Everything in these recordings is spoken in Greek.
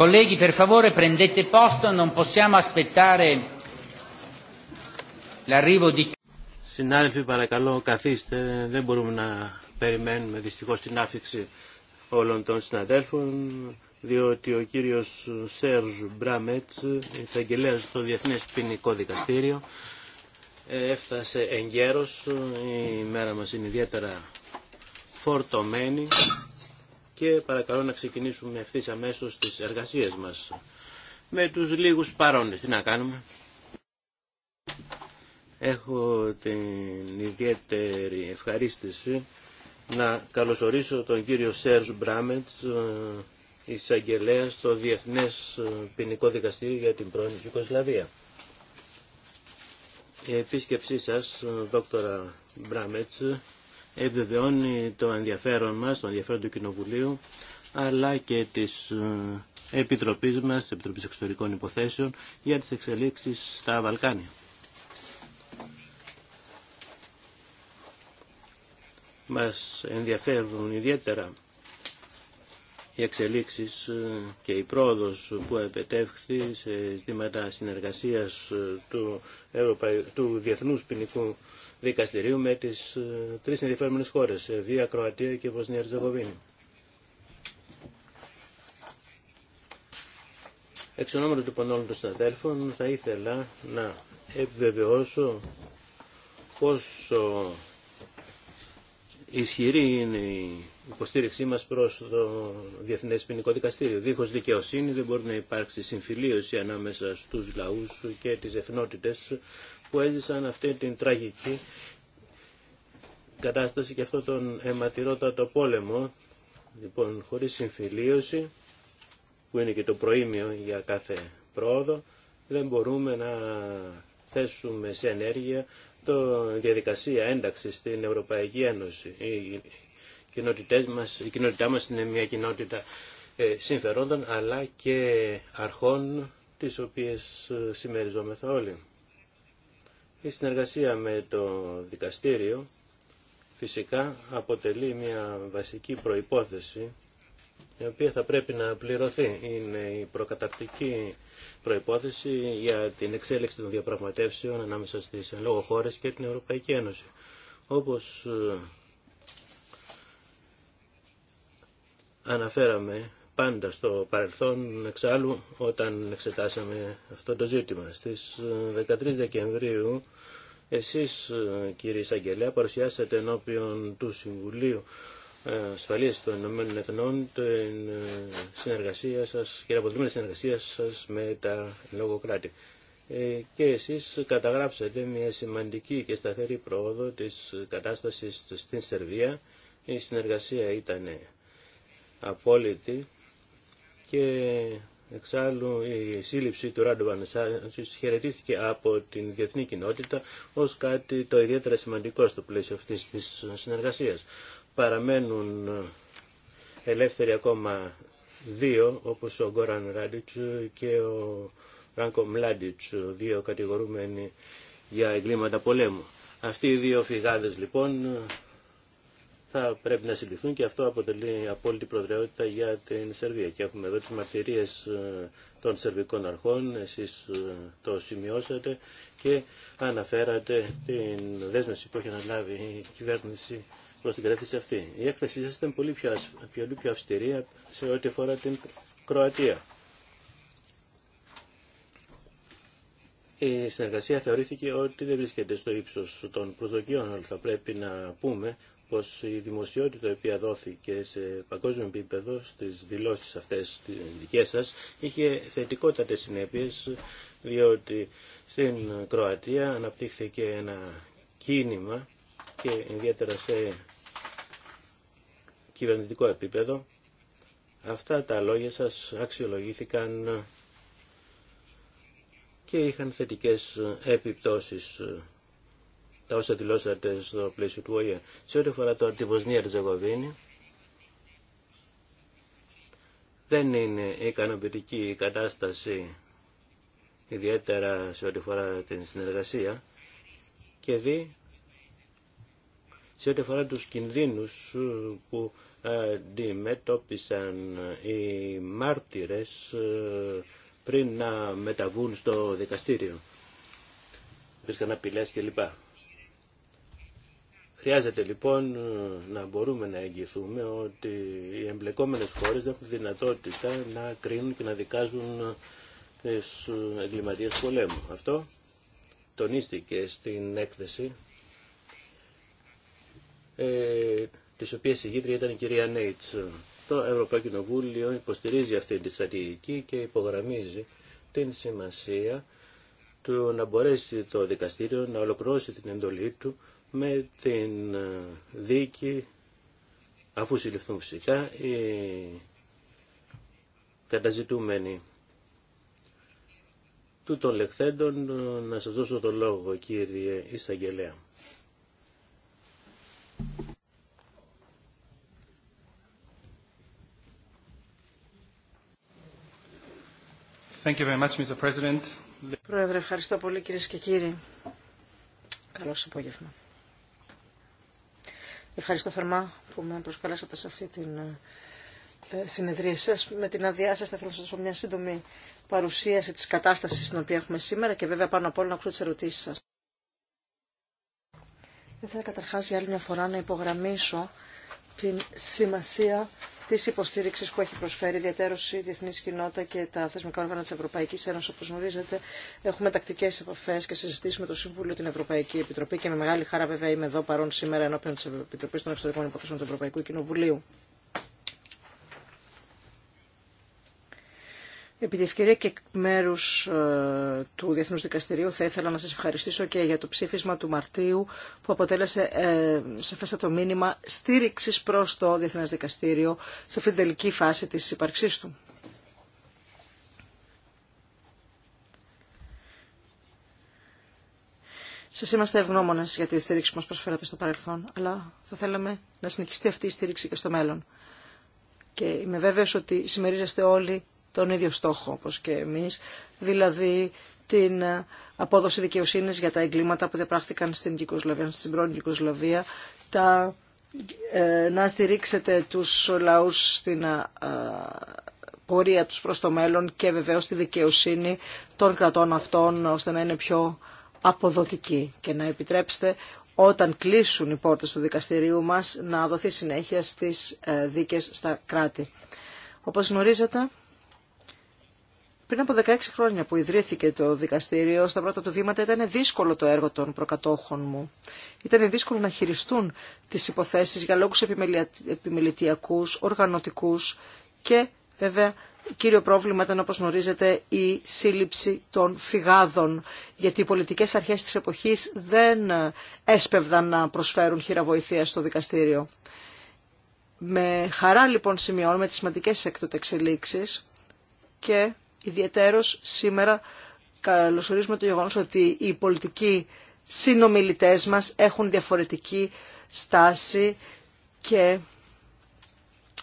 Colleghi, per favore prendete posto, non possiamo aspettare l'arrivo di... Συνάδελφοι, παρακαλώ, καθίστε. Δεν μπορούμε να περιμένουμε δυστυχώ την άφηξη όλων των συναδέλφων, διότι ο κύριο Σέρζ Μπραμέτ, εισαγγελέα στο διεθνέ Ποινικό Δικαστήριο, ε, έφτασε εν Η μέρα μα είναι ιδιαίτερα φορτωμένη και παρακαλώ να ξεκινήσουμε ευθύ αμέσω τις εργασίες μας. Με τους λίγους παρόντε, τι να κάνουμε. Έχω την ιδιαίτερη ευχαρίστηση να καλωσορίσω τον κύριο Σέρζ Μπράμετ, εισαγγελέα στο διεθνέ Ποινικό Δικαστήριο για την πρώην Ιουκοσλαβία. Η επίσκεψή σας, δόκτωρα Μπράμετς, επιβεβαιώνει το ενδιαφέρον μας, το ενδιαφέρον του Κοινοβουλίου, αλλά και της ε, Επιτροπής μας, της Επιτροπής Εξωτερικών Υποθέσεων, για τις εξελίξεις στα Βαλκάνια. Μας ενδιαφέρουν ιδιαίτερα οι εξελίξεις ε, και η πρόοδος που επετεύχθη σε ζητήματα συνεργασίας ε, του, Ευρωπαϊ... του Διεθνούς Ποινικού δικαστηρίου με τις ε, τρεις ενδιαφέρουμενες χώρες, ε, Βία, Κροατία και Βοσνία Ριζεγοβίνη. Εξ ονόματος λοιπόν όλων των συναδέλφων θα ήθελα να επιβεβαιώσω πόσο ισχυρή είναι η υποστήριξή μας προς το Διεθνές Ποινικό Δικαστήριο. Δίχως δικαιοσύνη δεν μπορεί να υπάρξει συμφιλίωση ανάμεσα στους λαούς και τις εθνότητες που έζησαν αυτή την τραγική κατάσταση και αυτό τον αιματηρότατο πόλεμο, λοιπόν χωρίς συμφιλίωση, που είναι και το προήμιο για κάθε πρόοδο, δεν μπορούμε να θέσουμε σε ενέργεια το διαδικασία ένταξης στην Ευρωπαϊκή Ένωση. Οι κοινότητές μας, η κοινότητά μας είναι μια κοινότητα ε, συμφερόντων αλλά και αρχών τις οποίες ε, συμμεριζόμεθα όλοι. Η συνεργασία με το δικαστήριο φυσικά αποτελεί μια βασική προϋπόθεση η οποία θα πρέπει να πληρωθεί. Είναι η προκατακτική προϋπόθεση για την εξέλιξη των διαπραγματεύσεων ανάμεσα στις λόγω χώρες και την Ευρωπαϊκή Ένωση. Όπως ε, αναφέραμε πάντα στο παρελθόν εξάλλου όταν εξετάσαμε αυτό το ζήτημα. Στις 13 ε, Δεκεμβρίου εσείς ε, κύριε Σαγγελέα παρουσιάσατε ενώπιον του Συμβουλίου ε, Ασφαλείας των Ηνωμένων Εθνών την συνεργασία σας και την συνεργασία σας με τα λογοκράτη Και εσείς καταγράψατε μια σημαντική και σταθερή πρόοδο της κατάστασης στην Σερβία. Η συνεργασία ήταν απόλυτη και εξάλλου η σύλληψη του Ράντοβαν Βανεσάνσης χαιρετίστηκε από την διεθνή κοινότητα ως κάτι το ιδιαίτερα σημαντικό στο πλαίσιο αυτής της συνεργασίας. Παραμένουν ελεύθεροι ακόμα δύο όπως ο Γκόραν Ράντιτς και ο Ράνκο Μλάντιτς, δύο κατηγορούμενοι για εγκλήματα πολέμου. Αυτοί οι δύο φυγάδες λοιπόν θα πρέπει να συλληφθούν και αυτό αποτελεί απόλυτη προτεραιότητα για την Σερβία. Και έχουμε εδώ τις μαρτυρίες ε, των σερβικών αρχών, εσείς ε, το σημειώσατε και αναφέρατε την δέσμευση που έχει αναλάβει η κυβέρνηση προς την κατεύθυνση αυτή. Η έκθεσή σας ήταν πολύ πιο, πολύ πιο αυστηρή σε ό,τι αφορά την Κροατία. Η συνεργασία θεωρήθηκε ότι δεν βρίσκεται στο ύψος των προσδοκιών, αλλά θα πρέπει να πούμε πως η δημοσιότητα η οποία δόθηκε σε παγκόσμιο επίπεδο στις δηλώσεις αυτές τις δικές σας είχε θετικότατε συνέπειες διότι στην Κροατία αναπτύχθηκε ένα κίνημα και ιδιαίτερα σε κυβερνητικό επίπεδο αυτά τα λόγια σας αξιολογήθηκαν και είχαν θετικές επιπτώσεις τα όσα δηλώσατε στο πλαίσιο του ΟΗΕ. Σε ό,τι αφορά το τη Βοσνία Ριζεγοβίνη, δεν είναι ικανοποιητική η κατάσταση, ιδιαίτερα σε ό,τι αφορά την συνεργασία, και δει σε ό,τι αφορά τους κινδύνους που αντιμετώπισαν οι μάρτυρες ε, πριν να μεταβούν στο δικαστήριο. βρίσκαν απειλές κλπ. Χρειάζεται λοιπόν ε, να μπορούμε να εγγυηθούμε ότι οι εμπλεκόμενες χώρες δεν έχουν δυνατότητα να κρίνουν και να δικάζουν ε, τις ε, εγκληματίες πολέμου. Αυτό τονίστηκε στην έκθεση ε, της οποίας η ήταν η κυρία Νέιτς. Το Ευρωπαϊκό Κοινοβούλιο υποστηρίζει αυτή τη στρατηγική και υπογραμμίζει την σημασία του να μπορέσει το δικαστήριο να ολοκληρώσει την εντολή του με την ε, δίκη, αφού συλληφθούν φυσικά, οι καταζητούμενοι του των λεχθέντων. Ε, να σας δώσω το λόγο κύριε Ισαγγελέα. Thank you very much, Mr. President. Πρόεδρε, ευχαριστώ πολύ κυρίες και κύριοι. Καλώς απόγευμα. Ευχαριστώ θερμά που με προσκαλέσατε σε αυτή την ε, συνεδρία σα. Με την αδειά σα θα ήθελα να σα δώσω μια σύντομη παρουσίαση τη κατάσταση στην οποία έχουμε σήμερα και βέβαια πάνω απ' όλα να ακούσω τι ερωτήσει σα. Θα ήθελα καταρχά για άλλη μια φορά να υπογραμμίσω την σημασία τη υποστήριξη που έχει προσφέρει ιδιαίτερω η διεθνή κοινότητα και τα θεσμικά όργανα τη Ευρωπαϊκή Ένωση. Όπω γνωρίζετε, έχουμε τακτικέ επαφέ και συζητήσει με το Συμβούλιο, την Ευρωπαϊκή Επιτροπή και με μεγάλη χαρά, βέβαια, είμαι εδώ παρόν σήμερα ενώπιον τη Επιτροπή των Εξωτερικών Υποθέσεων του Ευρωπαϊκού Κοινοβουλίου. Επί τη ευκαιρία και εκ μέρου ε, του Διεθνού Δικαστηρίου θα ήθελα να σα ευχαριστήσω και για το ψήφισμα του Μαρτίου που αποτέλεσε ε, σαφέστατο μήνυμα στήριξη προ το Διεθνέ Δικαστήριο σε αυτήν την τελική φάση τη ύπαρξή του. Σα είμαστε ευγνώμονε για τη στήριξη που μα προσφέρατε στο παρελθόν, αλλά θα θέλαμε να συνεχιστεί αυτή η στήριξη και στο μέλλον. Και είμαι βέβαιο ότι συμμερίζεστε όλοι τον ίδιο στόχο όπως και εμείς, δηλαδή την ε, απόδοση δικαιοσύνης για τα εγκλήματα που διαπράχθηκαν στην, στην πρώην τα, ε, να στηρίξετε τους λαούς στην ε, πορεία τους προς το μέλλον και βεβαίως τη δικαιοσύνη των κρατών αυτών ώστε να είναι πιο αποδοτική και να επιτρέψετε όταν κλείσουν οι πόρτες του δικαστηρίου μας να δοθεί συνέχεια στις δίκες στα κράτη. Όπως γνωρίζετε, πριν από 16 χρόνια που ιδρύθηκε το δικαστήριο, στα πρώτα του βήματα ήταν δύσκολο το έργο των προκατόχων μου. Ήταν δύσκολο να χειριστούν τις υποθέσεις για λόγους επιμελητιακούς, οργανωτικού και βέβαια κύριο πρόβλημα ήταν όπως γνωρίζετε η σύλληψη των φυγάδων γιατί οι πολιτικές αρχές της εποχής δεν έσπευδαν να προσφέρουν χειραβοηθεία στο δικαστήριο. Με χαρά λοιπόν σημειώνουμε τις σημαντικές εκτοτεξελίξεις και Ιδιαίτερος σήμερα καλωσορίζουμε το γεγονός ότι οι πολιτικοί συνομιλητές μας έχουν διαφορετική στάση και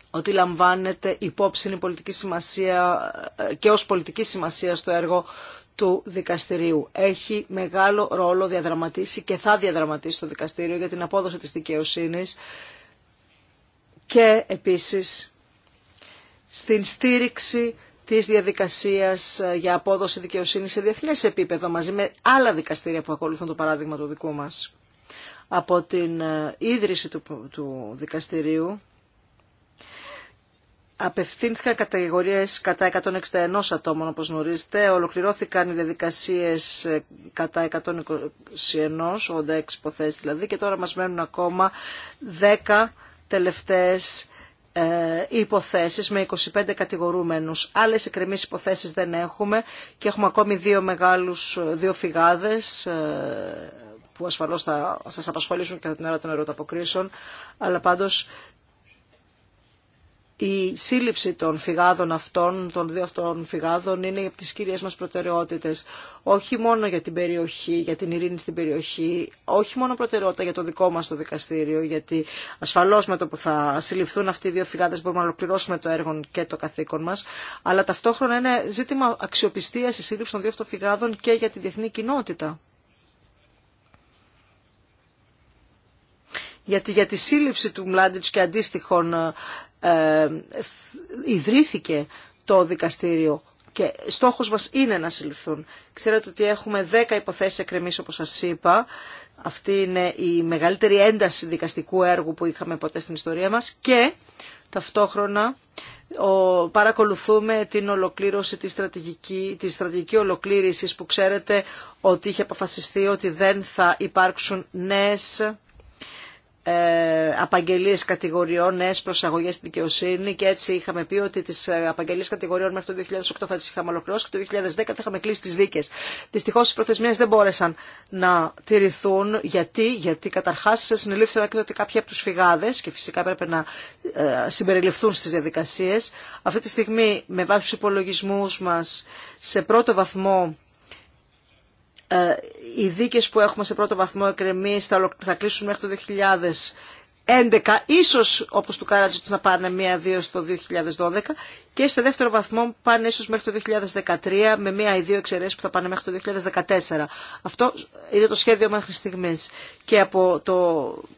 ότι λαμβάνεται υπόψη η πολιτική σημασία και ως πολιτική σημασία στο έργο του δικαστηρίου. Έχει μεγάλο ρόλο διαδραματίσει και θα διαδραματίσει το δικαστήριο για την απόδοση της δικαιοσύνης και επίσης στην στήριξη της διαδικασίας ε, για απόδοση δικαιοσύνης σε διεθνές επίπεδο μαζί με άλλα δικαστήρια που ακολουθούν το παράδειγμα του δικού μας. Από την ε, ίδρυση του, του δικαστηρίου απευθύνθηκαν κατηγορίες κατά 161 ατόμων όπως γνωρίζετε, ολοκληρώθηκαν οι διαδικασίες ε, κατά 121, 86 υποθέσεις δηλαδή και τώρα μας μένουν ακόμα 10 τελευταίες ε, υποθέσεις με 25 κατηγορούμενους. Άλλες εκκρεμίε υποθέσεις δεν έχουμε και έχουμε ακόμη δύο μεγάλους, δύο φυγάδες ε, που ασφαλώς θα σας απασχολήσουν κατά την ώρα των ερωταποκρίσεων, αλλά πάντως η σύλληψη των φυγάδων αυτών, των δύο αυτών φυγάδων, είναι από τις κυρίες μας προτεραιότητες. Όχι μόνο για την περιοχή, για την ειρήνη στην περιοχή, όχι μόνο προτεραιότητα για το δικό μας το δικαστήριο, γιατί ασφαλώς με το που θα συλληφθούν αυτοί οι δύο φυγάδες μπορούμε να ολοκληρώσουμε το έργο και το καθήκον μας, αλλά ταυτόχρονα είναι ζήτημα αξιοπιστίας η σύλληψη των δύο αυτών φυγάδων και για τη διεθνή κοινότητα. γιατί για τη σύλληψη του Μλάντιτς και αντίστοιχων ε, ιδρύθηκε το δικαστήριο και στόχος μας είναι να συλληφθούν. Ξέρετε ότι έχουμε 10 υποθέσεις εκκρεμής όπως σας είπα. Αυτή είναι η μεγαλύτερη ένταση δικαστικού έργου που είχαμε ποτέ στην ιστορία μας και ταυτόχρονα παρακολουθούμε την ολοκλήρωση της στρατηγική, της στρατηγική ολοκλήρησης που ξέρετε ότι είχε αποφασιστεί ότι δεν θα υπάρξουν νέες ε, απαγγελίες κατηγοριών, νέες προσαγωγές στη δικαιοσύνη και έτσι είχαμε πει ότι τις ε, απαγγελίες κατηγοριών μέχρι το 2008 θα τις είχαμε ολοκληρώσει και το 2010 θα είχαμε κλείσει τις δίκες. Δυστυχώς οι προθεσμίες δεν μπόρεσαν να τηρηθούν. Γιατί, γιατί καταρχάς συνελήφθηκαν και ότι κάποιοι από τους φυγάδες και φυσικά έπρεπε να ε, συμπεριληφθούν στις διαδικασίες. Αυτή τη στιγμή με βάση τους υπολογισμούς μας σε πρώτο βαθμό ε, οι δίκε που έχουμε σε πρώτο βαθμό εκκρεμή θα, θα κλείσουν μέχρι το 2011 ίσω ίσως όπως του Κάρατζιτς να πάνε μία-δύο στο 2012 και σε δεύτερο βαθμό πάνε ίσω μέχρι το 2013 με μία ή δύο που θα πάνε μέχρι το 2014. Αυτό είναι το σχέδιο μέχρι στιγμή. Και από το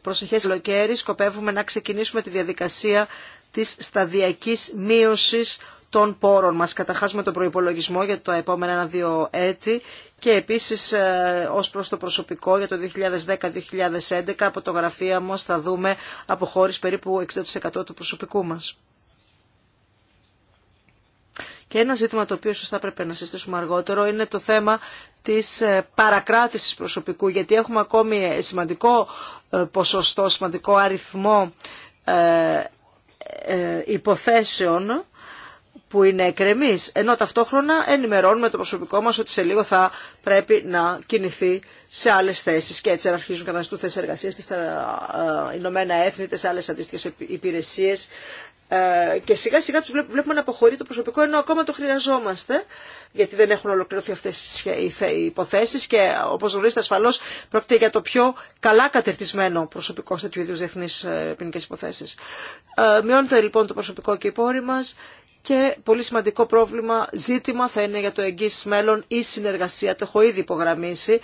προσεχές καλοκαίρι σκοπεύουμε να ξεκινήσουμε τη διαδικασία τη σταδιακή μείωση των πόρων μας, καταρχάς με τον προϋπολογισμό για τα επόμενα ένα-δύο έτη και επίσης ε, ως προς το προσωπικό για το 2010-2011 από το γραφείο μας θα δούμε από περίπου 60% του προσωπικού μας. Και ένα ζήτημα το οποίο σωστά πρέπει να συστήσουμε αργότερο είναι το θέμα της ε, παρακράτησης προσωπικού, γιατί έχουμε ακόμη ε, σημαντικό ποσοστό, σημαντικό αριθμό υποθέσεων που είναι εκρεμή, ενώ ταυτόχρονα ενημερώνουμε το προσωπικό μα ότι σε λίγο θα πρέπει να κινηθεί σε άλλε θέσει και έτσι αρχίζουν να αναζητούν θέσει εργασία στα ε, ε, Ηνωμένα Έθνη σε άλλε αντίστοιχε υπηρεσίες ε, και σιγά σιγά του βλέπουμε να αποχωρεί το προσωπικό ενώ ακόμα το χρειαζόμαστε γιατί δεν έχουν ολοκληρωθεί αυτέ οι υποθέσει και όπω γνωρίζετε ασφαλώ, πρόκειται για το πιο καλά κατερτισμένο προσωπικό σε τέτοιου είδου διεθνεί ποινικέ υποθέσει. μειώνεται λοιπόν το προσωπικό και οι πόροι μα και πολύ σημαντικό πρόβλημα, ζήτημα θα είναι για το εγγύς μέλλον η συνεργασία, το έχω ήδη υπογραμμίσει,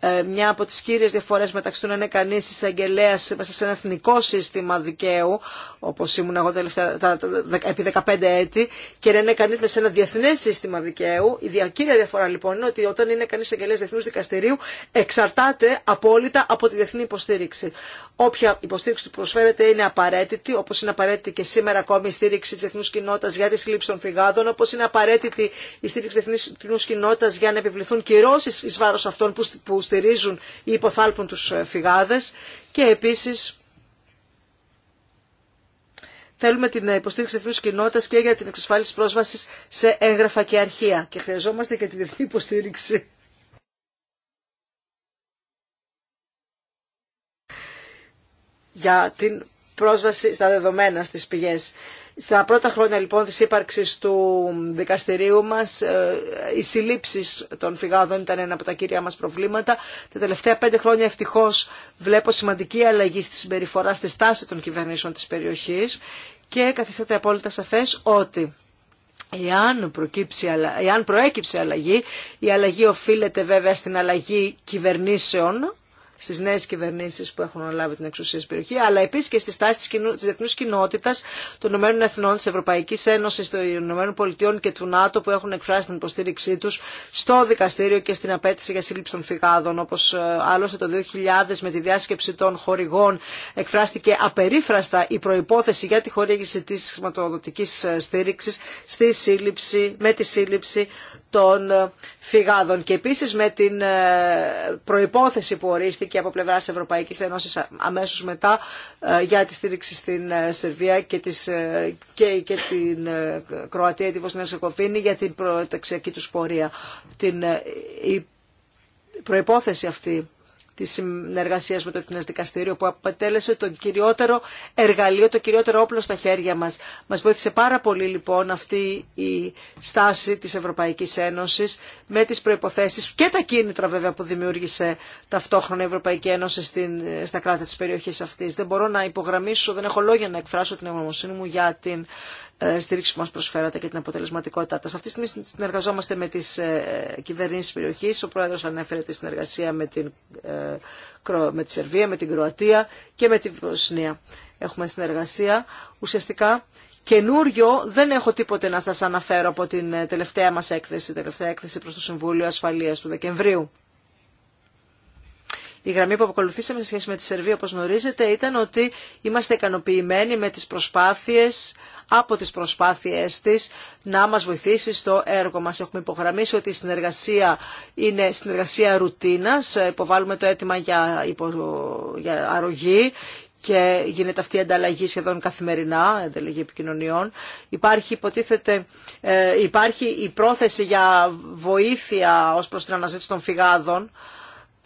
ε, μια από τις κύριες διαφορές μεταξύ του να είναι κανείς εισαγγελέα μέσα σε ένα εθνικό σύστημα δικαίου, όπως ήμουν εγώ τελευταία, τα, τα, επί 15 έτη, και να είναι κανείς μέσα σε ένα διεθνές σύστημα δικαίου. Η κύρια διαφορά λοιπόν είναι ότι όταν είναι κανείς εισαγγελέα διεθνούς δικαστηρίου εξαρτάται απόλυτα από τη διεθνή υποστήριξη. Όποια υποστήριξη του προσφέρεται είναι απαραίτητη, όπως είναι απαραίτητη και σήμερα ακόμη η στήριξη της διεθνούς κοινότητας για τη σύλληψη των φυγάδων, όπως είναι απαραίτητη η στήριξη της διεθνούς κοινότητας για να επιβληθούν κυρώσεις εις βάρος αυτών που υποστηρίζουν ή υποθάλπουν τους ε, φυγάδες και επίσης Θέλουμε την ε, υποστήριξη εθνική κοινότητα και για την εξασφάλιση πρόσβαση σε έγγραφα και αρχεία. Και χρειαζόμαστε και την διεθνή υποστήριξη. για την πρόσβαση στα δεδομένα στις πηγές. Στα πρώτα χρόνια λοιπόν της ύπαρξης του δικαστηρίου μας, ε, οι συλλήψεις των φυγάδων ήταν ένα από τα κύρια μας προβλήματα. Τα τελευταία πέντε χρόνια ευτυχώς βλέπω σημαντική αλλαγή στη συμπεριφορά, στη στάση των κυβερνήσεων της περιοχής και καθιστάται απόλυτα σαφές ότι Εάν, εάν προέκυψε αλλαγή, η αλλαγή οφείλεται βέβαια στην αλλαγή κυβερνήσεων στι νέε κυβερνήσει που έχουν λάβει την εξουσία στην περιοχή, αλλά επίση και στι τάσει τη διεθνού κοινότητα των Ηνωμένων Εθνών, τη Ευρωπαϊκή Ένωση, των Ηνωμένων Πολιτειών και του ΝΑΤΟ που έχουν εκφράσει την υποστήριξή του στο δικαστήριο και στην απέτηση για σύλληψη των φυγάδων. Όπω ε, άλλωστε το 2000 με τη διάσκεψη των χορηγών εκφράστηκε απερίφραστα η προπόθεση για τη χορήγηση τη χρηματοδοτική ε, στήριξη με τη σύλληψη των ε, φυγάδων. Και επίσης με την ε, προϋπόθεση που ορίστηκε από πλευράς Ευρωπαϊκής Ένωσης αμέσως μετά ε, για τη στήριξη στην Σερβία και, της, και, και την Κροατία, τη Βοσνία Σεκοβίνη για την προεταξιακή τους πορεία. Την, η προϋπόθεση αυτή τη συνεργασία με το Εθνικό Δικαστήριο που αποτέλεσε το κυριότερο εργαλείο, το κυριότερο όπλο στα χέρια μας. Μας βοήθησε πάρα πολύ λοιπόν αυτή η στάση της Ευρωπαϊκής Ένωσης με τις προποθέσει και τα κίνητρα βέβαια που δημιούργησε ταυτόχρονα η Ευρωπαϊκή Ένωση στην, στα κράτη τη περιοχής αυτή. Δεν μπορώ να υπογραμμίσω, δεν έχω λόγια να εκφράσω την εγγνωμοσύνη μου για την ε, στήριξη που μα προσφέρατε και την αποτελεσματικότητά σα. Αυτή τη στιγμή συνεργαζόμαστε με τι ε, κυβερνήσει περιοχή. Ο Πρόεδρο ανέφερε τη συνεργασία με, την, ε, με τη Σερβία, με την Κροατία και με τη Βοσνία. Έχουμε συνεργασία. Ουσιαστικά καινούριο δεν έχω τίποτε να σας αναφέρω από την τελευταία μας έκθεση, τελευταία έκθεση προς το Συμβούλιο Ασφαλείας του Δεκεμβρίου. Η γραμμή που αποκολουθήσαμε σε σχέση με τη Σερβία, όπως γνωρίζετε, ήταν ότι είμαστε ικανοποιημένοι με τις προσπάθειες από τις προσπάθειές της να μας βοηθήσει στο έργο μας. Έχουμε υπογραμμίσει ότι η συνεργασία είναι συνεργασία ρουτίνας, υποβάλλουμε το αίτημα για, υπο... για αρρωγή και γίνεται αυτή η ανταλλαγή σχεδόν καθημερινά, ανταλλαγή επικοινωνιών. Υπάρχει, ε, υπάρχει η πρόθεση για βοήθεια ως προς την αναζήτηση των φυγάδων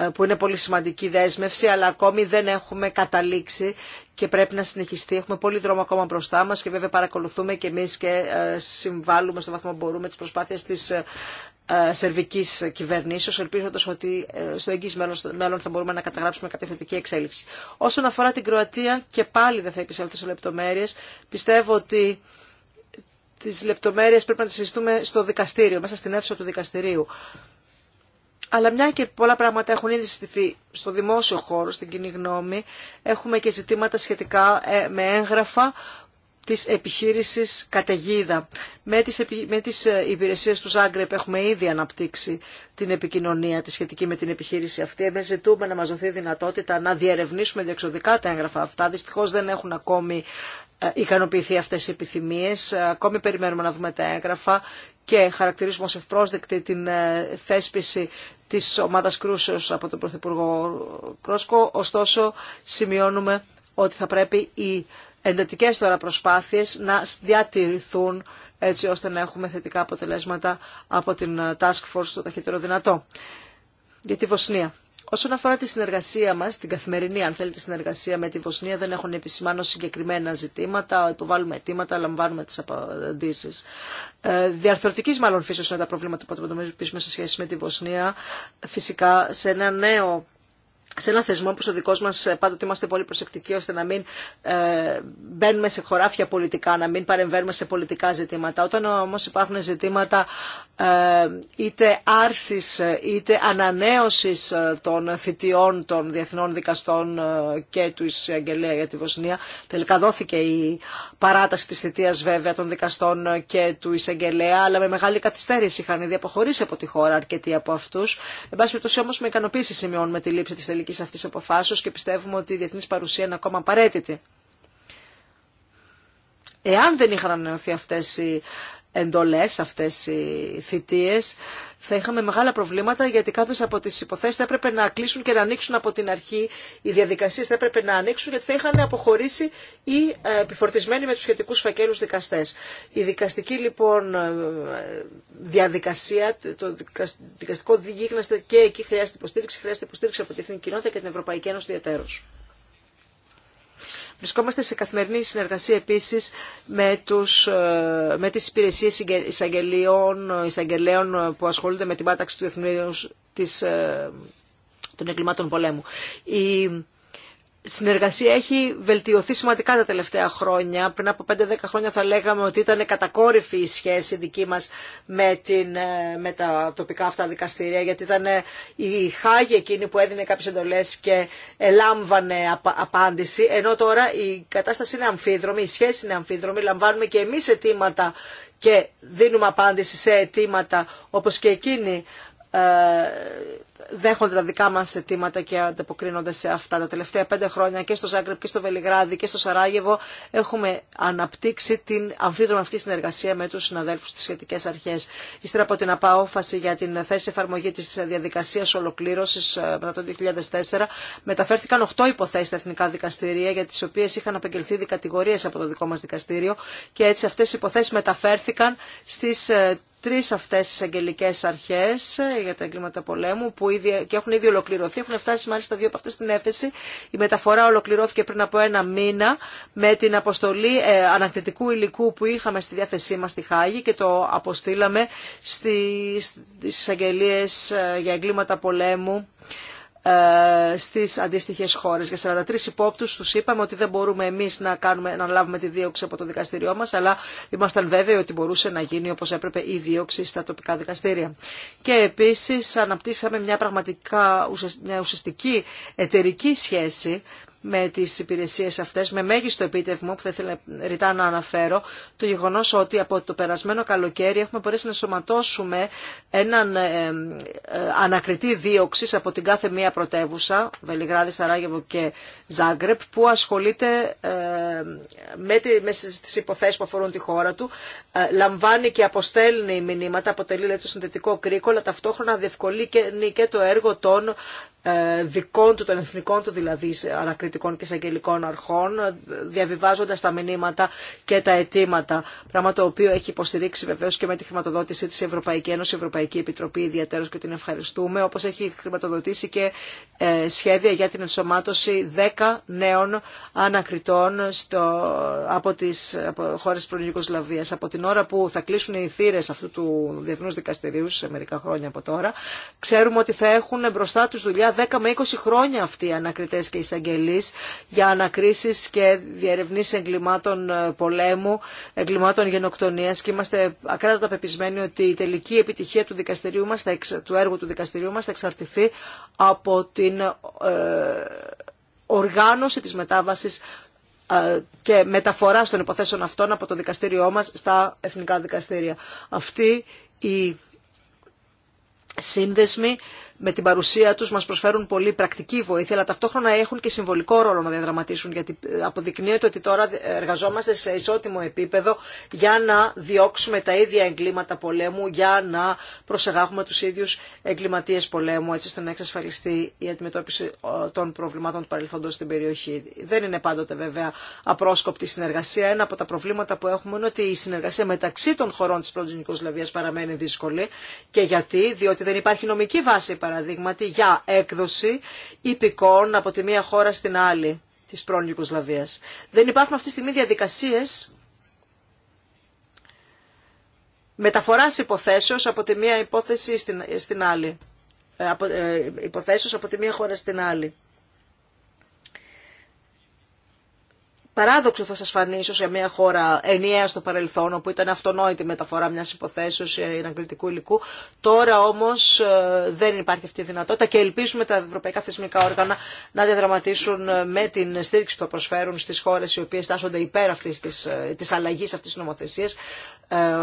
ε, που είναι πολύ σημαντική δέσμευση, αλλά ακόμη δεν έχουμε καταλήξει και πρέπει να συνεχιστεί. Έχουμε πολύ δρόμο ακόμα μπροστά μας και βέβαια παρακολουθούμε και εμείς και ε, συμβάλλουμε στο βαθμό που μπορούμε τις προσπάθειες της ε, σερβικής κυβερνήσεως, ελπίζοντας ότι στο εγγύς μέλλον θα μπορούμε να καταγράψουμε κάποια θετική εξέλιξη. Όσον αφορά την Κροατία, και πάλι δεν θα επισέλθω σε λεπτομέρειες, πιστεύω ότι τις λεπτομέρειες πρέπει να τις συζητούμε στο δικαστήριο, μέσα στην αίθουσα του δικαστηρίου. Αλλά μια και πολλά πράγματα έχουν ήδη συστηθεί στο δημόσιο χώρο, στην κοινή γνώμη, έχουμε και ζητήματα σχετικά ε, με έγγραφα της επιχείρησης καταιγίδα. Με τις, με τις ε, υπηρεσίες του Ζάγκρεπ έχουμε ήδη αναπτύξει την επικοινωνία τη σχετική με την επιχείρηση αυτή. Εμείς ζητούμε να μας δοθεί δυνατότητα να διερευνήσουμε διεξοδικά τα έγγραφα αυτά. Δυστυχώς δεν έχουν ακόμη ε, ικανοποιηθεί αυτές οι επιθυμίες. Ακόμη περιμένουμε να δούμε τα έγγραφα και χαρακτηρίζουμε ως ευπρόσδεκτη την θέσπιση της ομάδα κρούσεως από τον Πρωθυπουργό Πρόσκο. Ωστόσο, σημειώνουμε ότι θα πρέπει οι εντατικέ τώρα προσπάθειες να διατηρηθούν έτσι ώστε να έχουμε θετικά αποτελέσματα από την Task Force το ταχύτερο δυνατό. Για τη Βοσνία. Όσον αφορά τη συνεργασία μα, την καθημερινή αν θέλετε συνεργασία με τη Βοσνία, δεν έχουν επισημάνω συγκεκριμένα ζητήματα, υποβάλλουμε αιτήματα, λαμβάνουμε τι απαντήσει Ε, διαρθρωτικής μάλλον φύση είναι τα προβλήματα που αντιμετωπίζουμε σε σχέση με τη Βοσνία, φυσικά σε ένα νέο σε ένα θεσμό όπως ο δικός μας ε, πάντοτε είμαστε πολύ προσεκτικοί ώστε να μην ε, μπαίνουμε σε χωράφια πολιτικά, να μην παρεμβαίνουμε σε πολιτικά ζητήματα. Όταν όμως υπάρχουν ζητήματα ε, είτε άρσης ε, είτε ανανέωσης των θητιών των διεθνών δικαστών και του εισαγγελέα για τη Βοσνία, τελικά δόθηκε η παράταση της θητείας βέβαια των δικαστών και του εισαγγελέα, αλλά με μεγάλη καθυστέρηση είχαν ήδη αποχωρήσει από τη χώρα αρκετοί από αυτούς. Εν πάση όμως με ικανοποίηση σημειώνουμε τη λήψη της τελικής αυτής αποφάσεως και πιστεύουμε ότι η διεθνής παρουσία είναι ακόμα απαραίτητη. Εάν δεν είχαν ανανεωθεί αυτές οι εντολές αυτές οι θητείες θα είχαμε μεγάλα προβλήματα γιατί κάποιες από τις υποθέσεις θα έπρεπε να κλείσουν και να ανοίξουν από την αρχή. Οι διαδικασίες θα έπρεπε να ανοίξουν γιατί θα είχαν αποχωρήσει ή ε, επιφορτισμένοι με τους σχετικούς φακέλους δικαστές. Η δικαστική λοιπόν ε, διαδικασία, το δικαστικό διγύγναστε και εκεί χρειάζεται υποστήριξη, χρειάζεται υποστήριξη από την Εθνική Κοινότητα και την Ευρωπαϊκή Ένωση ιδιαίτερως. Βρισκόμαστε σε καθημερινή συνεργασία επίσης με, τους, ε, με τις υπηρεσίες εισαγγελίων, εισαγγελέων που ασχολούνται με την πάταξη του εθνικού της, ε, των εγκλημάτων πολέμου. Η συνεργασία έχει βελτιωθεί σημαντικά τα τελευταία χρόνια. Πριν από 5-10 χρόνια θα λέγαμε ότι ήταν κατακόρυφη η σχέση δική μας με, την, ε, με τα τοπικά αυτά δικαστήρια, γιατί ήταν ε, η Χάγη εκείνη που έδινε κάποιες εντολές και ελάμβανε απάντηση, ενώ τώρα η κατάσταση είναι αμφίδρομη, η σχέση είναι αμφίδρομη, λαμβάνουμε και εμείς αιτήματα και δίνουμε απάντηση σε αιτήματα όπως και εκείνη ε, δέχονται τα δικά μας αιτήματα και ανταποκρίνονται σε αυτά. Τα τελευταία πέντε χρόνια και στο Ζάγκρεπ και στο Βελιγράδι και στο Σαράγεβο έχουμε αναπτύξει την αμφίδρομη αυτή συνεργασία με τους συναδέλφους στις σχετικές αρχές. Ύστερα από την απαόφαση για την θέση εφαρμογή της διαδικασίας ολοκλήρωσης ε, μετά το 2004 μεταφέρθηκαν 8 υποθέσεις στα εθνικά δικαστηρία για τις οποίες είχαν απεγγελθεί δικατηγορίες από το δικό μας δικαστήριο και έτσι αυτές οι υποθέσεις μεταφέρθηκαν στις ε, τρεις αυτές τις αγγελικές αρχές για τα εγκλήματα πολέμου που ήδη, και έχουν ήδη ολοκληρωθεί. Έχουν φτάσει μάλιστα δύο από αυτές στην έφεση. Η μεταφορά ολοκληρώθηκε πριν από ένα μήνα με την αποστολή ε, ανακριτικού υλικού που είχαμε στη διάθεσή μας στη Χάγη και το αποστήλαμε στις, στις ε, για εγκλήματα πολέμου ε, στις αντίστοιχες χώρες. Για 43 υπόπτους τους είπαμε ότι δεν μπορούμε εμείς να, κάνουμε, να λάβουμε τη δίωξη από το δικαστήριό μας, αλλά ήμασταν βέβαιοι ότι μπορούσε να γίνει όπως έπρεπε η δίωξη στα τοπικά δικαστήρια. Και επίσης αναπτύσσαμε μια πραγματικά μια ουσιαστική εταιρική σχέση με τις υπηρεσίες αυτές, με μέγιστο επίτευγμα που θα ήθελα ρητά να αναφέρω, το γεγονός ότι από το περασμένο καλοκαίρι έχουμε μπορέσει να σωματώσουμε έναν ε, ε, ανακριτή δίωξη από την κάθε μία πρωτεύουσα, Βελιγράδη, Σαράγεβο και Ζάγκρεπ, που ασχολείται ε, με, με τις υποθέσεις που αφορούν τη χώρα του, λαμβάνει και αποστέλνει μηνύματα, αποτελεί λέει, το συνδετικό κρίκο, αλλά ταυτόχρονα διευκολύνει και το έργο των ε, δικών του, των εθνικών του δηλαδή ανακριτικών και εισαγγελικών αρχών, ε, διαβιβάζοντας τα μηνύματα και τα αιτήματα. Πράγμα το οποίο έχει υποστηρίξει βεβαίως και με τη χρηματοδότηση της Ευρωπαϊκή Ένωση, Ευρωπαϊκή Επιτροπή ιδιαίτερως και την ευχαριστούμε, όπως έχει χρηματοδοτήσει και ε, σχέδια για την ενσωμάτωση 10 νέων ανακριτών στο, από τις από χώρες πρώην Από την ώρα που θα κλείσουν οι θύρες αυτού του Διεθνούς Δικαστηρίου σε μερικά χρόνια από τώρα, ξέρουμε ότι θα έχουν μπροστά τους δουλειά 10 με 20 χρόνια αυτοί οι ανακριτές και εισαγγελείς για ανακρίσεις και διερευνήσεις εγκλημάτων ε, πολέμου, εγκλημάτων γενοκτονίας και είμαστε ακράτατα πεπισμένοι ότι η τελική επιτυχία του, δικαστηρίου μας, του έργου του δικαστηρίου μας θα εξαρτηθεί από την ε, οργάνωση της μετάβασης ε, και μεταφορά των υποθέσεων αυτών από το δικαστήριό μας στα εθνικά δικαστήρια. Αυτή η σύνδεσμοι με την παρουσία τους μας προσφέρουν πολύ πρακτική βοήθεια, αλλά ταυτόχρονα έχουν και συμβολικό ρόλο να διαδραματίσουν, γιατί ε, αποδεικνύεται ότι τώρα ε, εργαζόμαστε σε ισότιμο επίπεδο για να διώξουμε τα ίδια εγκλήματα πολέμου, για να προσεγάγουμε τους ίδιους εγκληματίες πολέμου, έτσι ώστε να εξασφαλιστεί η αντιμετώπιση των προβλημάτων του παρελθόντος στην περιοχή. Δεν είναι πάντοτε βέβαια απρόσκοπτη συνεργασία. Ένα από τα προβλήματα που έχουμε είναι ότι η συνεργασία μεταξύ των χωρών της παραμένει δύσκολη. Και γιατί, διότι δεν υπάρχει νομική βάση παραδείγματι για έκδοση υπηκών από τη μία χώρα στην άλλη της πρώην Ιουκοσλαβίας. Δεν υπάρχουν αυτή τη στιγμή διαδικασίες μεταφοράς υποθέσεως από τη μία υπόθεση στην, στην άλλη. Ε, από, ε, υποθέσεως από τη μία χώρα στην άλλη. παράδοξο θα σας φανεί ίσως σε μια χώρα ενιαία στο παρελθόν όπου ήταν αυτονόητη μεταφορά μιας υποθέσεως εναγκλητικού υλικού. Τώρα όμως ε, δεν υπάρχει αυτή η δυνατότητα και ελπίζουμε τα ευρωπαϊκά θεσμικά όργανα να διαδραματίσουν ε, με την στήριξη που θα προσφέρουν στις χώρες οι οποίες τάσσονται υπέρ αυτής της, αλλαγή ε, αλλαγής αυτής της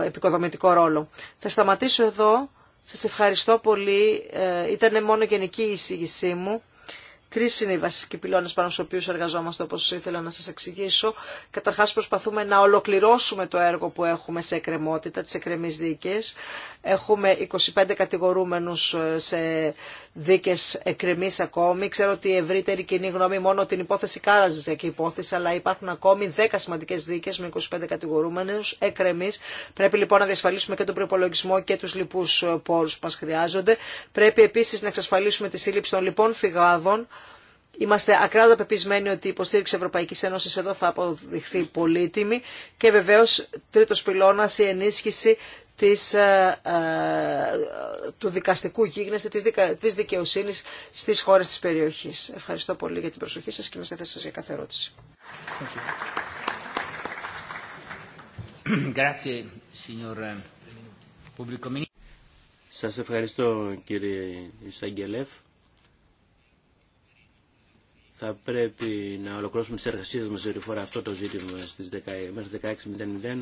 επικοδομητικό ρόλο. Θα σταματήσω εδώ. Σας ευχαριστώ πολύ. Ήταν μόνο γενική η εισήγησή μου. Τρεις είναι οι βασικοί πυλώνες πάνω στους οποίου εργαζόμαστε, όπως ήθελα να σας εξηγήσω. Καταρχάς προσπαθούμε να ολοκληρώσουμε το έργο που έχουμε σε εκκρεμότητα, τι εκκρεμίε δίκες. Έχουμε 25 κατηγορούμενους ε, σε Δίκε εκκρεμή ακόμη. Ξέρω ότι η ευρύτερη κοινή γνώμη μόνο την υπόθεση κάραζε και υπόθεση, αλλά υπάρχουν ακόμη 10 σημαντικέ δίκε με 25 κατηγορούμενους εκκρεμή, Πρέπει λοιπόν να διασφαλίσουμε και τον προπολογισμό και του λοιπούς ε, πόρου που μα χρειάζονται. Πρέπει επίση να εξασφαλίσουμε τη σύλληψη των λοιπών φυγάδων. Είμαστε ακράδαντα πεπισμένοι ότι η υποστήριξη Ευρωπαϊκή Ένωση εδώ θα αποδειχθεί πολύτιμη και βεβαίω τρίτο πυλώνα η ενίσχυση της, ε, ε, του δικαστικού γίγνεσθε της, δικα, της δικαιοσύνης στις χώρες της περιοχής. Ευχαριστώ πολύ για την προσοχή σας και είμαστε θέσεις σας για κάθε ερώτηση. Ε, σας ευχαριστώ κύριε Ισαγγελέφ θα πρέπει να ολοκληρώσουμε τις εργασίες μας όλη φορά αυτό το ζήτημα στις 16.00 μέχρι 16.00.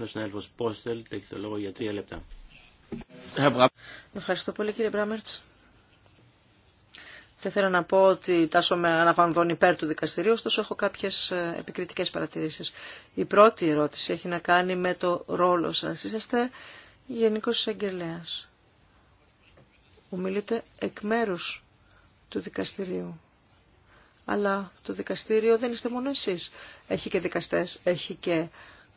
Ο συνάδελφο Πόστελ έχει το λόγο για τρία λεπτά. Ευχαριστώ πολύ κύριε Μπράμερτ. Δεν θέλω να πω ότι με αναφανδόν υπέρ του δικαστηρίου, ωστόσο έχω κάποιε επικριτικέ παρατηρήσει. Η πρώτη ερώτηση έχει να κάνει με το ρόλο σα. Είσαστε γενικό Εισαγγελέα. Ομιλείτε εκ μέρου του δικαστηρίου αλλά το δικαστήριο δεν είστε μόνο εσείς. Έχει και δικαστές, έχει και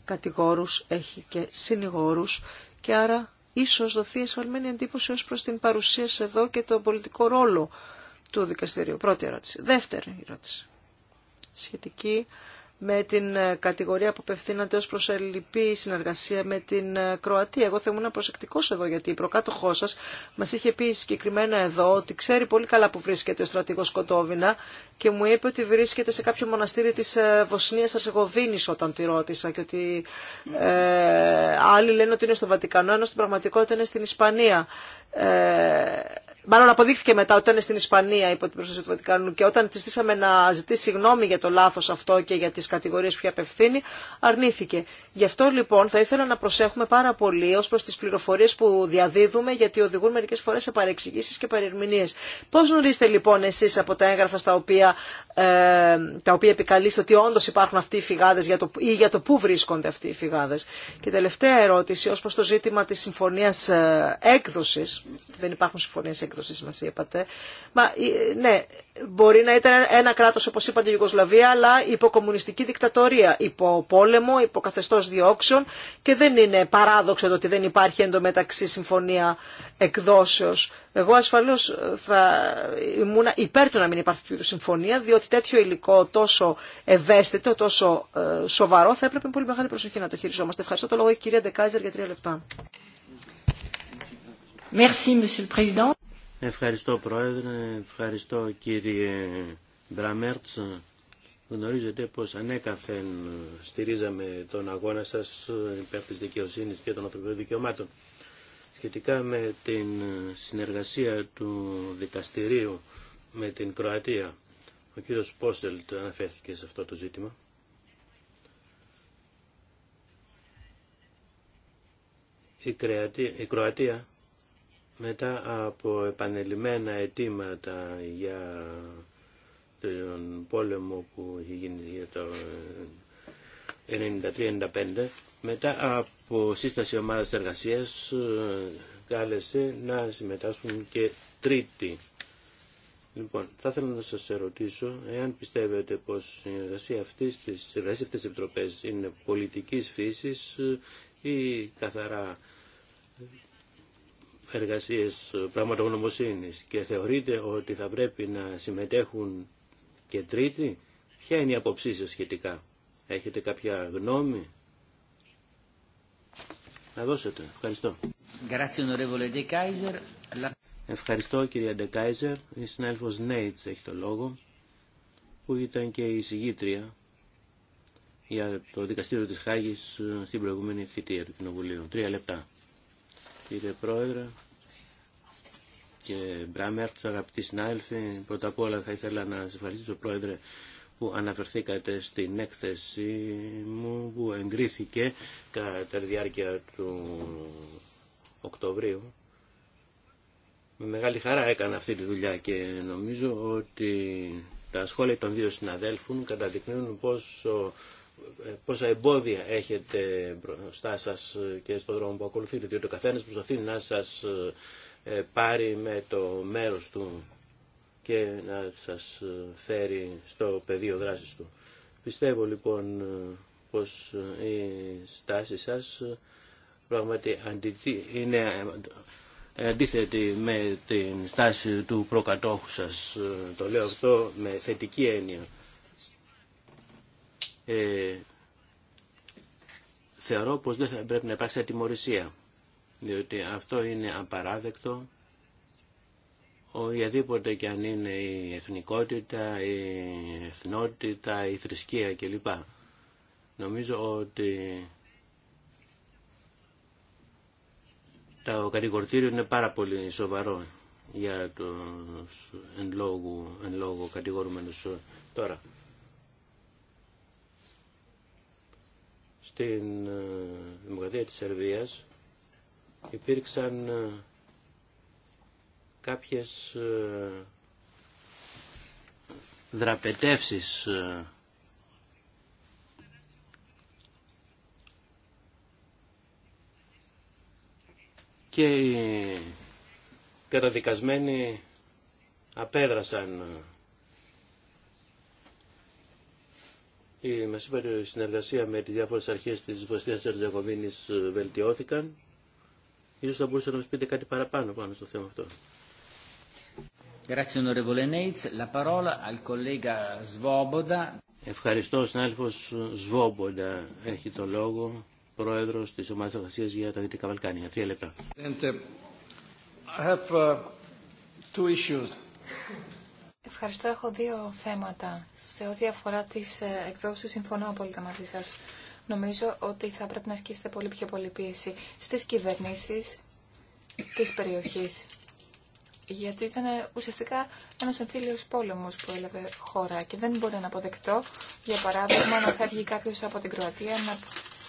κατηγόρους, έχει και συνηγόρους και άρα ίσως δοθεί εσφαλμένη εντύπωση ως προς την παρουσία σε εδώ και τον πολιτικό ρόλο του δικαστηρίου. Πρώτη ερώτηση. Δεύτερη ερώτηση. Σχετική με την ε, κατηγορία που απευθύνατε ως ελληπή συνεργασία με την ε, Κροατία. Εγώ θα ήμουν προσεκτικός εδώ γιατί η προκάτοχό σας μας είχε πει συγκεκριμένα εδώ ότι ξέρει πολύ καλά που βρίσκεται ο στρατηγός Κοτόβινα και μου είπε ότι βρίσκεται σε κάποιο μοναστήρι της ε, Βοσνίας Αρσεγοβίνης όταν τη ρώτησα και ότι ε, άλλοι λένε ότι είναι στο Βατικανό ενώ στην πραγματικότητα είναι στην Ισπανία. Ε, μάλλον αποδείχθηκε μετά ότι ήταν στην Ισπανία υπό την προστασία του Βατικανού και όταν τη στήσαμε να ζητήσει συγγνώμη για το λάθο αυτό και για τι κατηγορίε που απευθύνει, αρνήθηκε. Γι' αυτό λοιπόν θα ήθελα να προσέχουμε πάρα πολύ ω προ τι πληροφορίε που διαδίδουμε γιατί οδηγούν μερικέ φορέ σε παρεξηγήσει και παρερμηνίες. Πώ γνωρίζετε λοιπόν εσεί από τα έγγραφα στα οποία ε, τα οποία επικαλείστε ότι όντω υπάρχουν αυτοί οι φυγάδε ή για το πού βρίσκονται αυτοί οι φυγάδε. Και τελευταία ερώτηση ω προ το ζήτημα της συμφωνίας ε, έκδοσης, δεν υπάρχουν συμφωνίε έκδοση, μα είπατε, μα, ε, ναι, μπορεί να ήταν ένα κράτο, όπω είπατε η Ιουγκοσλαβία αλλά υποκομμουνιστική δικτατορία, υπό πόλεμο, υπό διώξεων και δεν είναι παράδοξο το ότι δεν υπάρχει εντωμεταξύ συμφωνία εκδόσεω. Εγώ ασφαλώ θα ήμουν υπέρ του να μην υπάρχει τέτοιου συμφωνία, διότι τέτοιο υλικό τόσο ευαίσθητο, τόσο ε, σοβαρό, θα έπρεπε με πολύ μεγάλη προσοχή να το χειριζόμαστε. Ευχαριστώ το λόγο η κυρία Ντεκάιζερ για τρία λεπτά. Ευχαριστώ Πρόεδρε, ευχαριστώ κύριε Μπραμέρτς. Γνωρίζετε πως ανέκαθεν στηρίζαμε τον αγώνα σας υπέρ της δικαιοσύνης και των ανθρωπινών δικαιωμάτων σχετικά με την συνεργασία του δικαστηρίου με την Κροατία. Ο κύριος Πόσελτ αναφέρθηκε σε αυτό το ζήτημα. Η, η Κροατία μετά από επανελειμμένα αιτήματα για τον πόλεμο που είχε γίνει για το 93-95 μετά από σύσταση ομάδας εργασίας ε, κάλεσε να συμμετάσχουν και τρίτη. Λοιπόν, θα ήθελα να σας ερωτήσω εάν πιστεύετε πως η εργασία αυτής της, εργασία αυτής ε, ή καθαρά εργασίες πραγματογνωμοσύνης και θεωρείτε ότι θα πρέπει να συμμετέχουν και τρίτοι. Ποια είναι η καθαρα εργασιες πραγματογνωμοσυνης και θεωρειτε οτι θα πρεπει να συμμετεχουν και τριτη ποια ειναι η αποψη σας σχετικά. Έχετε κάποια γνώμη. Να δώσετε. Ευχαριστώ. Ευχαριστώ κυρία Ντεκάιζερ. Η συνάδελφος Νέιτς έχει το λόγο που ήταν και η συγγήτρια για το δικαστήριο της Χάγης ε, στην προηγούμενη θητεία του Κοινοβουλίου. Τρία λεπτά. Κύριε Πρόεδρε και Μπράμερτς, αγαπητοί συνάδελφοι, πρώτα απ' όλα θα ήθελα να σας ευχαριστήσω Πρόεδρε που αναφερθήκατε στην έκθεση μου που εγκρίθηκε κατά τη διάρκεια του Οκτωβρίου. Με μεγάλη χαρά έκανα αυτή τη δουλειά και νομίζω ότι τα σχόλια των δύο συναδέλφων καταδεικνύουν πόσο, πόσα εμπόδια έχετε μπροστά σας και στον δρόμο που ακολουθείτε, διότι ο καθένας προσπαθεί να σας ε, πάρει με το μέρος του και να σας ε, φέρει στο πεδίο δράσης του. Πιστεύω λοιπόν ε, πως ε, η στάση σας πραγματι είναι αντίθετη με την στάση του προκατόχου σας. Το λέω αυτό με θετική έννοια. Ε, θεωρώ πως δεν θα πρέπει να υπάρξει ατιμορρησία, διότι αυτό είναι απαράδεκτο οποιαδήποτε και αν είναι η εθνικότητα, η εθνότητα, η θρησκεία κλπ. Νομίζω ότι το κατηγορτήριο είναι πάρα πολύ σοβαρό για τους εν λόγω, εν λόγω τώρα. Στην ε, Δημοκρατία της Σερβίας υπήρξαν ε, κάποιες ε, δραπετεύσεις ε, και οι καταδικασμένοι απέδρασαν η μας συνεργασία με τις διάφορες αρχές της Βοσνίας Ερζεγοβίνης ε, βελτιώθηκαν. Ίσως θα μπορούσατε να μας πείτε κάτι παραπάνω πάνω στο θέμα αυτό. Ευχαριστώ, συνάδελφο Σβόμποντα. Έχει το λόγο πρόεδρο τη Ομάδα Εργασία για τα Δυτικά Βαλκάνια. Τρία λεπτά. Uh, Ευχαριστώ. Έχω δύο θέματα. Σε ό,τι αφορά τι ε, εκδόσει, συμφωνώ απόλυτα μαζί σα. Νομίζω ότι θα πρέπει να ασκήσετε πολύ πιο πολύ πίεση στι κυβερνήσει τη περιοχή γιατί ήταν ουσιαστικά ένας εμφύλιος πόλεμος που έλαβε χώρα και δεν μπορεί να αποδεκτώ, για παράδειγμα, να φεύγει κάποιο από την Κροατία να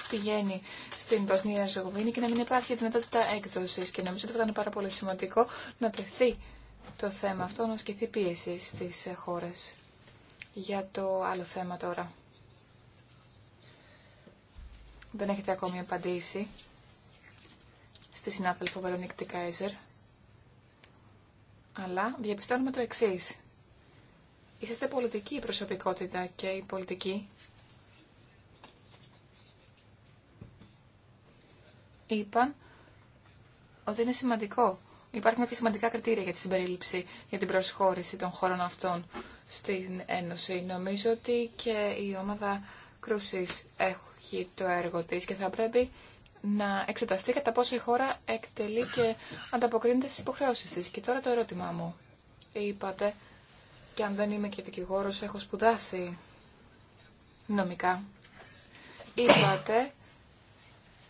πηγαίνει στην Βοσνία Ζεγοβίνη και να μην υπάρχει δυνατότητα έκδοσης και νομίζω ότι ήταν πάρα πολύ σημαντικό να τεθεί το θέμα αυτό, να σκεφτεί πίεση στις χώρες. Για το άλλο θέμα τώρα. Δεν έχετε ακόμη απαντήσει στη συνάδελφο Βερονίκ Τικάιζερ. Αλλά διαπιστώνουμε το εξή. Είσαστε πολιτική προσωπικότητα και η πολιτική είπαν ότι είναι σημαντικό. Υπάρχουν κάποια σημαντικά κριτήρια για τη συμπερίληψη, για την προσχώρηση των χωρών αυτών στην Ένωση. Νομίζω ότι και η ομάδα κρούσης έχει το έργο της και θα πρέπει να εξεταστεί κατά πόσο η χώρα εκτελεί και ανταποκρίνεται στις υποχρεώσεις της. Και τώρα το ερώτημά μου. Είπατε, και αν δεν είμαι και δικηγόρο, έχω σπουδάσει νομικά. Είπατε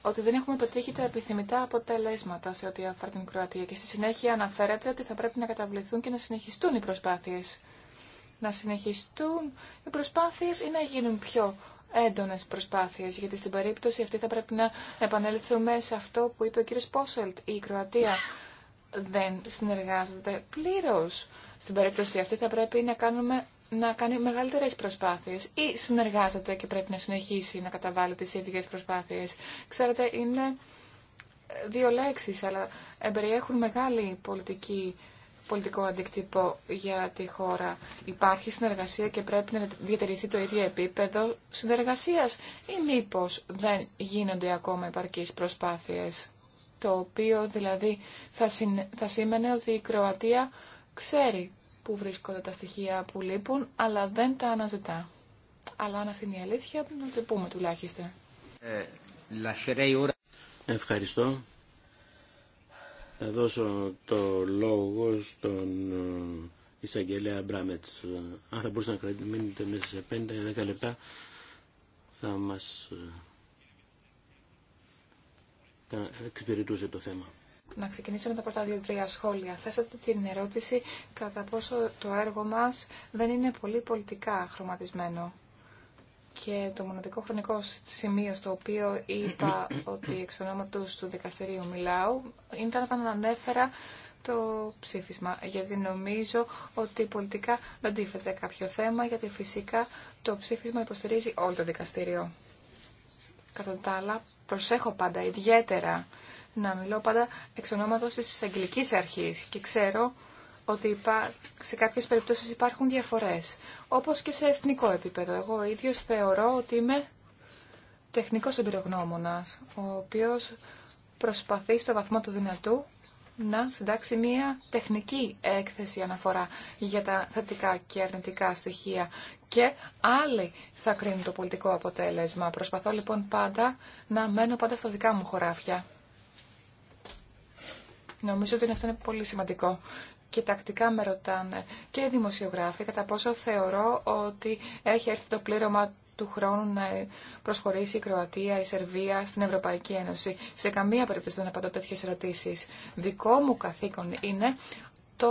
ότι δεν έχουμε πετύχει τα επιθυμητά αποτελέσματα σε ό,τι αφορά την Κροατία και στη συνέχεια αναφέρατε ότι θα πρέπει να καταβληθούν και να συνεχιστούν οι προσπάθειε. Να συνεχιστούν οι προσπάθειες ή να γίνουν πιο Έντονε προσπάθειε γιατί στην περίπτωση αυτή θα πρέπει να επανέλθουμε σε αυτό που είπε ο κύριος Πόσελτ. Η Κροατία δεν συνεργάζεται πλήρως. Στην περίπτωση αυτή θα πρέπει να, κάνουμε, να κάνει μεγαλύτερες προσπάθειες ή συνεργάζεται και πρέπει να συνεχίσει να καταβάλει τις ίδιε προσπάθειες. Ξέρετε, είναι δύο λέξει, αλλά περιέχουν μεγάλη πολιτική πολιτικό αντικτύπο για τη χώρα. Υπάρχει συνεργασία και πρέπει να διατηρηθεί το ίδιο επίπεδο συνεργασίας ή μήπως δεν γίνονται ακόμα επαρκείς προσπάθειες. Το οποίο δηλαδή θα, θα σήμαινε ότι η Κροατία ξέρει που βρίσκονται τα στοιχεία που λείπουν, αλλά δεν τα αναζητά. Αλλά αν αυτή είναι η αλήθεια, να το πούμε τουλάχιστον. Ε, Ευχαριστώ. Θα δώσω το λόγο στον ε, εισαγγελέα Μπράμετς. Ε, αν θα μπορούσατε να μείνετε μέσα σε 5-10 λεπτά θα μας ε, εξυπηρετούσε το θέμα. Να ξεκινήσω με τα πρώτα δύο-τρία σχόλια. Θέσατε την ερώτηση κατά πόσο το έργο μας δεν είναι πολύ πολιτικά χρωματισμένο. Και το μοναδικό χρονικό σημείο στο οποίο είπα ότι εξ ονόματος του δικαστηρίου μιλάω ήταν όταν ανέφερα το ψήφισμα, γιατί νομίζω ότι πολιτικά δεν κάποιο θέμα, γιατί φυσικά το ψήφισμα υποστηρίζει όλο το δικαστήριο. Κατά τα άλλα, προσέχω πάντα ιδιαίτερα να μιλώ πάντα εξ ονόματος της Αγγλικής Αρχής και ξέρω ότι σε κάποιες περιπτώσεις υπάρχουν διαφορές, όπως και σε εθνικό επίπεδο. Εγώ ίδιος θεωρώ ότι είμαι τεχνικός εμπειρογνώμονας, ο οποίος προσπαθεί στο βαθμό του δυνατού να συντάξει μία τεχνική έκθεση αναφορά για τα θετικά και αρνητικά στοιχεία και άλλοι θα κρίνουν το πολιτικό αποτέλεσμα. Προσπαθώ λοιπόν πάντα να μένω πάντα στα δικά μου χωράφια. Νομίζω ότι αυτό είναι πολύ σημαντικό και τακτικά με ρωτάνε και οι δημοσιογράφοι κατά πόσο θεωρώ ότι έχει έρθει το πλήρωμα του χρόνου να προσχωρήσει η Κροατία, η Σερβία στην Ευρωπαϊκή Ένωση. Σε καμία περίπτωση δεν απαντώ τέτοιε ερωτήσει. Δικό μου καθήκον είναι το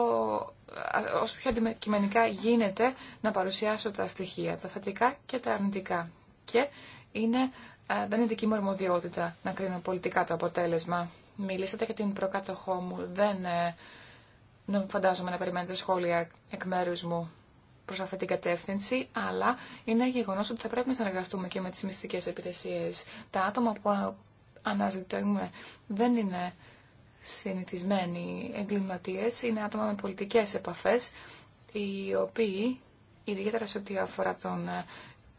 όσο πιο αντικειμενικά γίνεται να παρουσιάσω τα στοιχεία, τα θετικά και τα αρνητικά. Και είναι, δεν είναι δική μου αρμοδιότητα να κρίνω πολιτικά το αποτέλεσμα. Μιλήσατε για την προκάτοχό μου. Ε, δεν φαντάζομαι να περιμένετε σχόλια εκ μέρου μου προ αυτή την κατεύθυνση, αλλά είναι γεγονό ότι θα πρέπει να συνεργαστούμε και με τι μυστικέ υπηρεσίε. Τα άτομα που αναζητούμε δεν είναι συνηθισμένοι εγκληματίε, είναι άτομα με πολιτικέ επαφέ, οι οποίοι, ιδιαίτερα σε ό,τι αφορά τον ε,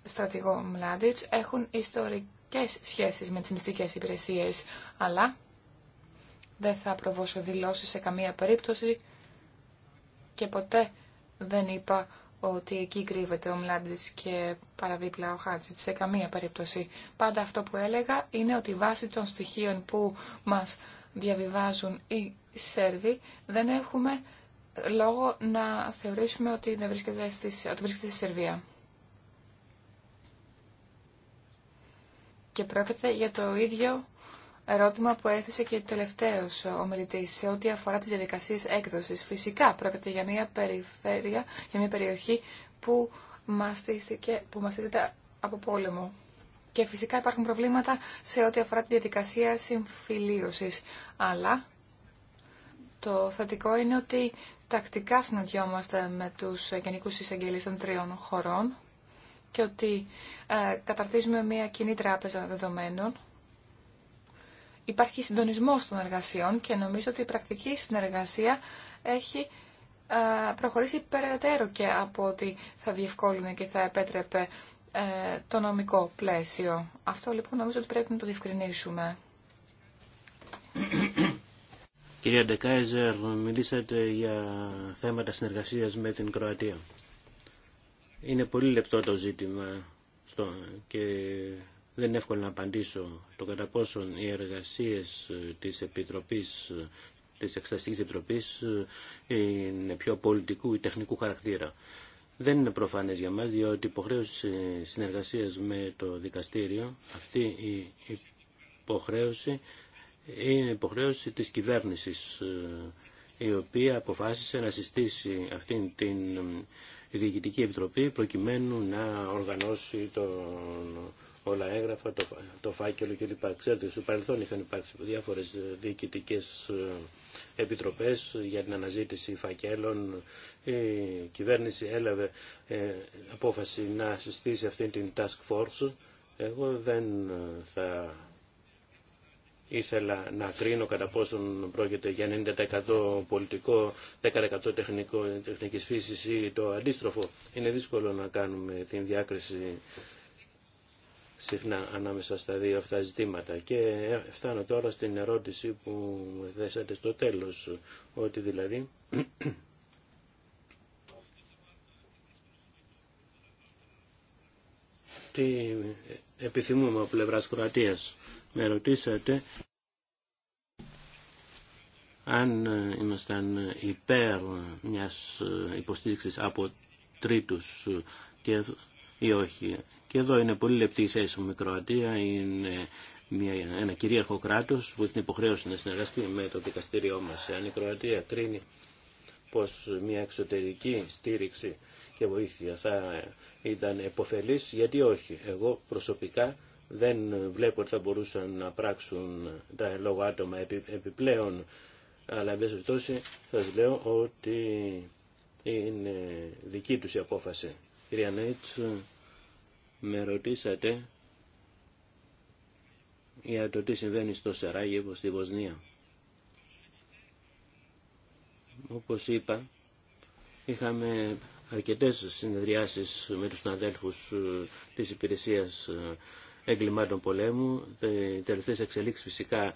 στρατηγό Μλάντιτ, έχουν ιστορικέ σχέσει με τι μυστικέ υπηρεσίε, αλλά δεν θα προβώσω δηλώσει σε καμία περίπτωση και ποτέ δεν είπα ότι εκεί κρύβεται ο Μλάντης και παραδίπλα ο Χάτζιτ. σε καμία περίπτωση. Πάντα αυτό που έλεγα είναι ότι βάσει των στοιχείων που μας διαβιβάζουν οι Σέρβοι δεν έχουμε λόγο να θεωρήσουμε ότι, δεν βρίσκεται, ότι βρίσκεται στη Σερβία. Και πρόκειται για το ίδιο ερώτημα που έθεσε και τελευταίο ομιλητή σε ό,τι αφορά τι διαδικασίε έκδοση. Φυσικά πρόκειται για μια περιφέρεια, για μια περιοχή που μαστίστηκε, που μαστίζεται από πόλεμο. Και φυσικά υπάρχουν προβλήματα σε ό,τι αφορά τη διαδικασία συμφιλίωσης. Αλλά το θετικό είναι ότι τακτικά συναντιόμαστε με τους γενικού εισαγγελίε των τριών χωρών και ότι ε, καταρτίζουμε μια κοινή τράπεζα δεδομένων υπάρχει συντονισμός των εργασιών και νομίζω ότι η πρακτική συνεργασία έχει προχωρήσει περαιτέρω και από ότι θα διευκόλυνε και θα επέτρεπε ε, το νομικό πλαίσιο. Αυτό λοιπόν νομίζω ότι πρέπει να το διευκρινίσουμε. Κυρία Ντεκάιζερ, μιλήσατε για θέματα συνεργασίας με την Κροατία. Είναι πολύ λεπτό το ζήτημα και δεν είναι εύκολο να απαντήσω το κατά πόσον οι εργασίες ε, της Επιτροπής ε, της Εξεταστικής Επιτροπής ε, είναι πιο πολιτικού ή τεχνικού χαρακτήρα. Δεν είναι προφανές για μας, διότι υποχρέωση συνεργασίας με το δικαστήριο, αυτή η υποχρέωση είναι υποχρέωση της κυβέρνησης, η οποία αποφάσισε να συστήσει αυτήν την Διοικητική Επιτροπή προκειμένου να οργανώσει τον όλα έγραφα, το, φάκελο κλπ. Ξέρετε, στο παρελθόν είχαν υπάρξει διάφορες διοικητικέ ε, επιτροπές για την αναζήτηση φακέλων. Η κυβέρνηση έλαβε ε, απόφαση να συστήσει αυτήν την task force. Εγώ δεν ε, θα ήθελα να κρίνω κατά πόσον πρόκειται για 90% πολιτικό, 10% τεχνικό, τεχνικής φύσης ή το αντίστροφο. Είναι δύσκολο να κάνουμε την διάκριση συχνά ανάμεσα στα δύο αυτά ζητήματα. Και ε, φτάνω τώρα στην ερώτηση που θέσατε στο τέλος, ότι δηλαδή τι επιθυμούμε από πλευράς Κροατίας. Με ρωτήσατε αν ε, ήμασταν υπέρ μιας ε, υποστήριξης από τρίτους και ή όχι. Και εδώ είναι πολύ λεπτή η θέση μου η Κροατία. Είναι μια, ένα κυρίαρχο κράτο που έχει την υποχρέωση να συνεργαστεί με το δικαστήριό μα. Αν η Κροατία κρίνει πω μια εξωτερική στήριξη και βοήθεια θα ήταν επωφελή, γιατί όχι. Εγώ προσωπικά δεν βλέπω ότι θα μπορούσαν να πράξουν τα λόγω άτομα επιπλέον. Αλλά, εν θα σα λέω ότι είναι δική του η απόφαση. Κυρία Νέιτς, με ρωτήσατε για το τι συμβαίνει στο Σεράγεβο στη Βοσνία. Όπως είπα, είχαμε αρκετές συνεδριάσεις με τους συναδέλφους ε, της υπηρεσίας ε, εγκλημάτων πολέμου. Ε, οι τελευταίες εξελίξεις φυσικά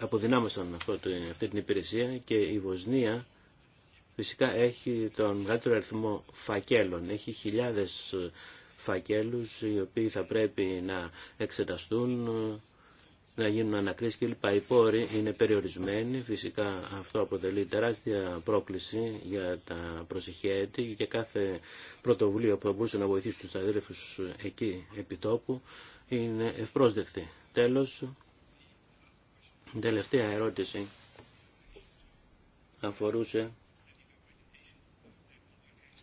αποδυνάμωσαν αυτή την υπηρεσία και η Βοσνία φυσικά έχει τον μεγαλύτερο αριθμό φακέλων. Έχει χιλιάδες φακέλους οι οποίοι θα πρέπει να εξεταστούν, να γίνουν ανακρίσεις κλπ. Οι πόροι είναι περιορισμένοι, φυσικά αυτό αποτελεί τεράστια πρόκληση για τα προσεχή και κάθε πρωτοβουλία που μπορούσε να βοηθήσει τους αδέρφους εκεί επιτόπου είναι ευπρόσδεκτη. Τέλος, τελευταία ερώτηση αφορούσε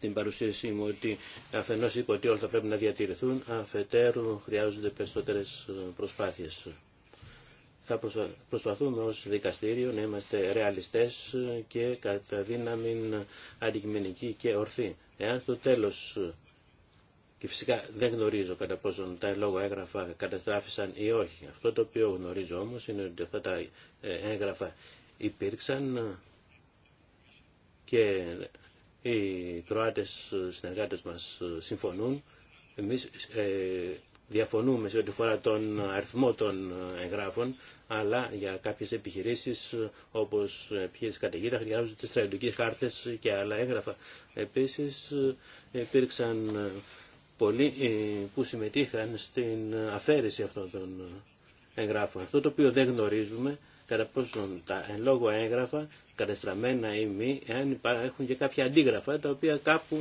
στην παρουσίασή μου ότι αφενός είπε ότι όλα θα πρέπει να διατηρηθούν, αφετέρου χρειάζονται περισσότερες ε, προσπάθειες. Θα προσπαθούμε ως δικαστήριο να είμαστε ρεαλιστές ε, και κατά δύναμη αντικειμενικοί και ορθοί. Εάν στο τέλος ε, και φυσικά δεν γνωρίζω κατά πόσον τα λόγω έγγραφα καταστράφησαν ή όχι. Αυτό το οποίο γνωρίζω όμως είναι ότι αυτά τα έγγραφα υπήρξαν και οι Κροάτες συνεργάτες μας συμφωνούν. Εμείς ε, διαφωνούμε σε ό,τι φορά τον αριθμό των εγγράφων, αλλά για κάποιες επιχειρήσεις όπως ποιες καταιγίδα χρειάζονται τις στρατιωτικές χάρτες και άλλα έγγραφα. Επίσης υπήρξαν πολλοί ε, που συμμετείχαν στην αφαίρεση αυτών των εγγράφων. Αυτό το οποίο δεν γνωρίζουμε κατά πόσο τα εν λόγω έγγραφα, κατεστραμμένα ή μη, εάν και κάποια αντίγραφα τα οποία κάπου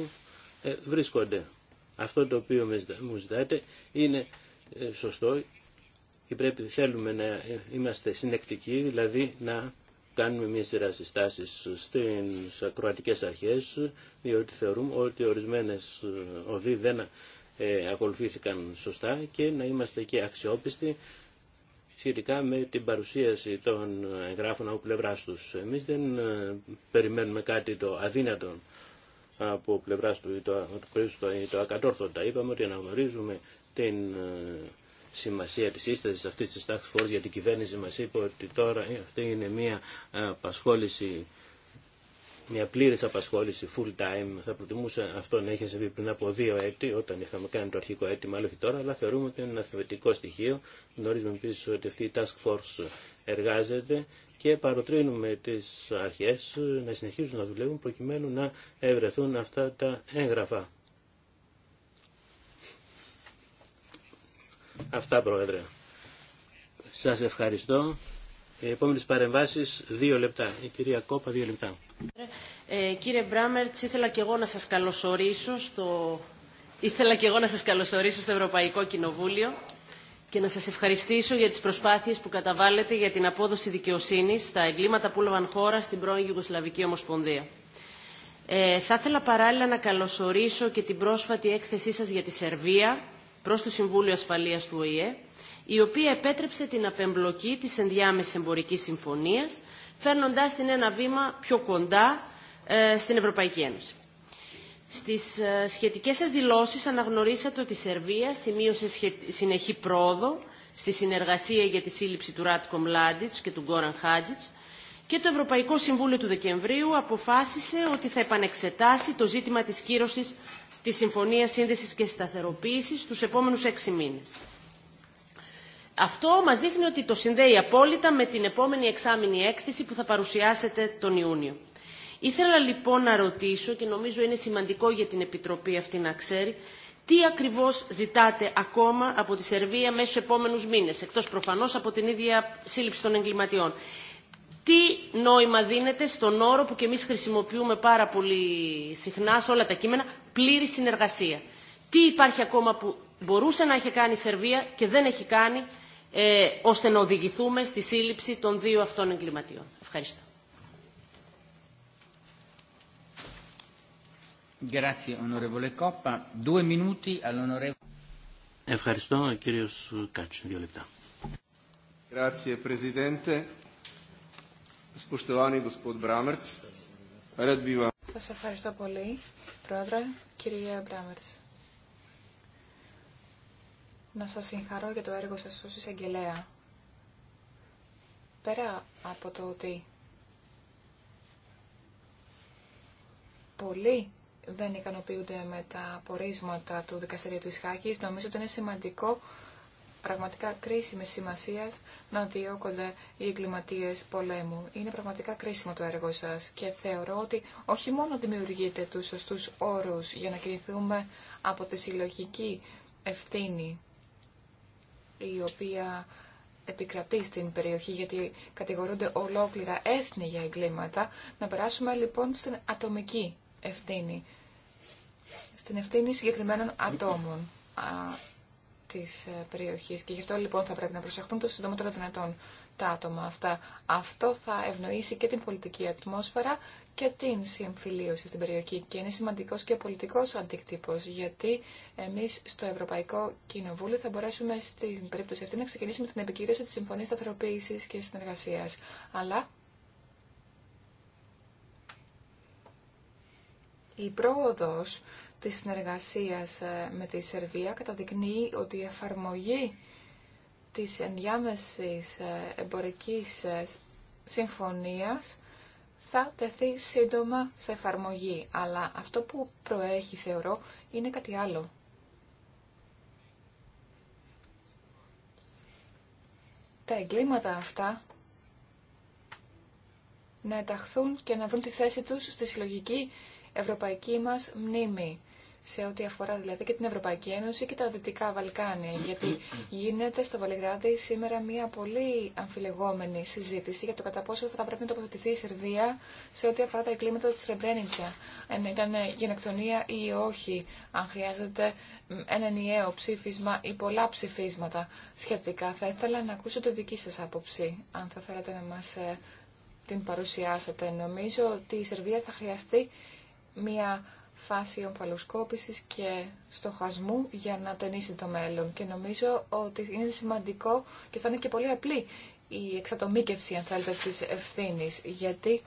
ε, βρίσκονται. Αυτό το οποίο μου ζητάτε είναι ε, σωστό και πρέπει θέλουμε να ε, είμαστε συνεκτικοί, δηλαδή να κάνουμε μια σειρά συστάσει στις ακροατικές αρχές, διότι θεωρούμε ότι ορισμένες οδοί δεν ακολουθήθηκαν σωστά και να είμαστε και αξιόπιστοι σχετικά με την παρουσίαση των εγγράφων από πλευρά του. Εμεί δεν ε, περιμένουμε κάτι το αδύνατο από πλευρά του ή το, το ακατόρθωτα. Είπαμε ότι αναγνωρίζουμε την ε, σημασία της σύστασης αυτής της ταξης για την κυβέρνηση μας είπε ότι τώρα αυτή είναι μια ε, απασχόληση μια πλήρη απασχόληση full time. Θα προτιμούσα αυτό να είχε συμβεί πριν από δύο έτη, όταν είχαμε κάνει το αρχικό αίτημα, αλλά όχι τώρα, αλλά θεωρούμε ότι είναι ένα θεωρητικό στοιχείο. Γνωρίζουμε επίση ότι αυτή η task force εργάζεται και παροτρύνουμε τις αρχές να συνεχίζουν να δουλεύουν προκειμένου να ευρεθούν αυτά τα έγγραφα. Αυτά, Πρόεδρε. Σας ευχαριστώ. Ε, επόμενες παρεμβάσεις, δύο λεπτά. Η κυρία Κόπα, δύο λεπτά. Ε, κύριε Μπράμερτ, ήθελα και εγώ να σας καλωσορίσω στο... Ήθελα και εγώ να σας καλωσορίσω στο Ευρωπαϊκό Κοινοβούλιο και να σας ευχαριστήσω για τις προσπάθειες που καταβάλλετε για την απόδοση δικαιοσύνης στα εγκλήματα που έλαβαν χώρα στην πρώην Ιουγκοσλαβική Ομοσπονδία. Ε, θα ήθελα παράλληλα να καλωσορίσω και την πρόσφατη έκθεσή σας για τη Σερβία προς το Συμβούλιο Ασφαλείας του ΟΗΕ η οποία επέτρεψε την απεμπλοκή της ενδιάμεσης εμπορικής συμφωνίας, φέρνοντάς την ένα βήμα πιο κοντά ε, στην Ευρωπαϊκή Ένωση. Στις ε, σχετικές σας δηλώσεις αναγνωρίσατε ότι η Σερβία σημείωσε συνεχή πρόοδο στη συνεργασία για τη σύλληψη του Ράτκο Μλάντιτς και του Γκόραν Χάτζιτς και το Ευρωπαϊκό Συμβούλιο του Δεκεμβρίου αποφάσισε ότι θα επανεξετάσει το ζήτημα της κύρωσης της Συμφωνίας Σύνδεσης και Σταθεροποίησης τους επόμενους έξι μήνες. Αυτό μας δείχνει ότι το συνδέει απόλυτα με την επόμενη εξάμηνη έκθεση που θα παρουσιάσετε τον Ιούνιο. Ήθελα λοιπόν να ρωτήσω και νομίζω είναι σημαντικό για την Επιτροπή αυτή να ξέρει τι ακριβώς ζητάτε ακόμα από τη Σερβία μέσα στους επόμενους μήνες, εκτός προφανώς από την ίδια σύλληψη των εγκληματιών. Τι νόημα δίνεται στον όρο που και εμείς χρησιμοποιούμε πάρα πολύ συχνά σε όλα τα κείμενα, πλήρη συνεργασία. Τι υπάρχει ακόμα που μπορούσε να έχει κάνει η Σερβία και δεν έχει κάνει ε, ώστε να οδηγηθούμε στη σύλληψη των δύο αυτών εγκληματιών. Ευχαριστώ. Ευχαριστώ, κύριο Κάτσιν, δύο λεπτά. Σας ευχαριστώ πολύ, Πρόεδρε, κυρία Μπράμερτς να σας συγχαρώ για το έργο σας ως εισαγγελέα. Πέρα από το ότι πολλοί δεν ικανοποιούνται με τα απορίσματα του Δικαστηρίου της Χάκης, νομίζω ότι είναι σημαντικό, πραγματικά κρίσιμη σημασία να διώκονται οι εγκληματίε πολέμου. Είναι πραγματικά κρίσιμο το έργο σας και θεωρώ ότι όχι μόνο δημιουργείτε τους σωστούς όρους για να κινηθούμε από τη συλλογική ευθύνη η οποία επικρατεί στην περιοχή, γιατί κατηγορούνται ολόκληρα έθνη για εγκλήματα, να περάσουμε λοιπόν στην ατομική ευθύνη, στην ευθύνη συγκεκριμένων ατόμων α, της ε, περιοχής. Και γι' αυτό λοιπόν θα πρέπει να προσεχθούν το συντομότερο δυνατόν τα άτομα αυτά. Αυτό θα ευνοήσει και την πολιτική ατμόσφαιρα και την συμφιλίωση στην περιοχή. Και είναι σημαντικός και πολιτικός αντίκτυπος, γιατί εμείς στο Ευρωπαϊκό Κοινοβούλιο θα μπορέσουμε στην περίπτωση αυτή να ξεκινήσουμε την επικύρωση τη Συμφωνία Σταθεροποίηση και συνεργασία. Αλλά η πρόοδος της συνεργασίας ε, με τη Σερβία καταδεικνύει ότι η εφαρμογή της ενδιάμεσης ε, εμπορικής ε, συμφωνίας θα τεθεί σύντομα σε εφαρμογή. Αλλά αυτό που προέχει, θεωρώ, είναι κάτι άλλο. Τα εγκλήματα αυτά να ενταχθούν και να βρουν τη θέση τους στη συλλογική ευρωπαϊκή μας μνήμη σε ό,τι αφορά δηλαδή και την Ευρωπαϊκή Ένωση και τα Δυτικά Βαλκάνια. Γιατί γίνεται στο Βαλιγράδι σήμερα μια πολύ αμφιλεγόμενη συζήτηση για το κατά πόσο θα πρέπει να τοποθετηθεί η Σερβία σε ό,τι αφορά τα εγκλήματα τη Ρεμπρένιτσα. Αν ήταν γενοκτονία ή όχι, αν χρειάζεται ένα ενιαίο ψήφισμα ή πολλά ψηφίσματα σχετικά. Θα ήθελα να ακούσω τη δική σα άποψη, αν θα θέλατε να μα ε, την παρουσιάσετε. Νομίζω ότι η Σερβία θα χρειαστεί μια φάση ομφαλοσκόπησης και στοχασμού για να ταινίσει το μέλλον. Και νομίζω ότι είναι σημαντικό και θα είναι και πολύ απλή η εξατομίκευση, αν θέλετε, της ευθύνης, γιατί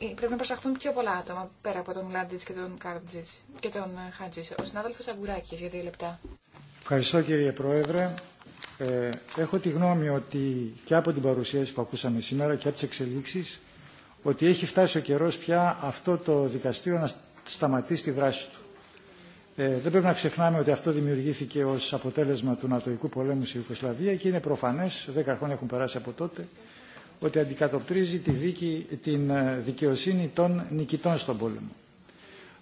ε, πρέπει να προσαχθούν πιο πολλά άτομα πέρα από τον Λάντιτς και τον Κάρτζιτς και τον ε, Ο συνάδελφος Αγκουράκης για δύο λεπτά. Ευχαριστώ κύριε Πρόεδρε. Ε, έχω τη γνώμη ότι και από την παρουσίαση που ακούσαμε σήμερα και από τις εξελίξεις ότι έχει φτάσει ο καιρός πια αυτό το δικαστήριο να σταματήσει τη δράση του. Ε, δεν πρέπει να ξεχνάμε ότι αυτό δημιουργήθηκε ω αποτέλεσμα του Νατοϊκού πολέμου στη Ιουκοσλαβία και είναι προφανέ, δέκα χρόνια έχουν περάσει από τότε, ότι αντικατοπτρίζει τη δίκη, την ε, δικαιοσύνη των νικητών στον πόλεμο.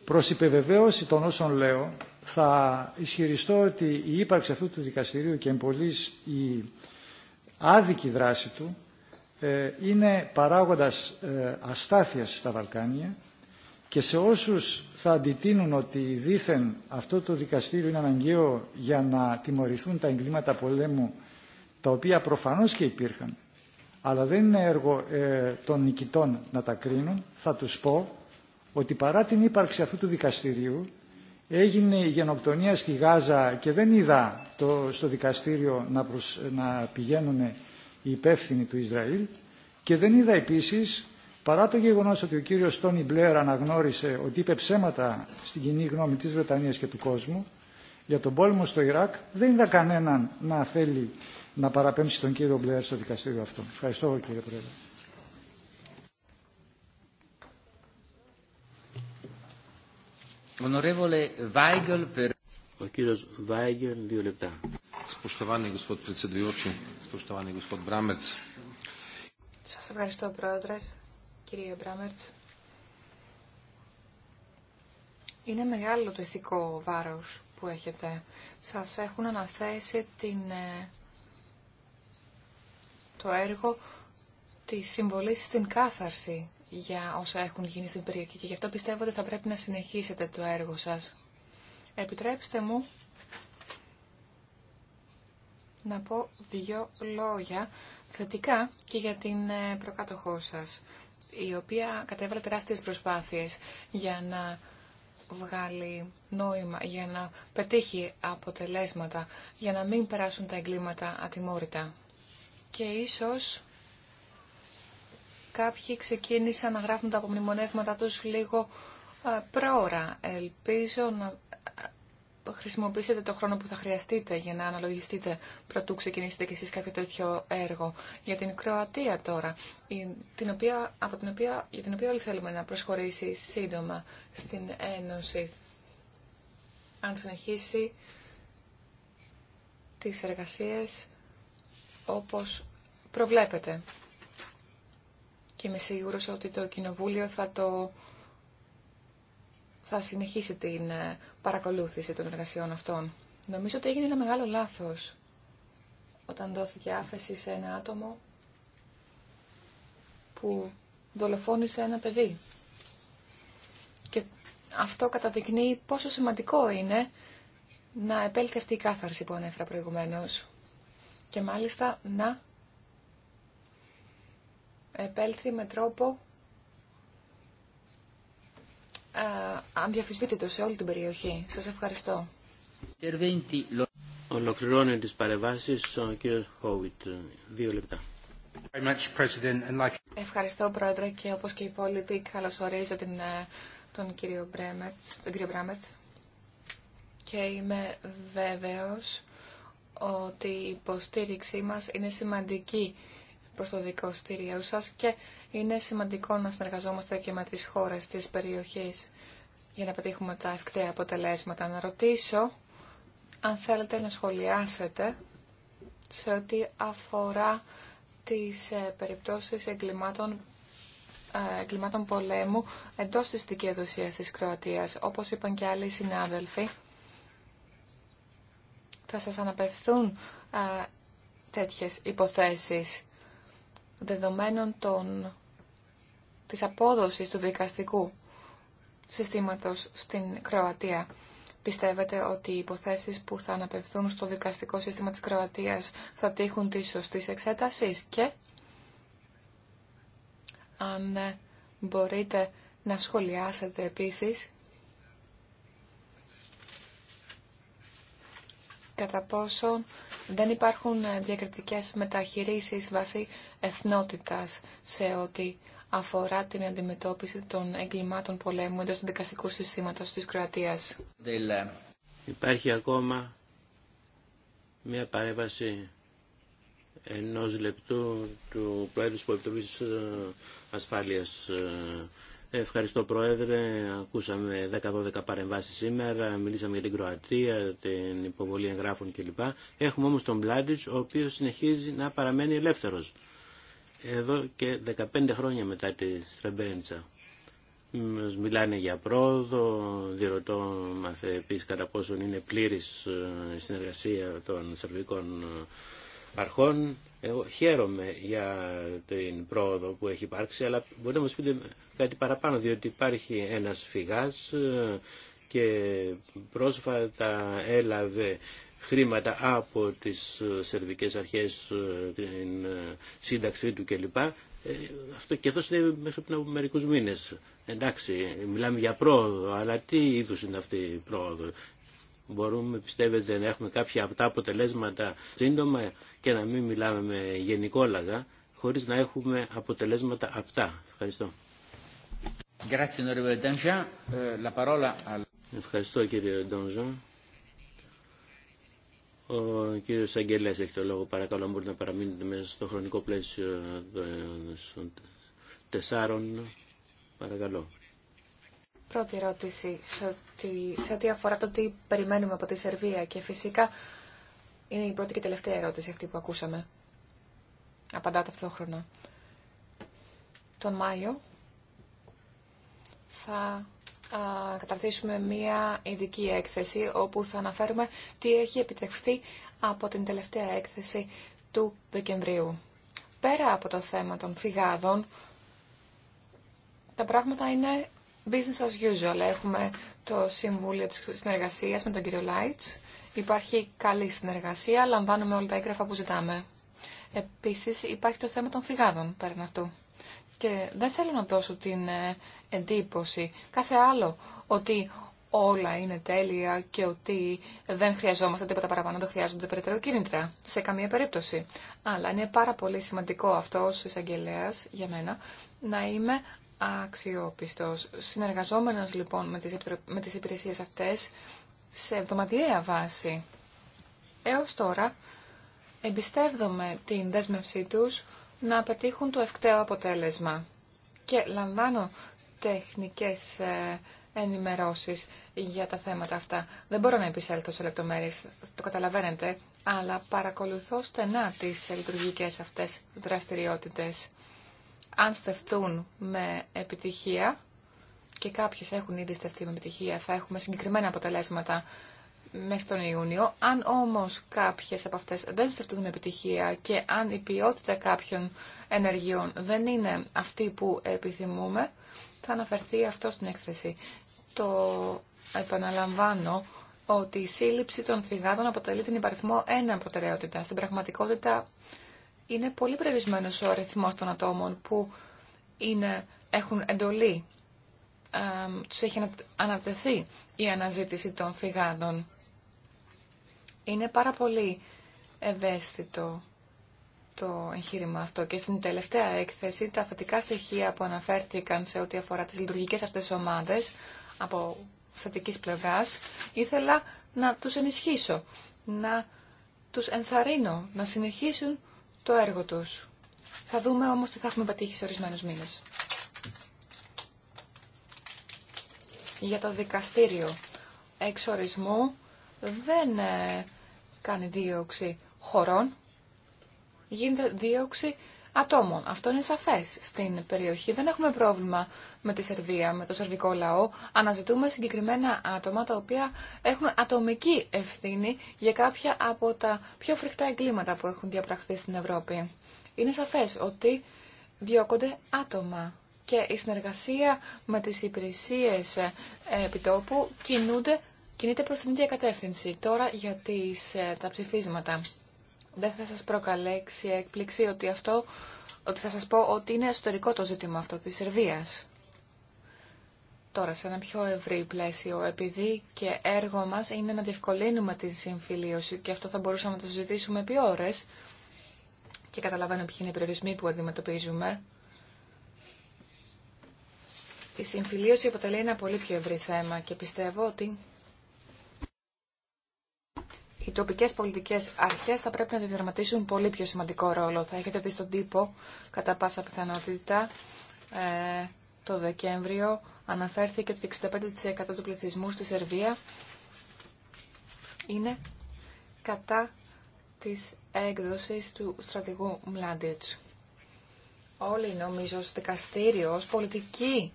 Προ υπεβεβαίωση των όσων λέω, θα ισχυριστώ ότι η ύπαρξη αυτού του δικαστηρίου και εμπολής η άδικη δράση του ε, είναι παράγοντας ε, αστάθειας στα Βαλκάνια και σε όσους θα αντιτείνουν ότι δήθεν αυτό το δικαστήριο είναι αναγκαίο για να τιμωρηθούν τα εγκλήματα πολέμου τα οποία προφανώς και υπήρχαν αλλά δεν είναι έργο ε, των νικητών να τα κρίνουν θα τους πω ότι παρά την ύπαρξη αυτού του δικαστηρίου έγινε η γενοκτονία στη Γάζα και δεν είδα το, στο δικαστήριο να, να πηγαίνουν οι υπεύθυνοι του Ισραήλ και δεν είδα επίσης Παρά το γεγονό ότι ο κύριο Τόνι Μπλερ αναγνώρισε ότι είπε ψέματα στην κοινή γνώμη τη Βρετανία και του κόσμου για τον πόλεμο στο Ιράκ, δεν είδα κανέναν να θέλει να παραπέμψει τον κύριο Μπλερ στο δικαστήριο αυτό. Ευχαριστώ, κύριε Πρόεδρε. Ο δύο λεπτά. Σας ευχαριστώ, Πρόεδρε κύριε Μπράμερτς. Είναι μεγάλο το ηθικό βάρος που έχετε. Σας έχουν αναθέσει την, ε, το έργο τη συμβολή στην κάθαρση για όσα έχουν γίνει στην περιοχή και γι' αυτό πιστεύω ότι θα πρέπει να συνεχίσετε το έργο σας. Επιτρέψτε μου να πω δύο λόγια θετικά και για την ε, προκάτοχό σας η οποία κατέβαλε τεράστιες προσπάθειες για να βγάλει νόημα, για να πετύχει αποτελέσματα, για να μην περάσουν τα εγκλήματα ατιμόρυτα. Και ίσως κάποιοι ξεκίνησαν να γράφουν τα απομνημονεύματα τους λίγο ε, πρόωρα. Ελπίζω να χρησιμοποιήσετε το χρόνο που θα χρειαστείτε για να αναλογιστείτε πρωτού ξεκινήσετε κι εσείς κάποιο τέτοιο έργο. Για την Κροατία τώρα, την οποία, από την οποία, για την οποία όλοι θέλουμε να προσχωρήσει σύντομα στην Ένωση. Αν συνεχίσει τις εργασίες όπως προβλέπετε. Και είμαι σίγουρος ότι το Κοινοβούλιο θα το θα συνεχίσει την ε, παρακολούθηση των εργασιών αυτών. Νομίζω ότι έγινε ένα μεγάλο λάθος όταν δόθηκε άφεση σε ένα άτομο που δολοφόνησε ένα παιδί. Και αυτό καταδεικνύει πόσο σημαντικό είναι να επέλθει αυτή η κάθαρση που ανέφερα προηγουμένως. Και μάλιστα να επέλθει με τρόπο ε, το σε όλη την περιοχή. Σα ευχαριστώ. Ολοκληρώνει ο κ. Δύο λεπτά. Ευχαριστώ Πρόεδρε και όπω και οι υπόλοιποι καλωσορίζω την, ε, τον κύριο Μπρέμετς, και είμαι βέβαιος ότι η υποστήριξή μας είναι σημαντική προς το στήριο σας και είναι σημαντικό να συνεργαζόμαστε και με τις χώρες της περιοχής για να πετύχουμε τα ευκταία αποτελέσματα. Να ρωτήσω αν θέλετε να σχολιάσετε σε ό,τι αφορά τις ε, περιπτώσεις εγκλημάτων, ε, εγκλημάτων πολέμου εντός της δικαιοδοσίας της Κροατίας. Όπως είπαν και άλλοι συνάδελφοι, θα σας αναπευθούν ε, τέτοιες υποθέσεις δεδομένων των, της απόδοσης του δικαστικού συστήματος στην Κροατία. Πιστεύετε ότι οι υποθέσεις που θα αναπευθούν στο δικαστικό σύστημα της Κροατίας θα τύχουν τη σωστή εξέταση και αν μπορείτε να σχολιάσετε επίσης κατά πόσο δεν υπάρχουν διακριτικές μεταχειρήσεις βάσει εθνότητας σε ό,τι αφορά την αντιμετώπιση των εγκλημάτων πολέμου εντός του δικαστικού συστήματος της Κροατίας. Υπάρχει ακόμα μια παρέμβαση ενός λεπτού του Πρόεδρου της Πολιτικής Ασφάλειας ε, Ευχαριστώ Πρόεδρε. Ακούσαμε 10-12 παρεμβάσει σήμερα. Μιλήσαμε για την Κροατία, την υποβολή εγγράφων κλπ. Έχουμε όμω τον Μπλάντιτ, ο οποίο συνεχίζει να παραμένει ελεύθερο. Εδώ και 15 χρόνια μετά τη Στρεμπέντσα. Μιλάνε για πρόοδο, διερωτώ μας επίσης κατά πόσον είναι πλήρης ε, συνεργασία των σερβικών ε, αρχών εγώ χαίρομαι για την πρόοδο που έχει υπάρξει, αλλά μπορείτε να μας πείτε κάτι παραπάνω, διότι υπάρχει ένας φυγάς ε, και πρόσφατα έλαβε χρήματα από τις ε, σερβικές αρχές, ε, την σύνταξή του κλπ. Αυτό και αυτό συνέβη μέχρι πριν από μερικούς μήνες. Εντάξει, μιλάμε για πρόοδο, αλλά τι είδους είναι αυτή η πρόοδο. Μπορούμε, πιστεύετε, να έχουμε κάποια από τα αποτελέσματα σύντομα και να μην μιλάμε με γενικόλαγα, χωρίς να έχουμε αποτελέσματα αυτά. Ευχαριστώ. Ε, Ευχαριστώ κύριε Ντόνζο. Ο κύριος Αγγελές έχει το λόγο. Παρακαλώ, μπορείτε να παραμείνετε μέσα στο χρονικό πλαίσιο των τεσσάρων. Παρακαλώ. Πρώτη ερώτηση σε ό,τι αφορά το τι περιμένουμε από τη Σερβία και φυσικά είναι η πρώτη και τελευταία ερώτηση αυτή που ακούσαμε. Απαντά ταυτόχρονα. Τον Μάιο θα καταρτήσουμε μία ειδική έκθεση όπου θα αναφέρουμε τι έχει επιτευχθεί από την τελευταία έκθεση του Δεκεμβρίου. Πέρα από το θέμα των φυγάδων, τα πράγματα είναι business as usual. Έχουμε το Συμβούλιο της Συνεργασίας με τον κύριο Λάιτ. Υπάρχει καλή συνεργασία, λαμβάνουμε όλα τα έγγραφα που ζητάμε. Επίσης υπάρχει το θέμα των φυγάδων πέραν αυτού. Και δεν θέλω να δώσω την ε, εντύπωση, κάθε άλλο, ότι όλα είναι τέλεια και ότι δεν χρειαζόμαστε τίποτα παραπάνω, δεν χρειάζονται περαιτέρω κίνητρα σε καμία περίπτωση. Αλλά είναι πάρα πολύ σημαντικό αυτό ως εισαγγελέα για μένα να είμαι αξιόπιστος. Συνεργαζόμενος λοιπόν με τις, με τις υπηρεσίες αυτές σε εβδομαδιαία βάση. Έως τώρα εμπιστεύδομαι την δέσμευσή τους να πετύχουν το ευκταίο αποτέλεσμα και λαμβάνω τεχνικές ε, ενημερώσεις για τα θέματα αυτά. Δεν μπορώ να επισέλθω σε λεπτομέρειες, το καταλαβαίνετε, αλλά παρακολουθώ στενά τις λειτουργικές αυτές δραστηριότητες αν στεφτούν με επιτυχία, και κάποιες έχουν ήδη στεφτεί με επιτυχία, θα έχουμε συγκεκριμένα αποτελέσματα μέχρι τον Ιούνιο. Αν όμως κάποιες από αυτές δεν στεφτούν με επιτυχία και αν η ποιότητα κάποιων ενεργειών δεν είναι αυτή που επιθυμούμε, θα αναφερθεί αυτό στην έκθεση. Το επαναλαμβάνω ότι η σύλληψη των φυγάδων αποτελεί την υπαριθμό ένα προτεραιότητα. Στην πραγματικότητα είναι πολύ περιορισμένο ο αριθμό των ατόμων που είναι, έχουν εντολή, ε, τους έχει ανατεθεί η αναζήτηση των φυγάδων. Είναι πάρα πολύ ευαίσθητο το εγχείρημα αυτό και στην τελευταία έκθεση τα θετικά στοιχεία που αναφέρθηκαν σε ό,τι αφορά τις λειτουργικές αυτέ ομάδε από θετική πλευρά, ήθελα να τους ενισχύσω, να τους ενθαρρύνω, να συνεχίσουν το έργο τους. Θα δούμε όμως τι θα έχουμε πετύχει σε ορισμένους μήνες. Για το δικαστήριο εξορισμού δεν ε, κάνει δίωξη χωρών, γίνεται δίωξη ατόμων. Αυτό είναι σαφές στην περιοχή. Δεν έχουμε πρόβλημα με τη Σερβία, με το σερβικό λαό. Αναζητούμε συγκεκριμένα άτομα τα οποία έχουν ατομική ευθύνη για κάποια από τα πιο φρικτά εγκλήματα που έχουν διαπραχθεί στην Ευρώπη. Είναι σαφές ότι διώκονται άτομα και η συνεργασία με τις υπηρεσίες επιτόπου κινούνται, κινείται προς την ίδια κατεύθυνση. Τώρα για ε, τα ψηφίσματα δεν θα σας προκαλέξει έκπληξη ότι αυτό, ότι θα σας πω ότι είναι ιστορικό το ζήτημα αυτό της Σερβίας. Τώρα, σε ένα πιο ευρύ πλαίσιο, επειδή και έργο μας είναι να διευκολύνουμε τη συμφιλίωση και αυτό θα μπορούσαμε να το ζητήσουμε επί ώρες και καταλαβαίνω ποιοι είναι οι περιορισμοί που αντιμετωπίζουμε. Η συμφιλίωση αποτελεί ένα πολύ πιο ευρύ θέμα και πιστεύω ότι οι τοπικές πολιτικές αρχές θα πρέπει να διδραματίσουν πολύ πιο σημαντικό ρόλο. Θα έχετε δει στον τύπο, κατά πάσα πιθανότητα, ε, το Δεκέμβριο αναφέρθηκε ότι το 65% του πληθυσμού στη Σερβία είναι κατά της έκδοσης του στρατηγού Μλάντιτς. Όλοι νομίζω ως δικαστήριο, ως πολιτική,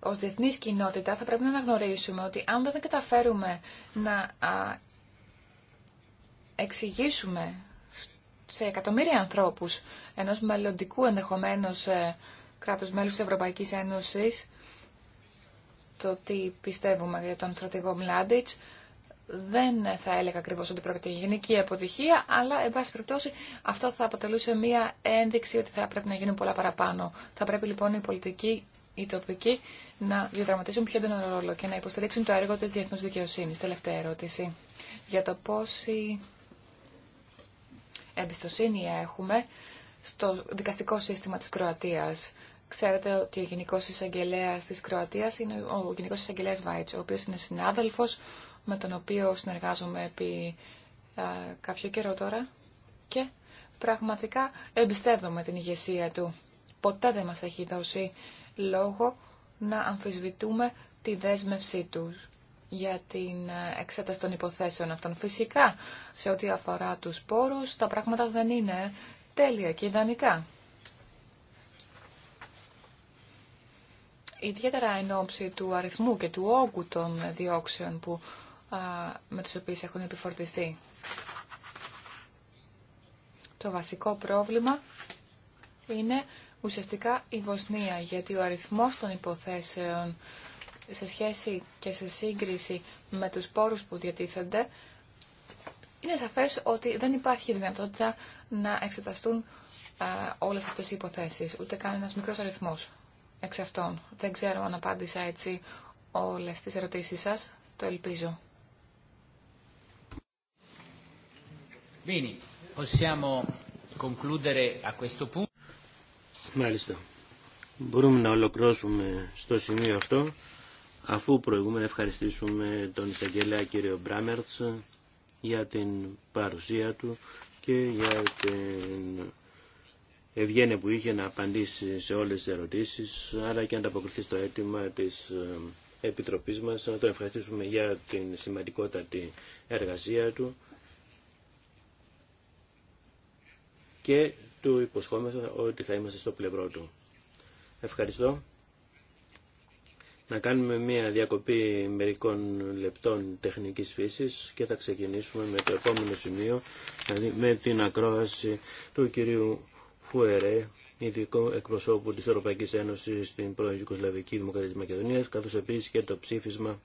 ως διεθνής κοινότητα θα πρέπει να αναγνωρίσουμε ότι αν δεν καταφέρουμε να εξηγήσουμε σε εκατομμύρια ανθρώπους ενός μελλοντικού ενδεχομένως ε, κράτους μέλους της Ευρωπαϊκής Ένωσης το τι πιστεύουμε για τον στρατηγό Μλάντιτς δεν θα έλεγα ακριβώ ότι πρόκειται για γενική αποτυχία, αλλά, εν πάση περιπτώσει, αυτό θα αποτελούσε μία ένδειξη ότι θα πρέπει να γίνουν πολλά παραπάνω. Θα πρέπει λοιπόν οι πολιτικοί, οι τοπικοί, να διαδραματίσουν πιο έντονο ρόλο και να υποστηρίξουν το έργο τη διεθνού δικαιοσύνη. Τελευταία ερώτηση. Για το πόσοι εμπιστοσύνη έχουμε στο δικαστικό σύστημα της Κροατίας. Ξέρετε ότι ο Γενικός εισαγγελέα της Κροατίας είναι ο Γενικός Εισαγγελέα Βάιτς, ο οποίος είναι συνάδελφος με τον οποίο συνεργάζομαι επί α, κάποιο καιρό τώρα και πραγματικά εμπιστεύομαι την ηγεσία του. Ποτέ δεν μας έχει δώσει λόγο να αμφισβητούμε τη δέσμευσή του για την εξέταση των υποθέσεων αυτών. Φυσικά, σε ό,τι αφορά τους πόρους, τα πράγματα δεν είναι τέλεια και ιδανικά. Ιδιαίτερα εν ώψη του αριθμού και του όγκου των διώξεων που, α, με τους οποίους έχουν επιφορτιστεί. Το βασικό πρόβλημα είναι ουσιαστικά η Βοσνία, γιατί ο αριθμός των υποθέσεων σε σχέση και σε σύγκριση με τους πόρους που διατίθενται, είναι σαφές ότι δεν υπάρχει δυνατότητα να εξεταστούν όλες αυτές οι υποθέσεις, ούτε καν ένας μικρός αριθμός εξ αυτών. Δεν ξέρω αν απάντησα έτσι όλες τις ερωτήσεις σας. Το ελπίζω. possiamo concludere a questo punto. Μάλιστα. Μπορούμε να ολοκληρώσουμε στο σημείο αυτό αφού προηγούμε να ευχαριστήσουμε τον εισαγγελέα κύριο Μπράμερτς για την παρουσία του και για την ευγένεια που είχε να απαντήσει σε όλες τις ερωτήσεις αλλά και να ανταποκριθεί στο αίτημα της ε, Επιτροπής μας να τον ευχαριστήσουμε για την σημαντικότατη εργασία του και του υποσχόμεθα ότι θα είμαστε στο πλευρό του. Ευχαριστώ να κάνουμε μια διακοπή μερικών λεπτών τεχνικής φύσης και θα ξεκινήσουμε με το επόμενο σημείο, δηλαδή με την ακρόαση του κυρίου Φουερέ, ειδικό εκπροσώπου της Ευρωπαϊκής Ένωσης στην πρώην Ιουκοσλαβική Δημοκρατία της Μακεδονίας, καθώς επίσης και το ψήφισμα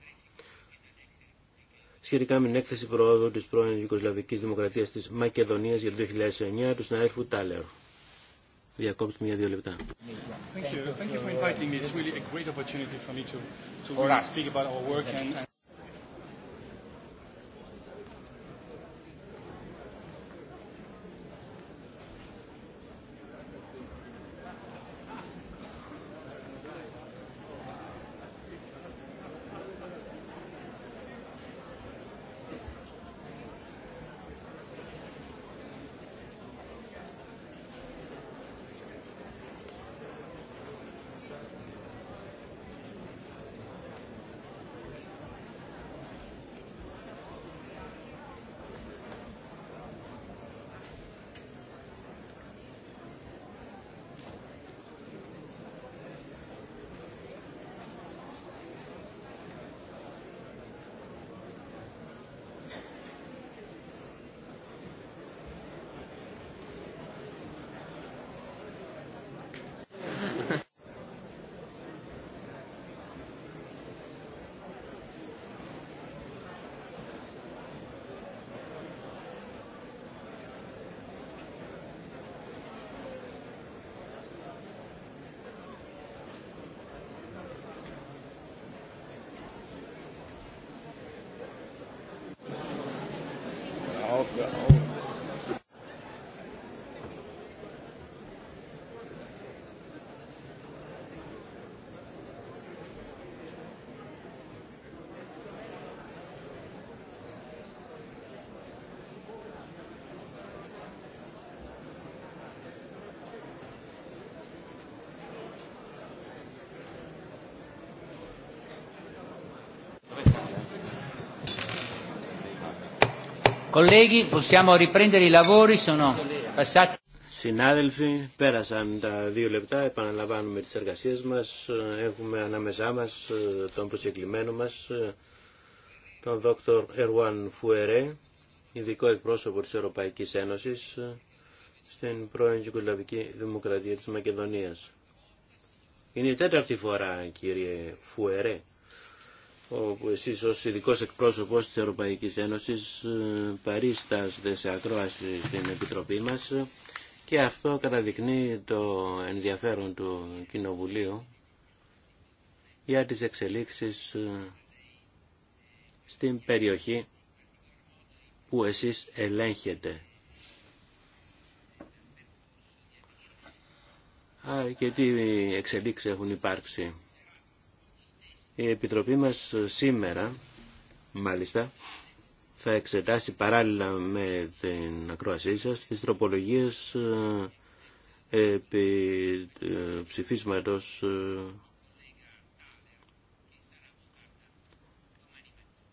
σχετικά με την έκθεση προόδου της πρώην Ιουκοσλαβικής Δημοκρατίας της Μακεδονίας για το 2009 του συναδέλφου Τάλερ. Διακόπτει μία-δύο λεπτά. Thank you. Thank you for inviting me. It's really a great opportunity for me to, to really speak about our work and, and Συνάδελφοι, πέρασαν τα δύο λεπτά, επαναλαμβάνουμε τις εργασίες μας, έχουμε ανάμεσά μας ε, τον προσεκλημένο μας, ε, τον δόκτωρ Ερουάν Φουερέ, ειδικό εκπρόσωπο της Ευρωπαϊκής Ένωσης ε, στην πρώην Γιουγκοσλαβική Δημοκρατία της Μακεδονίας. Είναι η τέταρτη φορά, κύριε Φουερέ, όπου εσείς ως ειδικό εκπρόσωπος της Ευρωπαϊκής Ένωσης ε, παρίσταστε σε ακρόαση στην Επιτροπή μας και αυτό καταδεικνύει το ενδιαφέρον του Κοινοβουλίου για τις εξελίξεις ε, στην περιοχή που εσείς ελέγχετε. Α, και τι εξελίξεις έχουν υπάρξει. Η Επιτροπή μας σήμερα, μάλιστα, θα εξετάσει παράλληλα με την ακρόασή σας τις τροπολογίες ε, επί ε, ψηφίσματος ε,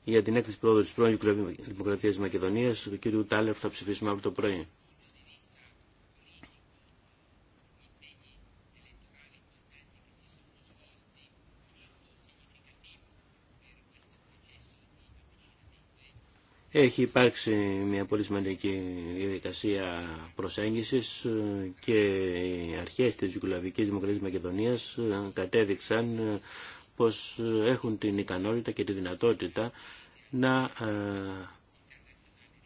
για την έκθεση πρόοδο της πρώην Δημοκρατίας της Μακεδονίας του κ. Τάλερ θα ψηφίσουμε από το πρωί. Έχει υπάρξει μια πολύ σημαντική διαδικασία προσέγγισης και οι αρχές της Ιουκλαβικής Δημοκρατίας Μακεδονίας κατέδειξαν πως έχουν την ικανότητα και τη δυνατότητα να ε,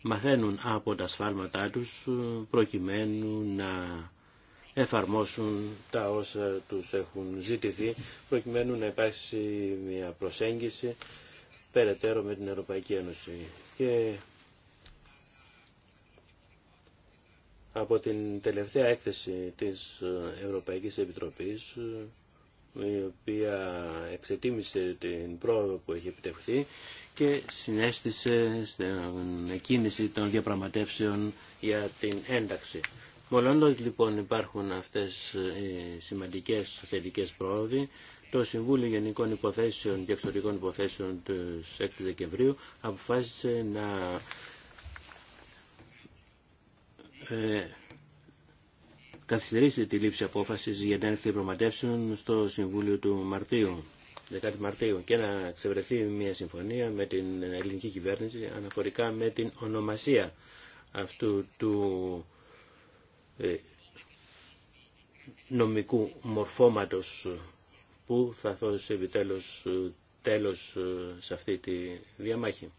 μαθαίνουν από τα σφάλματά τους προκειμένου να εφαρμόσουν τα όσα τους έχουν ζητηθεί προκειμένου να υπάρξει μια προσέγγιση περαιτέρω με την Ευρωπαϊκή Ένωση. Και από την τελευταία έκθεση της Ευρωπαϊκής Επιτροπής, η οποία εξετίμησε την πρόοδο που έχει επιτευχθεί και συνέστησε στην εκκίνηση των διαπραγματεύσεων για την ένταξη. Μολόντως λοιπόν υπάρχουν αυτές οι σημαντικές θετικές πρόοδοι, το Συμβούλιο Γενικών Υποθέσεων και Εξωτερικών Υποθέσεων του 6 Δεκεμβρίου αποφάσισε να ε, καθυστερήσει τη λήψη απόφαση για την έκθεση διαπραγματεύσεων στο Συμβούλιο του Μαρτίου. 10 Μαρτίου και να ξεβρεθεί μια συμφωνία με την ελληνική κυβέρνηση αναφορικά με την ονομασία αυτού του ε, νομικού μορφώματος που θα δώσει επιτέλους ε, τέλος ε, σε αυτή τη διαμάχη.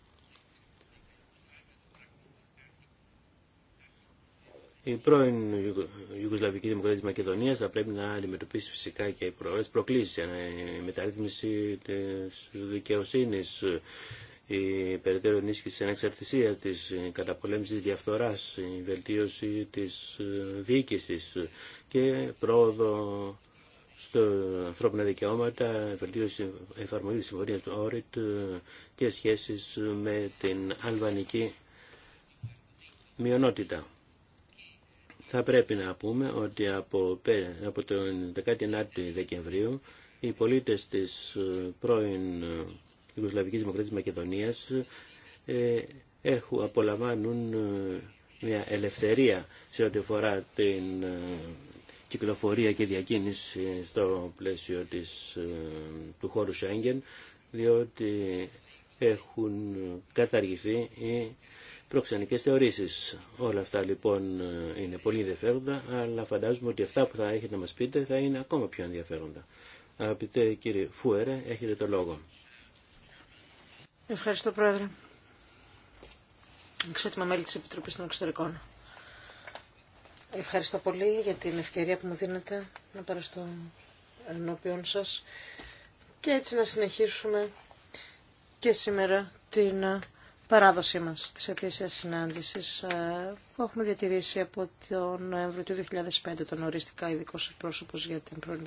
Η πρώην Ιουγκοσλαβική Δημοκρατία τη Μακεδονία θα πρέπει να αντιμετωπίσει φυσικά και οι προορέ προκλήσει. Η μεταρρύθμιση τη δικαιοσύνη, η περαιτέρω ενίσχυση ανεξαρτησία τη, η καταπολέμηση τη διαφθορά, η βελτίωση τη ε, διοίκηση και πρόοδο στο ανθρώπινα δικαιώματα, βελτίωση εφαρμογή της συμφωνία του όριτ ε, και σχέσεις με την αλβανική μειονότητα. Θα πρέπει να πούμε ότι από, από τον 19 Δεκεμβρίου οι πολίτες της ε, πρώην ε, Ιγκοσλαβικής Δημοκρατίας Μακεδονίας έχουν, απολαμβάνουν μια ελευθερία σε ό,τι αφορά την κυκλοφορία και διακίνηση στο πλαίσιο της, ε, του χώρου Σέγγεν, διότι έχουν καταργηθεί οι προξενικές θεωρήσεις. Όλα αυτά λοιπόν ε, είναι πολύ ενδιαφέροντα, αλλά φαντάζομαι ότι αυτά που θα έχετε να μας πείτε θα είναι ακόμα πιο ενδιαφέροντα. Αγαπητέ κύριε Φούερε, έχετε το λόγο. Ευχαριστώ Πρόεδρε. Εξέτοιμα μέλη της Επιτροπής των Εξωτερικών. Ευχαριστώ πολύ για την ευκαιρία που μου δίνετε να πάρω στο ενώπιον σας και έτσι να συνεχίσουμε και σήμερα την ε, παράδοσή μας της ετήσιας συνάντησης ε, που έχουμε διατηρήσει από τον Νοέμβριο του 2005 τον οριστικά ειδικό πρόσωπο για την πρώην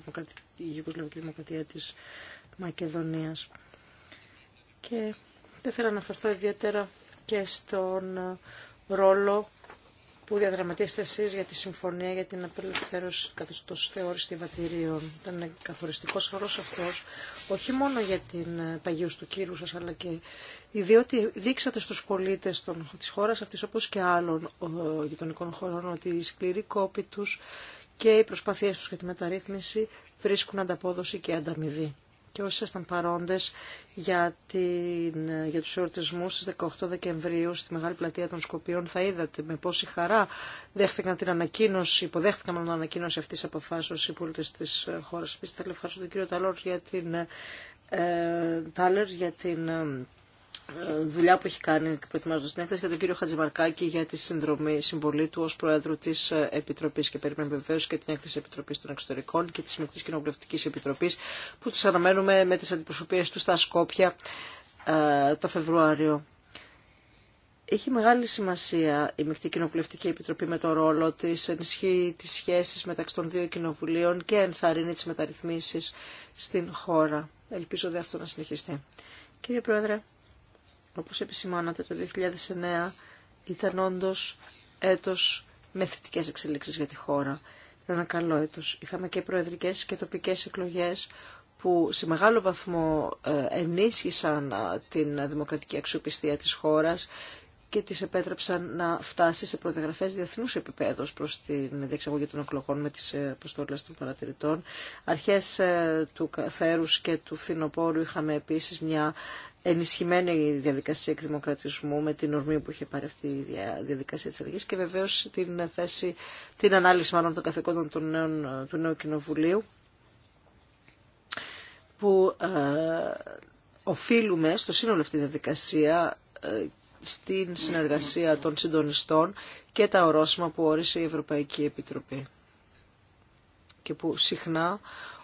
Δημοκρατία της Μακεδονίας. Και δεν θέλω να αναφερθώ ιδιαίτερα και στον ε, ρόλο που διαδραματίσετε εσεί για τη συμφωνία για την απελευθέρωση καθεστώ θεώρηση Βατηρίων. Ήταν καθοριστικό χώρο αυτό, όχι μόνο για την ε, παγίωση του κύρου σα, αλλά και διότι δείξατε στου πολίτε τη χώρα αυτή, όπω και άλλων γειτονικών χωρών, ότι οι σκληροί κόποι του και οι προσπάθειέ του για τη μεταρρύθμιση βρίσκουν ανταπόδοση και ανταμοιβή και όσοι ήσασταν παρόντες για, την, για τους εορτισμούς στις 18 Δεκεμβρίου στη Μεγάλη Πλατεία των Σκοπίων θα είδατε με πόση χαρά δέχτηκαν την ανακοίνωση, υποδέχτηκαν την ανακοίνωση αυτής της αποφάσεως οι πολίτες της χώρας. Επίσης θέλω ευχαριστήσω τον κύριο Ταλόρ για την, ε, Τάλερ για την ε, δουλειά που έχει κάνει και προετοιμάζοντα την έκθεση για τον κύριο Χατζημαρκάκη για τη συνδρομή συμβολή του ω Προέδρου τη Επιτροπή. Και περιμένουμε βεβαίω και την έκθεση Επιτροπή των Εξωτερικών και τη Μικρή Κοινοβουλευτική Επιτροπή που του αναμένουμε με τι αντιπροσωπείε του στα Σκόπια ε, το Φεβρουάριο. Έχει μεγάλη σημασία η Μεκτή Κοινοβουλευτική Επιτροπή με το ρόλο τη, ενισχύει τι σχέσει μεταξύ των δύο κοινοβουλίων και ενθαρρύνει τι μεταρρυθμίσει στην χώρα. Ελπίζω δε αυτό να συνεχιστεί. Κύριε Πρόεδρε, όπως επισημάνατε το 2009 ήταν όντω έτος με θετικές εξελίξεις για τη χώρα. Ήταν ένα καλό έτος. Είχαμε και προεδρικές και τοπικές εκλογές που σε μεγάλο βαθμό ε, ενίσχυσαν την δημοκρατική αξιοπιστία της χώρας και τις επέτρεψαν να φτάσει σε προδιαγραφές διεθνούς επίπεδος προς την διεξαγωγή των εκλογών με τις ε, αποστολέ των παρατηρητών. Αρχές ε, του Θέρους και του Φθινοπόρου είχαμε επίσης μια ενισχυμένη διαδικασία εκδημοκρατισμού με την ορμή που είχε πάρει αυτή η διαδικασία της αλλαγής και βεβαίως την, θέση, την ανάλυση μάλλον των καθηκόντων του νέου, ε, του νέου Κοινοβουλίου που ε, οφείλουμε στο σύνολο αυτή τη διαδικασία στην συνεργασία των συντονιστών και τα ορόσημα που όρισε η Ευρωπαϊκή Επιτροπή και που συχνά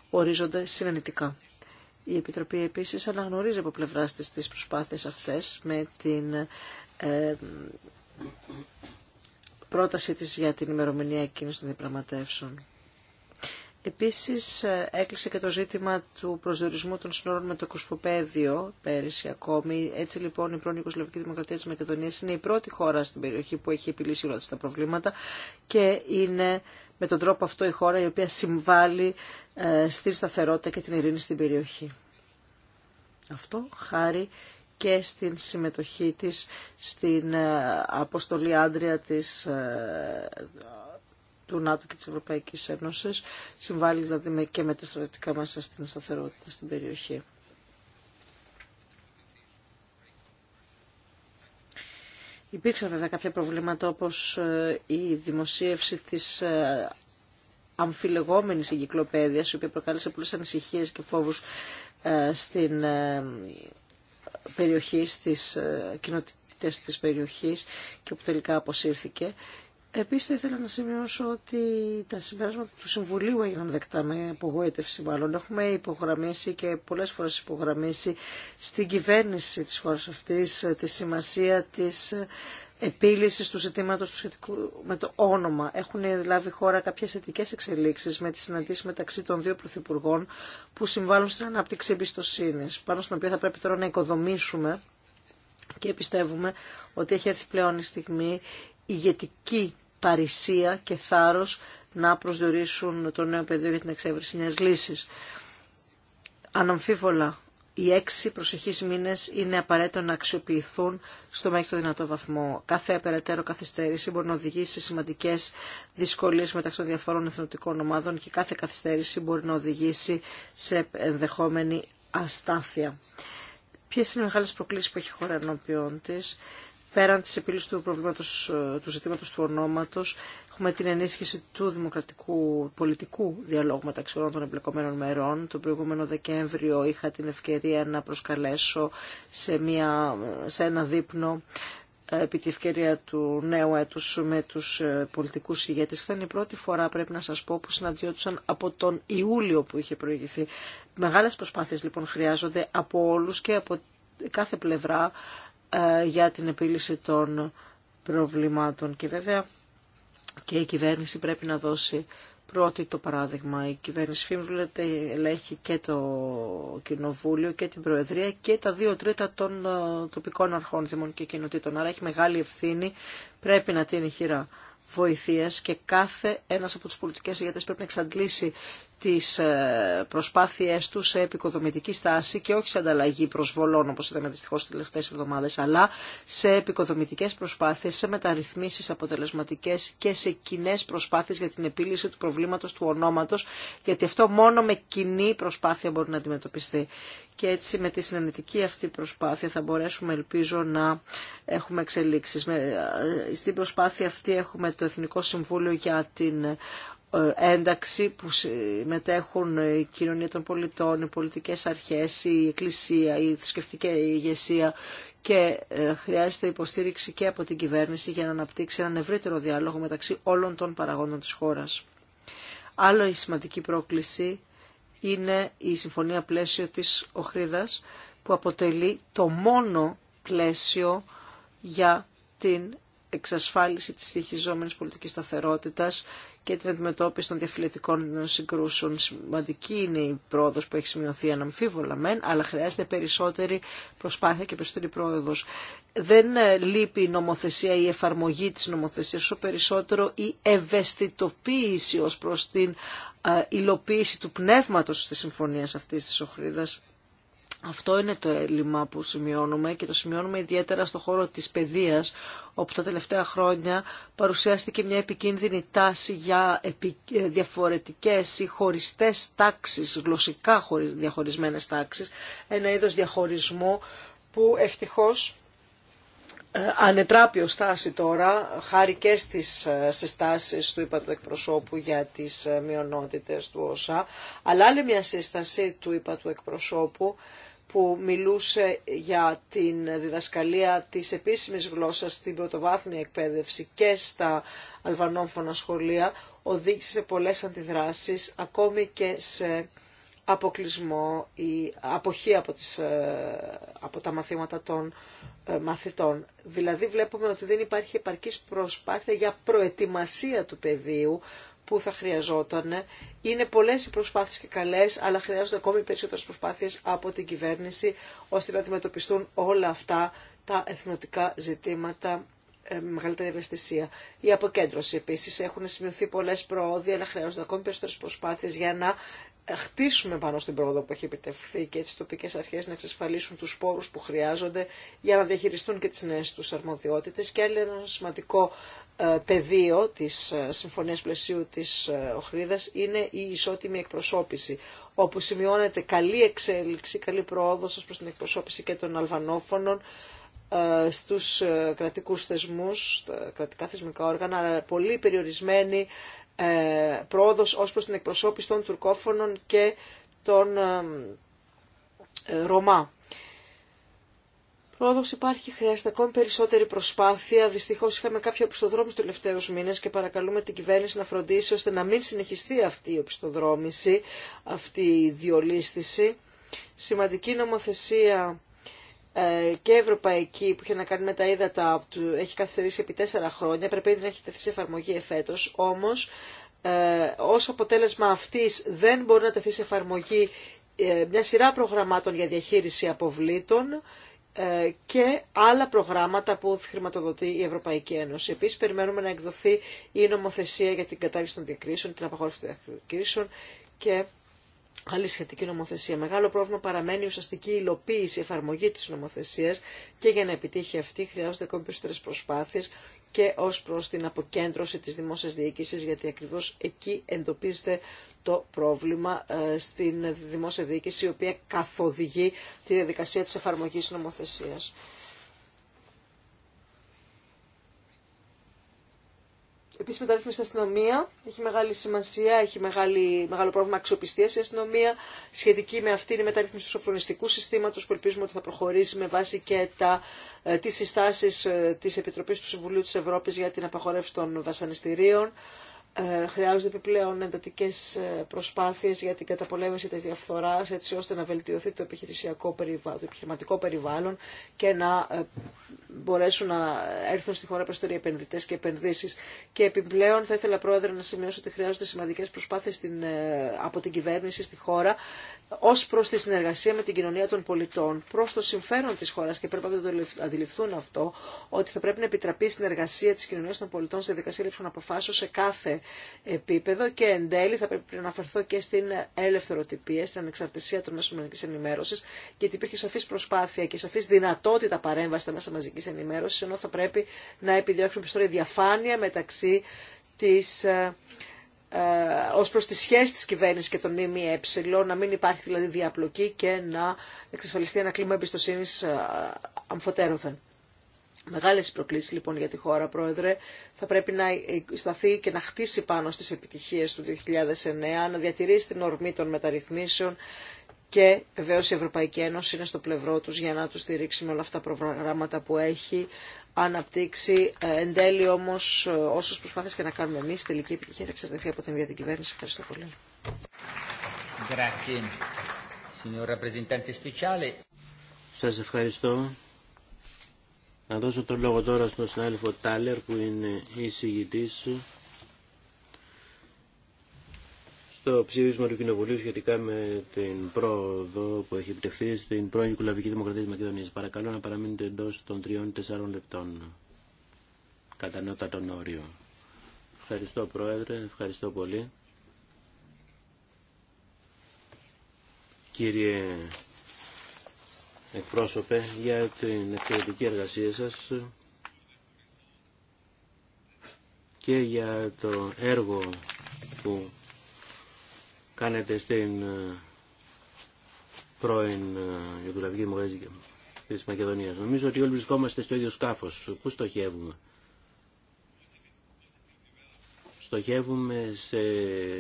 ορίζονται συνενετικά. Η Επιτροπή επίσης αναγνωρίζει από πλευρά της τις προσπάθειες αυτές με την ε, πρόταση της για την ημερομηνία εκείνης των διαπραγματεύσεων. Επίσης ε, έκλεισε και το ζήτημα του προσδιορισμού των συνόρων με το Κοσμοπέδιο πέρυσι ακόμη. Έτσι λοιπόν η πρώην Οικοσλαβική Δημοκρατία της Μακεδονίας είναι η πρώτη χώρα στην περιοχή που έχει επιλύσει όλα αυτά τα προβλήματα και είναι με τον τρόπο αυτό η χώρα η οποία συμβάλλει ε, στη σταθερότητα και την ειρήνη στην περιοχή. Αυτό χάρη και στην συμμετοχή της στην ε, αποστολή άντρια της του ΝΑΤΟ και της Ευρωπαϊκής Ένωσης, συμβάλλει δηλαδή και με τα στρατιωτικά μέσα στην σταθερότητα στην περιοχή. Υπήρξαν βέβαια κάποια προβλήματα όπως ε, η δημοσίευση της ε, αμφιλεγόμενης εγκυκλοπαίδειας, η οποία προκάλεσε πολλές ανησυχίες και φόβους ε, στην περιοχή, στις κοινότητες της περιοχής και που τελικά αποσύρθηκε. Επίσης θα ήθελα να σημειώσω ότι τα συμπεράσματα του Συμβουλίου έγιναν δεκτά με απογοήτευση μάλλον. Έχουμε υπογραμμίσει και πολλές φορές υπογραμμίσει στην κυβέρνηση της χώρας αυτής ε, τη σημασία της ε, επίλυση του ζητήματο του σχετικού με το όνομα. Έχουν λάβει χώρα κάποιε θετικέ εξελίξει με τι συναντήσει μεταξύ των δύο πρωθυπουργών που συμβάλλουν στην ανάπτυξη εμπιστοσύνη, πάνω στην οποία θα πρέπει τώρα να οικοδομήσουμε και πιστεύουμε ότι έχει έρθει πλέον η στιγμή ηγετική παρησία και θάρρος να προσδιορίσουν το νέο πεδίο για την εξέβριση μια λύσης. Αναμφίβολα, οι έξι προσεχείς μήνες είναι απαραίτητο να αξιοποιηθούν στο μέγιστο δυνατό βαθμό. Κάθε περαιτέρω καθυστέρηση μπορεί να οδηγήσει σε σημαντικές δυσκολίες μεταξύ των διαφορών εθνοτικών ομάδων και κάθε καθυστέρηση μπορεί να οδηγήσει σε ενδεχόμενη αστάθεια. Ποιε είναι οι μεγάλε προκλήσει που έχει η χώρα ενώπιον τη, πέραν της επίλυσης του, προβλήματος, ε, του ζητήματος του ονόματος, έχουμε την ενίσχυση του δημοκρατικού πολιτικού διαλόγου μεταξύ όλων των εμπλεκομένων μερών. Το προηγούμενο Δεκέμβριο είχα την ευκαιρία να προσκαλέσω σε, μια, σε ένα δείπνο ε, επί τη ευκαιρία του νέου έτους με τους ε, πολιτικούς ηγέτες. Ήταν η πρώτη φορά, πρέπει να σας πω, που συναντιόντουσαν από τον Ιούλιο που είχε προηγηθεί. Μεγάλες προσπάθειες λοιπόν χρειάζονται από όλους και από κάθε πλευρά ε, για την επίλυση των προβλημάτων. Και βέβαια και η κυβέρνηση πρέπει να δώσει πρώτη το παράδειγμα. Η κυβέρνηση φύμβλεται, ελέγχει και το κοινοβούλιο και την Προεδρία και τα δύο τρίτα των ε, τοπικών αρχών δημών και κοινοτήτων. Άρα έχει μεγάλη ευθύνη, πρέπει να την χειρά βοηθείας και κάθε ένας από τους πολιτικές ηγέτες πρέπει να εξαντλήσει τις ε, προσπάθειές του σε επικοδομητική στάση και όχι σε ανταλλαγή προσβολών όπως είδαμε δυστυχώς τις τελευταίες εβδομάδες αλλά σε επικοδομητικές προσπάθειες, σε μεταρρυθμίσεις αποτελεσματικές και σε κοινέ προσπάθειες για την επίλυση του προβλήματος του ονόματος γιατί αυτό μόνο με κοινή προσπάθεια μπορεί να αντιμετωπιστεί. Και έτσι με τη συνενετική αυτή προσπάθεια θα μπορέσουμε ελπίζω να έχουμε εξελίξεις. Ε, στην προσπάθεια αυτή έχουμε το Εθνικό Συμβούλιο για την ε, ένταξη που μετέχουν η κοινωνία των πολιτών, οι πολιτικές αρχές, η εκκλησία, η θρησκευτική ηγεσία και ε, χρειάζεται υποστήριξη και από την κυβέρνηση για να αναπτύξει έναν ευρύτερο διάλογο μεταξύ όλων των παραγόντων της χώρας. Άλλο η σημαντική πρόκληση είναι η συμφωνία πλαίσιο της Οχρίδας που αποτελεί το μόνο πλαίσιο για την εξασφάλιση της στοιχιζόμενης πολιτικής σταθερότητας και την αντιμετώπιση των διαφυλετικών συγκρούσεων. Σημαντική είναι η πρόοδο που έχει σημειωθεί αναμφίβολα μεν, αλλά χρειάζεται περισσότερη προσπάθεια και περισσότερη πρόοδο. Δεν ε, λείπει η νομοθεσία ή η εφαρμογή τη νομοθεσία, όσο περισσότερο η ευαισθητοποίηση ω προ την ε, υλοποίηση του πνεύματο τη συμφωνία αυτή τη Οχρίδα αυτό είναι το έλλειμμα που σημειώνουμε και το σημειώνουμε ιδιαίτερα στο χώρο της παιδείας, όπου τα τελευταία χρόνια παρουσιάστηκε μια επικίνδυνη τάση για ε, διαφορετικές ή χωριστές τάξεις, γλωσσικά διαχωρισμένες τάξεις, ένα είδος διαχωρισμού που ευτυχώς ε, ανετράπει ως τάση τώρα, χάρη και στις ε, συστάσεις του είπα του εκπροσώπου για τις μειονότητες του ΩΣΑ, αλλά άλλη μια σύσταση του είπα του εκπροσώπου που μιλούσε για την διδασκαλία της επίσημης γλώσσας στην πρωτοβάθμια εκπαίδευση και στα αλβανόφωνα σχολεία οδήγησε σε πολλές αντιδράσεις, ακόμη και σε αποκλεισμό ή αποχή από, τις, ε, από τα μαθήματα των ε, μαθητών. Δηλαδή βλέπουμε ότι δεν υπάρχει επαρκής προσπάθεια για προετοιμασία του πεδίου που θα χρειαζόταν. Είναι πολλέ οι προσπάθειε και καλέ, αλλά χρειάζονται ακόμη περισσότερε προσπάθειε από την κυβέρνηση ώστε να αντιμετωπιστούν όλα αυτά τα εθνοτικά ζητήματα ε, με μεγαλύτερη ευαισθησία. Η αποκέντρωση επίση. Έχουν σημειωθεί πολλέ προόδοι, αλλά χρειάζονται ακόμη περισσότερε προσπάθειε για να ε, χτίσουμε πάνω στην πρόοδο που έχει επιτευχθεί και τι τοπικέ αρχέ να εξασφαλίσουν του πόρου που χρειάζονται για να διαχειριστούν και τι νέε του αρμοδιότητε. Και άλλο ένα σημαντικό ε, πεδίο της ε, Συμφωνίας Πλαισίου της ε, Οχρίδας είναι η ισότιμη εκπροσώπηση, όπου σημειώνεται καλή εξέλιξη, καλή προόδος προς την εκπροσώπηση και των αλβανόφωνων στους κρατικούς θεσμούς, στα κρατικά θεσμικά όργανα, αλλά πολύ περιορισμένη πρόοδος ως προς την εκπροσώπηση των τουρκόφωνων και των Ρωμά. Πρόοδο υπάρχει, χρειάζεται ακόμη περισσότερη προσπάθεια. Δυστυχώ είχαμε κάποιο οπισθοδρόμηση του τελευταίους μήνες και παρακαλούμε την κυβέρνηση να φροντίσει ώστε να μην συνεχιστεί αυτή η οπισθοδρόμηση, αυτή η διολίστηση. Σημαντική νομοθεσία ε, και ευρωπαϊκή που είχε να κάνει με τα ύδατα έχει καθυστερήσει επί τέσσερα χρόνια, πρέπει να έχει τεθεί σε εφαρμογή εφέτος, όμως ε, ως αποτέλεσμα αυτής δεν μπορεί να τεθεί σε εφαρμογή ε, μια σειρά προγραμμάτων για διαχείριση αποβλήτων ε, και άλλα προγράμματα που χρηματοδοτεί η Ευρωπαϊκή Ένωση. Επίσης περιμένουμε να εκδοθεί η νομοθεσία για την κατάληψη των διακρίσεων, την απαγόρευση των διακρίσεων και άλλη σχετική νομοθεσία. Μεγάλο πρόβλημα παραμένει η ουσιαστική υλοποίηση, εφαρμογή της νομοθεσίας και για να επιτύχει αυτή χρειάζονται ακόμη περισσότερες προσπάθειε και ως προς την αποκέντρωση της δημόσιας διοίκησης, γιατί ακριβώς εκεί εντοπίζεται το πρόβλημα ε, στην δημόσια διοίκηση, η οποία καθοδηγεί τη διαδικασία της εφαρμογής νομοθεσίας. Επίσης μεταρρύθμιση στην αστυνομία έχει μεγάλη σημασία, έχει μεγάλη, μεγάλο πρόβλημα αξιοπιστία στην αστυνομία. Σχετική με αυτή είναι η μεταρρύθμιση του σοφρονιστικού συστήματος που ελπίζουμε ότι θα προχωρήσει με βάση και τα, ε, τις συστάσεις ε, της Επιτροπής του Συμβουλίου της Ευρώπης για την απαγορεύση των βασανιστήριων. Ε, χρειάζονται επιπλέον εντατικέ ε, προσπάθειε για την καταπολέμηση τη διαφθορά, έτσι ώστε να βελτιωθεί το επιχειρησιακό περιβάλλον, το επιχειρηματικό περιβάλλον και να ε, μπορέσουν να έρθουν στη χώρα περισσότεροι επενδυτέ και επενδύσει. Και επιπλέον θα ήθελα, Πρόεδρε, να σημειώσω ότι χρειάζονται σημαντικέ προσπάθειε από την κυβέρνηση στη χώρα Ω προ τη συνεργασία με την κοινωνία των πολιτών, προ το συμφέρον τη χώρα, και πρέπει να το αντιληφθούν αυτό, ότι θα πρέπει να επιτραπεί η συνεργασία τη κοινωνία των πολιτών σε δικασία λήψεων αποφάσεων σε κάθε επίπεδο και εν τέλει θα πρέπει να αναφερθώ και στην ελευθεροτυπία, στην ανεξαρτησία των μέσων μαζική ενημέρωση, γιατί υπήρχε σαφή προσπάθεια και σαφή δυνατότητα παρέμβαση στα μέσα μαζική ενημέρωση, ενώ θα πρέπει να επιδιώξουμε πιστόρια διαφάνεια μεταξύ της ε, ε, ως προς τη σχέση της κυβέρνησης και των ΜΜΕ, να μην υπάρχει δηλαδή διαπλοκή και να εξασφαλιστεί ένα κλίμα εμπιστοσύνης ε, αμφωτέρωθεν. Μεγάλε προκλήσεις προκλήσει λοιπόν για τη χώρα, Πρόεδρε. Θα πρέπει να σταθεί και να χτίσει πάνω στι επιτυχίε του 2009, να διατηρήσει την ορμή των μεταρρυθμίσεων και βεβαίω η Ευρωπαϊκή Ένωση είναι στο πλευρό του για να του στηρίξει με όλα αυτά τα προγράμματα που έχει, αναπτύξει. Ε, εν τέλει όμω, ε, όσε προσπάθειε και να κάνουμε εμείς τελική επιτυχία θα εξαρτηθεί από την ίδια την κυβέρνηση. Ευχαριστώ πολύ. Σα ευχαριστώ. Να δώσω τον λόγο τώρα στον συνάδελφο Τάλερ που είναι η σου. το ψήφισμα του Κοινοβουλίου σχετικά με την πρόοδο που έχει επιτευχθεί στην πρώην Ιουκλαβική Δημοκρατία της Μακεδονίας. Παρακαλώ να παραμείνετε εντό των τριών-τεσσάρων λεπτών κατά νότα τον όριο. Ευχαριστώ Πρόεδρε, ευχαριστώ πολύ. Κύριε εκπρόσωπε, για την εκπαιδευτική εργασία σας και για το έργο που κάνετε στην ε, πρώην ε, Ιουγκοσλαβική Δημοκρατία της Μακεδονίας. Νομίζω ότι όλοι βρισκόμαστε στο ίδιο σκάφος. Πού στοχεύουμε. Στοχεύουμε σε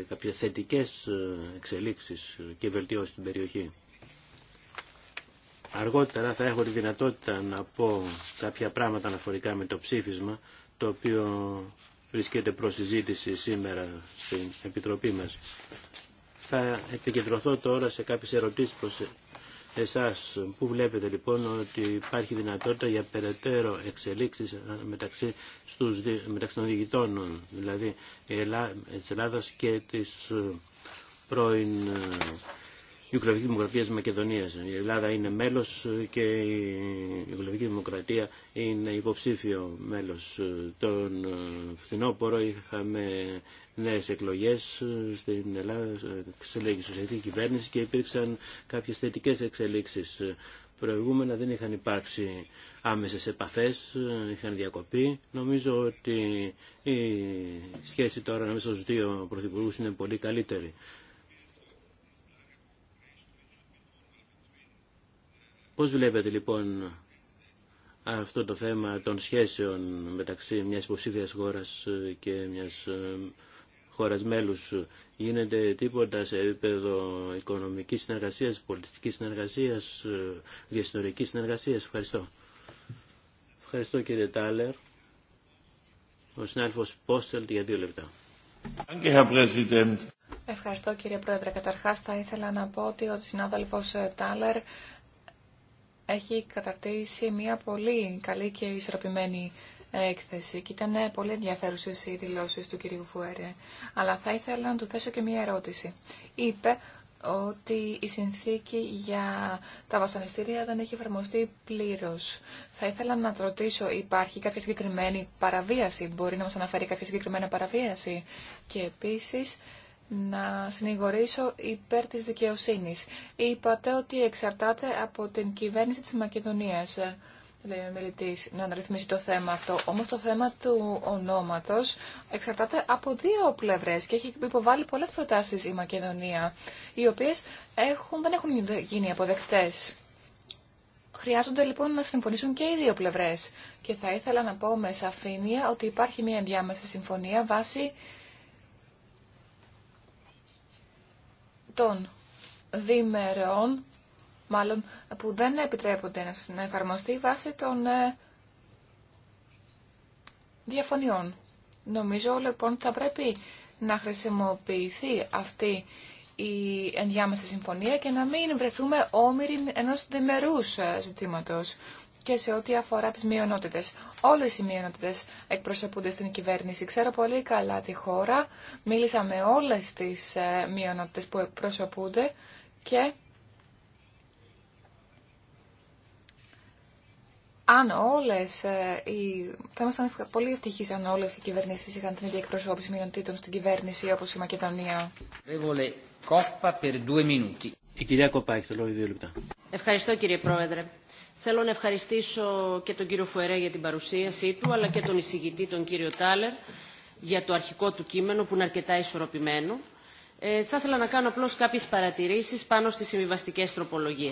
κάποιες θετικές ε, εξελίξεις και βελτιώσεις στην περιοχή. Αργότερα θα έχω τη δυνατότητα να πω κάποια πράγματα αναφορικά με το ψήφισμα, το οποίο βρίσκεται προς συζήτηση σήμερα στην Επιτροπή μας. Θα επικεντρωθώ τώρα σε κάποιες ερωτήσεις προς εσάς. Πού βλέπετε λοιπόν ότι υπάρχει δυνατότητα για περαιτέρω εξελίξεις μεταξύ, στους, μεταξύ των διηγητών, δηλαδή της Ελλάδας και της ε, πρώην ε, Ιουγκραβική Δημοκρατία Μακεδονίας. Η Ελλάδα είναι μέλος ε, και η ουκρανική Δημοκρατία είναι υποψήφιο μέλος. Τον φθινόπωρο είχαμε νέες εκλογές ε, στην Ελλάδα, εξελέγησε η κυβέρνηση και υπήρξαν κάποιες θετικέ εξελίξεις. Ε, προηγούμενα δεν είχαν υπάρξει άμεσες επαφές, ε, είχαν διακοπεί. Νομίζω ότι η σχέση τώρα ανάμεσα στους δύο πρωθυπουργούς είναι πολύ καλύτερη. Πώς βλέπετε λοιπόν αυτό το θέμα των σχέσεων μεταξύ μιας υποψήφιας χώρας και μιας χώρας μέλους. Γίνεται τίποτα σε επίπεδο οικονομικής συνεργασίας, πολιτικής συνεργασίας, διαστορικής συνεργασίας. Ευχαριστώ. Ευχαριστώ κύριε Τάλερ. Ο συνάδελφος Πόστελτ για δύο λεπτά. Ευχαριστώ κύριε Πρόεδρε. Καταρχάς θα ήθελα να πω ότι ο συνάδελφος Τάλερ έχει καταρτήσει μια πολύ καλή και ισορροπημένη έκθεση και ήταν πολύ ενδιαφέρουσε οι δηλώσει του κυρίου Φουέρε. Αλλά θα ήθελα να του θέσω και μία ερώτηση. Είπε ότι η συνθήκη για τα βασανιστήρια δεν έχει εφαρμοστεί πλήρω. Θα ήθελα να ρωτήσω, υπάρχει κάποια συγκεκριμένη παραβίαση, μπορεί να μα αναφέρει κάποια συγκεκριμένη παραβίαση και επίση να συνηγορήσω υπέρ της δικαιοσύνης. Είπατε ότι εξαρτάται από την κυβέρνηση της Μακεδονίας λέει ο να αναρρυθμίσει το θέμα αυτό. Όμως το θέμα του ονόματος εξαρτάται από δύο πλευρές και έχει υποβάλει πολλές προτάσεις η Μακεδονία, οι οποίες έχουν, δεν έχουν γίνει αποδεκτές. Χρειάζονται λοιπόν να συμφωνήσουν και οι δύο πλευρές. Και θα ήθελα να πω με σαφήνεια ότι υπάρχει μια ενδιάμεση συμφωνία βάσει των διμερών μάλλον που δεν επιτρέπονται να εφαρμοστεί βάσει των ε, διαφωνιών. Νομίζω λοιπόν θα πρέπει να χρησιμοποιηθεί αυτή η ενδιάμεση συμφωνία και να μην βρεθούμε όμοιροι ενός διμερούς ε, ζητήματος και σε ό,τι αφορά τις μειονότητες. Όλες οι μειονότητες εκπροσωπούνται στην κυβέρνηση. Ξέρω πολύ καλά τη χώρα. Μίλησα με όλες τις ε, μειονότητες που εκπροσωπούνται και αν όλε. Ε, οι... Θα ήμασταν πολύ ευτυχεί αν όλε οι κυβερνήσει είχαν την ίδια εκπροσώπηση μειονοτήτων στην κυβέρνηση όπω η Μακεδονία. Η κυρία Κοπά έχει το λόγο δύο λεπτά. Ευχαριστώ κύριε Πρόεδρε. Θέλω να ευχαριστήσω και τον κύριο Φουερέ για την παρουσίασή του, αλλά και τον εισηγητή τον κύριο Τάλερ για το αρχικό του κείμενο που είναι αρκετά ισορροπημένο. Ε, θα ήθελα να κάνω απλώ κάποιε παρατηρήσει πάνω στι συμβιβαστικέ τροπολογίε.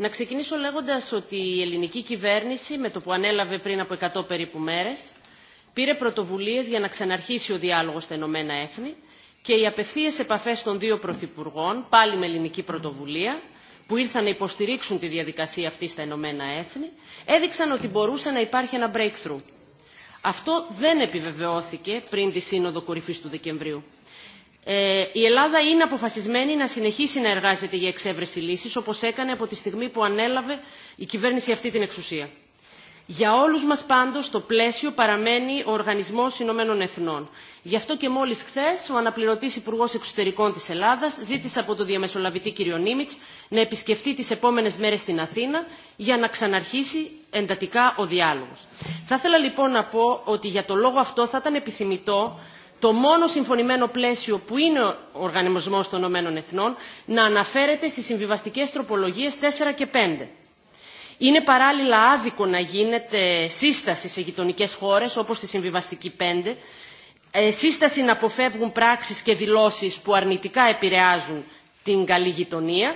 Να ξεκινήσω λέγοντας ότι η ελληνική κυβέρνηση, με το που ανέλαβε πριν από 100 περίπου μέρες, πήρε πρωτοβουλίες για να ξαναρχίσει ο διάλογος στα Ηνωμένα Έθνη και οι απευθείες επαφές των δύο πρωθυπουργών, πάλι με ελληνική πρωτοβουλία, που ήρθαν να υποστηρίξουν τη διαδικασία αυτή στα Ηνωμένα Έθνη, έδειξαν ότι μπορούσε να υπάρχει ένα breakthrough. Αυτό δεν επιβεβαιώθηκε πριν τη Σύνοδο Κορυφής του Δεκεμβρίου. Ε, η Ελλάδα είναι αποφασισμένη να συνεχίσει να εργάζεται για εξέβρεση λύσης, όπως έκανε από τη στιγμή που ανέλαβε η κυβέρνηση αυτή την εξουσία. Για όλους μας πάντως το πλαίσιο παραμένει ο Οργανισμός Ηνωμένων Εθνών. Γι' αυτό και μόλις χθε ο αναπληρωτής Υπουργό Εξωτερικών της Ελλάδας ζήτησε από το διαμεσολαβητή κ. Νίμιτς να επισκεφτεί τις επόμενες μέρες στην Αθήνα για να ξαναρχίσει εντατικά ο διάλογος. Θα ήθελα λοιπόν να πω ότι για το λόγο αυτό θα ήταν επιθυμητό το μόνο συμφωνημένο πλαίσιο που είναι ο Οργανισμός των Ηνωμένων Εθνών να αναφέρεται στις συμβιβαστικές τροπολογίες 4 και 5. Είναι παράλληλα άδικο να γίνεται σύσταση σε γειτονικέ χώρες όπως στη συμβιβαστική 5, ε, σύσταση να αποφεύγουν πράξεις και δηλώσεις που αρνητικά επηρεάζουν την καλή γειτονία.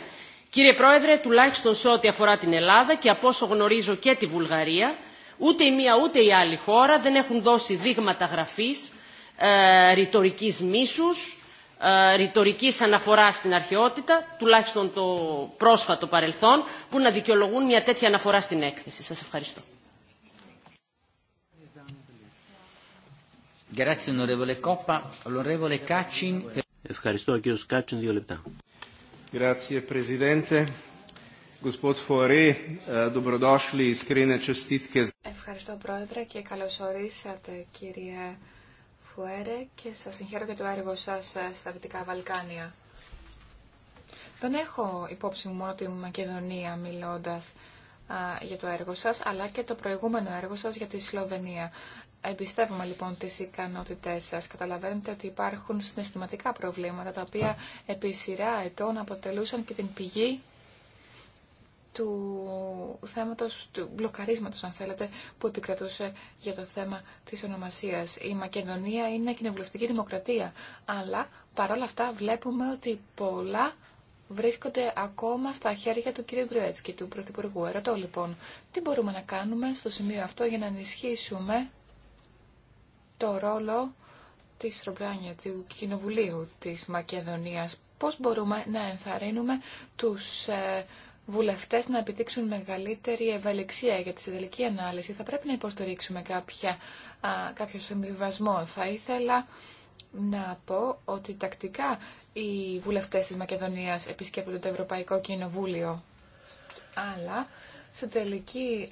Κύριε Πρόεδρε, τουλάχιστον σε ό,τι αφορά την Ελλάδα και από όσο γνωρίζω και τη Βουλγαρία, ούτε η μία ούτε η άλλη χώρα δεν έχουν δώσει δείγματα γραφής ε, ρητορικής μίσους, ε, ρητορικής αναφοράς στην αρχαιότητα, τουλάχιστον το πρόσφατο παρελθόν, που να δικαιολογούν μια τέτοια αναφορά στην έκθεση. Σας ευχαριστώ. Ευχαριστώ κύριο Κάτσιν, δύο λεπτά. Ε, ευχαριστώ πρόεδρε και καλώς ορίσατε κύριε Φουέρε και σας συγχαίρω για το έργο σας ε, στα Δυτικά Βαλκάνια. Δεν έχω υπόψη μου μόνο τη Μακεδονία μιλώντα ε, για το έργο σας, αλλά και το προηγούμενο έργο σας για τη Σλοβενία. Εμπιστεύομαι λοιπόν τι ικανότητε σα. Καταλαβαίνετε ότι υπάρχουν συναισθηματικά προβλήματα, τα οποία επί σειρά ετών αποτελούσαν και την πηγή του θέματος, του μπλοκαρίσματος αν θέλετε, που επικρατούσε για το θέμα της ονομασίας. Η Μακεδονία είναι κοινοβουλευτική δημοκρατία, αλλά παρόλα αυτά βλέπουμε ότι πολλά βρίσκονται ακόμα στα χέρια του κ. Γκρουέτσκι, του Πρωθυπουργού. Ερωτώ λοιπόν, τι μπορούμε να κάνουμε στο σημείο αυτό για να ενισχύσουμε το ρόλο της Ρομπράνια, του Κοινοβουλίου της Μακεδονίας. Πώς μπορούμε να ενθαρρύνουμε τους ε, βουλευτές να επιτύξουν μεγαλύτερη ευελιξία για τη συντελική ανάλυση. Θα πρέπει να υποστηρίξουμε κάποια, κάποιο συμβιβασμό. Θα ήθελα να πω ότι τακτικά οι βουλευτές της Μακεδονίας επισκέπτονται το Ευρωπαϊκό Κοινοβούλιο. Αλλά σε τελική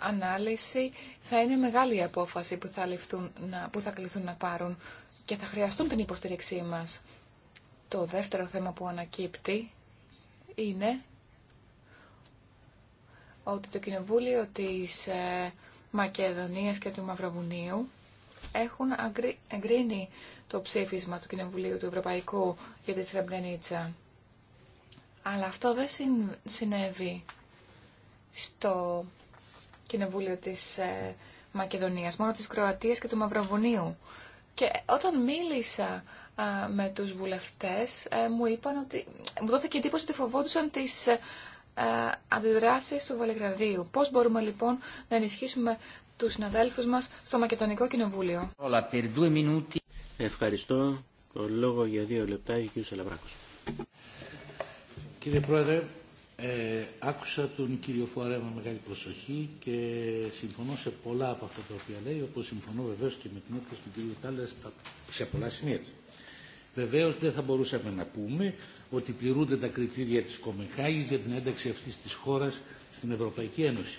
ανάλυση θα είναι μεγάλη η απόφαση που θα, ληφθούν, που θα κληθούν να πάρουν και θα χρειαστούν την υποστήριξή μας. Το δεύτερο θέμα που ανακύπτει είναι ότι το Κοινοβούλιο της ε, Μακεδονίας και του Μαυροβουνίου έχουν εγκρίνει το ψήφισμα του Κοινοβουλίου του Ευρωπαϊκού για τη Σρεμπρενίτσα. Αλλά αυτό δεν συνέβη στο Κοινοβούλιο της ε, Μακεδονίας, μόνο της Κροατίας και του Μαυροβουνίου. Και όταν μίλησα με τους βουλευτές, ε, μου είπαν ότι μου δόθηκε εντύπωση ότι φοβόντουσαν τις ε, Αντιδράσει του Βελεγραδίου. Πώ μπορούμε λοιπόν να ενισχύσουμε του συναδέλφου μα στο Μακεδονικό Κοινοβούλιο. Ευχαριστώ. Το λόγο για δύο λεπτά έχει ο κ. Σαλαβράκος. Κύριε Πρόεδρε, ε, άκουσα τον κύριο Φουαρέ με μεγάλη προσοχή και συμφωνώ σε πολλά από αυτά τα οποία λέει, όπως συμφωνώ βεβαίως και με την έκθεση του κ. Τάλλα σε πολλά σημεία. Βεβαίως δεν θα μπορούσαμε να πούμε ότι πληρούνται τα κριτήρια της Κομεχάγης για την ένταξη αυτής της χώρας στην Ευρωπαϊκή Ένωση.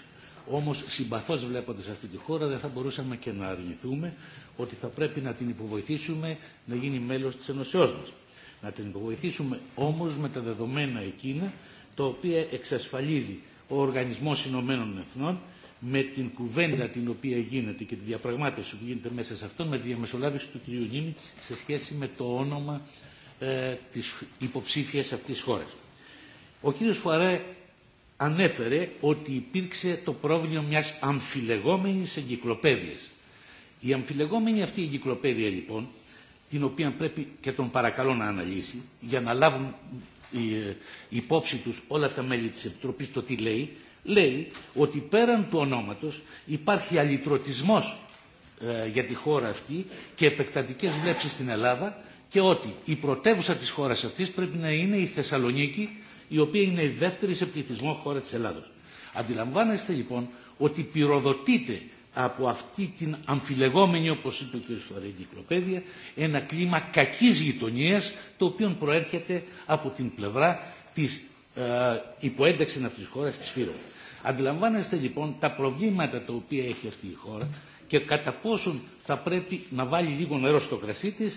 Όμως συμπαθώς βλέποντας αυτή τη χώρα δεν θα μπορούσαμε και να αρνηθούμε ότι θα πρέπει να την υποβοηθήσουμε να γίνει μέλος της Ενωσεώ μας. Να την υποβοηθήσουμε όμως με τα δεδομένα εκείνα τα οποία εξασφαλίζει ο Οργανισμός Ηνωμένων Εθνών με την κουβέντα την οποία γίνεται και τη διαπραγμάτευση που γίνεται μέσα σε αυτόν με τη διαμεσολάβηση του κ. Νίμιτς σε σχέση με το όνομα ε, της υποψήφιας αυτής χώρας. Ο κύριος Φουαρέ ανέφερε ότι υπήρξε το πρόβλημα μιας αμφιλεγόμενης εγκυκλοπαίδειας. Η αμφιλεγόμενη αυτή εγκυκλοπαίδεια λοιπόν, την οποία πρέπει και τον παρακαλώ να αναλύσει, για να λάβουν ε, υπόψη τους όλα τα μέλη της Επιτροπής το τι λέει, λέει ότι πέραν του ονόματος υπάρχει αλυτρωτισμός ε, για τη χώρα αυτή και επεκτατικές βλέψεις στην Ελλάδα και ότι η πρωτεύουσα της χώρας αυτής πρέπει να είναι η Θεσσαλονίκη, η οποία είναι η δεύτερη σε πληθυσμό χώρα της Ελλάδος. Αντιλαμβάνεστε λοιπόν ότι πυροδοτείται από αυτή την αμφιλεγόμενη, όπως είπε ο κ. Σουαρή, ένα κλίμα κακής γειτονία το οποίο προέρχεται από την πλευρά της ε, υποένταξη αυτής της χώρας, της Φύρου. Αντιλαμβάνεστε λοιπόν τα προβλήματα τα οποία έχει αυτή η χώρα και κατά πόσον θα πρέπει να βάλει λίγο νερό στο κρασί τη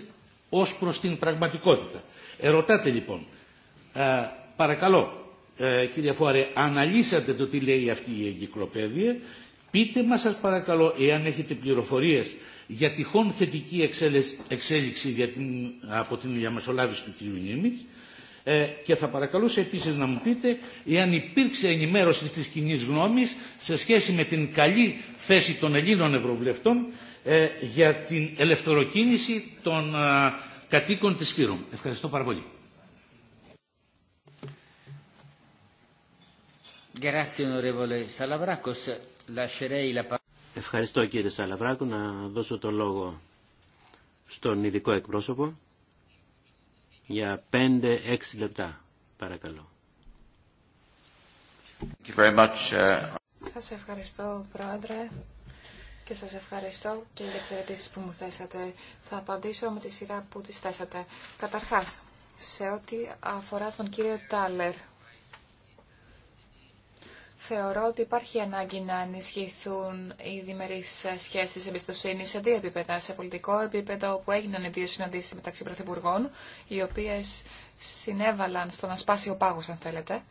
ως προς την πραγματικότητα. Ερωτάτε λοιπόν, ε, παρακαλώ ε, κύριε Φουάρε, αναλύσατε το τι λέει αυτή η εγκυκλοπαίδεια, πείτε μας σας παρακαλώ εάν έχετε πληροφορίες για τυχόν θετική εξέλιξη για την, από την διαμεσολάβηση του κ. Νίμης, ε, και θα παρακαλούσα επίσης να μου πείτε εάν υπήρξε ενημέρωση της κοινή γνώμης σε σχέση με την καλή θέση των Ελλήνων Ευρωβουλευτών ε, για την ελευθεροκίνηση των ε, κατοίκων της Φύρου. Ευχαριστώ πάρα πολύ. Ευχαριστώ κύριε Σαλαβράκο Να δώσω το λόγο στον ειδικό εκπρόσωπο για 5-6 λεπτά. Παρακαλώ. Ε, Σας ευχαριστώ πρόεδρε και σας ευχαριστώ και για τις ερωτήσεις που μου θέσατε. Θα απαντήσω με τη σειρά που τις θέσατε. Καταρχάς, σε ό,τι αφορά τον κύριο Τάλερ, θεωρώ ότι υπάρχει ανάγκη να ενισχυθούν οι διμερείς σχέσεις εμπιστοσύνη σε δύο επίπεδα. Σε πολιτικό επίπεδο που έγιναν οι δύο συναντήσεις μεταξύ πρωθυπουργών, οι οποίες συνέβαλαν στο να σπάσει ο πάγος, αν θέλετε,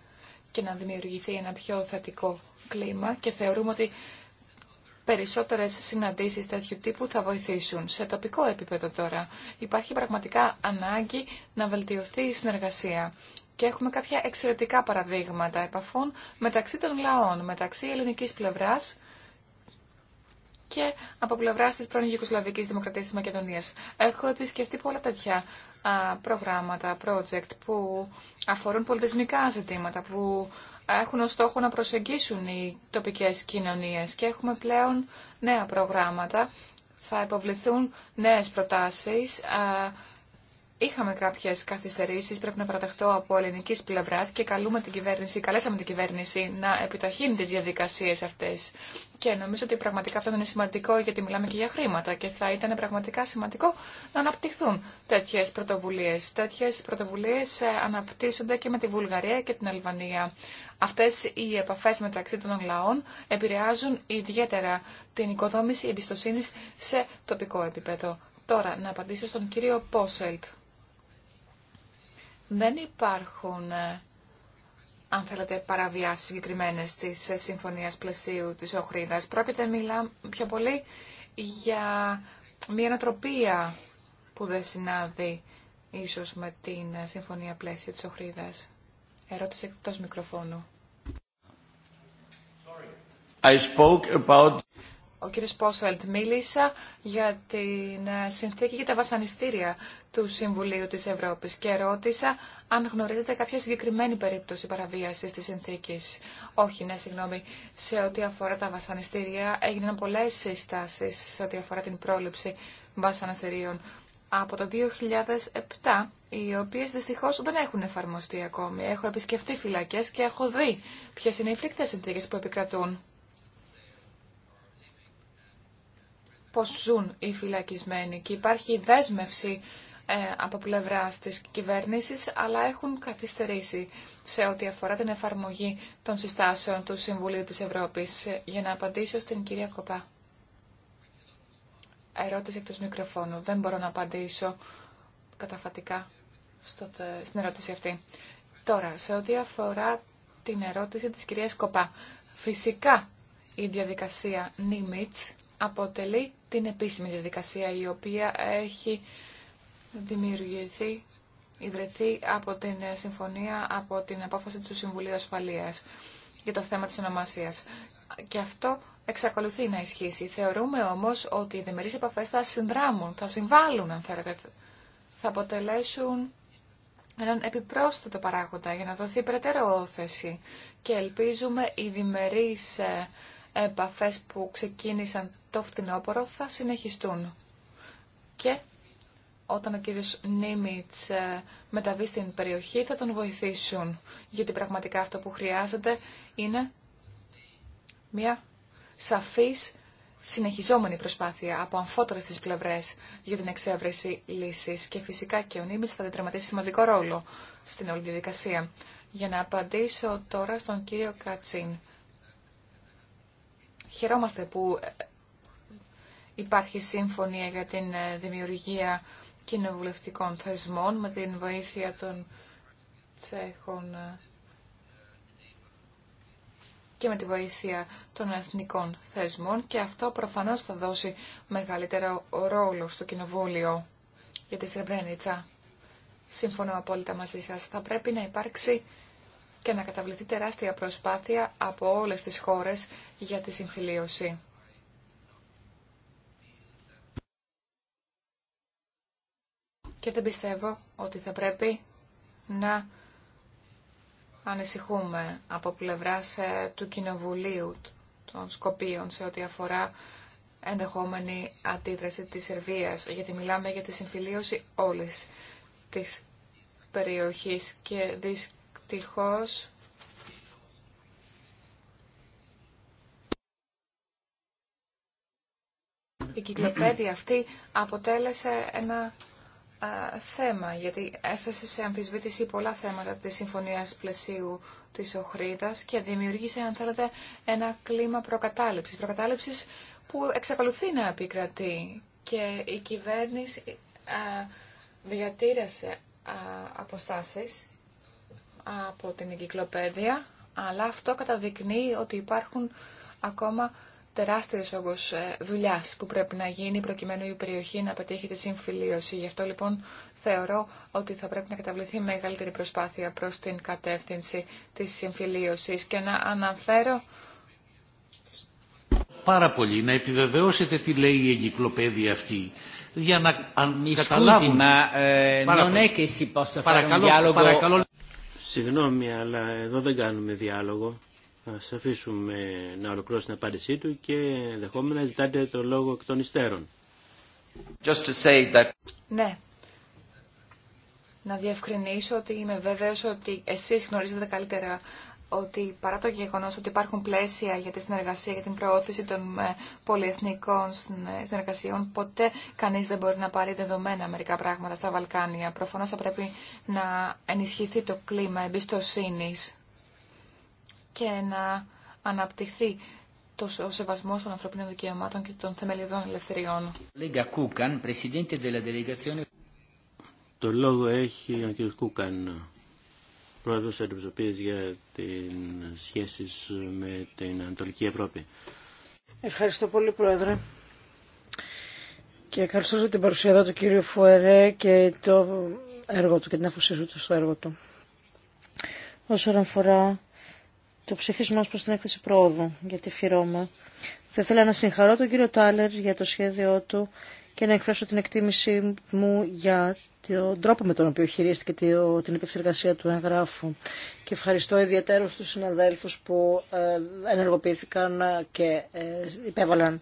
και να δημιουργηθεί ένα πιο θετικό κλίμα και θεωρούμε ότι περισσότερες συναντήσεις τέτοιου τύπου θα βοηθήσουν. Σε τοπικό επίπεδο τώρα υπάρχει πραγματικά ανάγκη να βελτιωθεί η συνεργασία. Και έχουμε κάποια εξαιρετικά παραδείγματα επαφών μεταξύ των λαών, μεταξύ ελληνικής πλευράς και από πλευρά τη πρώην Ιουγκοσλαβική Δημοκρατία τη Μακεδονία. Έχω επισκεφτεί πολλά τέτοια προγράμματα, project που αφορούν πολιτισμικά ζητήματα, που έχουν ως στόχο να προσεγγίσουν οι τοπικές κοινωνίες και έχουμε πλέον νέα προγράμματα. Θα υποβληθούν νέες προτάσεις Είχαμε κάποιε καθυστερήσει, πρέπει να παραδεχτώ από ελληνική πλευρά και καλούμε την κυβέρνηση, καλέσαμε την κυβέρνηση να επιταχύνει τι διαδικασίε αυτέ. Και νομίζω ότι πραγματικά αυτό είναι σημαντικό γιατί μιλάμε και για χρήματα και θα ήταν πραγματικά σημαντικό να αναπτυχθούν τέτοιε πρωτοβουλίε. Τέτοιε πρωτοβουλίε ε, αναπτύσσονται και με τη Βουλγαρία και την Αλβανία. Αυτέ οι επαφέ μεταξύ των λαών επηρεάζουν ιδιαίτερα την οικοδόμηση εμπιστοσύνη σε τοπικό επίπεδο. Τώρα, να απαντήσω στον κύριο Πόσελτ δεν υπάρχουν ε, αν θέλετε, παραβιάσει συγκεκριμένε της ε, Συμφωνίας πλαισίου της Οχρίδας. Πρόκειται, μιλά πιο πολύ για μια ανατροπία που δεν συνάδει ίσως με την ε, συμφωνία πλαίσιο της Οχρίδας. Ερώτηση εκτό μικροφώνου. I spoke ο κύριος Πόσελτ μίλησα για την ε, συνθήκη για τα βασανιστήρια του Συμβουλίου της Ευρώπης και ρώτησα αν γνωρίζετε κάποια συγκεκριμένη περίπτωση παραβίασης της συνθήκης. Όχι, ναι, συγγνώμη. Σε ό,τι αφορά τα βασανιστήρια έγιναν πολλές συστάσεις σε ό,τι αφορά την πρόληψη βασανιστήριων από το 2007, οι οποίες δυστυχώς δεν έχουν εφαρμοστεί ακόμη. Έχω επισκεφτεί φυλακές και έχω δει ποιες είναι οι φρικτέ συνθήκε που επικρατούν. πώς ζουν οι φυλακισμένοι και υπάρχει δέσμευση ε, από πλευρά της κυβέρνησης, αλλά έχουν καθυστερήσει σε ό,τι αφορά την εφαρμογή των συστάσεων του Συμβουλίου της Ευρώπης. Για να απαντήσω στην κυρία Κοπά. Ερώτηση εκτός μικροφώνου. Δεν μπορώ να απαντήσω καταφατικά στο, στην ερώτηση αυτή. Τώρα, σε ό,τι αφορά την ερώτηση της κυρίας Κοπά. Φυσικά, η διαδικασία Νίμιτς αποτελεί την επίσημη διαδικασία η οποία έχει δημιουργηθεί, ιδρυθεί από την συμφωνία, από την απόφαση του Συμβουλίου Ασφαλείας για το θέμα της ονομασίας. Και αυτό εξακολουθεί να ισχύσει. Θεωρούμε όμως ότι οι δημερείς επαφές θα συνδράμουν, θα συμβάλλουν αν θέλετε, θα αποτελέσουν έναν επιπρόσθετο παράγοντα για να δοθεί περαιτέρω όθεση και ελπίζουμε οι διμερείς ε, επαφές που ξεκίνησαν το φθινόπωρο θα συνεχιστούν. Και όταν ο κύριος Νίμιτς ε, μεταβεί στην περιοχή θα τον βοηθήσουν. Γιατί πραγματικά αυτό που χρειάζεται είναι μια σαφής συνεχιζόμενη προσπάθεια από αμφότερες τις πλευρές για την εξέβρεση λύσης και φυσικά και ο Νίμιτς θα διαδραματίσει σημαντικό ρόλο στην όλη διαδικασία. Για να απαντήσω τώρα στον κύριο Κατσίν. Χαιρόμαστε που υπάρχει σύμφωνη για την ε, δημιουργία κοινοβουλευτικών θεσμών με την βοήθεια των Τσέχων ε, και με τη βοήθεια των εθνικών θεσμών και αυτό προφανώς θα δώσει μεγαλύτερο ρόλο στο Κοινοβούλιο για τη Σρεμπρένιτσα. Σύμφωνο απόλυτα μαζί σας, θα πρέπει να υπάρξει και να καταβληθεί τεράστια προσπάθεια από όλες τις χώρες για τη συμφιλίωση. και δεν πιστεύω ότι θα πρέπει να ανησυχούμε από πλευράς ε, του Κοινοβουλίου των Σκοπίων σε ό,τι αφορά ενδεχόμενη αντίδραση της Σερβίας, γιατί μιλάμε για τη συμφιλίωση όλης της περιοχής και δυστυχώς η κυκλοπαίδη αυτή αποτέλεσε ένα θέμα, γιατί έθεσε σε αμφισβήτηση πολλά θέματα της Συμφωνίας Πλαισίου της Οχρίδας και δημιούργησε, αν θέλετε, ένα κλίμα προκατάληψης. Προκατάληψης που εξακολουθεί να επικρατεί και η κυβέρνηση α, διατήρασε αποστάσεις από την εγκυκλοπαίδεια, αλλά αυτό καταδεικνύει ότι υπάρχουν ακόμα τεράστιος όγκος ε, δουλειάς που πρέπει να γίνει προκειμένου η περιοχή να πετύχει τη συμφιλίωση. Γι' αυτό λοιπόν θεωρώ ότι θα πρέπει να καταβληθεί μεγαλύτερη προσπάθεια προς την κατεύθυνση της συμφιλίωση. και να αναφέρω πάρα πολύ να επιβεβαιώσετε τι λέει η εγκυκλοπαίδη αυτή για να καταλάβουν. Ε, παρακαλώ, παρακαλώ. Συγγνώμη, αλλά εδώ δεν κάνουμε διάλογο. Ας αφήσουμε να ολοκληρώσει την απάντησή του και δεχόμενα ζητάτε το λόγο εκ των υστέρων. Ναι. Να διευκρινίσω ότι είμαι βέβαιο ότι εσεί γνωρίζετε καλύτερα ότι παρά το γεγονό ότι υπάρχουν πλαίσια για τη συνεργασία, για την προώθηση των ε, πολυεθνικών ε, συνεργασιών, ποτέ κανεί δεν μπορεί να πάρει δεδομένα μερικά πράγματα στα Βαλκάνια. Προφανώ θα πρέπει να ενισχυθεί το κλίμα εμπιστοσύνη και να αναπτυχθεί το ο σεβασμό των ανθρωπίνων δικαιωμάτων και των θεμελιωδών ελευθεριών. Το λόγο έχει ο κ. Κούκαν, πρόεδρος αντιπροσωπείας για τις σχέσεις με την Ανατολική Ευρώπη. Ευχαριστώ πολύ, Πρόεδρε. Και για την παρουσία εδώ του κύριου Φουερέ και το έργο του και την αφοσίωση του στο έργο του. Όσον αφορά το ψήφισμα προ την έκθεση πρόοδου για τη ΦΥΡΟΜΑ. Θα ήθελα να συγχαρώ τον κύριο Τάλερ για το σχέδιό του και να εκφράσω την εκτίμησή μου για τον τρόπο με τον οποίο χειρίστηκε την επεξεργασία του εγγράφου. Και ευχαριστώ ιδιαίτερα στους συναδέλφους που ε, ενεργοποιήθηκαν και ε, υπέβαλαν,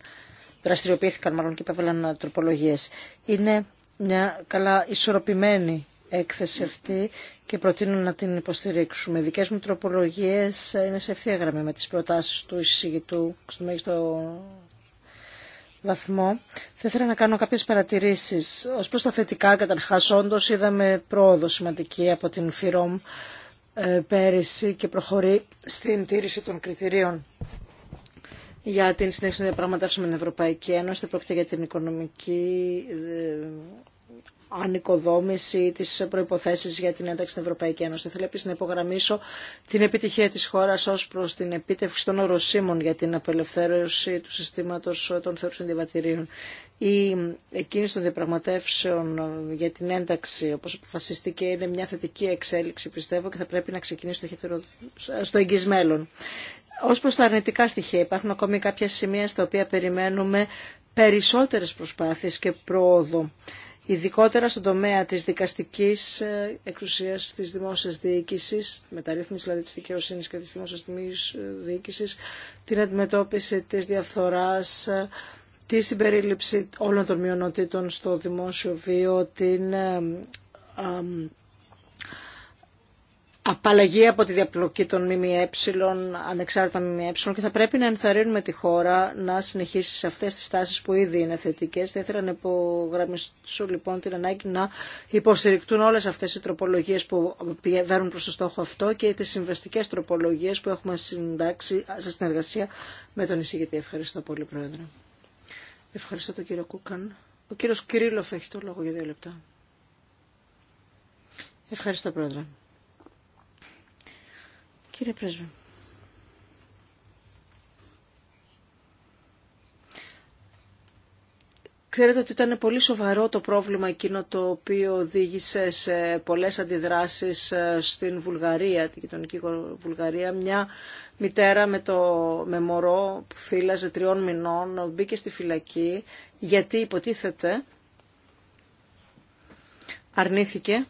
δραστηριοποιήθηκαν μάλλον και υπέβαλαν τροπολογίες. Είναι μια καλά ισορροπημένη έκθεση αυτή και προτείνω να την υποστηρίξουμε. Οι δικές μου τροπολογίε είναι σε ευθεία γραμμή με τις προτάσεις του εισηγητού στο μέγιστο βαθμό. Θα ήθελα να κάνω κάποιες παρατηρήσεις. ω προς τα θετικά, καταρχάς όντως είδαμε πρόοδο σημαντική από την ΦΥΡΟΜ ε, πέρυσι και προχωρεί στην τήρηση των κριτηρίων για την συνέχιση των διαπραγματεύσεων με την Ευρωπαϊκή Ένωση. πρόκειται για την οικονομική ε, ανοικοδόμηση, τις προϋποθέσεις για την ένταξη στην Ευρωπαϊκή Ένωση. Θέλω επίση να υπογραμμίσω την επιτυχία τη χώρα ω προ την επίτευξη των οροσίμων για την απελευθέρωση του συστήματο των θεωρήσεων διαβατηρίων. Η εκείνη των διαπραγματεύσεων για την ένταξη, όπω αποφασίστηκε, είναι μια θετική εξέλιξη, πιστεύω, και θα πρέπει να ξεκινήσει στο, εγγυσμένο. Ως προς τα αρνητικά στοιχεία, υπάρχουν ακόμη κάποια σημεία στα οποία περιμένουμε περισσότερες προσπάθειες και πρόοδο ειδικότερα στον τομέα της δικαστικής ε, εξουσίας της δημόσιας διοίκησης, μεταρρύθμιση δηλαδή της δικαιοσύνη και της δημόσιας ε, διοίκησης, την αντιμετώπιση της διαφθοράς, ε, τη συμπερίληψη όλων των μειονοτήτων στο δημόσιο βίο, την απαλλαγή από τη διαπλοκή των ΜΜΕ, ανεξάρτητα ΜΜΕ και θα πρέπει να ενθαρρύνουμε τη χώρα να συνεχίσει σε αυτέ τι τάσει που ήδη είναι θετικέ. Θα ήθελα να υπογραμμίσω λοιπόν την ανάγκη να υποστηρικτούν όλε αυτέ οι τροπολογίε που πηγαίνουν προ το στόχο αυτό και τι συμβαστικέ τροπολογίε που έχουμε συντάξει σε συνεργασία με τον εισηγητή. Ευχαριστώ πολύ Πρόεδρε. Ευχαριστώ τον κύριο Κούκαν. Ο κύριο Κυρίλοφ έχει το λόγο για δύο λεπτά. Ευχαριστώ Πρόεδρε. Κύριε Πρέσβη. Ξέρετε ότι ήταν πολύ σοβαρό το πρόβλημα εκείνο το οποίο οδήγησε σε πολλές αντιδράσεις ε, στην Βουλγαρία, την γειτονική Βουλγαρία. Μια μητέρα με, το, με μωρό που θύλαζε τριών μηνών μπήκε στη φυλακή γιατί υποτίθεται αρνήθηκε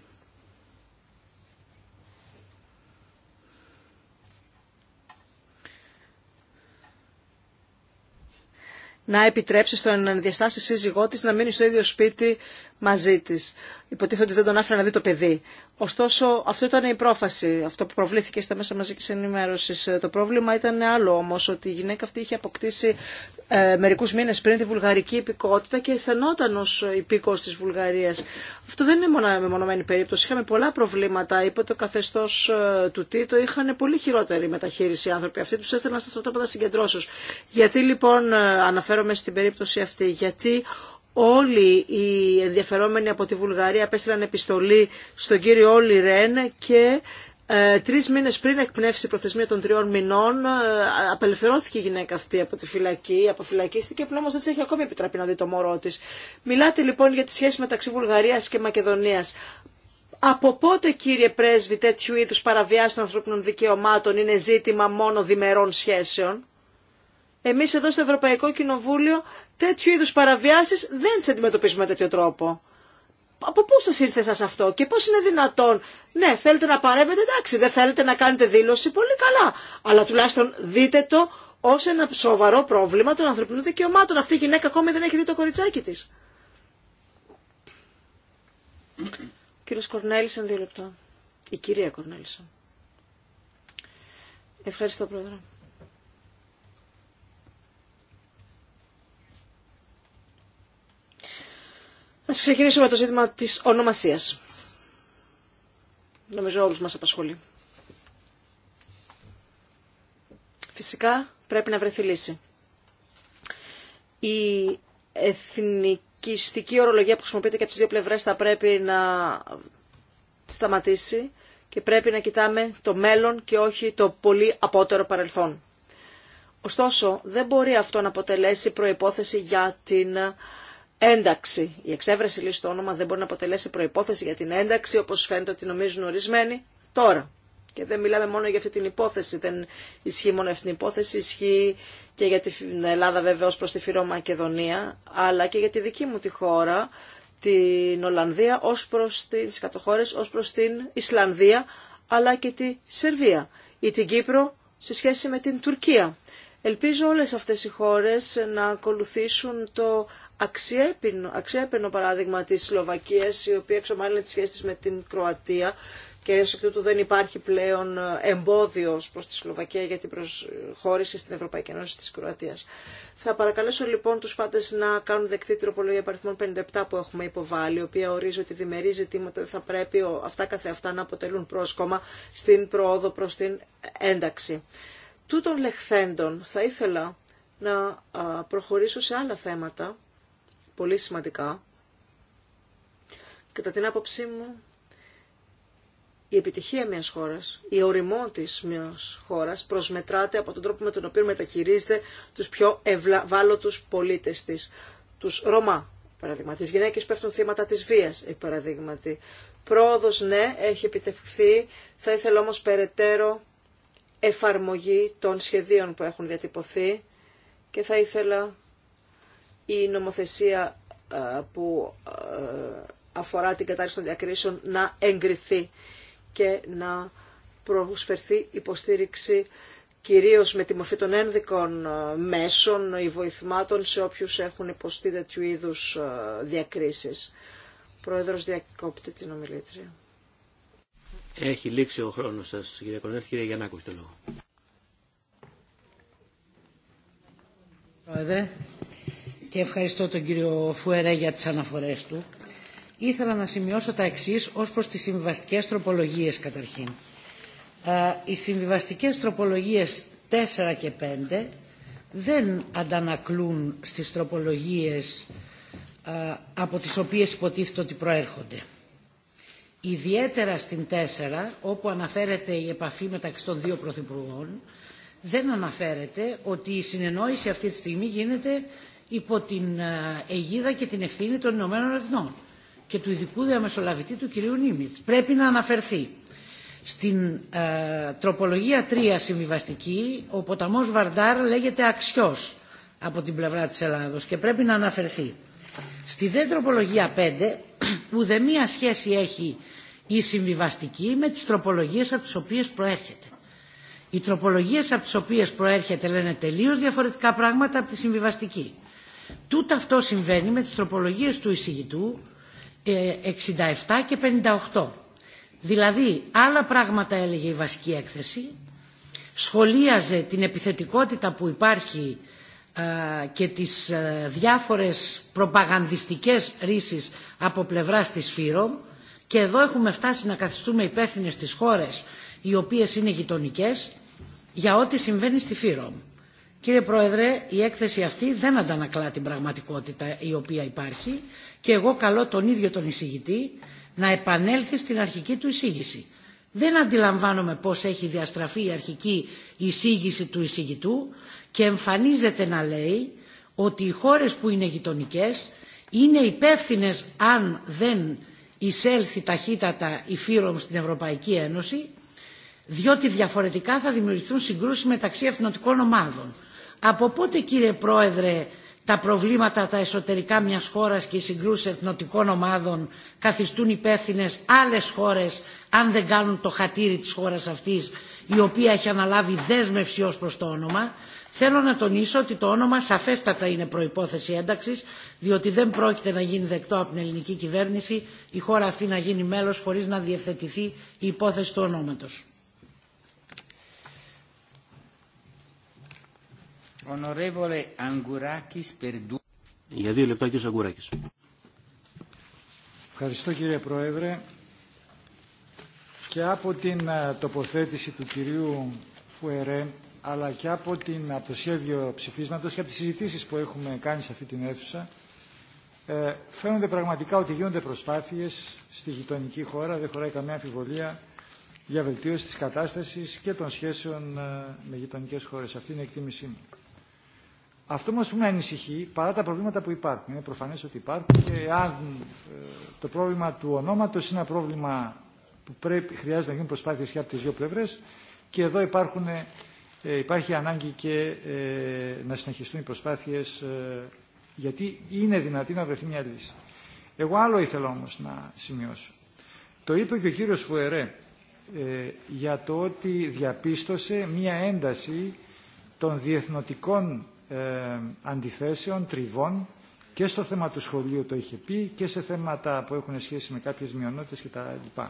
να επιτρέψει στον διαστάσει σύζυγό της να μείνει στο ίδιο σπίτι μαζί της. Υποτίθεται ότι δεν τον άφηνε να δει το παιδί. Ωστόσο, αυτό ήταν η πρόφαση, αυτό που προβλήθηκε στα μέσα μαζική ενημέρωση. Ε, το πρόβλημα ήταν άλλο όμω ότι η γυναίκα αυτή είχε αποκτήσει ε, μερικούς μήνες πριν τη βουλγαρική υπηκότητα και αισθανόταν ω υπήκο τη Βουλγαρία. Αυτό δεν είναι μόνο μονομένη περίπτωση. Είχαμε πολλά προβλήματα. Είπε το καθεστώς ε, του Τίτο είχαν πολύ χειρότερη μεταχείριση οι άνθρωποι αυτοί. του έστελναν στα στρατόπεδα συγκεντρώσεω. Γιατί λοιπόν ε, αναφέρομαι στην περίπτωση αυτή. Γιατί όλοι οι ενδιαφερόμενοι από τη Βουλγαρία απέστειλαν επιστολή στον κύριο Όλι Ρεν και ε, τρεις μήνες πριν εκπνεύσει η προθεσμία των τριών μηνών ε, απελευθερώθηκε η γυναίκα αυτή από τη φυλακή, αποφυλακίστηκε, που όμως δεν της έχει ακόμη επιτραπεί να δει το μωρό της. Μιλάτε λοιπόν για τη σχέση μεταξύ Βουλγαρίας και Μακεδονίας. Από πότε κύριε πρέσβη τέτοιου είδους παραβιάσεις των ανθρώπινων δικαιωμάτων είναι ζήτημα μόνο διμερών σχέσεων. Εμείς εδώ στο Ευρωπαϊκό Κοινοβούλιο τέτοιου είδους παραβιάσεις δεν τις αντιμετωπίζουμε με τέτοιο τρόπο. Από πού σας ήρθε σας αυτό και πώς είναι δυνατόν. Ναι, θέλετε να παρέμβετε, εντάξει, δεν θέλετε να κάνετε δήλωση, πολύ καλά. Αλλά τουλάχιστον δείτε το ως ένα σοβαρό πρόβλημα των ανθρωπινών δικαιωμάτων. Αυτή η γυναίκα ακόμη δεν έχει δει το κοριτσάκι της. Ο κύριος Κορνέλησεν, δύο λεπτά. Η κυρία Κορνέλισεν. Ευχαριστώ, Πρόεδρε. Να ξεκινήσουμε με το ζήτημα της ονομασίας. Νομίζω όλους μας απασχολεί. Φυσικά πρέπει να βρεθεί λύση. Η εθνικιστική ορολογία που χρησιμοποιείται και από τις δύο πλευρές θα πρέπει να σταματήσει και πρέπει να κοιτάμε το μέλλον και όχι το πολύ απότερο παρελθόν. Ωστόσο, δεν μπορεί αυτό να αποτελέσει προϋπόθεση για την ένταξη. Η εξέβρεση λύση στο όνομα δεν μπορεί να αποτελέσει προπόθεση για την ένταξη, όπως φαίνεται ότι νομίζουν ορισμένοι τώρα. Και δεν μιλάμε μόνο για αυτή την υπόθεση, δεν ισχύει μόνο αυτή την υπόθεση, ισχύει και για την Ελλάδα βέβαια ω προς τη Μακεδονία, αλλά και για τη δική μου τη χώρα, την Ολλανδία, ω προ τι κατοχώρε ω προ την Ισλανδία, αλλά και τη Σερβία ή την Κύπρο σε σχέση με την Τουρκία. Ελπίζω όλες αυτές οι χώρες να ακολουθήσουν το αξιέπαινο, αξιέπαινο παράδειγμα της Σλοβακίας, η οποία εξομάλυνε τις σχέσεις με την Κροατία και έως εκ τούτου δεν υπάρχει πλέον ε, εμπόδιο προς τη Σλοβακία για την προσχώρηση στην Ευρωπαϊκή Ένωση της Κροατίας. Θα παρακαλέσω λοιπόν τους πάντες να κάνουν δεκτή τροπολογία παριθμών 57 που έχουμε υποβάλει, η οποία ορίζει ότι διμερεί ζητήματα θα πρέπει αυτά καθεαυτά να αποτελούν πρόσκομα στην πρόοδο προς την ένταξη. Τούτων λεχθέντων θα ήθελα να προχωρήσω σε άλλα θέματα, πολύ σημαντικά. Κατά την άποψή μου, η επιτυχία μιας χώρας, η οριμό μιας χώρας προσμετράται από τον τρόπο με τον οποίο μεταχειρίζεται τους πιο ευάλωτους πολίτες της. Τους Ρωμά, παραδείγμα. Τις γυναίκες πέφτουν θύματα της βίας, παραδείγματι. Πρόοδος, ναι, έχει επιτευχθεί. Θα ήθελα όμως περαιτέρω εφαρμογή των σχεδίων που έχουν διατυπωθεί και θα ήθελα η νομοθεσία που αφορά την κατάρριξη των διακρίσεων να εγκριθεί και να προσφερθεί υποστήριξη κυρίως με τη μορφή των ένδικων μέσων ή βοηθμάτων σε όποιους έχουν υποστεί τέτοιου είδους διακρίσεις. Πρόεδρος διακόπτει την ομιλήτρια. Έχει λήξει ο χρόνος σας, κύριε Κορνέλ, κύριε έχει το λόγο. Πρόεδρε, και ευχαριστώ τον κύριο Φουέρα για τις αναφορές του. Ήθελα να σημειώσω τα εξής ως προς τις συμβιβαστικές τροπολογίες καταρχήν. Ε, οι συμβιβαστικές τροπολογίες 4 και 5 δεν αντανακλούν στις τροπολογίες ε, από τις οποίες υποτίθεται ότι προέρχονται. Ιδιαίτερα στην 4, όπου αναφέρεται η επαφή μεταξύ των δύο πρωθυπουργών, δεν αναφέρεται ότι η συνεννόηση αυτή τη στιγμή γίνεται υπό την ε, αιγίδα και την ευθύνη των Ηνωμένων Εθνών και του ειδικού διαμεσολαβητή του κυρίου Νίμιτ. Πρέπει να αναφερθεί. Στην ε, τροπολογία 3 συμβιβαστική, ο ποταμός Βαρντάρ λέγεται αξιός από την πλευρά της Ελλάδος και πρέπει να αναφερθεί. Στη δε τροπολογία 5 ουδέμια σχέση έχει η συμβιβαστική με τις τροπολογίες από τις οποίες προέρχεται. Οι τροπολογίες από τις οποίες προέρχεται λένε τελείως διαφορετικά πράγματα από τη συμβιβαστική. Τούτα αυτό συμβαίνει με τις τροπολογίες του εισηγητού 67 ε, και 58. Δηλαδή άλλα πράγματα έλεγε η βασική έκθεση, σχολίαζε την επιθετικότητα που υπάρχει ε, και τις ε, διάφορες προπαγανδιστικές ρίσεις από πλευράς της ΦΥΡΟΜ και εδώ έχουμε φτάσει να καθιστούμε υπεύθυνε τις χώρες οι οποίες είναι γειτονικέ για ό,τι συμβαίνει στη ΦΥΡΟΜ. Κύριε Πρόεδρε, η έκθεση αυτή δεν αντανακλά την πραγματικότητα η οποία υπάρχει και εγώ καλώ τον ίδιο τον εισηγητή να επανέλθει στην αρχική του εισήγηση. Δεν αντιλαμβάνομαι πώς έχει διαστραφεί η αρχική εισήγηση του εισηγητού και εμφανίζεται να λέει ότι οι χώρες που είναι γειτονικέ είναι υπεύθυνε αν δεν εισέλθει ταχύτατα η φύρομ στην Ευρωπαϊκή Ένωση διότι διαφορετικά θα δημιουργηθούν συγκρούσει μεταξύ εθνοτικών ομάδων. Από πότε κύριε Πρόεδρε τα προβλήματα τα εσωτερικά μιας χώρας και οι συγκρούσεις εθνοτικών ομάδων καθιστούν υπεύθυνε άλλες χώρες αν δεν κάνουν το χατήρι της χώρας αυτής η οποία έχει αναλάβει δέσμευση ως προς το όνομα Θέλω να τονίσω ότι το όνομα σαφέστατα είναι προϋπόθεση ένταξης, διότι δεν πρόκειται να γίνει δεκτό από την ελληνική κυβέρνηση η χώρα αυτή να γίνει μέλος χωρίς να διευθετηθεί η υπόθεση του ονόματος. Για δύο λεπτά Αγκουράκης. Ευχαριστώ κύριε Πρόεδρε. Και από την ε, τοποθέτηση του κυρίου Φουερέ αλλά και από, την, από το σχέδιο ψηφίσματος και από τις συζητήσεις που έχουμε κάνει σε αυτή την αίθουσα, ε, φαίνονται πραγματικά ότι γίνονται προσπάθειες στη γειτονική χώρα, δεν χωράει καμία αμφιβολία, για βελτίωση της κατάστασης και των σχέσεων ε, με γειτονικές χώρες. Αυτή είναι η εκτίμησή μου. Αυτό μας που με ανησυχεί, παρά τα προβλήματα που υπάρχουν, είναι προφανές ότι υπάρχουν και αν ε, το πρόβλημα του ονόματος είναι ένα πρόβλημα που πρέπει, χρειάζεται να γίνουν προσπάθειες και από τις δύο πλευρές και εδώ υπάρχουν ε, ε, υπάρχει ανάγκη και ε, να συνεχιστούν οι προσπάθειες ε, γιατί είναι δυνατή να βρεθεί μια λύση. Εγώ άλλο ήθελα όμως να σημειώσω. Το είπε και ο κύριος Φουερέ για το ότι διαπίστωσε μια ένταση των διεθνωτικών αντιθέσεων, τριβών και στο θέμα του σχολείου το είχε πει και σε θέματα που έχουν σχέση με κάποιες μειονότητες κτλ.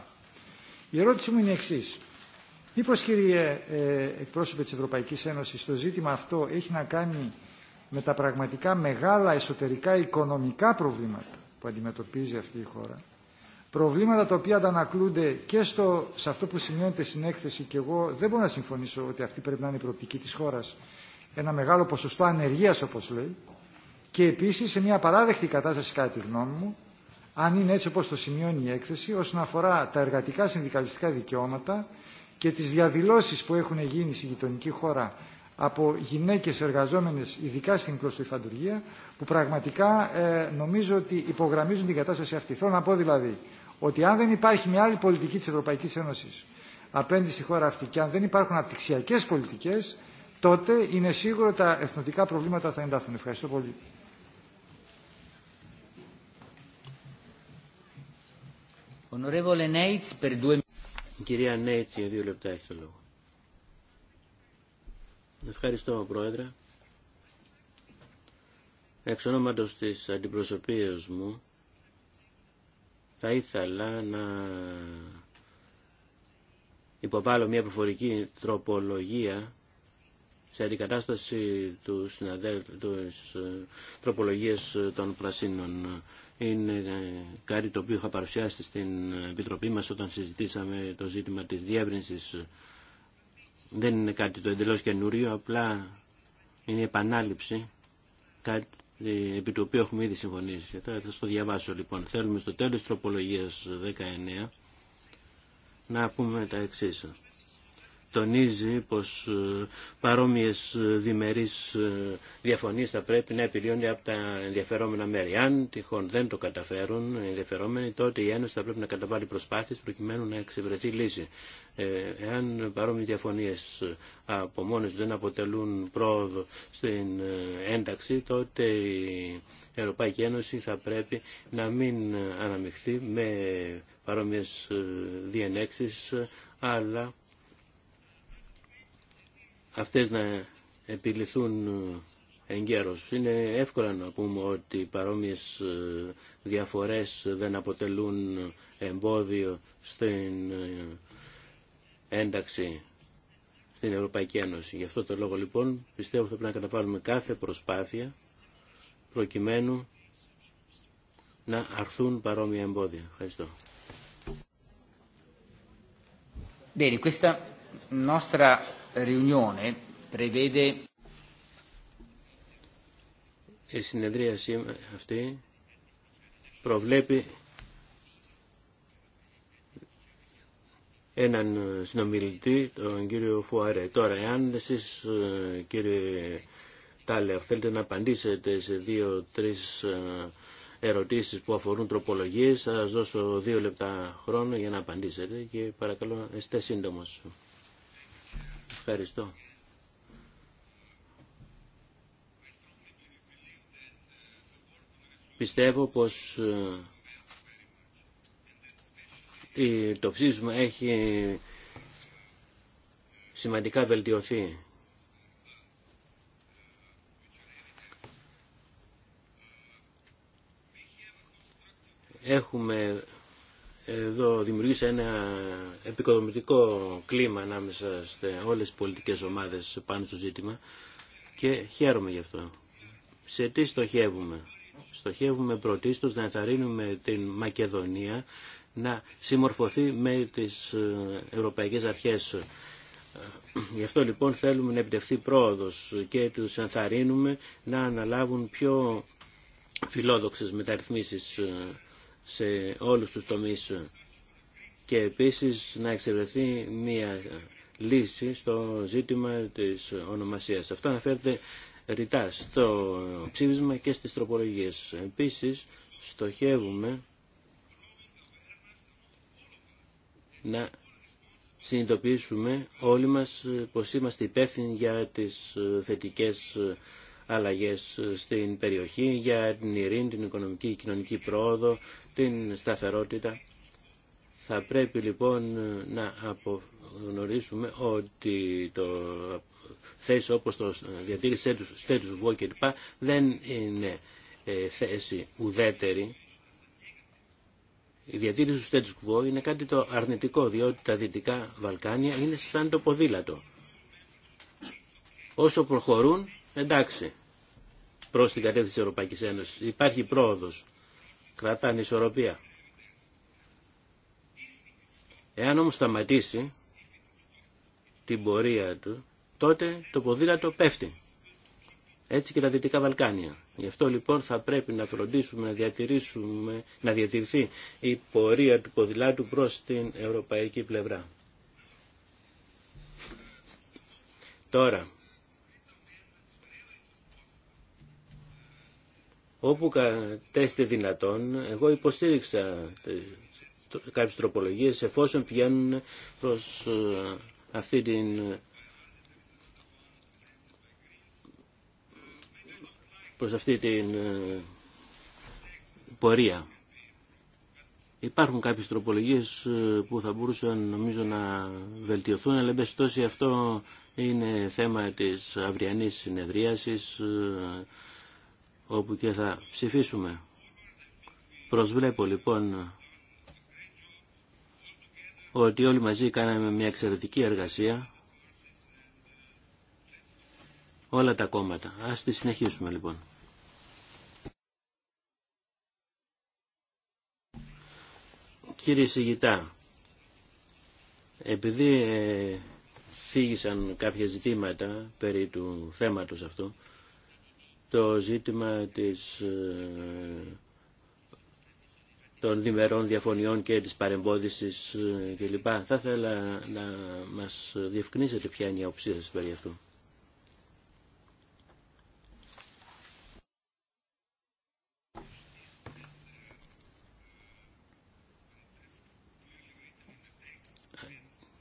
Η ερώτηση μου είναι εξής. Μήπω, κύριε ε, εκπρόσωπε τη Ευρωπαϊκή Ένωση, το ζήτημα αυτό έχει να κάνει με τα πραγματικά μεγάλα εσωτερικά οικονομικά προβλήματα που αντιμετωπίζει αυτή η χώρα προβλήματα τα οποία αντανακλούνται και στο, σε αυτό που σημειώνεται στην έκθεση και εγώ δεν μπορώ να συμφωνήσω ότι αυτή πρέπει να είναι η προοπτική της χώρας ένα μεγάλο ποσοστό ανεργίας όπως λέει και επίσης σε μια παράδεκτη κατάσταση κατά τη γνώμη μου αν είναι έτσι όπως το σημειώνει η έκθεση όσον αφορά τα εργατικά συνδικαλιστικά δικαιώματα και τις διαδηλώσεις που έχουν γίνει στη γειτονική χώρα από γυναίκες εργαζόμενες ειδικά στην κλωστοϊφαντουργία που πραγματικά ε, νομίζω ότι υπογραμμίζουν την κατάσταση αυτή. Θέλω να πω δηλαδή ότι αν δεν υπάρχει μια άλλη πολιτική της Ευρωπαϊκής Ένωσης απέναντι στη χώρα αυτή και αν δεν υπάρχουν απτυξιακές πολιτικές τότε είναι σίγουρο τα εθνοτικά προβλήματα θα εντάθουν. Ευχαριστώ πολύ. Η κυρία Νέιτς για δύο λεπτά έχει το λόγο. Ευχαριστώ Πρόεδρε. Εξ ονόματος της αντιπροσωπείας μου θα ήθελα να υποβάλω μια προφορική τροπολογία σε αντικατάσταση του συναδέλφου, ε, των πρασίνων είναι κάτι το οποίο είχα παρουσιάσει στην Επιτροπή μας όταν συζητήσαμε το ζήτημα της διεύρυνσης. Δεν είναι κάτι το εντελώς καινούριο, απλά είναι επανάληψη κάτι ε, επί του οποίου έχουμε ήδη συμφωνήσει. Θα, θα το διαβάσω λοιπόν. Θέλουμε στο τέλος τροπολογίας 19 να πούμε τα εξής τονίζει πως ε, παρόμοιες ε, διμερείς ε, διαφωνίες θα πρέπει να επιλύονται από τα ενδιαφερόμενα μέρη. Αν τυχόν δεν το καταφέρουν οι ενδιαφερόμενοι, τότε η Ένωση θα πρέπει να καταβάλει προσπάθειες προκειμένου να εξευρεθεί λύση. εάν παρόμοιες διαφωνίες από μόνες δεν αποτελούν πρόοδο στην ένταξη, τότε η Ευρωπαϊκή Ένωση θα πρέπει να μην αναμειχθεί με παρόμοιες διενέξεις, αλλά αυτές να επιληθούν ε, εγκαίρως. Είναι εύκολο να πούμε ότι παρόμοιες ε, διαφορές δεν αποτελούν εμπόδιο στην ε, ένταξη στην Ευρωπαϊκή Ένωση. Γι' αυτό το λόγο λοιπόν πιστεύω θα πρέπει να καταβάλουμε κάθε προσπάθεια προκειμένου να αρθούν παρόμοια εμπόδια. Ευχαριστώ. Bene, questa nostra riunione prevede η συνεδρία αυτή προβλέπει έναν συνομιλητή, τον κύριο Φουαρέ. Τώρα, εάν εσείς ε, κύριε Τάλερ θέλετε να απαντήσετε σε δύο-τρεις ε, ερωτήσεις που αφορούν τροπολογίες, θα σας δώσω δύο λεπτά χρόνο για να απαντήσετε και παρακαλώ είστε σύντομος. Ευχαριστώ. Πιστεύω πως ε, το ψήφισμα έχει σημαντικά βελτιωθεί. Έχουμε εδώ δημιουργήσα ένα επικοδομητικό κλίμα ανάμεσα σε όλες τις πολιτικές ομάδες πάνω στο ζήτημα και χαίρομαι γι' αυτό. Σε τι στοχεύουμε. Στοχεύουμε πρωτίστως να ενθαρρύνουμε την Μακεδονία να συμμορφωθεί με τις ε, ευρωπαϊκές αρχές. Γι' αυτό λοιπόν θέλουμε να επιτευχθεί πρόοδος και τους ενθαρρύνουμε να αναλάβουν πιο φιλόδοξες μεταρρυθμίσεις ε, σε όλους τους τομείς και επίσης να εξευρεθεί μια λύση στο ζήτημα της ονομασίας. Αυτό αναφέρεται ρητά στο ψήφισμα και στις τροπολογίες. Επίσης, στοχεύουμε να συνειδητοποιήσουμε όλοι μας πως είμαστε υπεύθυνοι για τις θετικές αλλαγές στην περιοχή, για την ειρήνη, την οικονομική και κοινωνική πρόοδο, την σταθερότητα. Θα πρέπει λοιπόν να απογνωρίσουμε ότι το θέση όπως το διατήρηση status quo κλπ. δεν είναι ε, θέση ουδέτερη. Η διατήρηση του status quo είναι κάτι το αρνητικό, διότι τα Δυτικά Βαλκάνια είναι σαν το ποδήλατο. Όσο προχωρούν, εντάξει προς την κατεύθυνση της Ευρωπαϊκής Ένωσης. Υπάρχει πρόοδο Κρατάνε ισορροπία. Εάν όμως σταματήσει την πορεία του, τότε το ποδήλατο πέφτει. Έτσι και τα Δυτικά Βαλκάνια. Γι' αυτό λοιπόν θα πρέπει να φροντίσουμε να, διατηρήσουμε, να διατηρηθεί η πορεία του ποδηλάτου προς την ευρωπαϊκή πλευρά. Τώρα, όπου κατέστη δυνατόν, εγώ υποστήριξα κάποιες τροπολογίες εφόσον πηγαίνουν προς ε, αυτή την προς αυτή την ε, πορεία. Υπάρχουν κάποιες τροπολογίες ε, που θα μπορούσαν νομίζω να βελτιωθούν, αλλά εν αυτό είναι θέμα της αυριανής συνεδρίασης όπου και θα ψηφίσουμε. Προσβλέπω λοιπόν ότι όλοι μαζί κάναμε μια εξαιρετική εργασία όλα τα κόμματα. Ας τη συνεχίσουμε λοιπόν. Κύριε Σιγητά, επειδή ε, θίγησαν κάποια ζητήματα περί του θέματος αυτού, το ζήτημα της, ε, των διμερών διαφωνιών και της παρεμπόδισης ε, κλπ. Θα ήθελα να μας διευκνήσετε ποια είναι η άποψή σας περί αυτού.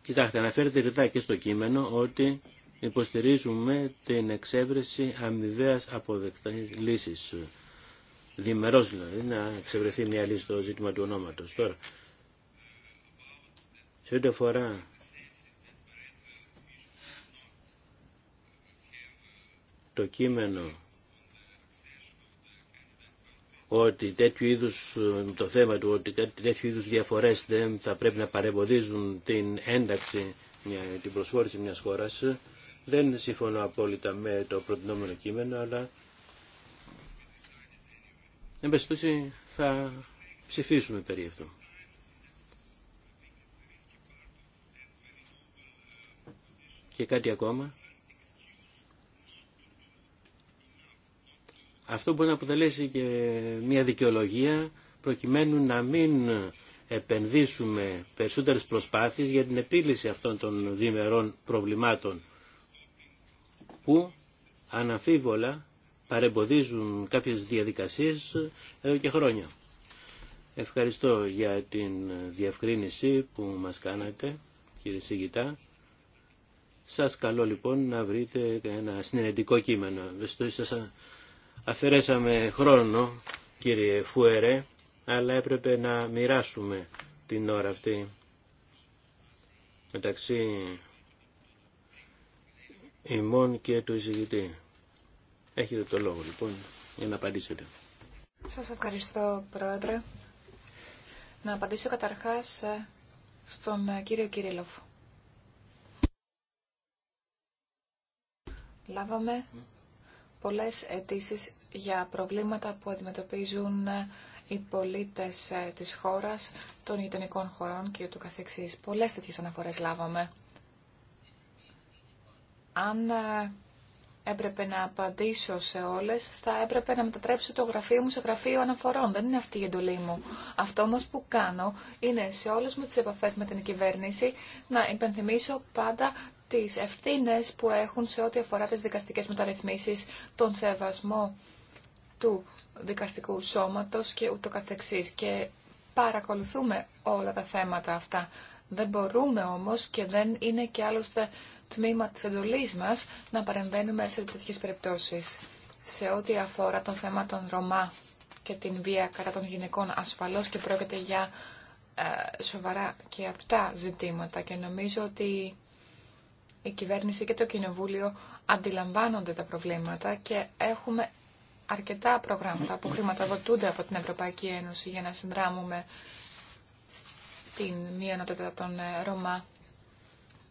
Κοιτάξτε, αναφέρεται ρητά και στο κείμενο ότι υποστηρίζουμε την εξέβρεση αμοιβαίας αποδεκτής λύσης. Διμερός δηλαδή, να εξευρεθεί μια λύση στο ζήτημα του ονόματος. Τώρα, σε ό,τι αφορά το κείμενο ότι τέτοιου είδους, το θέμα του ότι τέτοιου είδους διαφορές δεν θα πρέπει να παρεμποδίζουν την ένταξη, την προσφόρηση μια χώρας, δεν συμφωνώ απόλυτα με το προτινόμενο κείμενο, αλλά εν θα ψηφίσουμε περί αυτού. Και κάτι ακόμα. Αυτό μπορεί να αποτελέσει και μια δικαιολογία προκειμένου να μην επενδύσουμε περισσότερες προσπάθειες για την επίλυση αυτών των διμερών προβλημάτων που αναφίβολα παρεμποδίζουν κάποιες διαδικασίες εδώ και χρόνια. Ευχαριστώ για την διευκρίνηση που μας κάνατε, κύριε Σιγητά. Σας καλώ λοιπόν να βρείτε ένα συνενετικό κείμενο. Σας αφαιρέσαμε χρόνο, κύριε Φουερέ, αλλά έπρεπε να μοιράσουμε την ώρα αυτή μεταξύ ημών και του εισηγητή. Έχετε το λόγο λοιπόν για να απαντήσετε. Σας ευχαριστώ Πρόεδρε. Να απαντήσω καταρχάς ε, στον ε, κύριο Κυρίλοφ. Λάβαμε πολλές αιτήσει για προβλήματα που αντιμετωπίζουν ε, οι πολίτες της χώρας, των γειτονικών χωρών και του καθεξής. Πολλές τέτοιες αναφορές λάβαμε. Αν ε, έπρεπε να απαντήσω σε όλες, θα έπρεπε να μετατρέψω το γραφείο μου σε γραφείο αναφορών. Δεν είναι αυτή η εντολή μου. Αυτό όμως που κάνω είναι σε όλες μου τις επαφές με την κυβέρνηση να υπενθυμίσω πάντα τις ευθύνε που έχουν σε ό,τι αφορά τις δικαστικές μεταρρυθμίσεις, τον σεβασμό του δικαστικού σώματος και ούτω καθεξής. Και παρακολουθούμε όλα τα θέματα αυτά. Δεν μπορούμε όμως και δεν είναι και άλλωστε τμήμα της εντολής μας να παρεμβαίνουμε σε τέτοιες περιπτώσεις. Σε ό,τι αφορά το θέμα των Ρωμά και την βία κατά των γυναικών ασφαλώς και πρόκειται για ε, σοβαρά και απτά ζητήματα και νομίζω ότι η κυβέρνηση και το Κοινοβούλιο αντιλαμβάνονται τα προβλήματα και έχουμε αρκετά προγράμματα που χρηματοδοτούνται από την Ευρωπαϊκή Ένωση για να συνδράμουμε την μειονότητα των ε, Ρωμά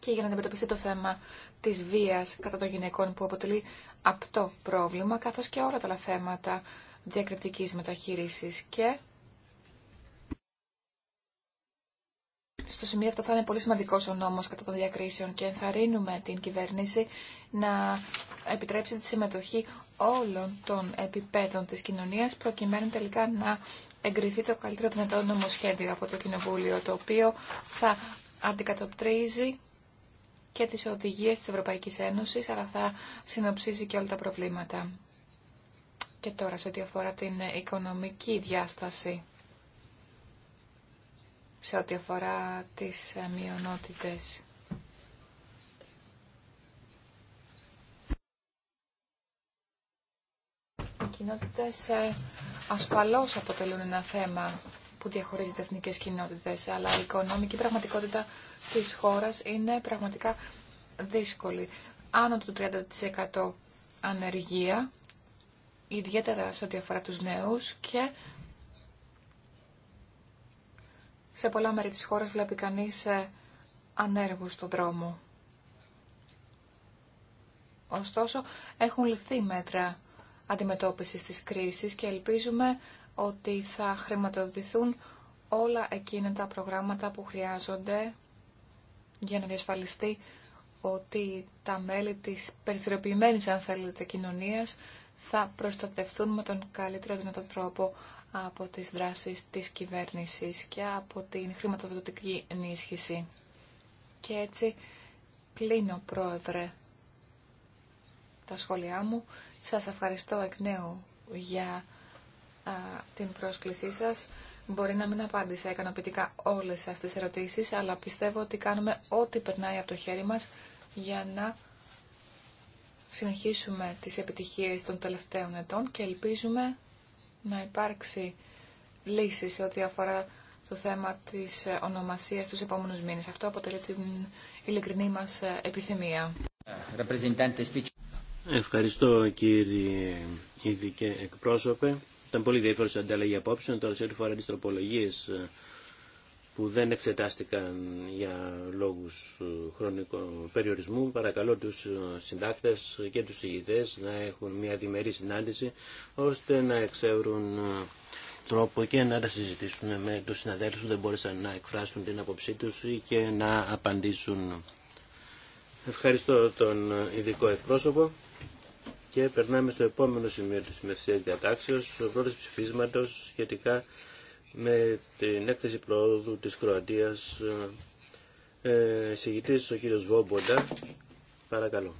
και για να αντιμετωπιστεί το θέμα της βίας κατά των γυναικών που αποτελεί απτό πρόβλημα, καθώ και όλα τα άλλα θέματα διακριτική μεταχείρισης και στο σημείο αυτό θα είναι πολύ σημαντικό ο νόμος κατά των διακρίσεων και ενθαρρύνουμε την κυβέρνηση να επιτρέψει τη συμμετοχή όλων των επιπέδων της κοινωνίας προκειμένου τελικά να εγκριθεί το καλύτερο δυνατό νομοσχέδιο από το Κοινοβούλιο το οποίο θα αντικατοπτρίζει και τις οδηγίες της Ευρωπαϊκής Ένωσης, αλλά θα συνοψίζει και όλα τα προβλήματα. Και τώρα, σε ό,τι αφορά την οικονομική διάσταση, σε ό,τι αφορά τις ε, μειονότητες. Οι κοινότητες ε, ασφαλώς αποτελούν ένα θέμα που διαχωρίζει τι εθνικέ κοινότητε, αλλά η οικονομική πραγματικότητα τη χώρα είναι πραγματικά δύσκολη. Άνω του 30% ανεργία, ιδιαίτερα σε ό,τι αφορά τους νέους και σε πολλά μέρη της χώρας βλέπει κανείς ε, ανέργους στον δρόμο. Ωστόσο, έχουν ληφθεί μέτρα αντιμετώπισης της κρίσης και ελπίζουμε ότι θα χρηματοδοτηθούν όλα εκείνα τα προγράμματα που χρειάζονται για να διασφαλιστεί ότι τα μέλη της περιθωριοποιημένης αν θέλετε κοινωνίας θα προστατευτούν με τον καλύτερο δυνατό τρόπο από τις δράσεις της κυβέρνησης και από την χρηματοδοτική ενίσχυση. Και έτσι κλείνω πρόεδρε τα σχόλιά μου. Σας ευχαριστώ εκ νέου για την πρόσκλησή σας. Μπορεί να μην απάντησα ικανοποιητικά όλες σας τις ερωτήσεις, αλλά πιστεύω ότι κάνουμε ό,τι περνάει από το χέρι μας για να συνεχίσουμε τις επιτυχίες των τελευταίων ετών και ελπίζουμε να υπάρξει λύση σε ό,τι αφορά το θέμα της ε, ονομασίας τους επόμενους μήνες. Αυτό αποτελεί την ειλικρινή μας ε, επιθυμία. Ευχαριστώ κύριε ειδικέ εκπρόσωπε. Ήταν πολύ η ανταλλαγή απόψεων. Τώρα σε ό,τι φορά τι τροπολογίε ε, που δεν εξετάστηκαν για λόγους ε, χρονικού περιορισμού. Παρακαλώ τους ε, συντάκτες και τους ηγητέ να έχουν μια διμερή συνάντηση ώστε να εξεύρουν τρόπο και να τα συζητήσουν με του συναδέλφου. που δεν μπόρεσαν να εκφράσουν την απόψή του και να απαντήσουν. Ευχαριστώ τον ειδικό εκπρόσωπο. Και περνάμε στο επόμενο σημείο της μεσαίας διατάξεως, ο πρώτος ψηφίσματος σχετικά με την έκθεση προόδου της Κροατίας. Ε, συγητής ο κύριος Βόμποντα, παρακαλώ.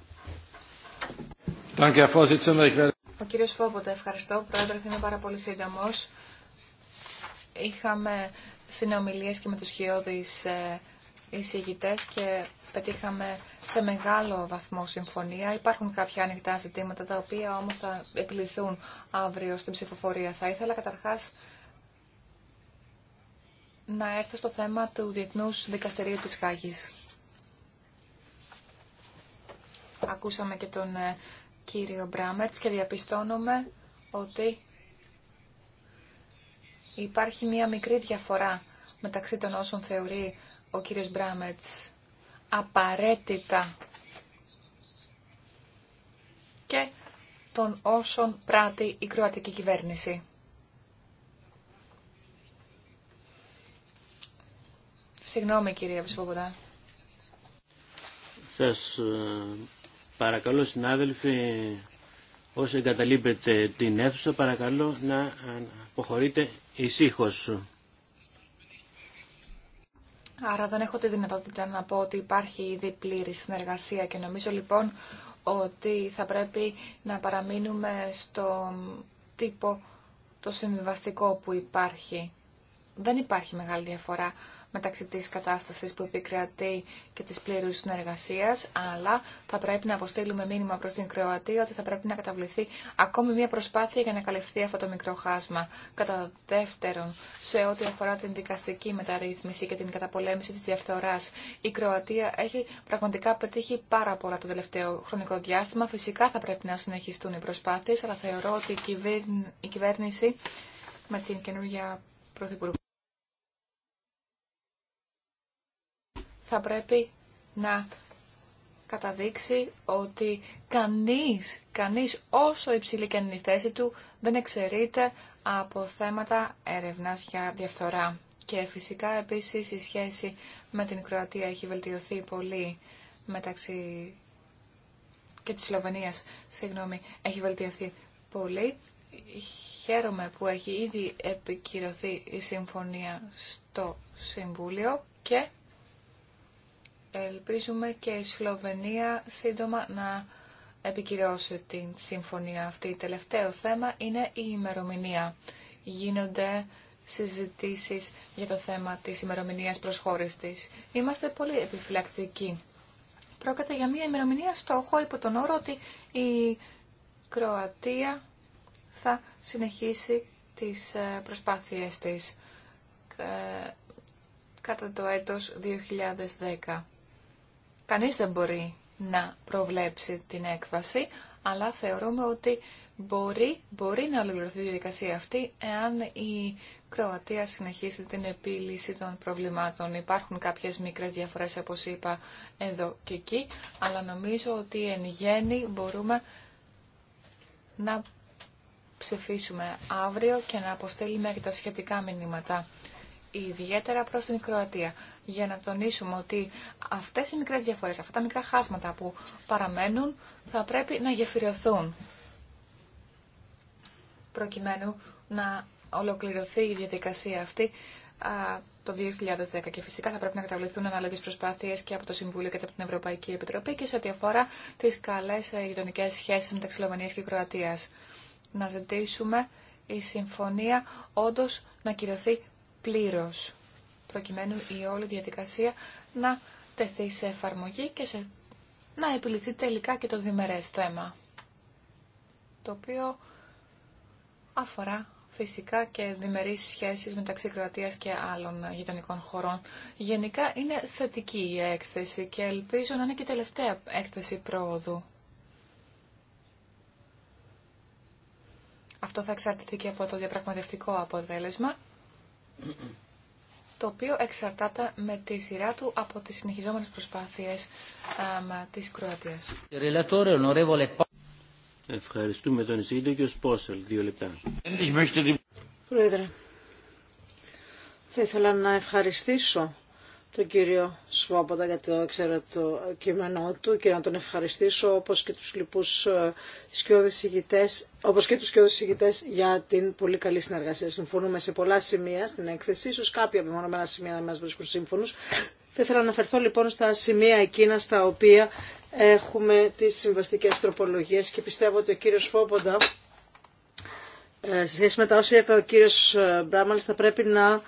Ο κύριος Βόμποντα, ευχαριστώ. Πρόεδρε, θα είμαι πάρα πολύ σύντομος. Είχαμε συνομιλίες και με τους χειώδεις ε, εισηγητές και πετύχαμε σε μεγάλο βαθμό συμφωνία. Υπάρχουν κάποια ανοιχτά ζητήματα τα οποία όμως θα επιληθούν αύριο στην ψηφοφορία. Θα ήθελα καταρχάς να έρθω στο θέμα του Διεθνούς Δικαστηρίου της Χάγης. Ακούσαμε και τον ε, κύριο Μπράμετς και διαπιστώνουμε ότι υπάρχει μία μικρή διαφορά μεταξύ των όσων θεωρεί ο κύριος Μπράμετς απαραίτητα και των όσων πράττει η κροατική κυβέρνηση. Συγγνώμη κυρία Βυσβόποντα. Σας ε, παρακαλώ συνάδελφοι όσοι εγκαταλείπετε την αίθουσα παρακαλώ να αποχωρείτε ησύχως. Άρα δεν έχω τη δυνατότητα να πω ότι υπάρχει ήδη πλήρη συνεργασία και νομίζω λοιπόν ότι θα πρέπει να παραμείνουμε στο τύπο το συμβιβαστικό που υπάρχει. Δεν υπάρχει μεγάλη διαφορά μεταξύ της κατάστασης που επικρατεί και της πλήρους συνεργασία, αλλά θα πρέπει να αποστείλουμε μήνυμα προς την Κροατία ότι θα πρέπει να καταβληθεί ακόμη μια προσπάθεια για να καλυφθεί αυτό το μικρό χάσμα. Κατά δεύτερον, σε ό,τι αφορά την δικαστική μεταρρύθμιση και την καταπολέμηση της διαφθοράς, η Κροατία έχει πραγματικά πετύχει πάρα πολλά το τελευταίο χρονικό διάστημα. Φυσικά θα πρέπει να συνεχιστούν οι προσπάθειες, αλλά θεωρώ ότι η κυβέρνηση με την καινούργια Πρωθυπουργό θα πρέπει να καταδείξει ότι κανείς, κανείς όσο υψηλή και είναι η θέση του, δεν εξαιρείται από θέματα έρευνας για διαφθορά. Και φυσικά επίσης η σχέση με την Κροατία έχει βελτιωθεί πολύ μεταξύ και της Σλοβενίας, συγγνώμη, έχει βελτιωθεί πολύ. Χαίρομαι που έχει ήδη επικυρωθεί η συμφωνία στο Συμβούλιο και Ελπίζουμε και η Σλοβενία σύντομα να επικυρώσει την συμφωνία αυτή. Τελευταίο θέμα είναι η ημερομηνία. Γίνονται συζητήσεις για το θέμα της ημερομηνίας προσχώρησης της. Είμαστε πολύ επιφυλακτικοί. Πρόκειται για μια ημερομηνία στόχο υπό τον όρο ότι η Κροατία θα συνεχίσει τις ε, προσπάθειές της ε, κατά το έτος 2010. Κανείς δεν μπορεί να προβλέψει την έκβαση, αλλά θεωρούμε ότι μπορεί, μπορεί να ολοκληρωθεί η διαδικασία αυτή εάν η Κροατία συνεχίσει την επίλυση των προβλημάτων. Υπάρχουν κάποιες μικρές διαφορές, όπως είπα, εδώ και εκεί, αλλά νομίζω ότι εν γέννη μπορούμε να ψηφίσουμε αύριο και να αποστέλουμε και τα σχετικά μηνύματα ιδιαίτερα προς την Κροατία, για να τονίσουμε ότι αυτές οι μικρές διαφορές, αυτά τα μικρά χάσματα που παραμένουν, θα πρέπει να γεφυρωθούν, προκειμένου να ολοκληρωθεί η διαδικασία αυτή το 2010 και φυσικά θα πρέπει να καταβληθούν αναλογικές προσπάθειες και από το Συμβούλιο και από την Ευρωπαϊκή Επιτροπή και σε ό,τι αφορά τις καλές ε, γειτονικέ σχέσεις μεταξύ και Κροατίας. Να ζητήσουμε η συμφωνία όντως να κυρωθεί πλήρως, προκειμένου η όλη διαδικασία να τεθεί σε εφαρμογή και σε... να επιληθεί τελικά και το διμερές θέμα, το οποίο αφορά φυσικά και διμερείς σχέσεις μεταξύ Κροατίας και άλλων γειτονικών χωρών. Γενικά είναι θετική η έκθεση και ελπίζω να είναι και η τελευταία έκθεση πρόοδου. Αυτό θα εξαρτηθεί και από το διαπραγματευτικό αποτέλεσμα το οποίο εξαρτάται με τη σειρά του από τις συνεχιζόμενες προσπάθειες α, της Κροατίας. Ευχαριστούμε τον ισίδη και ο Σπόσελ. Δύο λεπτά. Πρόεδρε, θα ήθελα να ευχαριστήσω τον κύριο Σβόποντα για το εξαιρετικό κείμενό του και να τον ευχαριστήσω όπως και τους λοιπούς ε, σκιώδες ηγητές, όπως και τους σκιώδες για την πολύ καλή συνεργασία. Συμφωνούμε σε πολλά σημεία στην έκθεση, ίσως κάποια επιμονωμένα σημεία να μας βρίσκουν σύμφωνους. Θα ήθελα να αναφερθώ λοιπόν στα σημεία εκείνα στα οποία έχουμε τις συμβαστικές τροπολογίες και πιστεύω ότι ο κύριος Σφόποντα, ε, σε σχέση με τα όσα είπε ο κύριος ε, Μπράμαλς θα πρέπει να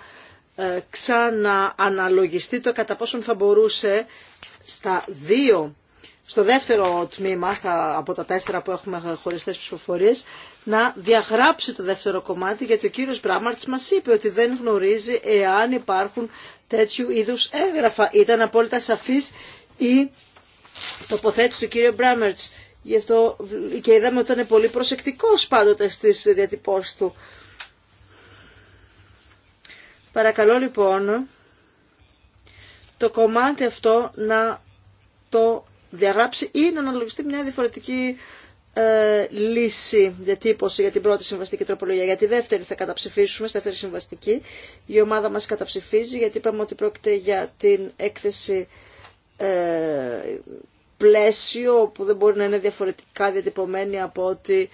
ε, ξανααναλογιστεί το κατά πόσον θα μπορούσε στα δύο, στο δεύτερο τμήμα, στα, από τα τέσσερα που έχουμε χωριστές ψηφοφορίες, να διαγράψει το δεύτερο κομμάτι, γιατί ο κύριος Μπράμαρτς μας είπε ότι δεν γνωρίζει εάν υπάρχουν τέτοιου είδους έγγραφα. Ήταν απόλυτα σαφής η τοποθέτηση του κύριου Μπράμαρτς. και είδαμε ότι ήταν πολύ προσεκτικός πάντοτε στις διατυπώσεις του. Παρακαλώ λοιπόν το κομμάτι αυτό να το διαγράψει ή να αναλογιστεί μια διαφορετική ε, λύση διατύπωση για την πρώτη συμβαστική τροπολογία. Για τη δεύτερη θα καταψηφίσουμε, στη δεύτερη συμβαστική. Η ομάδα μας καταψηφίζει γιατί είπαμε ότι πρόκειται για την έκθεση ε, πλαίσιο που δεν μπορεί να είναι διαφορετικά διατυπωμένη από ότι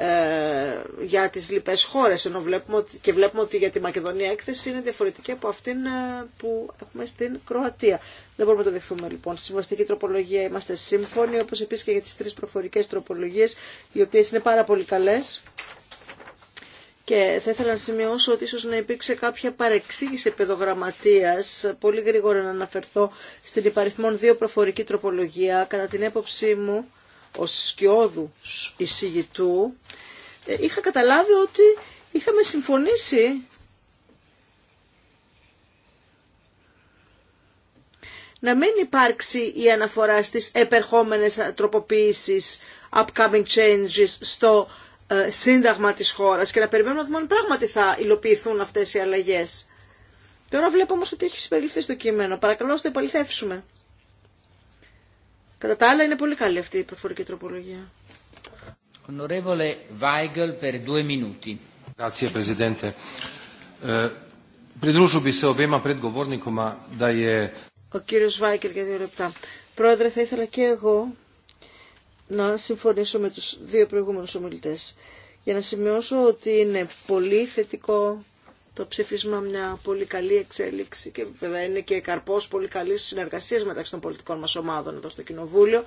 ε, για τις λοιπές χώρες ενώ βλέπουμε και βλέπουμε ότι για τη Μακεδονία έκθεση είναι διαφορετική από αυτήν ε, που έχουμε στην Κροατία. Δεν μπορούμε να το δεχθούμε λοιπόν. Στη συμβαστική τροπολογία είμαστε σύμφωνοι όπως επίσης και για τις τρεις προφορικές τροπολογίες οι οποίες είναι πάρα πολύ καλές. Και θα ήθελα να σημειώσω ότι ίσως να υπήρξε κάποια παρεξήγηση παιδογραμματίας. Πολύ γρήγορα να αναφερθώ στην υπαριθμόν δύο προφορική τροπολογία. Κατά την έποψή μου, ως σκιώδου εισηγητού, ε, είχα καταλάβει ότι είχαμε συμφωνήσει να μην υπάρξει η αναφορά στις επερχόμενες τροποποίησεις, upcoming changes στο ε, σύνταγμα της χώρας και να περιμένουμε ότι μόνο πράγματι θα υλοποιηθούν αυτές οι αλλαγές. Τώρα βλέπω όμως ότι έχει συμπεριληφθεί στο κείμενο. Παρακαλώ να το επαληθεύσουμε. Κατά τα άλλα είναι πολύ καλή αυτή η προφορική τροπολογία. Ε, Ο κύριος Βάικελ για δύο λεπτά. Πρόεδρε, θα ήθελα και εγώ να συμφωνήσω με τους δύο προηγούμενους ομιλητές για να σημειώσω ότι είναι πολύ θετικό το ψήφισμα μια πολύ καλή εξέλιξη και βέβαια είναι και καρπός πολύ καλής συνεργασίας μεταξύ των πολιτικών μας ομάδων εδώ στο Κοινοβούλιο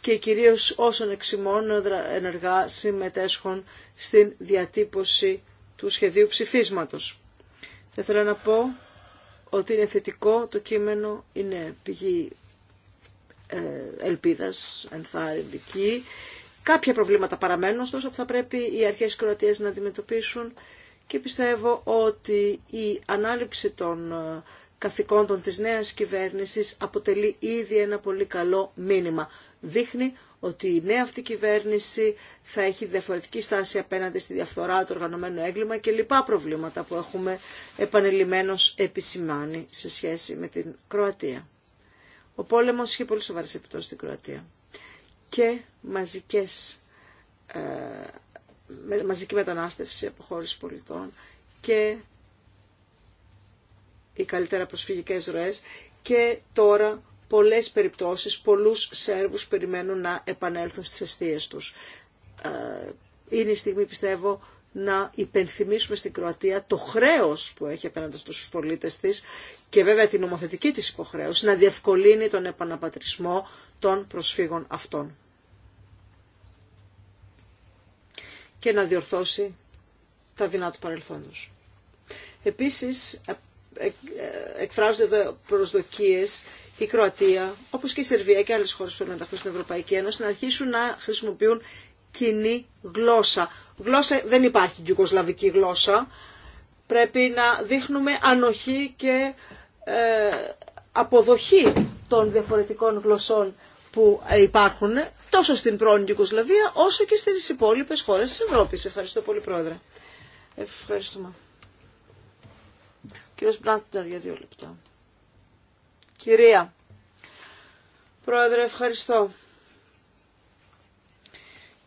και κυρίως όσων εξημών ενεργά συμμετέσχουν στην διατύπωση του σχεδίου ψηφίσματος. Θα ήθελα να πω ότι είναι θετικό το κείμενο, είναι πηγή ε, ελπίδας, ενθαρρυντική. Κάποια προβλήματα παραμένουν, ωστόσο θα πρέπει οι αρχές Κροατίας να αντιμετωπίσουν και πιστεύω ότι η ανάληψη των ε, καθηκόντων της νέας κυβέρνησης αποτελεί ήδη ένα πολύ καλό μήνυμα. Δείχνει ότι η νέα αυτή κυβέρνηση θα έχει διαφορετική στάση απέναντι στη διαφθορά, το οργανωμένο έγκλημα και λοιπά προβλήματα που έχουμε επανελειμμένως επισημάνει σε σχέση με την Κροατία. Ο πόλεμος είχε πολύ σοβαρές επιπτώσεις στην Κροατία και μαζικές ε, μαζική μετανάστευση από πολιτών και οι καλύτερα προσφυγικές ροές και τώρα πολλές περιπτώσεις, πολλούς Σέρβους περιμένουν να επανέλθουν στις αιστείες τους. Ε, είναι η στιγμή πιστεύω να υπενθυμίσουμε στην Κροατία το χρέος που έχει απέναντι στους πολίτες της και βέβαια την νομοθετική της υποχρέωση να διευκολύνει τον επαναπατρισμό των προσφύγων αυτών. και να διορθώσει τα δεινά του παρελθόντος. Επίσης, ε, ε, εκφράζονται εδώ προσδοκίες η Κροατία, όπως και η Σερβία και άλλες χώρες που μεταφούν στην Ευρωπαϊκή Ένωση, να αρχίσουν να χρησιμοποιούν κοινή γλώσσα. Γλώσσα δεν υπάρχει γιουγκοσλαβική γλώσσα. Πρέπει να δείχνουμε ανοχή και ε, αποδοχή των διαφορετικών γλωσσών που υπάρχουν τόσο στην πρώην Ιουγκοσλαβία όσο και στις υπόλοιπες χώρες της Ευρώπης. Ευχαριστώ πολύ Πρόεδρε. Ευχαριστούμε. Κύριος Μπράντερ για δύο λεπτά. Κυρία. Πρόεδρε ευχαριστώ.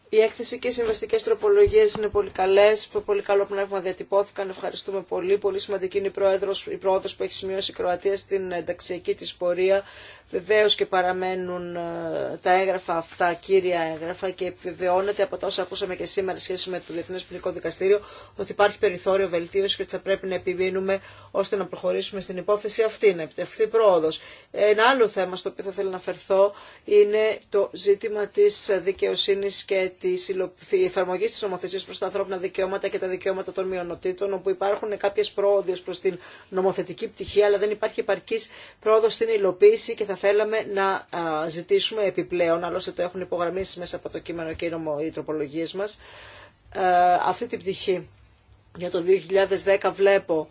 Η έκθεση και οι συμβαστικέ τροπολογίε είναι πολύ καλέ, πολύ καλό πνεύμα διατυπώθηκαν. Ευχαριστούμε πολύ. Πολύ σημαντική είναι η, πρόοδο που έχει σημειώσει η Κροατία στην ενταξιακή τη πορεία. Βεβαίω και παραμένουν ε, τα έγγραφα αυτά, κύρια έγγραφα και επιβεβαιώνεται από τα όσα ακούσαμε και σήμερα σχέση με το Διεθνέ Ποινικό Δικαστήριο ότι υπάρχει περιθώριο βελτίωση και ότι θα πρέπει να επιβίνουμε ώστε να προχωρήσουμε στην υπόθεση αυτή, να επιτευχθεί πρόοδο. Ένα άλλο θέμα στο οποίο θα θέλω να φερθώ είναι το ζήτημα τη δικαιοσύνη και η εφαρμογή τη νομοθεσία προ τα ανθρώπινα δικαιώματα και τα δικαιώματα των μειονοτήτων, όπου υπάρχουν κάποιε πρόοδε προ την νομοθετική πτυχή, αλλά δεν υπάρχει επαρκή πρόοδο στην υλοποίηση και θα θέλαμε να ζητήσουμε επιπλέον, άλλωστε το έχουν υπογραμμίσει μέσα από το κείμενο και οι τροπολογίε μα, αυτή την πτυχή. Για το 2010 βλέπω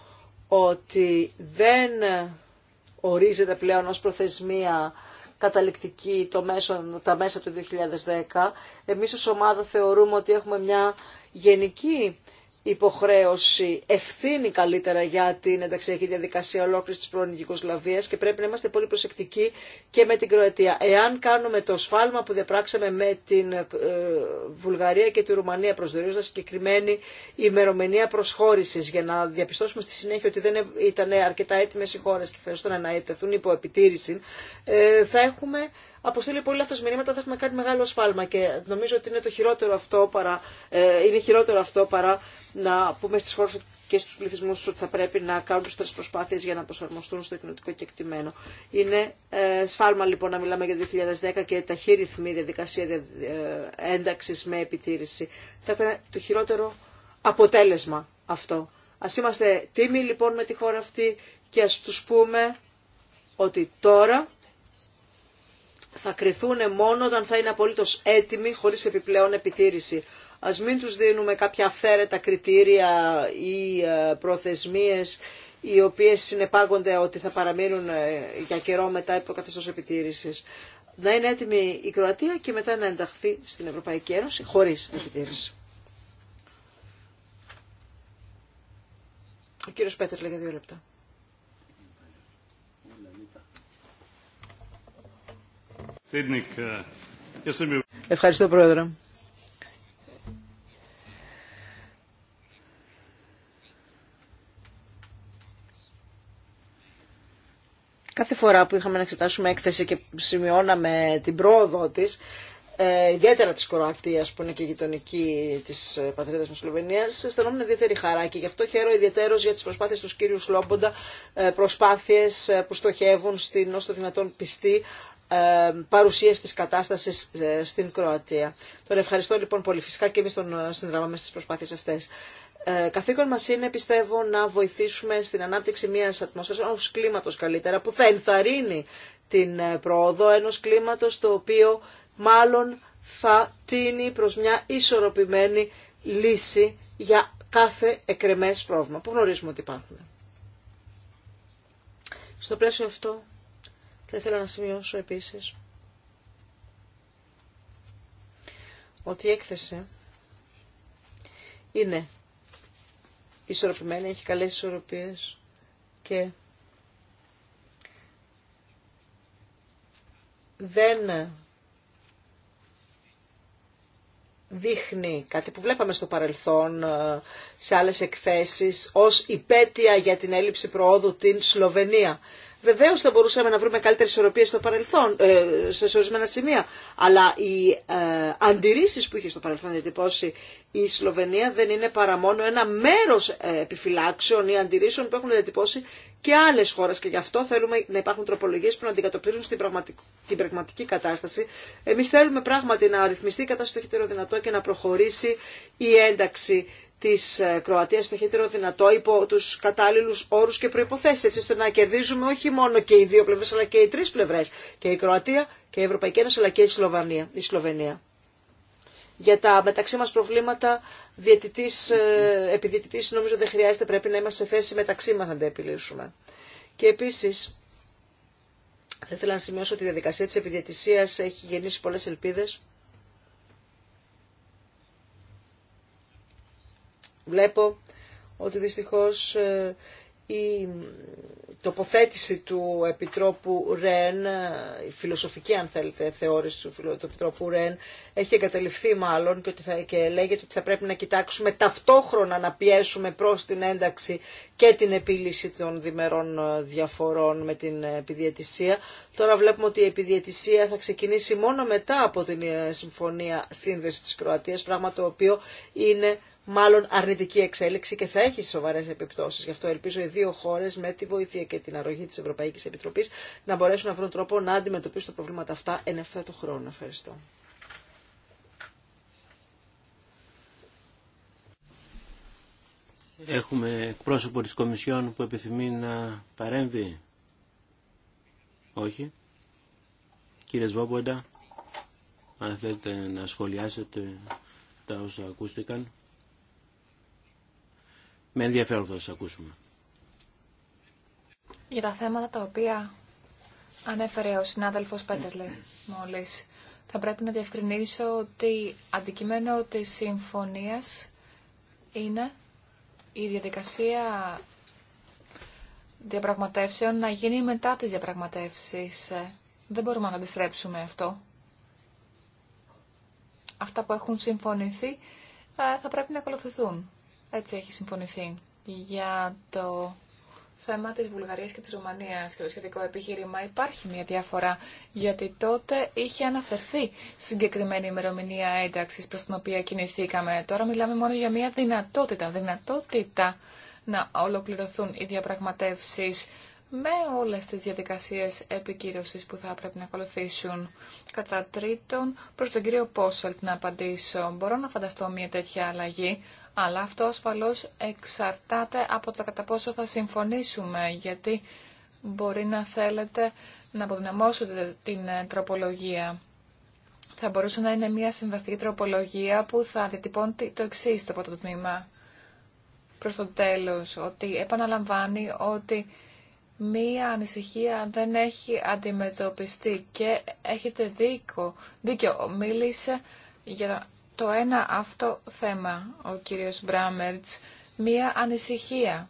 ότι δεν ορίζεται πλέον ως προθεσμία καταληκτική το μέσο, τα μέσα του 2010. Εμείς ως ομάδα θεωρούμε ότι έχουμε μια γενική υποχρέωση, ευθύνη καλύτερα για την ενταξιακή διαδικασία ολόκληρη τη πρώην και πρέπει να είμαστε πολύ προσεκτικοί και με την Κροατία. Εάν κάνουμε το σφάλμα που διαπράξαμε με την ε, Βουλγαρία και τη Ρουμανία, προσδιορίζοντα συγκεκριμένη ημερομηνία προσχώρηση, για να διαπιστώσουμε στη συνέχεια ότι δεν ήταν αρκετά έτοιμε οι χώρε και χρειαζόταν να ετεθούν υπό επιτήρηση, ε, θα έχουμε αποστείλει πολύ λάθο μηνύματα, θα έχουμε κάνει μεγάλο σφάλμα και νομίζω ότι είναι, το χειρότερο αυτό παρά, ε, είναι χειρότερο αυτό παρά να πούμε στι χώρε και στου πληθυσμού ότι θα πρέπει να κάνουν περισσότερες προσπάθειε για να προσαρμοστούν στο κοινωτικό κεκτημένο. Είναι ε, σφάλμα λοιπόν να μιλάμε για 2010 και ταχύρυθμη διαδικασία ε, ένταξης με επιτήρηση. Θα ήταν το χειρότερο αποτέλεσμα αυτό. Α είμαστε τίμοι λοιπόν με τη χώρα αυτή και α του πούμε ότι τώρα θα κρυθούν μόνο όταν θα είναι απολύτως έτοιμοι χωρίς επιπλέον επιτήρηση. Ας μην τους δίνουμε κάποια αυθαίρετα κριτήρια ή ε, προθεσμίες οι οποίες συνεπάγονται ότι θα παραμείνουν ε, για καιρό μετά υπό καθεστώς επιτήρησης. Να είναι έτοιμη η Κροατία και μετα απο καθεστως επιτηρησης να ενταχθεί στην Ευρωπαϊκή Ένωση χωρίς επιτήρηση. Ο κύριος Πέτερ λέγε δύο λεπτά. Uh, Ευχαριστώ, Πρόεδρε. Κάθε φορά που είχαμε να εξετάσουμε έκθεση και σημειώναμε την πρόοδο της, ε, ιδιαίτερα τη Κροατία που είναι και γειτονική τη ε, πατρίδα μου Σλοβενία, αισθανόμουν ιδιαίτερη χαρά και γι' αυτό χαίρομαι ιδιαίτερω για τι προσπάθειε του κύριου Σλόμποντα, ε, προσπάθειες ε, που στοχεύουν στην όσο δυνατόν πιστή παρουσία της κατάστασης ε, στην Κροατία. Τον ευχαριστώ λοιπόν πολύ φυσικά και εμείς τον ε, συνδράμαμε στις προσπάθειες αυτές. Ε, καθήκον μας είναι, πιστεύω, να βοηθήσουμε στην ανάπτυξη μιας ατμόσφαιρας, ενός κλίματος καλύτερα, που θα ενθαρρύνει την ε, πρόοδο, ενός κλίματος το οποίο μάλλον θα τίνει προς μια ισορροπημένη λύση για κάθε εκρεμές πρόβλημα που γνωρίζουμε ότι υπάρχουν. Στο πλαίσιο αυτό θα ήθελα να σημειώσω επίσης ότι η έκθεση είναι ισορροπημένη, έχει καλές ισορροπίες και δεν δείχνει κάτι που βλέπαμε στο παρελθόν ε, σε άλλες εκθέσεις ως υπέτεια για την έλλειψη προόδου την Σλοβενία. Βεβαίω θα μπορούσαμε να βρούμε καλύτερε ισορροπίε στο παρελθόν, ε, σε ορισμένα σημεία. Αλλά οι ε, αντιρρήσει που είχε στο παρελθόν διατυπώσει η Σλοβενία δεν είναι παρά μόνο ένα μέρο ε, επιφυλάξεων ή αντιρρήσεων που έχουν διατυπώσει και άλλε χώρε. Και γι' αυτό θέλουμε να υπάρχουν τροπολογίε που να αντικατοπτρίζουν στην πραγματικ την πραγματική κατάσταση. Εμεί θέλουμε πράγματι να αριθμιστεί η κατάσταση το χειτερό δυνατό και να προχωρήσει η ένταξη της ε, Κροατίας στο χειρότερο δυνατό υπό τους κατάλληλους όρους και προϋποθέσεις, έτσι ώστε να κερδίζουμε όχι μόνο και οι δύο πλευρές αλλά και οι τρεις πλευρές, και η Κροατία και η Ευρωπαϊκή Ένωση αλλά και η Σλοβανία. Η Σλοβενία. Για τα μεταξύ μας προβλήματα διαιτητής, ε, επιδιαιτητής νομίζω δεν χρειάζεται, πρέπει να είμαστε σε θέση μεταξύ μας να τα επιλύσουμε. Και επίσης θα ήθελα να σημειώσω ότι η διαδικασία της επιδιαιτησίας έχει γεννήσει πολλές ελπίδες βλέπω ότι δυστυχώς ε, η τοποθέτηση του Επιτρόπου Ρεν, ε, η φιλοσοφική αν θέλετε θεώρηση του Επιτρόπου Ρεν, έχει εγκαταληφθεί μάλλον και, ότι θα, και λέγεται ότι θα πρέπει να κοιτάξουμε ταυτόχρονα να πιέσουμε προς την ένταξη και την επίλυση των διμερών ε, διαφορών με την επιδιαιτησία. Τώρα βλέπουμε ότι η επιδιαιτησία θα ξεκινήσει μόνο μετά από την Συμφωνία Σύνδεση της Κροατίας, πράγμα το οποίο είναι μάλλον αρνητική εξέλιξη και θα έχει σοβαρέ επιπτώσει. Γι' αυτό ελπίζω οι δύο χώρε με τη βοήθεια και την αρρωγή τη Ευρωπαϊκή Επιτροπή να μπορέσουν να βρουν τρόπο να αντιμετωπίσουν τα προβλήματα αυτά εν ευθέτω χρόνο. Ευχαριστώ. Έχουμε πρόσωπο της Κομισιόν που επιθυμεί να παρέμβει. Όχι. Κύριε Σβόμποντα, αν θέλετε να σχολιάσετε τα όσα ακούστηκαν. Με ενδιαφέρον θα σας ακούσουμε. Για τα θέματα τα οποία ανέφερε ο συνάδελφος Πέτερλε μόλις, θα πρέπει να διευκρινίσω ότι αντικείμενο της συμφωνίας είναι η διαδικασία διαπραγματεύσεων να γίνει μετά τις διαπραγματεύσεις. Δεν μπορούμε να αντιστρέψουμε αυτό. Αυτά που έχουν συμφωνηθεί ε, θα πρέπει να ακολουθηθούν. Έτσι έχει συμφωνηθεί για το θέμα της Βουλγαρίας και της Ρουμανίας και το σχετικό επιχείρημα υπάρχει μια διαφορά γιατί τότε είχε αναφερθεί συγκεκριμένη ημερομηνία ένταξης προς την οποία κινηθήκαμε. Τώρα μιλάμε μόνο για μια δυνατότητα, δυνατότητα να ολοκληρωθούν οι διαπραγματεύσεις με όλες τις διαδικασίες επικύρωσης που θα πρέπει να ακολουθήσουν. Κατά τρίτον, προς τον κύριο Πόσελτ να απαντήσω. Μπορώ να φανταστώ μια τέτοια αλλαγή, αλλά αυτό ασφαλώς εξαρτάται από το κατά πόσο θα συμφωνήσουμε, γιατί μπορεί να θέλετε να αποδυναμώσετε την ε, τροπολογία. Θα μπορούσε να είναι μια συμβαστική τροπολογία που θα διατυπώνει το εξή το πρώτο τμήμα προς το τέλος, ότι επαναλαμβάνει ότι μία ανησυχία δεν έχει αντιμετωπιστεί και έχετε δίκο, δίκιο. Μίλησε για το ένα αυτό θέμα ο κύριος Μπράμερτς, μία ανησυχία.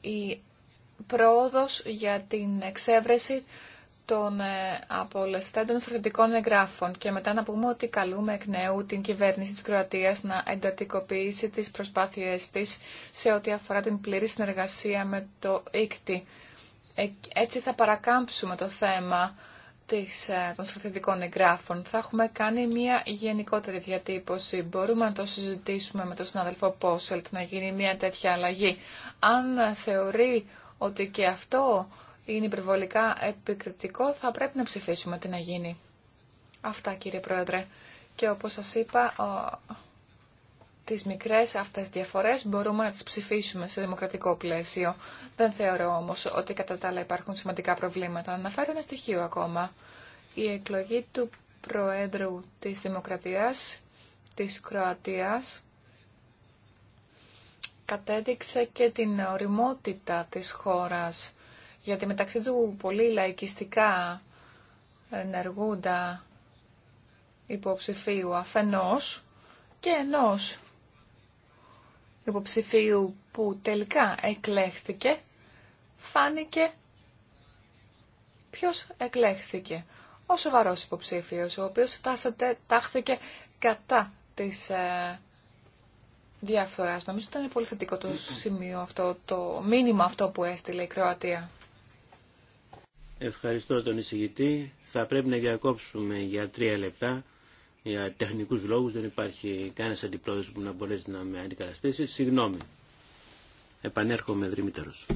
Η πρόοδος για την εξέβρεση των ε, απολεσθέντων στρατιωτικών εγγράφων και μετά να πούμε ότι καλούμε εκ νέου την κυβέρνηση της Κροατίας να εντατικοποιήσει τις προσπάθειές της σε ό,τι αφορά την πλήρη συνεργασία με το ΙΚΤΙ. Ε, έτσι θα παρακάμψουμε το θέμα της, ε, των στρατιωτικών εγγράφων. Θα έχουμε κάνει μια γενικότερη διατύπωση. Μπορούμε να το συζητήσουμε με τον συνάδελφο Πόσελτ να γίνει μια τέτοια αλλαγή. Αν θεωρεί ότι και αυτό είναι υπερβολικά επικριτικό, θα πρέπει να ψηφίσουμε τι να γίνει. Αυτά κύριε Πρόεδρε. Και όπως σας είπα, ο... τις μικρές αυτές διαφορές μπορούμε να τις ψηφίσουμε σε δημοκρατικό πλαίσιο. Δεν θεωρώ όμως ότι κατά τα άλλα υπάρχουν σημαντικά προβλήματα. Να αναφέρω ένα στοιχείο ακόμα. Η εκλογή του Προέδρου της Δημοκρατίας της Κροατίας κατέδειξε και την οριμότητα της χώρας γιατί μεταξύ του πολύ λαϊκιστικά ενεργούντα υποψηφίου αφενός και ενός υποψηφίου που τελικά εκλέχθηκε, φάνηκε ποιος εκλέχθηκε. Ο σοβαρός υποψήφιος, ο οποίος τάχθηκε κατά της ε, διαφθοράς. Νομίζω ότι ήταν πολύ θετικό το σημείο αυτό, το μήνυμα αυτό που έστειλε η Κροατία. Ευχαριστώ τον εισηγητή. Θα πρέπει να διακόψουμε για τρία λεπτά. Για τεχνικούς λόγους δεν υπάρχει κανένας αντιπρόεδρος που να μπορέσει να με αντικαταστήσει. Συγγνώμη. Επανέρχομαι δρυμύτερος.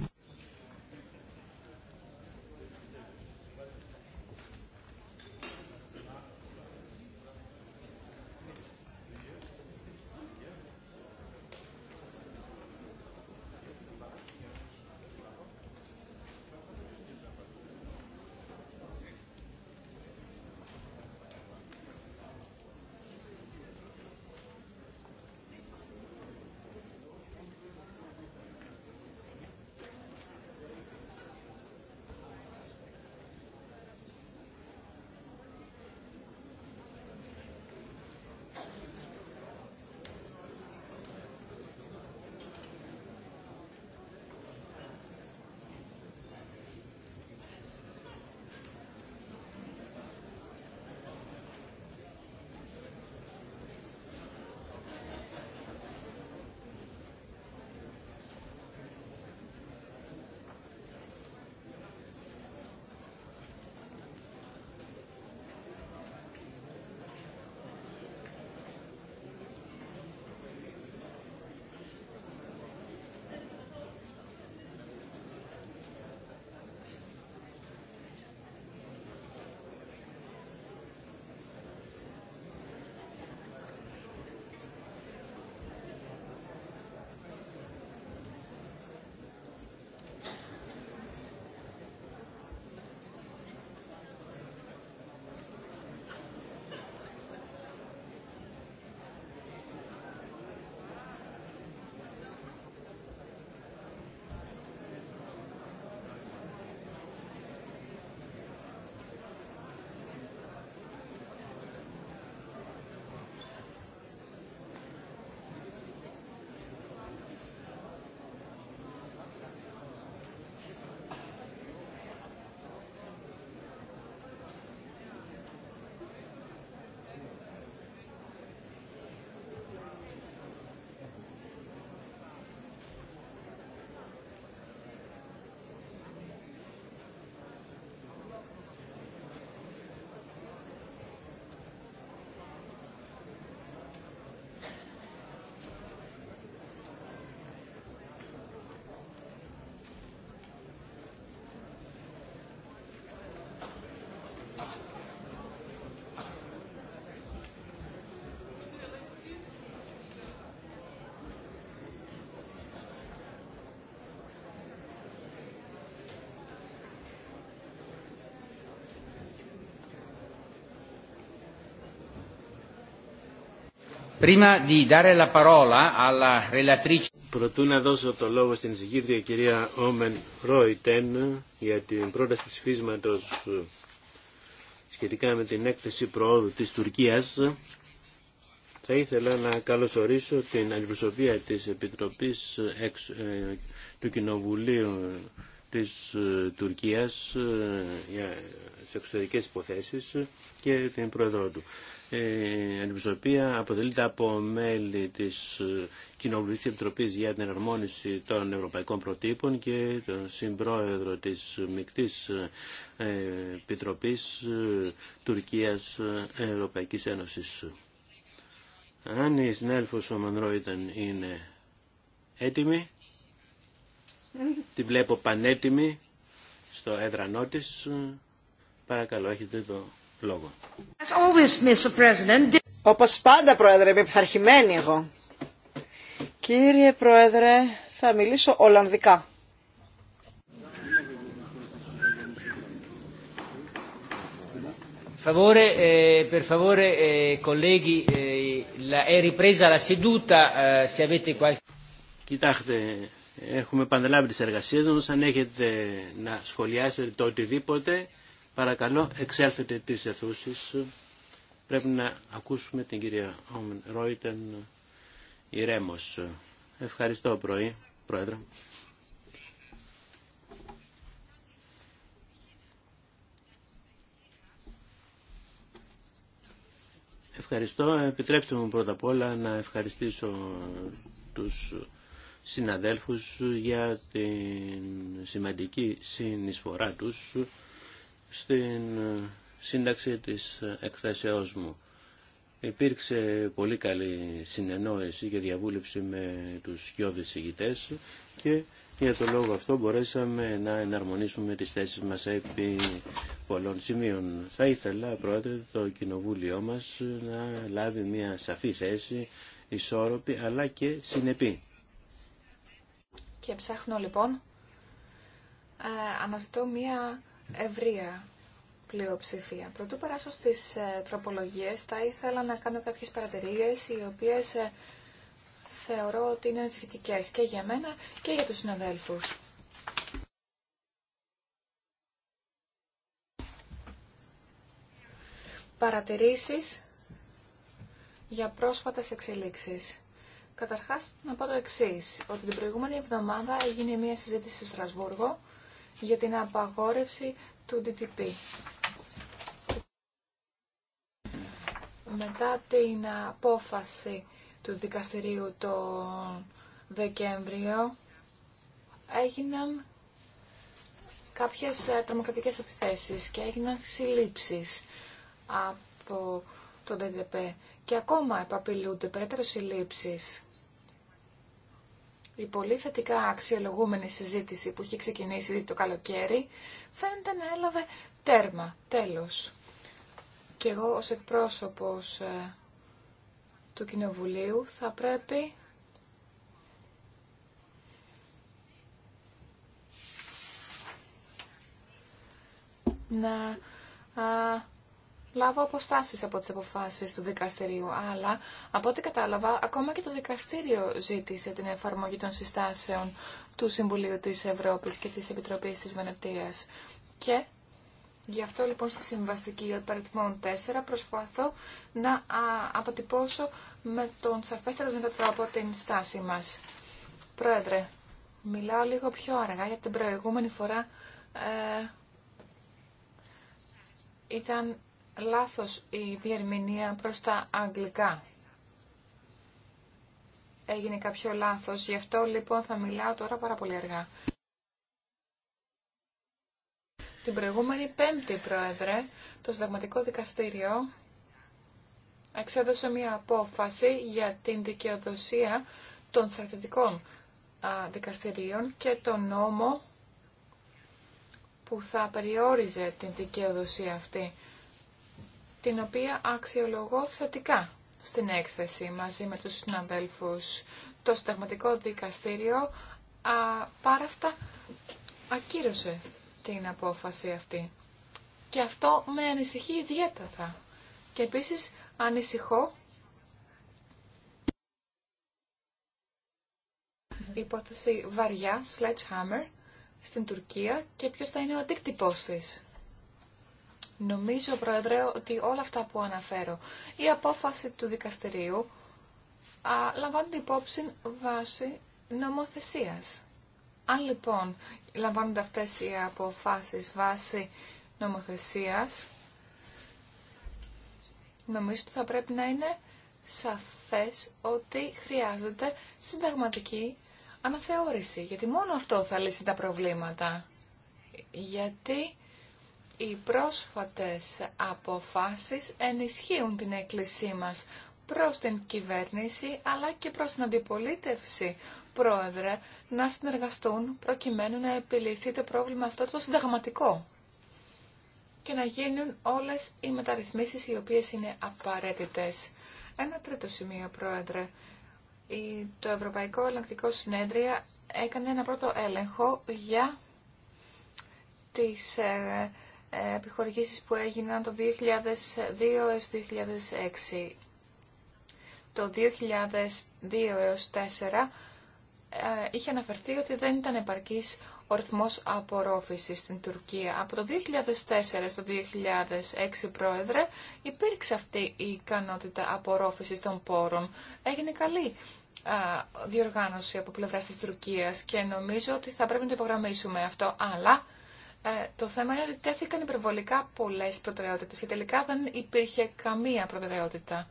Προτού να δώσω το λόγο στην εισηγήτρια κυρία Όμεν Ρόιτεν για την πρόταση ψηφίσματος ε, σχετικά με την έκθεση προόδου της Τουρκίας, θα ήθελα να καλωσορίσω την αντιπροσωπεία της Επιτροπής ε, του Κοινοβουλίου της ε, Τουρκίας τις εξωτερικές υποθέσεις και την πρόεδρό του. Η ε, αντιπροσωπεία αποτελείται από μέλη της ε, Κοινοβουλευτικής Επιτροπής για την Εναρμόνιση των Ευρωπαϊκών Προτύπων και τον συμπρόεδρο της Μικτής ε, Επιτροπής Τουρκίας Ευρωπαϊκής Ένωσης. Αν η συνέλφος ο Μανρό ήταν είναι έτοιμη, τη βλέπω πανέτοιμη στο έδρανό της Παρακαλώ, έχετε το λόγο. Όπω πάντα, Πρόεδρε, είμαι πειθαρχημένη εγώ. Κύριε Πρόεδρε, θα μιλήσω Ολλανδικά. Favore, eh, per favore, eh, colleghi, eh, la, è ripresa la seduta, eh, se avete qualche... Chitate, abbiamo pandelabili di sergassismo, se non avete da scogliare tutto il tipo di... Παρακαλώ, εξέλθετε τις αιθούσεις. Πρέπει να ακούσουμε την κυρία Όμεν Ρόιτεν ηρέμος. Ευχαριστώ πρωί, Πρόεδρε. Ευχαριστώ. Επιτρέψτε μου πρώτα απ' όλα να ευχαριστήσω τους συναδέλφους για την σημαντική συνεισφορά τους στην ε, σύνταξη της ε, εκθέσεώς μου. Υπήρξε πολύ καλή συνεννόηση και διαβούλευση με τους σκιώδεις ηγητές και για τον λόγο αυτό μπορέσαμε να εναρμονίσουμε τις θέσεις μας επί πολλών σημείων. Θα ήθελα, Πρόεδρε, το Κοινοβούλιο μας να λάβει μια σαφή θέση, ισόρροπη αλλά και συνεπή. Και ψάχνω λοιπόν, ε, αναζητώ μια ευρεία πλειοψηφία. Πρωτού περάσω στις ε, τροπολογίες, θα ήθελα να κάνω κάποιες παρατηρίες οι οποίες ε, θεωρώ ότι είναι σχετικές και για μένα και για τους συναδέλφους. Παρατηρήσεις για πρόσφατες εξελίξεις. Καταρχάς, να πω το εξής, ότι την προηγούμενη εβδομάδα έγινε μια συζήτηση στο Στρασβούργο για την απαγόρευση του DTP. Μετά την απόφαση του δικαστηρίου το Δεκέμβριο έγιναν κάποιες ε, τρομοκρατικές επιθέσεις και έγιναν συλλήψεις από το DTP και ακόμα επαπειλούνται περαιτέρω συλλήψεις η πολύ θετικά αξιολογούμενη συζήτηση που είχε ξεκινήσει το καλοκαίρι φαίνεται να έλαβε τέρμα, τέλος. Και εγώ ως εκπρόσωπος ε, του Κοινοβουλίου θα πρέπει να λάβω αποστάσεις από τις αποφάσεις του δικαστηρίου, αλλά από ό,τι κατάλαβα, ακόμα και το δικαστήριο ζήτησε την εφαρμογή των συστάσεων του Συμβουλίου της Ευρώπης και της Επιτροπής της Βενετίας. Και γι' αυτό λοιπόν στη συμβαστική υπαριθμών 4 προσπαθώ να αποτυπώσω με τον σαφέστερο δυνατό τρόπο την στάση μας. Πρόεδρε, μιλάω λίγο πιο αργά για την προηγούμενη φορά ε, ήταν λάθος η διερμηνία προς τα αγγλικά. Έγινε κάποιο λάθος, γι' αυτό λοιπόν θα μιλάω τώρα πάρα πολύ αργά. Την προηγούμενη πέμπτη, Πρόεδρε, το Συνταγματικό Δικαστήριο εξέδωσε μία απόφαση για την δικαιοδοσία των στρατιωτικών δικαστηρίων και τον νόμο που θα περιόριζε την δικαιοδοσία αυτή την οποία αξιολογώ θετικά στην έκθεση μαζί με τους συναδέλφους. Το Συνταγματικό Δικαστήριο α, πάρα ακύρωσε την απόφαση αυτή. Και αυτό με ανησυχεί ιδιαίτερα. Και επίσης ανησυχώ η υπόθεση βαριά, sledgehammer, στην Τουρκία και ποιος θα είναι ο αντίκτυπός της. Νομίζω, Πρόεδρε, ότι όλα αυτά που αναφέρω, η απόφαση του δικαστηρίου α, λαμβάνεται υπόψη βάση νομοθεσίας. Αν λοιπόν λαμβάνονται αυτές οι αποφάσεις βάση νομοθεσίας, νομίζω ότι θα πρέπει να είναι σαφές ότι χρειάζεται συνταγματική αναθεώρηση, γιατί μόνο αυτό θα λύσει τα προβλήματα. Γιατί οι πρόσφατες αποφάσεις ενισχύουν την έκκλησή μας προς την κυβέρνηση αλλά και προς την αντιπολίτευση, Πρόεδρε, να συνεργαστούν προκειμένου να επιληθεί το πρόβλημα αυτό το συνταγματικό και να γίνουν όλες οι μεταρρυθμίσεις οι οποίες είναι απαραίτητες. Ένα τρίτο σημείο, Πρόεδρε. Το Ευρωπαϊκό Ελεγκτικό Συνέδριο έκανε ένα πρώτο έλεγχο για τις ε, ε, επιχορηγήσεις που έγιναν το 2002 έως 2006. Το 2002 έως 2004 ε, είχε αναφερθεί ότι δεν ήταν επαρκής ο ρυθμός απορρόφησης στην Τουρκία. Από το 2004 στο 2006, Πρόεδρε, υπήρξε αυτή η ικανότητα απορρόφησης των πόρων. Έγινε καλή διοργάνωση από πλευράς της Τουρκίας και νομίζω ότι θα πρέπει να το υπογραμμίσουμε αυτό, αλλά ε, το θέμα είναι ότι τέθηκαν υπερβολικά πολλέ προτεραιότητε και τελικά δεν υπήρχε καμία προτεραιότητα.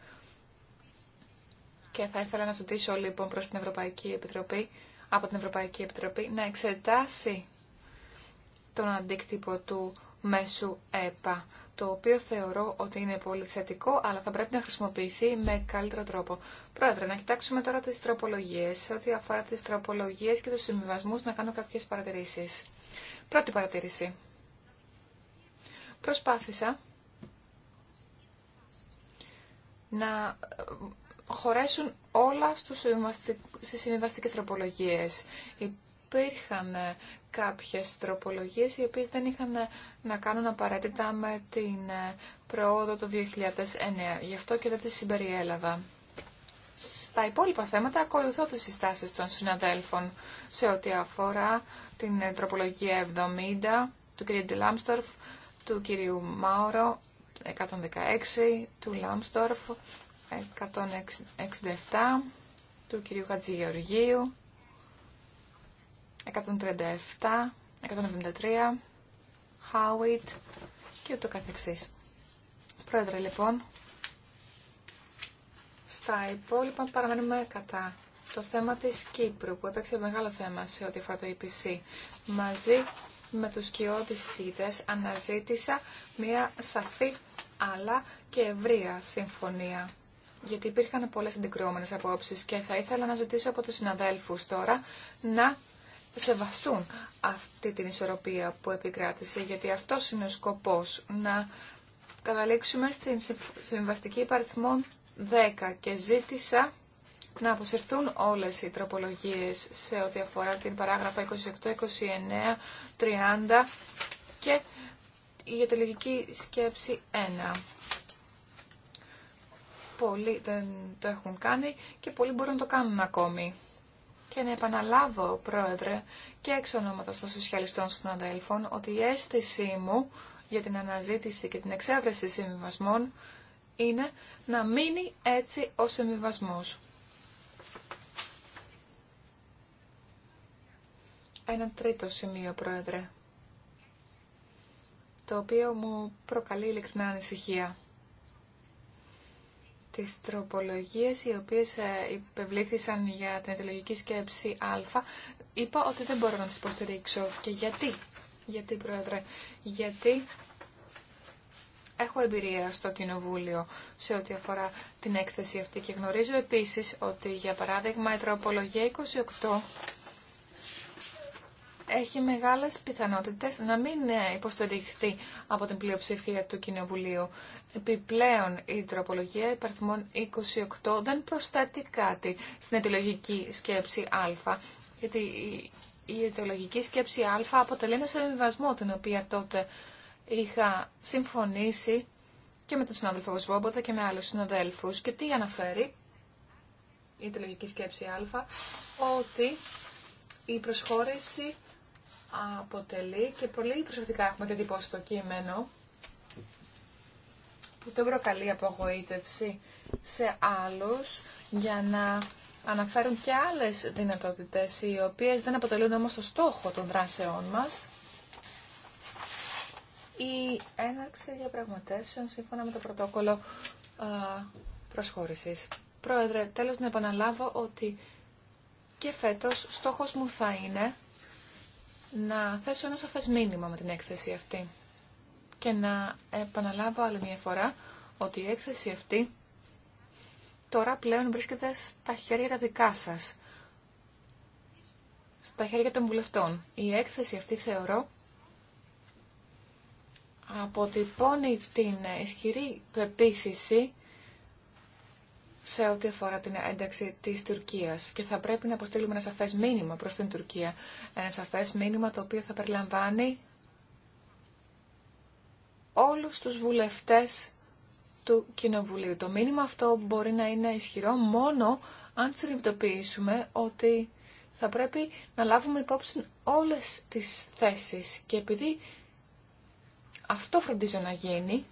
Και θα ήθελα να ζητήσω λοιπόν προς την Ευρωπαϊκή Επιτροπή, από την Ευρωπαϊκή Επιτροπή να εξετάσει τον αντίκτυπο του μέσου ΕΠΑ, το οποίο θεωρώ ότι είναι πολύ θετικό, αλλά θα πρέπει να χρησιμοποιηθεί με καλύτερο τρόπο. Πρόεδρε, να κοιτάξουμε τώρα τις τροπολογίες. Σε ό,τι αφορά τις τροπολογίες και τους συμβιβασμούς, να κάνω κάποιες παρατηρήσεις. Πρώτη παρατήρηση. Προσπάθησα να ε, χωρέσουν όλα στις συμβιβαστικές τροπολογίες. Υπήρχαν ε, κάποιες τροπολογίες οι οποίες δεν είχαν ε, να κάνουν απαραίτητα με την πρόοδο το 2009. Γι' αυτό και δεν τις συμπεριέλαβα. Στα υπόλοιπα θέματα ακολουθώ τις συστάσεις των συναδέλφων σε ό,τι αφορά την ε, τροπολογία 70 του κ. Ντιλάμστορφ, του κ. Μάουρο 116, του Λάμστορφ 167, του κ. Χατζηγεωργίου 137, 173, Χάουιτ και ούτω καθεξής. Πρόεδρε, λοιπόν, στα υπόλοιπα παραμένουμε κατά. Το θέμα της Κύπρου που έπαιξε μεγάλο θέμα σε ό,τι αφορά το EPC. Μαζί με τους κοιότητες εισηγητές αναζήτησα μια σαφή αλλά και ευρεία συμφωνία. Γιατί υπήρχαν πολλές αντικρουόμενες απόψεις και θα ήθελα να ζητήσω από τους συναδέλφους τώρα να σεβαστούν αυτή την ισορροπία που επικράτησε, γιατί αυτός είναι ο σκοπός, να καταλήξουμε στην συμβαστική υπαριθμό 10 και ζήτησα να αποσυρθούν όλες οι τροπολογίες σε ό,τι αφορά την παράγραφα 28, 29, 30 και η ιατρολογική σκέψη 1. Πολλοί δεν το έχουν κάνει και πολλοί μπορούν να το κάνουν ακόμη. Και να επαναλάβω, Πρόεδρε, και έξω ονόματος των σοσιαλιστών συναδέλφων, ότι η αίσθησή μου για την αναζήτηση και την εξέβρεση συμβιβασμών είναι να μείνει έτσι ο συμβιβασμό. Ένα τρίτο σημείο, Πρόεδρε, το οποίο μου προκαλεί ειλικρινά ανησυχία. Τις τροπολογίες οι οποίες ε, υπευλήθησαν για την ιδεολογική σκέψη Α, είπα ότι δεν μπορώ να τις υποστηρίξω. Και γιατί, γιατί Πρόεδρε, γιατί Έχω εμπειρία στο Κοινοβούλιο σε ό,τι αφορά την έκθεση αυτή και γνωρίζω επίσης ότι, για παράδειγμα, η τροπολογία 28 έχει μεγάλες πιθανότητες να μην υποστηριχθεί από την πλειοψηφία του Κοινοβουλίου. Επιπλέον, η τροπολογία υπαρθμών 28 δεν προσθέτει κάτι στην αιτιολογική σκέψη Α, γιατί η αιτιολογική σκέψη Α αποτελεί ένα συμβιβασμό, την οποία τότε είχα συμφωνήσει και με τον συνάδελφο Σβόμποτα και με άλλους συναδέλφους. Και τι αναφέρει η τελογική σκέψη α, ότι η προσχώρηση αποτελεί και πολύ προσεκτικά έχουμε διατυπώσει το κείμενο που δεν προκαλεί απογοήτευση σε άλλους για να αναφέρουν και άλλες δυνατότητες οι οποίες δεν αποτελούν όμως το στόχο των δράσεών μας η έναρξη διαπραγματεύσεων σύμφωνα με το πρωτόκολλο προσχώρησης. Πρόεδρε, τέλος να επαναλάβω ότι και φέτος στόχος μου θα είναι να θέσω ένα σαφές μήνυμα με την έκθεση αυτή και να επαναλάβω άλλη μια φορά ότι η έκθεση αυτή τώρα πλέον βρίσκεται στα χέρια τα δικά σας, στα χέρια των βουλευτών. Η έκθεση αυτή θεωρώ αποτυπώνει την ισχυρή πεποίθηση σε ό,τι αφορά την ένταξη της Τουρκίας και θα πρέπει να αποστείλουμε ένα σαφές μήνυμα προς την Τουρκία. Ένα σαφές μήνυμα το οποίο θα περιλαμβάνει όλους τους βουλευτές του Κοινοβουλίου. Το μήνυμα αυτό μπορεί να είναι ισχυρό μόνο αν συνειδητοποιήσουμε ότι θα πρέπει να λάβουμε υπόψη όλες τις θέσεις και επειδή αυτό φροντίζω να γίνει.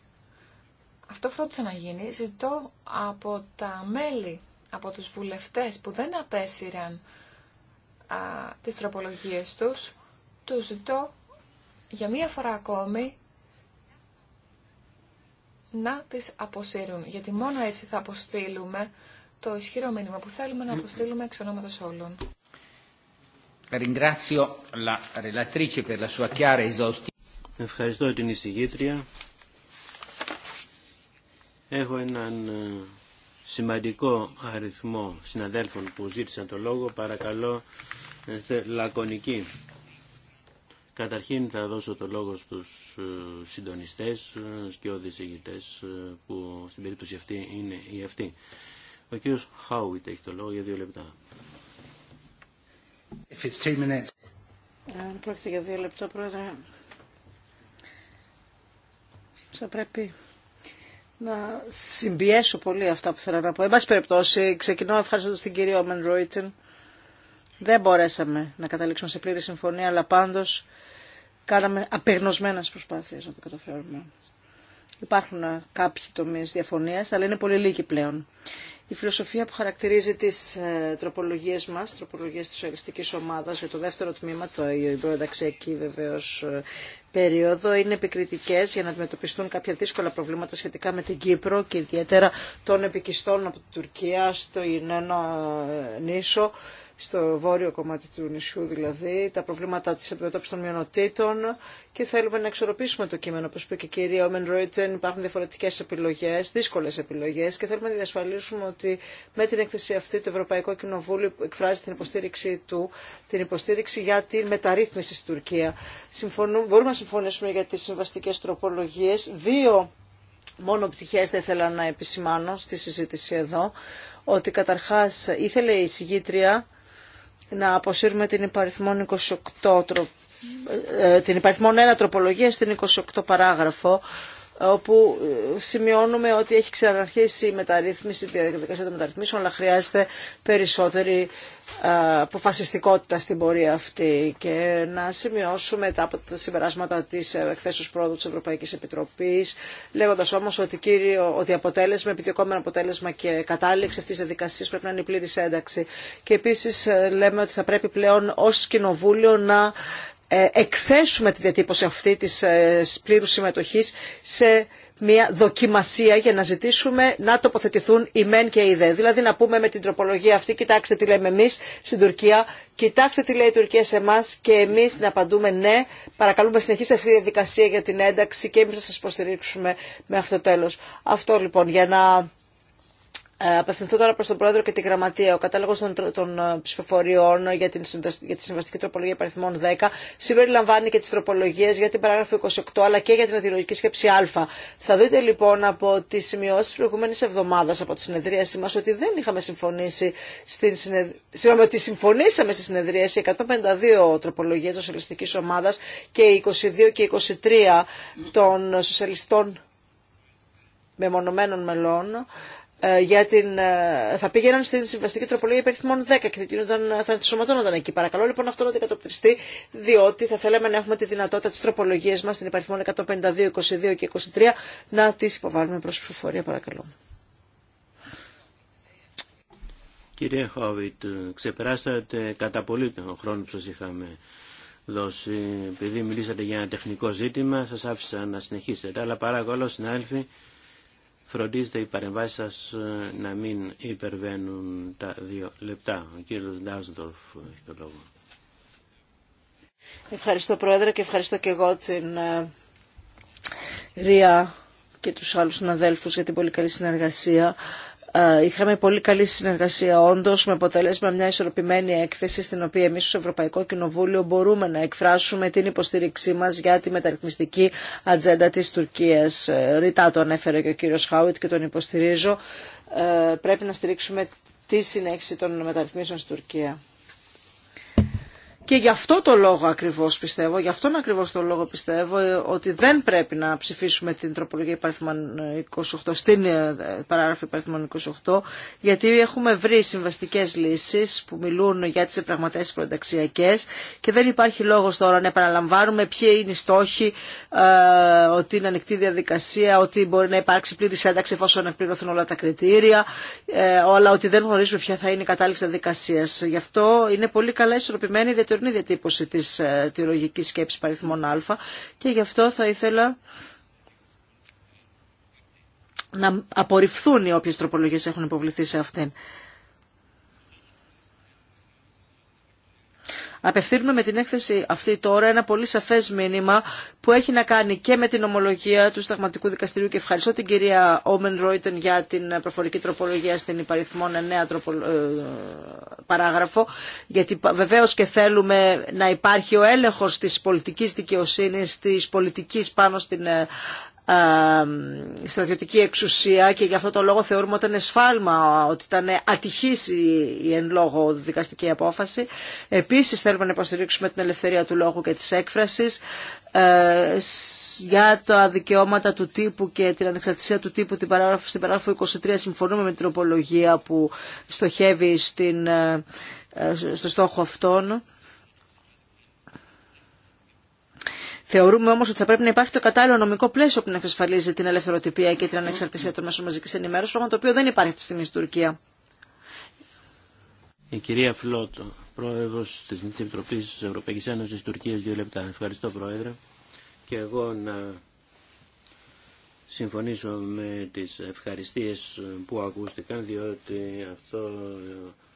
Αυτό φρόντισα να γίνει. Ζητώ από τα μέλη, από τους βουλευτές που δεν απέσυραν α, τις τροπολογίες τους, τους ζητώ για μία φορά ακόμη να τις αποσύρουν. Γιατί μόνο έτσι θα αποστείλουμε το ισχυρό μήνυμα που θέλουμε να αποστείλουμε εξ ονόματος όλων. Ευχαριστώ την εισηγήτρια. Έχω έναν ε, σημαντικό αριθμό συναδέλφων που ζήτησαν το λόγο. Παρακαλώ, λακωνικοί. Καταρχήν θα δώσω το λόγο στους ε, συντονιστές ε, και οδησηγητές που στην περίπτωση αυτή είναι η αυτοί. Ο κ. Χάουιτ έχει το λόγο για δύο λεπτά. Αν πρόκειται για δύο λεπτά, πρόεδρε, θα πρέπει να συμπιέσω πολύ αυτά που θέλω να πω. Εν πάση περιπτώσει, ξεκινώ ευχαριστώντα την κυρία Όμεν Ρόιτσεν. Δεν μπορέσαμε να καταλήξουμε σε πλήρη συμφωνία, αλλά πάντω κάναμε απεγνωσμένε προσπάθειε να το καταφέρουμε. Υπάρχουν κάποιοι τομεί διαφωνία, αλλά είναι πολύ λίγοι πλέον. Η φιλοσοφία που χαρακτηρίζει τις ε, τροπολογίες μας, τροπολογίες τη οριστικής ομάδας για το δεύτερο τμήμα, το βεβαίω βεβαίως ε, περίοδο, είναι επικριτικές για να αντιμετωπιστούν κάποια δύσκολα προβλήματα σχετικά με την Κύπρο και ιδιαίτερα των επικιστών από την Τουρκία στο Ινένο ε, νήσο στο βόρειο κομμάτι του νησιού δηλαδή, τα προβλήματα της αντιμετώπισης των μειονοτήτων και θέλουμε να εξορροπήσουμε το κείμενο. Όπως είπε και η κυρία Όμεν Ρόιτεν, υπάρχουν διαφορετικέ επιλογές, δύσκολες επιλογές και θέλουμε να διασφαλίσουμε ότι με την έκθεση αυτή το Ευρωπαϊκό Κοινοβούλιο εκφράζει την υποστήριξή του, την υποστήριξη για τη μεταρρύθμιση στην Τουρκία. Συμφωνούμε, μπορούμε να συμφωνήσουμε για τις συμβαστικές τροπολογίες. Δύο μόνο πτυχέ θα ήθελα να επισημάνω στη συζήτηση εδώ, ότι καταρχάς ήθελε η συγγήτρια να αποσύρουμε την υπαριθμόν 28 ε, ε, την υπαριθμόν 1 τροπολογία στην 28 παράγραφο όπου ε, σημειώνουμε ότι έχει ξαναρχίσει η μεταρρύθμιση, η διαδικασία των μεταρρυθμίσεων, αλλά χρειάζεται περισσότερη ε, αποφασιστικότητα στην πορεία αυτή και να σημειώσουμε τα, τα συμπεράσματα τη ε, εκθέσεω πρόοδου τη Ευρωπαϊκή Επιτροπή, λέγοντα όμω, ότι, κύριο, ότι αποτέλεσμα, επιδιωκόμενο αποτέλεσμα και κατάληξη αυτή τη διαδικασία πρέπει να είναι η πλήρη ένταξη και επίση λέμε ότι θα πρέπει πλέον ω Κοινοβούλιο να ε, εκθέσουμε τη διατύπωση αυτή της ε, πλήρου συμμετοχής σε μια δοκιμασία για να ζητήσουμε να τοποθετηθούν οι μεν και οι δε. Δηλαδή να πούμε με την τροπολογία αυτή, κοιτάξτε τι λέμε εμείς στην Τουρκία, κοιτάξτε τι λέει η Τουρκία σε εμά και εμείς να απαντούμε ναι, παρακαλούμε συνεχίστε αυτή τη διαδικασία για την ένταξη και εμείς θα σα υποστηρίξουμε μέχρι το τέλο. Αυτό λοιπόν για να ε, απευθυνθώ τώρα προ τον Πρόεδρο και τη Γραμματεία. Ο κατάλογο των, των ε, ψηφοφοριών για, την, για τη συμβαστική τροπολογία παριθμών 10 συμπεριλαμβάνει και τι τροπολογίε για την παράγραφο 28 αλλά και για την αδειολογική σκέψη Α. Θα δείτε λοιπόν από τι σημειώσει τη προηγούμενη εβδομάδα από τη συνεδρίασή μα ότι δεν είχαμε συμφωνήσει στην συνεδρίαση ότι συμφωνήσαμε στη συνεδρίαση 152 τροπολογίε τη σοσιαλιστικής ομάδας και 22 και 23 των σοσιαλιστών μεμονωμένων μελών ε, για την, ε, θα πήγαιναν στη συμβαστική τροπολογία υπεριθμών 10 και θα, γινόταν, ε, θα ενσωματώνονταν εκεί. Παρακαλώ λοιπόν αυτό να αντικατοπτριστεί, διότι θα θέλαμε να έχουμε τη δυνατότητα τη τροπολογία μα, στην υπέρ 152, 22 και 23, να τι υποβάλουμε προ ψηφοφορία, παρακαλώ. Κύριε Χόβιτ, ξεπεράσατε κατά πολύ τον χρόνο που σας είχαμε δώσει. Επειδή μιλήσατε για ένα τεχνικό ζήτημα, σας άφησα να συνεχίσετε. Αλλά παρακαλώ, συνάδελφοι, φροντίζετε οι παρεμβάσεις σας ε, να μην υπερβαίνουν τα δύο λεπτά. Ο κύριος Ντάσντορφ έχει το λόγο. Ευχαριστώ Πρόεδρε και ευχαριστώ και εγώ την ε, Ρία και τους άλλους συναδέλφους για την πολύ καλή συνεργασία. Ε, είχαμε πολύ καλή συνεργασία όντως με αποτέλεσμα μια ισορροπημένη έκθεση στην οποία εμείς ως Ευρωπαϊκό Κοινοβούλιο μπορούμε να εκφράσουμε την υποστήριξή μας για τη μεταρρυθμιστική ατζέντα της Τουρκίας. Ε, ρητά το ανέφερε και ο κύριο Χάουιτ και τον υποστηρίζω. Ε, πρέπει να στηρίξουμε τη συνέχιση των μεταρρυθμίσεων στην Τουρκία. Και γι' αυτό το λόγο ακριβώς πιστεύω, γι' αυτόν ακριβώς το λόγο πιστεύω ε, ότι δεν πρέπει να ψηφίσουμε την τροπολογία υπαριθμών 28, στην ε, παράγραφη υπαριθμών 28, γιατί έχουμε βρει συμβαστικές λύσεις που μιλούν για τις πραγματικές προενταξιακές και δεν υπάρχει λόγος τώρα να επαναλαμβάνουμε ποιοι είναι οι στόχοι, ε, ότι είναι ανοιχτή διαδικασία, ότι μπορεί να υπάρξει πλήρη ένταξη εφόσον εκπληρωθούν όλα τα κριτήρια, αλλά ότι δεν γνωρίζουμε ποια θα είναι η κατάληξη διαδικασία. Γι' αυτό είναι πολύ καλά ισορροπημένη τωρινή διατύπωση της ε, τυρολογικής σκέψης παριθμών α και γι' αυτό θα ήθελα να απορριφθούν οι όποιες τροπολογίες έχουν υποβληθεί σε αυτήν. Απευθύνουμε με την έκθεση αυτή τώρα ένα πολύ σαφέ μήνυμα που έχει να κάνει και με την ομολογία του Σταγματικού Δικαστηρίου και ευχαριστώ την κυρία Όμεν Ρόιτεν για την προφορική τροπολογία στην υπαριθμόν 9 ε, παράγραφο, γιατί βεβαίω και θέλουμε να υπάρχει ο έλεγχο τη πολιτική δικαιοσύνη, τη πολιτική πάνω στην ε, στρατιωτική εξουσία και γι' αυτό το λόγο θεωρούμε ότι ήταν σφάλμα, ότι ήταν ατυχής η, εν λόγω δικαστική απόφαση. Επίσης θέλουμε να υποστηρίξουμε την ελευθερία του λόγου και της έκφρασης ε, για τα δικαιώματα του τύπου και την ανεξαρτησία του τύπου την παράγραφο, στην παράγραφο 23 συμφωνούμε με την τροπολογία που στοχεύει στην, ε, ε, στο στόχο αυτόν Θεωρούμε όμω ότι θα πρέπει να υπάρχει το κατάλληλο νομικό πλαίσιο που να εξασφαλίζει την ελευθεροτυπία και την ανεξαρτησία των μέσων μαζική ενημέρωση, πράγμα το οποίο δεν υπάρχει αυτή τη στιγμή στην Τουρκία. Η κυρία Φλότο, πρόεδρο τη Επιτροπή τη Ευρωπαϊκή Ένωση Τουρκία, δύο λεπτά. Ευχαριστώ, πρόεδρε. Και εγώ να συμφωνήσω με τις ευχαριστίες που ακούστηκαν διότι αυτό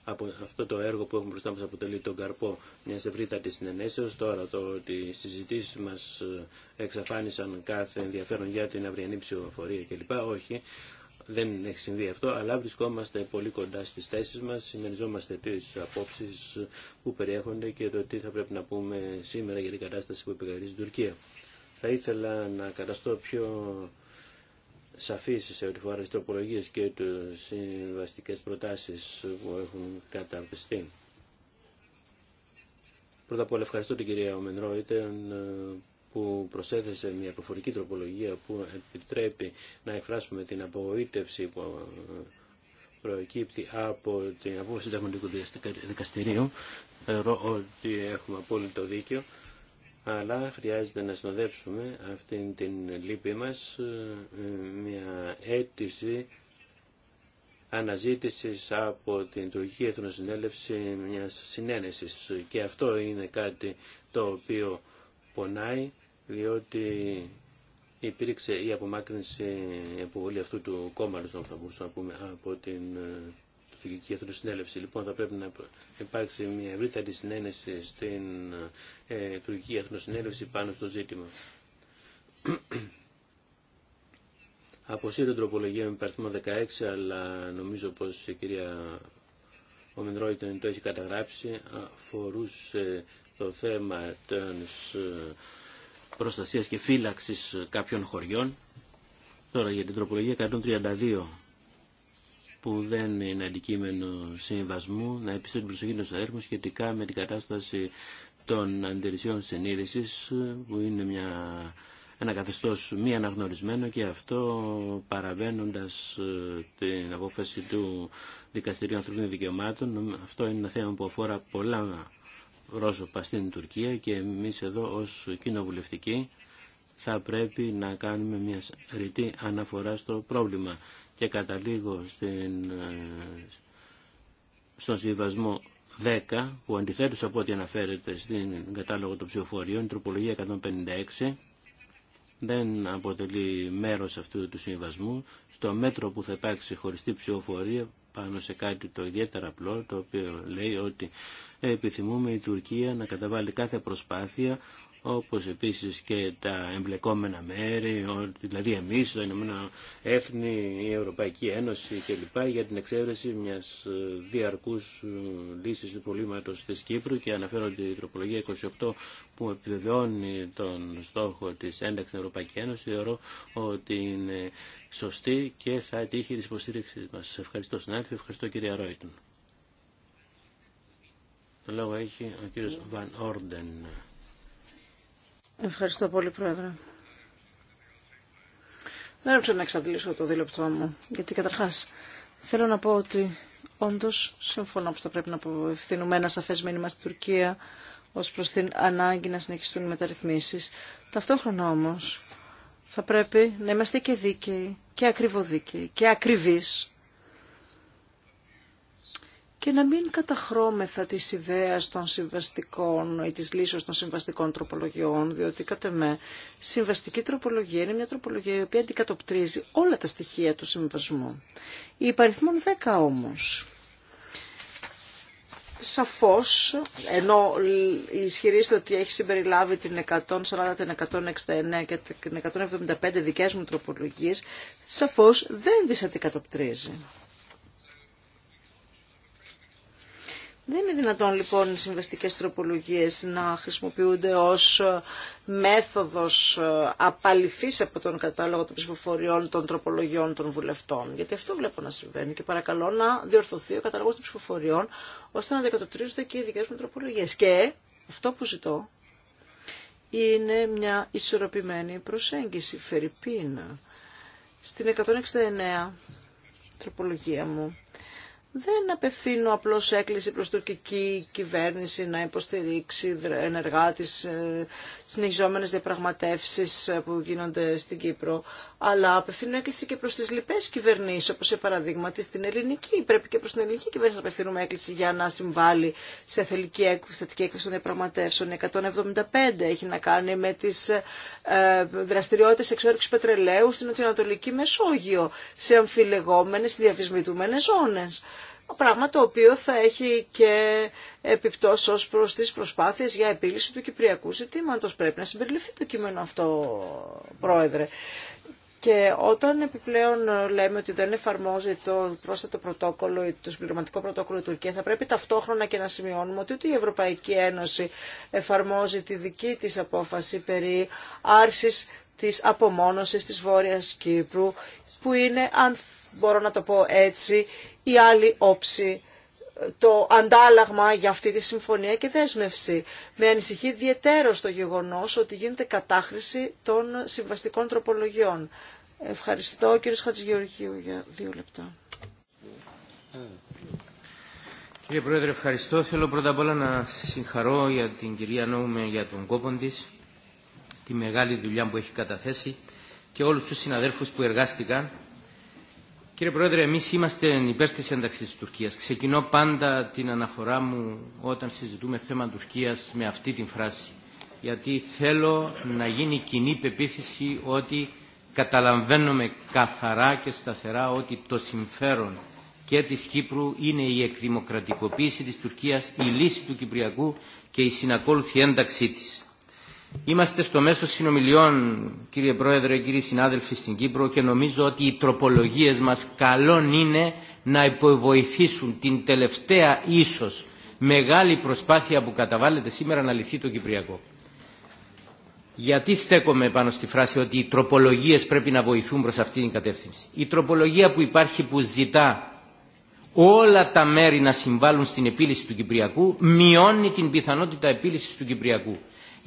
από αυτό το έργο που έχουμε μπροστά μας αποτελεί τον καρπό μια ευρύτατη συνενέσεως. Τώρα το ότι οι συζητήσεις μας ε, εξαφάνισαν κάθε ενδιαφέρον για την αυριανή ψηφοφορία κλπ. Όχι. Δεν έχει συμβεί αυτό, αλλά βρισκόμαστε πολύ κοντά στις θέσεις μας, συμμεριζόμαστε τις απόψεις που περιέχονται και το τι θα πρέπει να πούμε σήμερα για την κατάσταση που επικρατεί στην Τουρκία. Θα ήθελα να καταστώ πιο σαφής σε ό,τι φορά τις τροπολογίες και τις συμβαστικέ προτάσεις που έχουν καταπιστεί. Πρώτα απ' όλα ευχαριστώ την κυρία Μενρόιτε ε, που προσέθεσε μια προφορική τροπολογία που επιτρέπει να εκφράσουμε την απογοήτευση που ε, προκύπτει από την απόφαση του Δικαστηρίου. Θεωρώ ότι έχουμε απόλυτο δίκιο αλλά χρειάζεται να συνοδέψουμε αυτήν την λύπη μας ε, μια αίτηση αναζήτησης από την Τουρκική Εθνοσυνέλευση μιας συνένεσης και αυτό είναι κάτι το οποίο πονάει διότι υπήρξε η απομάκρυνση η αυτού του κόμματος θα μπορούσαμε πούμε από την ε, Λοιπόν, θα πρέπει να υπάρξει μια ευρύτερη συνένεση στην ε, τουρκική εθνοσυνέλευση πάνω στο ζήτημα. Αποσύρω τροπολογία με παρθμό 16, αλλά νομίζω πως η κυρία Ομινρόιτον το έχει καταγράψει, αφορούσε το θέμα της ε, προστασίας και φύλαξης κάποιων χωριών. Τώρα για την τροπολογία 132 που δεν είναι αντικείμενο συμβασμού να επιστρέψει την προσοχή των συναδέλφων σχετικά με την κατάσταση των αντιρρησιών συνείδηση, που είναι μια, ένα καθεστώ μη αναγνωρισμένο και αυτό παραβαίνοντα ε, την απόφαση του Δικαστηρίου Ανθρωπίνων Δικαιωμάτων. Αυτό είναι ένα θέμα που αφορά πολλά πρόσωπα στην Τουρκία και εμεί εδώ ω κοινοβουλευτικοί θα πρέπει να κάνουμε μια ρητή αναφορά στο πρόβλημα και καταλήγω στην, ε, στον συμβασμό 10 που αντιθέτως από ό,τι αναφέρεται στην κατάλογο των ψηφοφοριών η τροπολογία 156 δεν αποτελεί μέρος αυτού του συμβασμού στο μέτρο που θα υπάρξει χωριστή ψηφοφορία πάνω σε κάτι το ιδιαίτερα απλό το οποίο λέει ότι επιθυμούμε η Τουρκία να καταβάλει κάθε προσπάθεια όπως επίσης και τα εμπλεκόμενα μέρη, δηλαδή εμείς, το Ηνωμένο Έθνη, η Ευρωπαϊκή Ένωση κλπ. για την εξέβρεση μιας ε, διαρκούς ε, λύσης του προβλήματος της Κύπρου και αναφέρω την τροπολογία 28 που επιβεβαιώνει τον στόχο της ένταξης στην Ευρωπαϊκή Ένωση θεωρώ ότι είναι σωστή και θα τύχει της υποστήριξης μας. Ευχαριστώ συνάδελφε. ευχαριστώ κυρία Ρόιτον. Το λόγο έχει ο κύριος Βαν Όρντεν. Ευχαριστώ πολύ, Πρόεδρε. Δεν έπρεπε να εξαντλήσω το δίλεπτό μου, γιατί καταρχάς θέλω να πω ότι όντως συμφωνώ που θα πρέπει να απευθύνουμε ένα σαφές μήνυμα στην Τουρκία ως προς την ανάγκη να συνεχιστούν οι μεταρρυθμίσεις. Ταυτόχρονα όμως θα πρέπει να είμαστε και δίκαιοι και ακριβοδίκαιοι και ακριβείς και να μην καταχρώμεθα της ιδέας των συμβαστικών ή της λύσεως των συμβαστικών τροπολογιών, διότι κατά με συμβαστική τροπολογία είναι μια τροπολογία η οποία αντικατοπτρίζει όλα τα στοιχεία του συμβασμού. Η υπαριθμόν 10 όμως, σαφώς, ενώ ισχυρίζεται ότι έχει συμπεριλάβει την 140, την 169 και την 175 δικές μου τροπολογίες, σαφώς δεν τις αντικατοπτρίζει. Δεν είναι δυνατόν λοιπόν οι συμβαστικές τροπολογίες να χρησιμοποιούνται ως ε, μέθοδος ε, απαλυφής από τον κατάλογο των ψηφοφοριών των τροπολογιών των βουλευτών. Γιατί αυτό βλέπω να συμβαίνει και παρακαλώ να διορθωθεί ο κατάλογος των ψηφοφοριών ώστε να αντικατοπτρίζονται και οι δικές μου τροπολογίες. Και αυτό που ζητώ είναι μια ισορροπημένη προσέγγιση. Φερρυπίν. Στην 169 τροπολογία μου δεν απευθύνω απλώς έκκληση προς τουρκική κυβέρνηση να υποστηρίξει ενεργά τις ε, συνεχιζόμενες διαπραγματεύσεις ε, που γίνονται στην Κύπρο, αλλά απευθύνω έκκληση και προς τις λοιπές κυβερνήσεις, όπως σε παραδείγμα την ελληνική. Πρέπει και προς την ελληνική κυβέρνηση να απευθύνουμε έκκληση για να συμβάλλει σε θελική θετική των διαπραγματεύσεων. 175 έχει να κάνει με τις ε, δραστηριότητες εξόρυξης πετρελαίου στην Ανατολική Μεσόγειο, σε αμφιλεγόμενες, διαφυσμητούμενες ζώνες πράγμα το οποίο θα έχει και επιπτώσει ως προς τις προσπάθειες για επίλυση του κυπριακού ζητήματος. Πρέπει να συμπεριληφθεί το κείμενο αυτό, Πρόεδρε. Και όταν επιπλέον λέμε ότι δεν εφαρμόζει το πρόσθετο πρωτόκολλο, ή το συμπληρωματικό πρωτόκολλο η Τουρκία, θα πρέπει ταυτόχρονα και να σημειώνουμε ότι ούτε η Ευρωπαϊκή Ένωση εφαρμόζει τη δική της απόφαση περί άρσης της απομόνωσης της Βόρειας Κύπρου, που είναι, αν μπορώ να το πω έτσι, η άλλη όψη το αντάλλαγμα για αυτή τη συμφωνία και δέσμευση. Με ανησυχεί ιδιαίτερο το γεγονός ότι γίνεται κατάχρηση των συμβαστικών τροπολογιών. Ευχαριστώ κύριος Χατζηγεωργίου για δύο λεπτά. Κύριε Πρόεδρε, ευχαριστώ. Θέλω πρώτα απ' όλα να συγχαρώ για την κυρία Νόουμε για τον κόπο τη, τη μεγάλη δουλειά που έχει καταθέσει και όλους τους συναδέλφους που εργάστηκαν Κύριε Πρόεδρε, εμεί είμαστε υπέρ τη ένταξη τη Τουρκία. Ξεκινώ πάντα την αναφορά μου όταν συζητούμε θέμα Τουρκία με αυτή την φράση. Γιατί θέλω να γίνει κοινή πεποίθηση ότι καταλαβαίνουμε καθαρά και σταθερά ότι το συμφέρον και της Κύπρου είναι η εκδημοκρατικοποίηση της Τουρκίας, η λύση του Κυπριακού και η συνακόλουθη ένταξή της. Είμαστε στο μέσο συνομιλιών, κύριε Πρόεδρε, κύριοι συνάδελφοι στην Κύπρο και νομίζω ότι οι τροπολογίες μας καλόν είναι να υποβοηθήσουν την τελευταία ίσως μεγάλη προσπάθεια που καταβάλλεται σήμερα να λυθεί το Κυπριακό. Γιατί στέκομαι πάνω στη φράση ότι οι τροπολογίες πρέπει να βοηθούν προς αυτή την κατεύθυνση. Η τροπολογία που υπάρχει που ζητά όλα τα μέρη να συμβάλλουν στην επίλυση του Κυπριακού μειώνει την πιθανότητα επίλυσης του Κυπριακού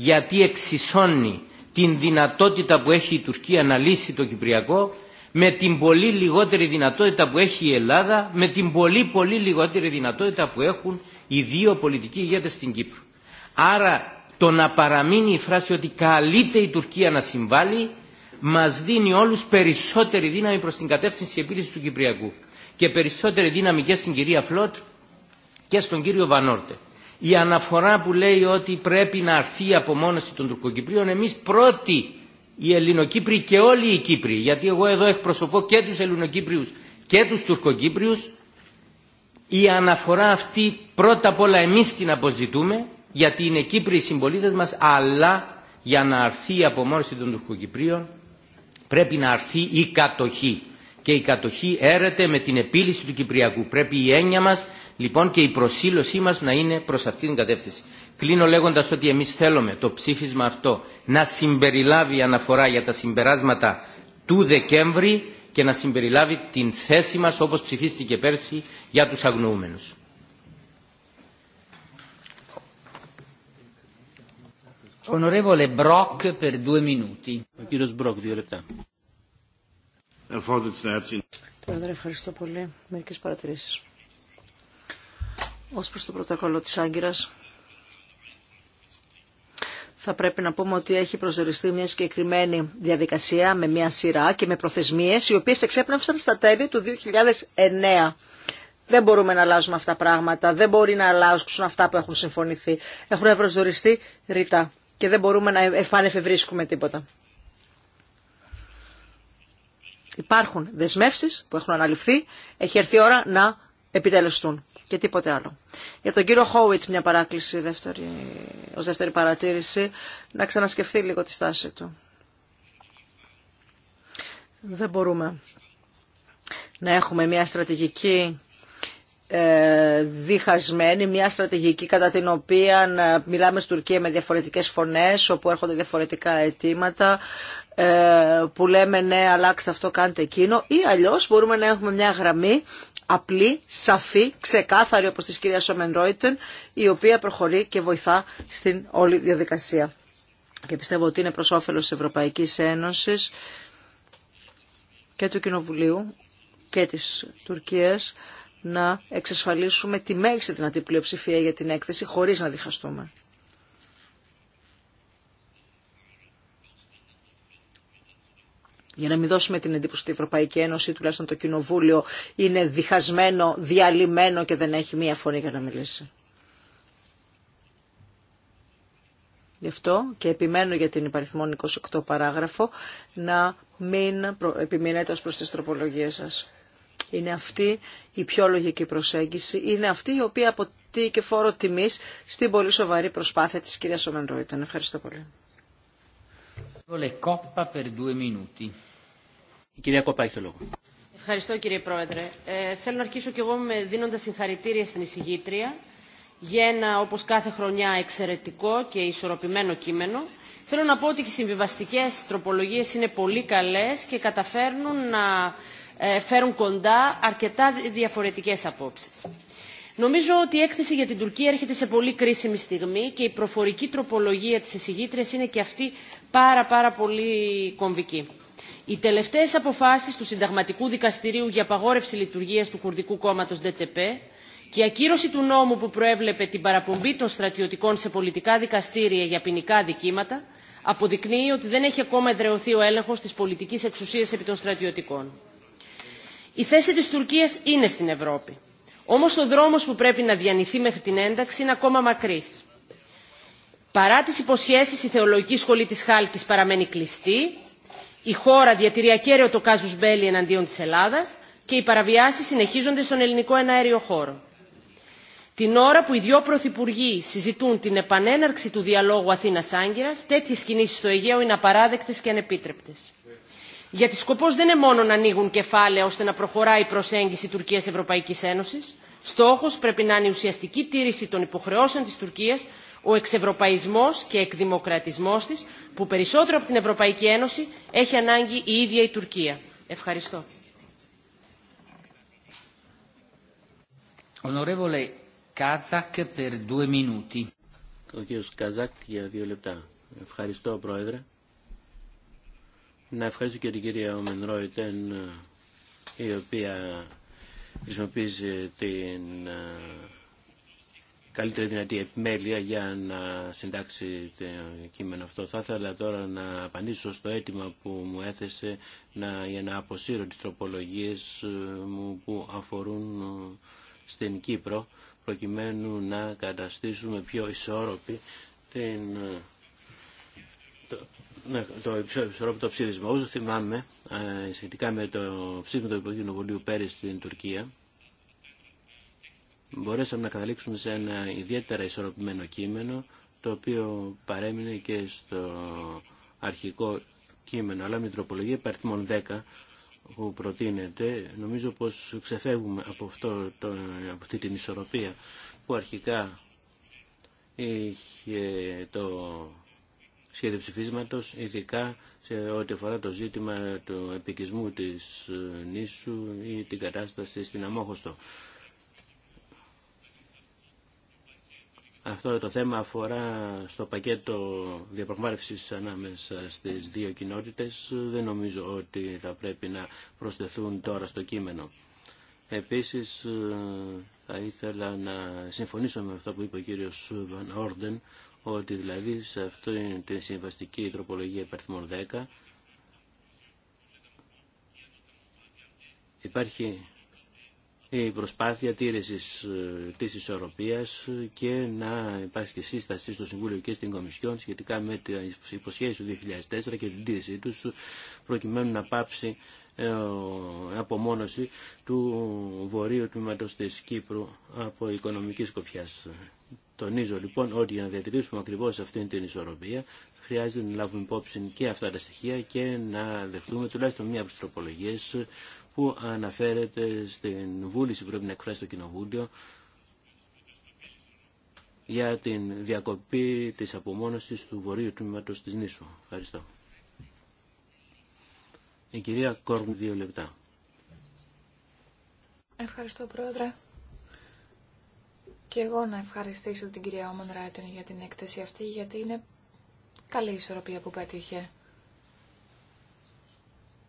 γιατί εξισώνει την δυνατότητα που έχει η Τουρκία να λύσει το Κυπριακό με την πολύ λιγότερη δυνατότητα που έχει η Ελλάδα, με την πολύ πολύ λιγότερη δυνατότητα που έχουν οι δύο πολιτικοί ηγέτες στην Κύπρο. Άρα το να παραμείνει η φράση ότι καλείται η Τουρκία να συμβάλλει μας δίνει όλους περισσότερη δύναμη προς την κατεύθυνση επίλυσης του Κυπριακού και περισσότερη δύναμη και στην κυρία Φλότ και στον κύριο Βανόρτε η αναφορά που λέει ότι πρέπει να αρθεί η απομόνωση των Τουρκοκυπρίων εμείς πρώτοι οι Ελληνοκύπροι και όλοι οι Κύπροι γιατί εγώ εδώ εκπροσωπώ και τους Ελληνοκύπριους και τους Τουρκοκύπριους η αναφορά αυτή πρώτα απ' όλα εμείς την αποζητούμε γιατί είναι Κύπροι οι συμπολίτες μας αλλά για να αρθεί η απομόνωση των Τουρκοκυπρίων πρέπει να αρθεί η κατοχή και η κατοχή έρεται με την επίλυση του Κυπριακού πρέπει η έννοια μας λοιπόν και η προσήλωσή μας να είναι προς αυτή την κατεύθυνση. Κλείνω λέγοντας ότι εμείς θέλουμε το ψήφισμα αυτό να συμπεριλάβει αναφορά για τα συμπεράσματα του Δεκέμβρη και να συμπεριλάβει την θέση μας όπως ψηφίστηκε πέρσι για τους αγνοούμενους. δύο λεπτά. ευχαριστώ πολύ. Μερικές παρατηρήσεις ως προς το πρωτόκολλο της Άγκυρας. Θα πρέπει να πούμε ότι έχει προσδοριστεί μια συγκεκριμένη διαδικασία με μια σειρά και με προθεσμίες οι οποίες εξέπνευσαν στα τέλη του 2009. Δεν μπορούμε να αλλάζουμε αυτά τα πράγματα, δεν μπορεί να αλλάξουν αυτά που έχουν συμφωνηθεί. Έχουν προσδοριστεί ρητά και δεν μπορούμε να επανεφευρίσκουμε τίποτα. Υπάρχουν δεσμεύσεις που έχουν αναλυφθεί, έχει έρθει η ώρα να επιτελεστούν και τίποτε άλλο. Για τον κύριο Χόουιτ μια παράκληση δεύτερη, ως δεύτερη παρατήρηση, να ξανασκεφτεί λίγο τη στάση του. Δεν μπορούμε να έχουμε μια στρατηγική ε, διχασμένη, μια στρατηγική κατά την οποία μιλάμε στην Τουρκία με διαφορετικές φωνές, όπου έρχονται διαφορετικά αιτήματα, ε, που λέμε ναι αλλάξτε αυτό, κάντε εκείνο, ή αλλιώς μπορούμε να έχουμε μια γραμμή απλή, σαφή, ξεκάθαρη όπως της κυρία Σόμεν Ρόιτεν, η οποία προχωρεί και βοηθά στην όλη διαδικασία. Και πιστεύω ότι είναι προς όφελος της Ευρωπαϊκής Ένωσης και του Κοινοβουλίου και της Τουρκίας να εξασφαλίσουμε τη μέγιστη δυνατή πλειοψηφία για την έκθεση χωρίς να διχαστούμε. για να μην δώσουμε την εντύπωση ότι η Ευρωπαϊκή Ένωση, τουλάχιστον το Κοινοβούλιο, είναι διχασμένο, διαλυμένο και δεν έχει μία φωνή για να μιλήσει. Γι' αυτό και επιμένω για την υπαριθμόν 28 παράγραφο να μην επιμείνετε ως προς τις τροπολογίες σας. Είναι αυτή η πιο λογική προσέγγιση, είναι αυτή η οποία αποτεί και φόρο τιμής στην πολύ σοβαρή προσπάθεια της κυρίας Ομενρόιτεν. Ευχαριστώ πολύ. Ευχαριστώ κύριε Πρόεδρε. Ε, θέλω να αρχίσω κι εγώ με δίνοντας συγχαρητήρια στην εισηγήτρια για ένα όπως κάθε χρονιά εξαιρετικό και ισορροπημένο κείμενο. Θέλω να πω ότι οι συμβιβαστικές τροπολογίες είναι πολύ καλές και καταφέρνουν να ε, φέρουν κοντά αρκετά διαφορετικές απόψεις. Νομίζω ότι η έκθεση για την Τουρκία έρχεται σε πολύ κρίσιμη στιγμή και η προφορική τροπολογία της εισηγήτριας είναι και αυτή πάρα πάρα πολύ κομβική. Οι τελευταίες αποφάσεις του Συνταγματικού Δικαστηρίου για απαγόρευση λειτουργίας του Κουρδικού Κόμματος ΔΤΠ και η ακύρωση του νόμου που προέβλεπε την παραπομπή των στρατιωτικών σε πολιτικά δικαστήρια για ποινικά δικήματα αποδεικνύει ότι δεν έχει ακόμα εδρεωθεί ο έλεγχος της πολιτικής εξουσίας επί των στρατιωτικών. Η θέση της Τουρκίας είναι στην Ευρώπη όμως ο δρόμος που πρέπει να διανυθεί μέχρι την ένταξη είναι ακόμα μακρύς. Παρά τις υποσχέσεις, η Θεολογική Σχολή της Χάλκης παραμένει κλειστή, η χώρα διατηρεί ακέραιο το κάζους μπέλι εναντίον της Ελλάδας και οι παραβιάσεις συνεχίζονται στον ελληνικό εναέριο χώρο. Την ώρα που οι δυο πρωθυπουργοί συζητούν την επανέναρξη του διαλόγου Αθήνα-Άγκυρα, τέτοιε κινήσει στο Αιγαίο είναι απαράδεκτε και ανεπίτρεπτε γιατί σκοπός δεν είναι μόνο να ανοίγουν κεφάλαια ώστε να προχωράει η προσέγγιση Τουρκίας-Ευρωπαϊκής Ένωσης. Στόχος πρέπει να είναι η ουσιαστική τήρηση των υποχρεώσεων της Τουρκίας, ο εξευρωπαϊσμός και εκδημοκρατισμός της, που περισσότερο από την Ευρωπαϊκή Ένωση έχει ανάγκη η ίδια η Τουρκία. Ευχαριστώ. Ο κ. για δύο λεπτά. Ευχαριστώ, Πρόεδρε. Να ευχαριστώ και την κυρία Ομενρόιτεν ε, η οποία χρησιμοποιεί την ε, καλύτερη δυνατή επιμέλεια για να συντάξει το κείμενο αυτό. Θα ήθελα τώρα να απαντήσω στο αίτημα που μου έθεσε να, για να αποσύρω τις τροπολογίες ε, μου που αφορούν στην Κύπρο προκειμένου να καταστήσουμε πιο ισόρροπη την, ναι, το ισορροπητό το ψήφισμα. Όσο θυμάμαι, ε, σχετικά με το ψήφισμα του Υπουργείου Κοινοβουλίου πέρυσι στην Τουρκία, μπορέσαμε να καταλήξουμε σε ένα ιδιαίτερα ισορροπημένο κείμενο, το οποίο παρέμεινε και στο αρχικό κείμενο, αλλά με την τροπολογία υπαριθμών 10 που προτείνεται, νομίζω πως ξεφεύγουμε από, αυτό, το, από αυτή την ισορροπία που αρχικά είχε το σχέδιο ψηφίσματο, ειδικά σε ό,τι αφορά το ζήτημα του επικισμού της ε, νήσου ή την κατάσταση στην Αμόχωστο. Αυτό το θέμα αφορά στο πακέτο διαπραγμάτευσης ανάμεσα στις δύο κοινότητες. Δεν νομίζω ότι θα πρέπει να προσθεθούν τώρα στο κείμενο. Επίσης, ε, θα ήθελα να συμφωνήσω με αυτό που είπε ο κύριος Βαν Όρντεν ότι δηλαδή σε αυτό είναι τη συμβαστική τροπολογία υπαρθμών 10 υπάρχει η προσπάθεια τήρησης ε, της ισορροπίας και να υπάρχει και σύσταση στο Συμβούλιο και στην Κομισιόν σχετικά με τις υποσχέσεις του 2004 και την τήρησή τους προκειμένου να πάψει ε, απομόνωση του βορείου τμήματος της Κύπρου από οικονομική σκοπιάς. Τονίζω λοιπόν ότι για να διατηρήσουμε ακριβώς αυτήν την ισορροπία χρειάζεται να λάβουμε υπόψη και αυτά τα στοιχεία και να δεχτούμε τουλάχιστον μία από τις τροπολογίες που αναφέρεται στην βούληση που πρέπει να εκφράσει το Κοινοβούλιο για την διακοπή της απομόνωσης του βορείου τμήματος της Νήσου. Ευχαριστώ. Η κυρία Κόρμ, δύο λεπτά. Ευχαριστώ, Πρόεδρε. Και εγώ να ευχαριστήσω την κυρία Όμαν Ράιτεν για την έκθεση αυτή, γιατί είναι καλή ισορροπία που πέτυχε.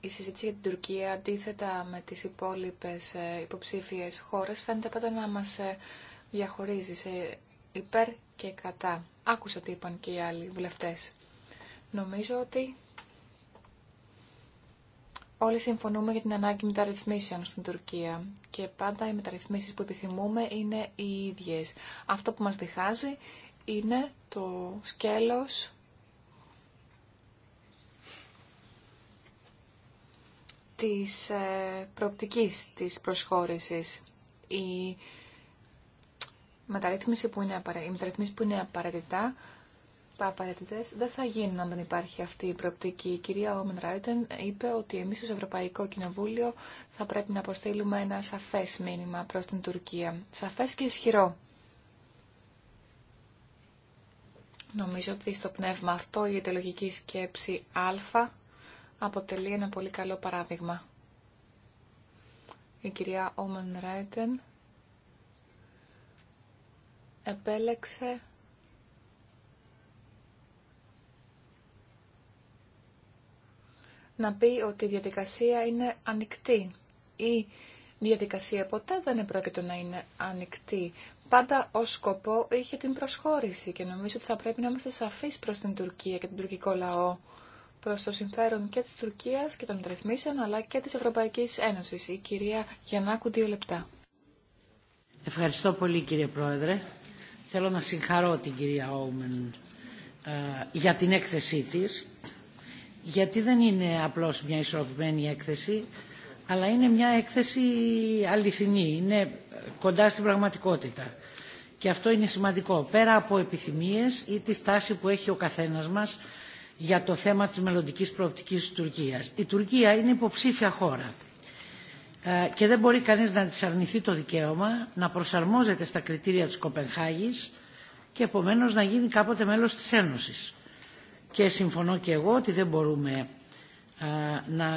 Η συζήτηση για την Τουρκία, αντίθετα με τις υπόλοιπες ε, υποψήφιες χώρες, φαίνεται πάντα να μας ε, διαχωρίζει σε υπέρ και κατά. Άκουσα τι είπαν και οι άλλοι βουλευτές. Νομίζω ότι Όλοι συμφωνούμε για την ανάγκη μεταρρυθμίσεων στην Τουρκία και πάντα οι μεταρρυθμίσεις που επιθυμούμε είναι οι ίδιες. Αυτό που μας διχάζει είναι το σκέλος της ε, προοπτικής της προσχώρησης. Οι μεταρρυθμίσεις που είναι απαραίτητα απαραίτητε δεν θα γίνουν αν δεν υπάρχει αυτή η προοπτική. Η κυρία Όμεν Ράιτεν είπε ότι εμεί ω Ευρωπαϊκό Κοινοβούλιο θα πρέπει να αποστείλουμε ένα σαφέ μήνυμα προ την Τουρκία. Σαφέ και ισχυρό. Νομίζω ότι στο πνεύμα αυτό η ιδεολογική σκέψη Α αποτελεί ένα πολύ καλό παράδειγμα. Η κυρία Όμεν Ράιτεν επέλεξε να πει ότι η διαδικασία είναι ανοιχτή. Η διαδικασία ποτέ δεν επρόκειτο να είναι ανοιχτή. Πάντα ως σκοπό είχε την προσχώρηση και νομίζω ότι θα πρέπει να είμαστε σαφείς προς την Τουρκία και τον τουρκικό λαό προς το συμφέρον και της Τουρκίας και των μεταρρυθμίσεων αλλά και της Ευρωπαϊκής Ένωσης. Η κυρία Γιαννάκου, δύο λεπτά. Ευχαριστώ πολύ κύριε Πρόεδρε. Θέλω να συγχαρώ την κυρία Όμεν ε, για την έκθεσή της γιατί δεν είναι απλώς μια ισορροπημένη έκθεση, αλλά είναι μια έκθεση αληθινή, είναι κοντά στην πραγματικότητα. Και αυτό είναι σημαντικό. Πέρα από επιθυμίες ή τη στάση που έχει ο καθένας μας για το θέμα της μελλοντική προοπτικής της Τουρκίας. Η Τουρκία είναι υποψήφια χώρα ε, και δεν μπορεί κανείς να της αρνηθεί το δικαίωμα να προσαρμόζεται στα κριτήρια της Κοπενχάγης και επομένως να γίνει κάποτε μέλος της Ένωσης και συμφωνώ και εγώ ότι δεν μπορούμε να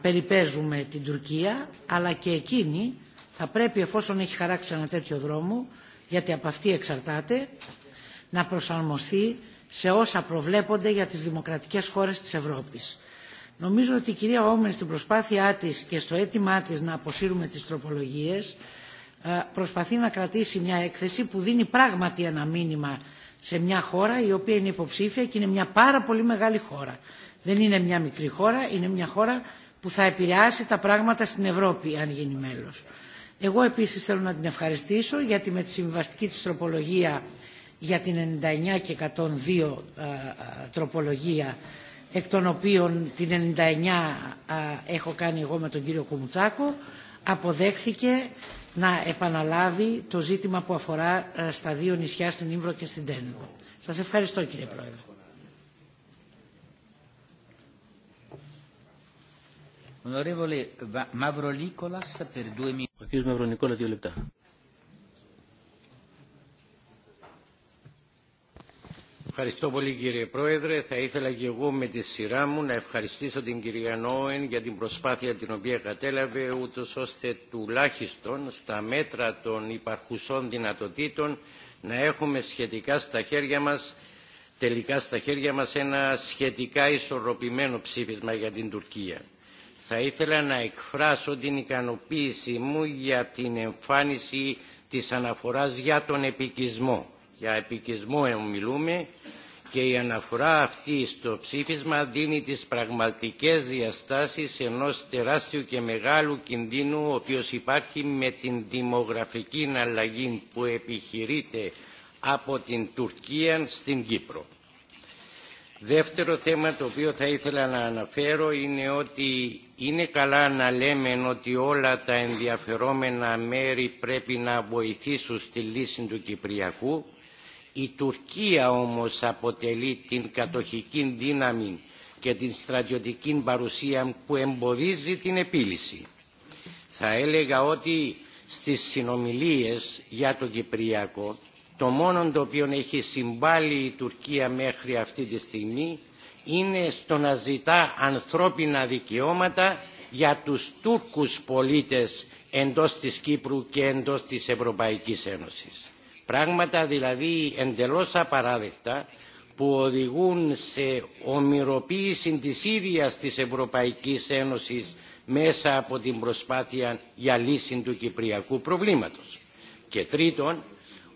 περιπέζουμε την Τουρκία, αλλά και εκείνη θα πρέπει εφόσον έχει χαράξει ένα τέτοιο δρόμο, γιατί από αυτή εξαρτάται, να προσαρμοστεί σε όσα προβλέπονται για τις δημοκρατικές χώρες της Ευρώπης. Νομίζω ότι η κυρία Όμεν στην προσπάθειά της και στο αίτημά της να αποσύρουμε τις τροπολογίες προσπαθεί να κρατήσει μια έκθεση που δίνει πράγματι ένα μήνυμα σε μια χώρα η οποία είναι υποψήφια και είναι μια πάρα πολύ μεγάλη χώρα. Δεν είναι μια μικρή χώρα, είναι μια χώρα που θα επηρεάσει τα πράγματα στην Ευρώπη αν γίνει μέλος. Εγώ επίσης θέλω να την ευχαριστήσω γιατί με τη συμβαστική της τροπολογία για την 99 και 102 ε, ε, τροπολογία εκ των οποίων την 99 ε, έχω κάνει εγώ με τον κύριο Κουμουτσάκο αποδέχθηκε να επαναλάβει το ζήτημα που αφορά ε, στα δύο νησιά, στην Ήμβρο και στην Τέννο. Σας ευχαριστώ κύριε Πρόεδρε. Ο κ. Μαυρονικόλα, δύο λεπτά. Ευχαριστώ πολύ κύριε Πρόεδρε. Θα ήθελα και εγώ με τη σειρά μου να ευχαριστήσω την κυρία Νόεν για την προσπάθεια την οποία κατέλαβε ούτως ώστε τουλάχιστον στα μέτρα των υπαρχουσών δυνατοτήτων να έχουμε σχετικά στα χέρια μας τελικά στα χέρια μας ένα σχετικά ισορροπημένο ψήφισμα για την Τουρκία. Θα ήθελα να εκφράσω την ικανοποίηση μου για την εμφάνιση της αναφοράς για τον επικισμό για επικισμό μιλούμε και η αναφορά αυτή στο ψήφισμα δίνει τις πραγματικές διαστάσεις ενός τεράστιου και μεγάλου κινδύνου ο οποίος υπάρχει με την δημογραφική αλλαγή που επιχειρείται από την Τουρκία στην Κύπρο. Δεύτερο θέμα το οποίο θα ήθελα να αναφέρω είναι ότι είναι καλά να λέμε ότι όλα τα ενδιαφερόμενα μέρη πρέπει να βοηθήσουν στη λύση του Κυπριακού η Τουρκία όμως αποτελεί την κατοχική δύναμη και την στρατιωτική παρουσία που εμποδίζει την επίλυση. Θα έλεγα ότι στις συνομιλίες για το Κυπριακό το μόνο το οποίο έχει συμβάλει η Τουρκία μέχρι αυτή τη στιγμή είναι στο να ζητά ανθρώπινα δικαιώματα για τους Τούρκους πολίτες εντός της Κύπρου και εντός της Ευρωπαϊκής Ένωσης. Πράγματα δηλαδή εντελώς απαράδεκτα που οδηγούν σε ομοιροποίηση της ίδιας της Ευρωπαϊκής Ένωσης μέσα από την προσπάθεια για λύση του κυπριακού προβλήματος. Και τρίτον,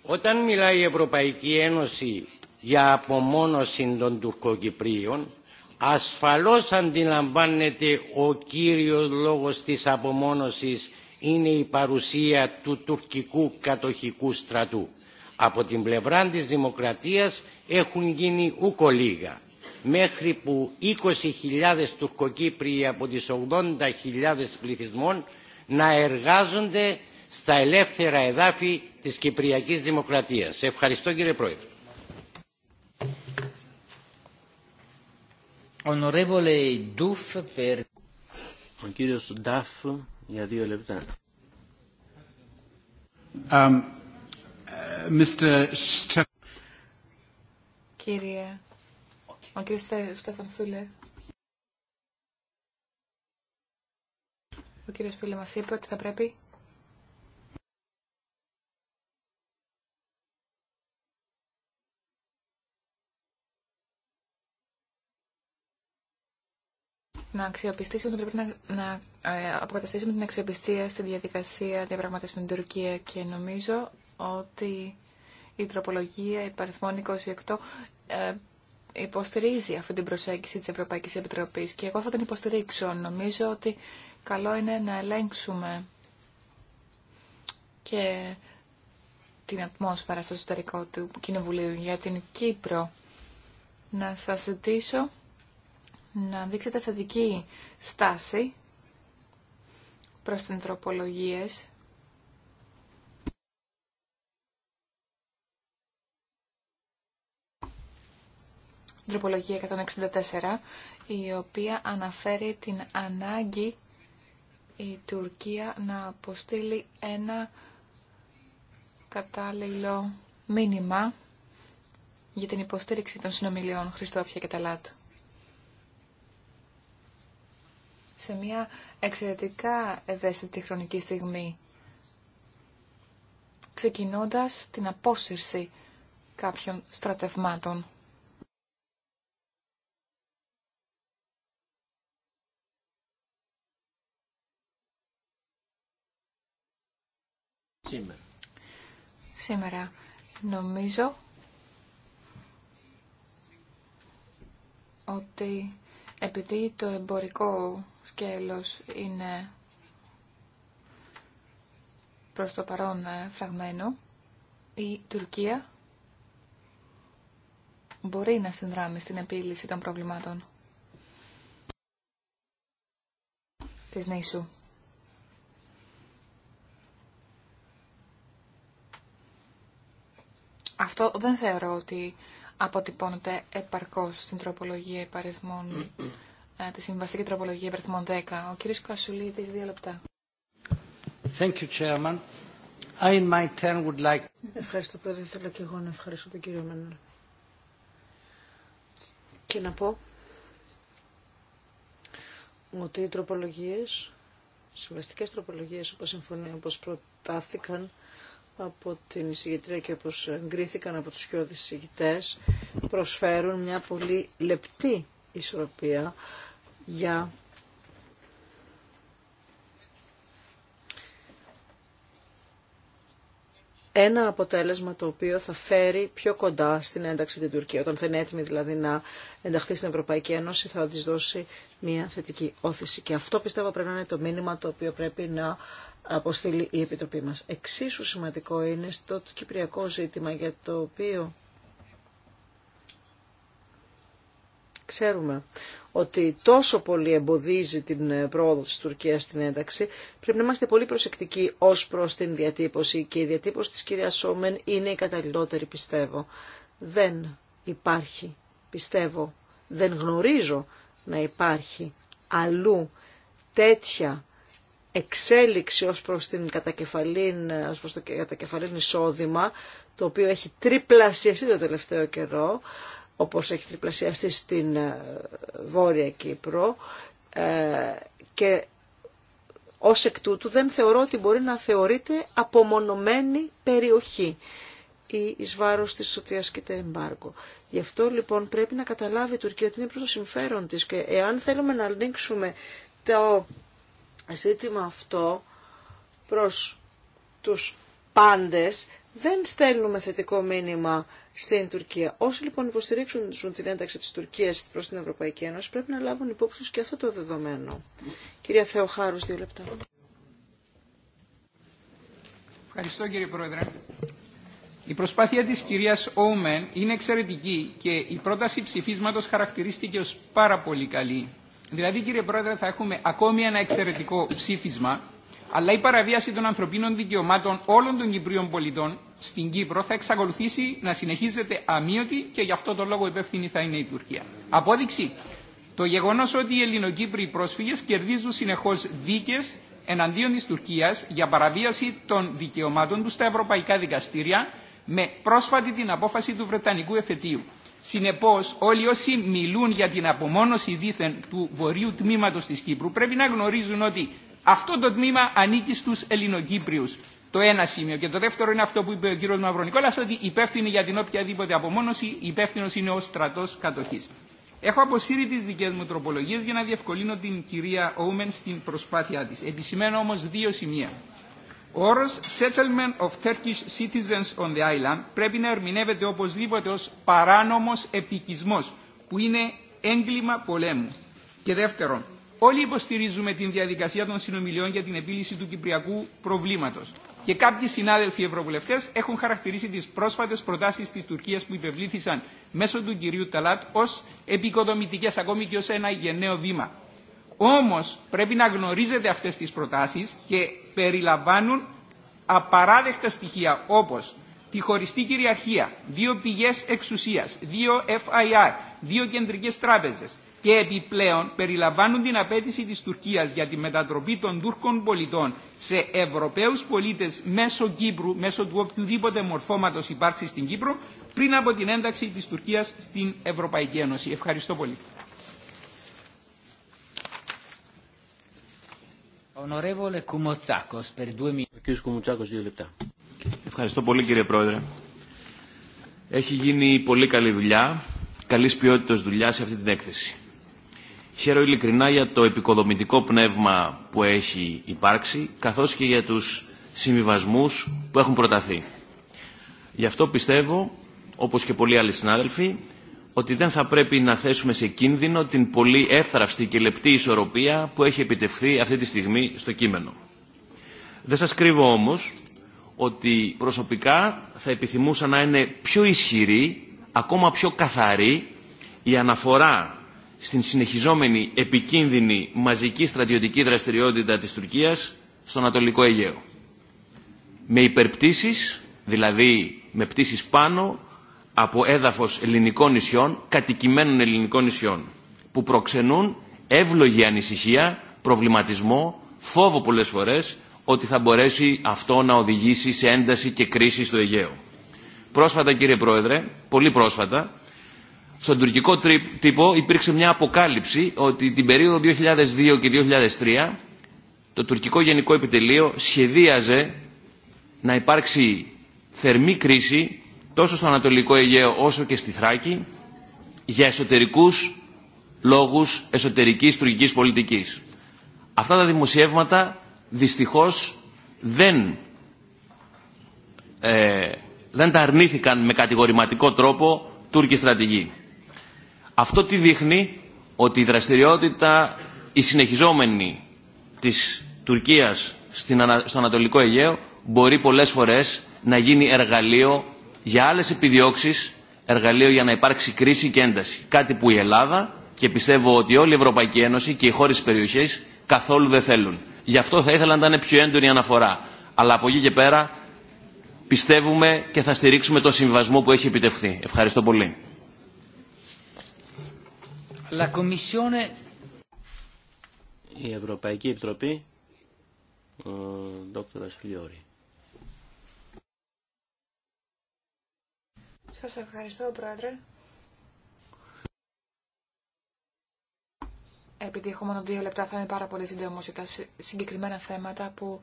όταν μιλάει η Ευρωπαϊκή Ένωση για απομόνωση των τουρκοκυπρίων, ασφαλώς αντιλαμβάνεται ο κύριος λόγος της απομόνωσης είναι η παρουσία του τουρκικού κατοχικού στρατού. Από την πλευρά της δημοκρατίας έχουν γίνει ούκο λίγα. Μέχρι που 20.000 Τουρκοκύπριοι από τις 80.000 πληθυσμών να εργάζονται στα ελεύθερα εδάφη της Κυπριακής Δημοκρατίας. Ευχαριστώ κύριε Πρόεδρε. Ο κύριος Ντάφ για λεπτά. Κύριε, ο κύριος Στέφαν Φούλε Ο κύριος μας είπε ότι θα πρέπει να αξιοπιστήσουμε, ότι πρέπει να, ε, αποκαταστήσουμε την αξιοπιστία στη διαδικασία διαπραγματεύσεων με την Τουρκία και νομίζω ότι η τροπολογία υπαριθμών 28 ε, υποστηρίζει αυτή την προσέγγιση της Ευρωπαϊκής Επιτροπής και εγώ θα την υποστηρίξω. Νομίζω ότι καλό είναι να ελέγξουμε και την ατμόσφαιρα στο εσωτερικό του Κοινοβουλίου για την Κύπρο. Να σας ζητήσω να δείξετε θετική στάση προς την τροπολογίες τροπολογία 164, η οποία αναφέρει την ανάγκη η Τουρκία να αποστείλει ένα κατάλληλο μήνυμα για την υποστήριξη των συνομιλιών Χριστόφια και Ταλάτ. Σε μια εξαιρετικά ευαίσθητη χρονική στιγμή, ξεκινώντας την απόσυρση κάποιων στρατευμάτων. Σήμερα. Νομίζω ότι επειδή το εμπορικό σκέλος είναι προς το παρόν ε, φραγμένο, η Τουρκία μπορεί να συνδράμει στην επίλυση των προβλημάτων της νήσου. Αυτό δεν θεωρώ ότι αποτυπώνεται επαρκώς στην τροπολογία υπαριθμών, ε, τη συμβαστική τροπολογία υπαριθμών 10. Ο κύριος Κασουλίδης, δύο λεπτά. Thank you, Chairman. in my turn, would like... Ευχαριστώ, Πρόεδρε. Θέλω και εγώ να ευχαριστώ τον κύριο Μανώλη. Και να πω ότι οι τροπολογίες, συμβαστικές τροπολογίες, όπως συμφωνεί, όπως προτάθηκαν, από την εισηγητρία και όπως εγκρίθηκαν από τους κοιόδης εισηγητές προσφέρουν μια πολύ λεπτή ισορροπία για ένα αποτέλεσμα το οποίο θα φέρει πιο κοντά στην ένταξη την Τουρκία. Όταν θα είναι έτοιμη δηλαδή να ενταχθεί στην Ευρωπαϊκή Ένωση θα της δώσει μια θετική όθηση. Και αυτό πιστεύω πρέπει να είναι το μήνυμα το οποίο πρέπει να αποστείλει η Επιτροπή μας. Εξίσου σημαντικό είναι στο κυπριακό ζήτημα για το οποίο Ξέρουμε ότι τόσο πολύ εμποδίζει την πρόοδο της Τουρκίας στην ένταξη, πρέπει να είμαστε πολύ προσεκτικοί ως προς την διατύπωση και η διατύπωση της κυρίας Σόμεν είναι η καταλληλότερη πιστεύω. Δεν υπάρχει, πιστεύω, δεν γνωρίζω να υπάρχει αλλού τέτοια εξέλιξη ως προς, την κατακεφαλήν, το κατακεφαλήν εισόδημα, το οποίο έχει τριπλασιαστεί το τελευταίο καιρό, όπως έχει τριπλασιαστεί στην ε, Βόρεια Κύπρο ε, και ως εκ τούτου δεν θεωρώ ότι μπορεί να θεωρείται απομονωμένη περιοχή ή εις βάρος της σωτίας και εμπάργο. Γι' αυτό λοιπόν πρέπει να καταλάβει η Τουρκία ότι είναι προς το συμφέρον της και εάν θέλουμε να ανοίξουμε το ζήτημα αυτό προς τους πάντες δεν στέλνουμε θετικό μήνυμα στην Τουρκία. Όσοι λοιπόν υποστηρίξουν την ένταξη της Τουρκίας προς την Ευρωπαϊκή Ένωση πρέπει να λάβουν υπόψη τους και αυτό το δεδομένο. Κυρία Θεοχάρου, δύο λεπτά. Ευχαριστώ κύριε Πρόεδρε. Η προσπάθεια της κυρίας Όμεν είναι εξαιρετική και η πρόταση ψηφίσματος χαρακτηρίστηκε ως πάρα πολύ καλή. Δηλαδή κύριε Πρόεδρε θα έχουμε ακόμη ένα εξαιρετικό ψήφισμα αλλά η παραβίαση των ανθρωπίνων δικαιωμάτων όλων των Κυπρίων πολιτών στην Κύπρο θα εξακολουθήσει να συνεχίζεται αμύωτη και γι' αυτό το λόγο υπεύθυνη θα είναι η Τουρκία. Απόδειξη, το γεγονός ότι οι Ελληνοκύπριοι πρόσφυγες κερδίζουν συνεχώς δίκες εναντίον της Τουρκίας για παραβίαση των δικαιωμάτων του στα ευρωπαϊκά δικαστήρια με πρόσφατη την απόφαση του Βρετανικού εφετείου. Συνεπώς, όλοι όσοι μιλούν για την απομόνωση δήθεν του βορείου τμήματος της Κύπρου πρέπει να γνωρίζουν ότι αυτό το τμήμα ανήκει στους Ελληνοκύπριους. Το ένα σημείο. Και το δεύτερο είναι αυτό που είπε ο κύριος Μαυρονικόλας, ότι υπεύθυνοι για την οποιαδήποτε απομόνωση, υπεύθυνο είναι ο στρατός κατοχής. Έχω αποσύρει τις δικές μου τροπολογίες για να διευκολύνω την κυρία Όμεν στην προσπάθειά της. Επισημένω όμως δύο σημεία. Ο όρος «settlement of Turkish citizens on the island» πρέπει να ερμηνεύεται οπωσδήποτε ως παράνομος επικισμός, που είναι έγκλημα πολέμου. Και δεύτερον, Όλοι υποστηρίζουμε την διαδικασία των συνομιλιών για την επίλυση του κυπριακού προβλήματο. Και κάποιοι συνάδελφοι ευρωβουλευτέ έχουν χαρακτηρίσει τι πρόσφατε προτάσει τη Τουρκία που υπευλήθησαν μέσω του κυρίου Ταλάτ ω επικοδομητικέ, ακόμη και ω ένα γενναίο βήμα. Όμω πρέπει να γνωρίζετε αυτέ τι προτάσει και περιλαμβάνουν απαράδεκτα στοιχεία όπω τη χωριστή κυριαρχία, δύο πηγέ εξουσία, δύο FIR, δύο κεντρικέ τράπεζε, και επιπλέον περιλαμβάνουν την απέτηση της Τουρκίας για τη μετατροπή των Τούρκων πολιτών σε Ευρωπαίους πολίτες μέσω Κύπρου, μέσω του οποιοδήποτε μορφώματος υπάρξει στην Κύπρο, πριν από την ένταξη της Τουρκίας στην Ευρωπαϊκή Ένωση. Ευχαριστώ πολύ. Ευχαριστώ πολύ κύριε Πρόεδρε. Έχει γίνει πολύ καλή δουλειά, καλής ποιότητας δουλειά σε αυτή την έκθεση. Χαίρομαι ειλικρινά για το επικοδομητικό πνεύμα που έχει υπάρξει, καθώς και για τους συμβιβασμούς που έχουν προταθεί. Γι' αυτό πιστεύω, όπως και πολλοί άλλοι συνάδελφοι, ότι δεν θα πρέπει να θέσουμε σε κίνδυνο την πολύ εύθραυστη και λεπτή ισορροπία που έχει επιτευχθεί αυτή τη στιγμή στο κείμενο. Δεν σας κρύβω όμως ότι προσωπικά θα επιθυμούσα να είναι πιο ισχυρή, ακόμα πιο καθαρή η αναφορά στην συνεχιζόμενη επικίνδυνη μαζική στρατιωτική δραστηριότητα της Τουρκίας στο Ανατολικό Αιγαίο. Με υπερπτήσεις, δηλαδή με πτήσεις πάνω από έδαφος ελληνικών νησιών, κατοικημένων ελληνικών νησιών, που προξενούν εύλογη ανησυχία, προβληματισμό, φόβο πολλές φορές ότι θα μπορέσει αυτό να οδηγήσει σε ένταση και κρίση στο Αιγαίο. Πρόσφατα, κύριε Πρόεδρε, πολύ πρόσφατα, στον τουρκικό τύπο υπήρξε μια αποκάλυψη ότι την περίοδο 2002 και 2003 το τουρκικό γενικό επιτελείο σχεδίαζε να υπάρξει θερμή κρίση τόσο στο Ανατολικό Αιγαίο όσο και στη Θράκη για εσωτερικούς λόγους εσωτερικής τουρκικής πολιτικής. Αυτά τα δημοσιεύματα δυστυχώς δεν, ε, δεν τα αρνήθηκαν με κατηγορηματικό τρόπο Τούρκοι στρατηγοί. Αυτό τι δείχνει ότι η δραστηριότητα, η συνεχιζόμενη της Τουρκίας στο Ανατολικό Αιγαίο μπορεί πολλές φορές να γίνει εργαλείο για άλλες επιδιώξεις, εργαλείο για να υπάρξει κρίση και ένταση. Κάτι που η Ελλάδα και πιστεύω ότι όλη η Ευρωπαϊκή Ένωση και οι χώρες της περιοχής καθόλου δεν θέλουν. Γι' αυτό θα ήθελα να είναι πιο έντονη αναφορά. Αλλά από εκεί και πέρα πιστεύουμε και θα στηρίξουμε το συμβασμό που έχει επιτευχθεί. Ευχαριστώ πολύ. Η Ευρωπαϊκή Επιτροπή, ο Δόκτωρας Φλιόρη. Σας ευχαριστώ, Πρόεδρε. Επειδή έχω μόνο δύο λεπτά, θα είμαι πάρα πολύ σύντομο για τα συγκεκριμένα θέματα που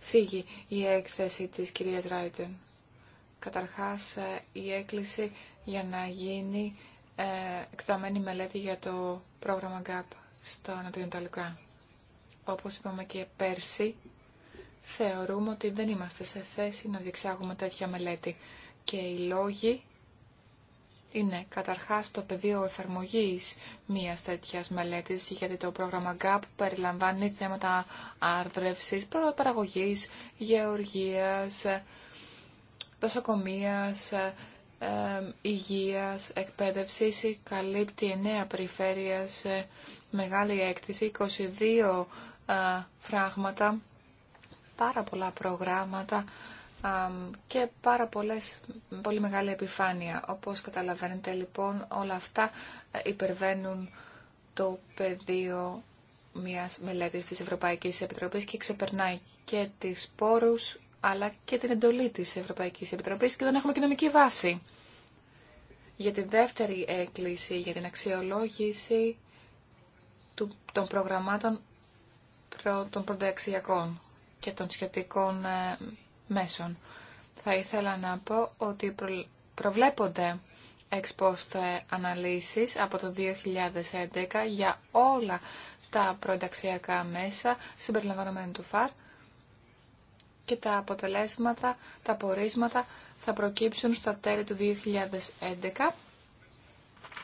θίγει η έκθεση της κυρίας Ράιτεν. Καταρχάς, ε, η έκκληση για να γίνει ε, εκταμένη μελέτη για το πρόγραμμα GAP στο Ανατολικά. Όπως είπαμε και πέρσι, θεωρούμε ότι δεν είμαστε σε θέση να διεξάγουμε τέτοια μελέτη. Και οι λόγοι είναι καταρχάς το πεδίο εφαρμογής μιας τέτοιας μελέτης, γιατί το πρόγραμμα GAP περιλαμβάνει θέματα άρδρευσης, παραγωγής, γεωργίας, δοσοκομείας, ε, ε, υγείας, εκπαίδευσης, καλύπτει 9 περιφέρειες, μεγάλη έκτηση, 22 ε, φράγματα, πάρα πολλά προγράμματα και πάρα πολλές, πολύ μεγάλη επιφάνεια. Όπως καταλαβαίνετε λοιπόν όλα αυτά ε, υπερβαίνουν το πεδίο μιας μελέτης της Ευρωπαϊκής Επιτροπής και ξεπερνάει και τις πόρους αλλά και την εντολή της Ευρωπαϊκής Επιτροπής και δεν έχουμε κοινωνική βάση. Για τη δεύτερη έκκληση, για την αξιολόγηση των προγραμμάτων των πρωτοεξιακών και των σχετικών ε, μέσων. Θα ήθελα να πω ότι προβλέπονται εξπόστε αναλύσεις από το 2011 για όλα τα πρωταξιακά μέσα συμπεριλαμβανομένου του ΦΑΡ και τα αποτελέσματα, τα πορίσματα θα προκύψουν στα τέλη του 2011.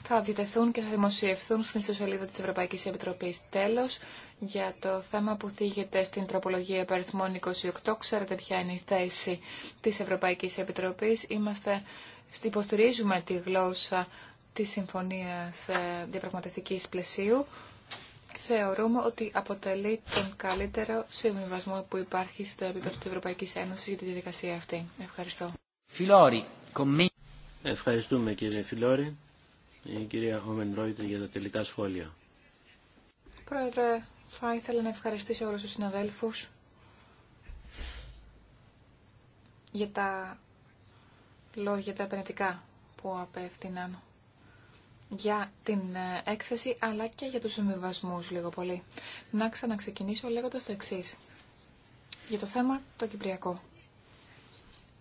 Θα διτεθούν και θα δημοσιευθούν στην ιστοσελίδα της Ευρωπαϊκής Επιτροπής. Τέλος, για το θέμα που θίγεται στην τροπολογία περίθμων 28, ξέρετε ποια είναι η θέση της Ευρωπαϊκής Επιτροπής. Είμαστε, υποστηρίζουμε τη γλώσσα της Συμφωνίας ε, Διαπραγματευτικής Πλαισίου θεωρούμε ότι αποτελεί τον καλύτερο συμβιβασμό που υπάρχει στο επίπεδο της Ευρωπαϊκής Ένωσης για τη διαδικασία αυτή. Ευχαριστώ. Φιλόρι, Ευχαριστούμε κύριε Φιλόρι. Η κυρία Χόμεν για τα τελικά σχόλια. Πρόεδρε, θα ήθελα να ευχαριστήσω όλους τους συναδέλφους για τα λόγια τα επενετικά που απέφθηναν για την ε, έκθεση αλλά και για τους συμβιβασμούς λίγο πολύ. Να ξαναξεκινήσω λέγοντας το εξής. Για το θέμα το Κυπριακό.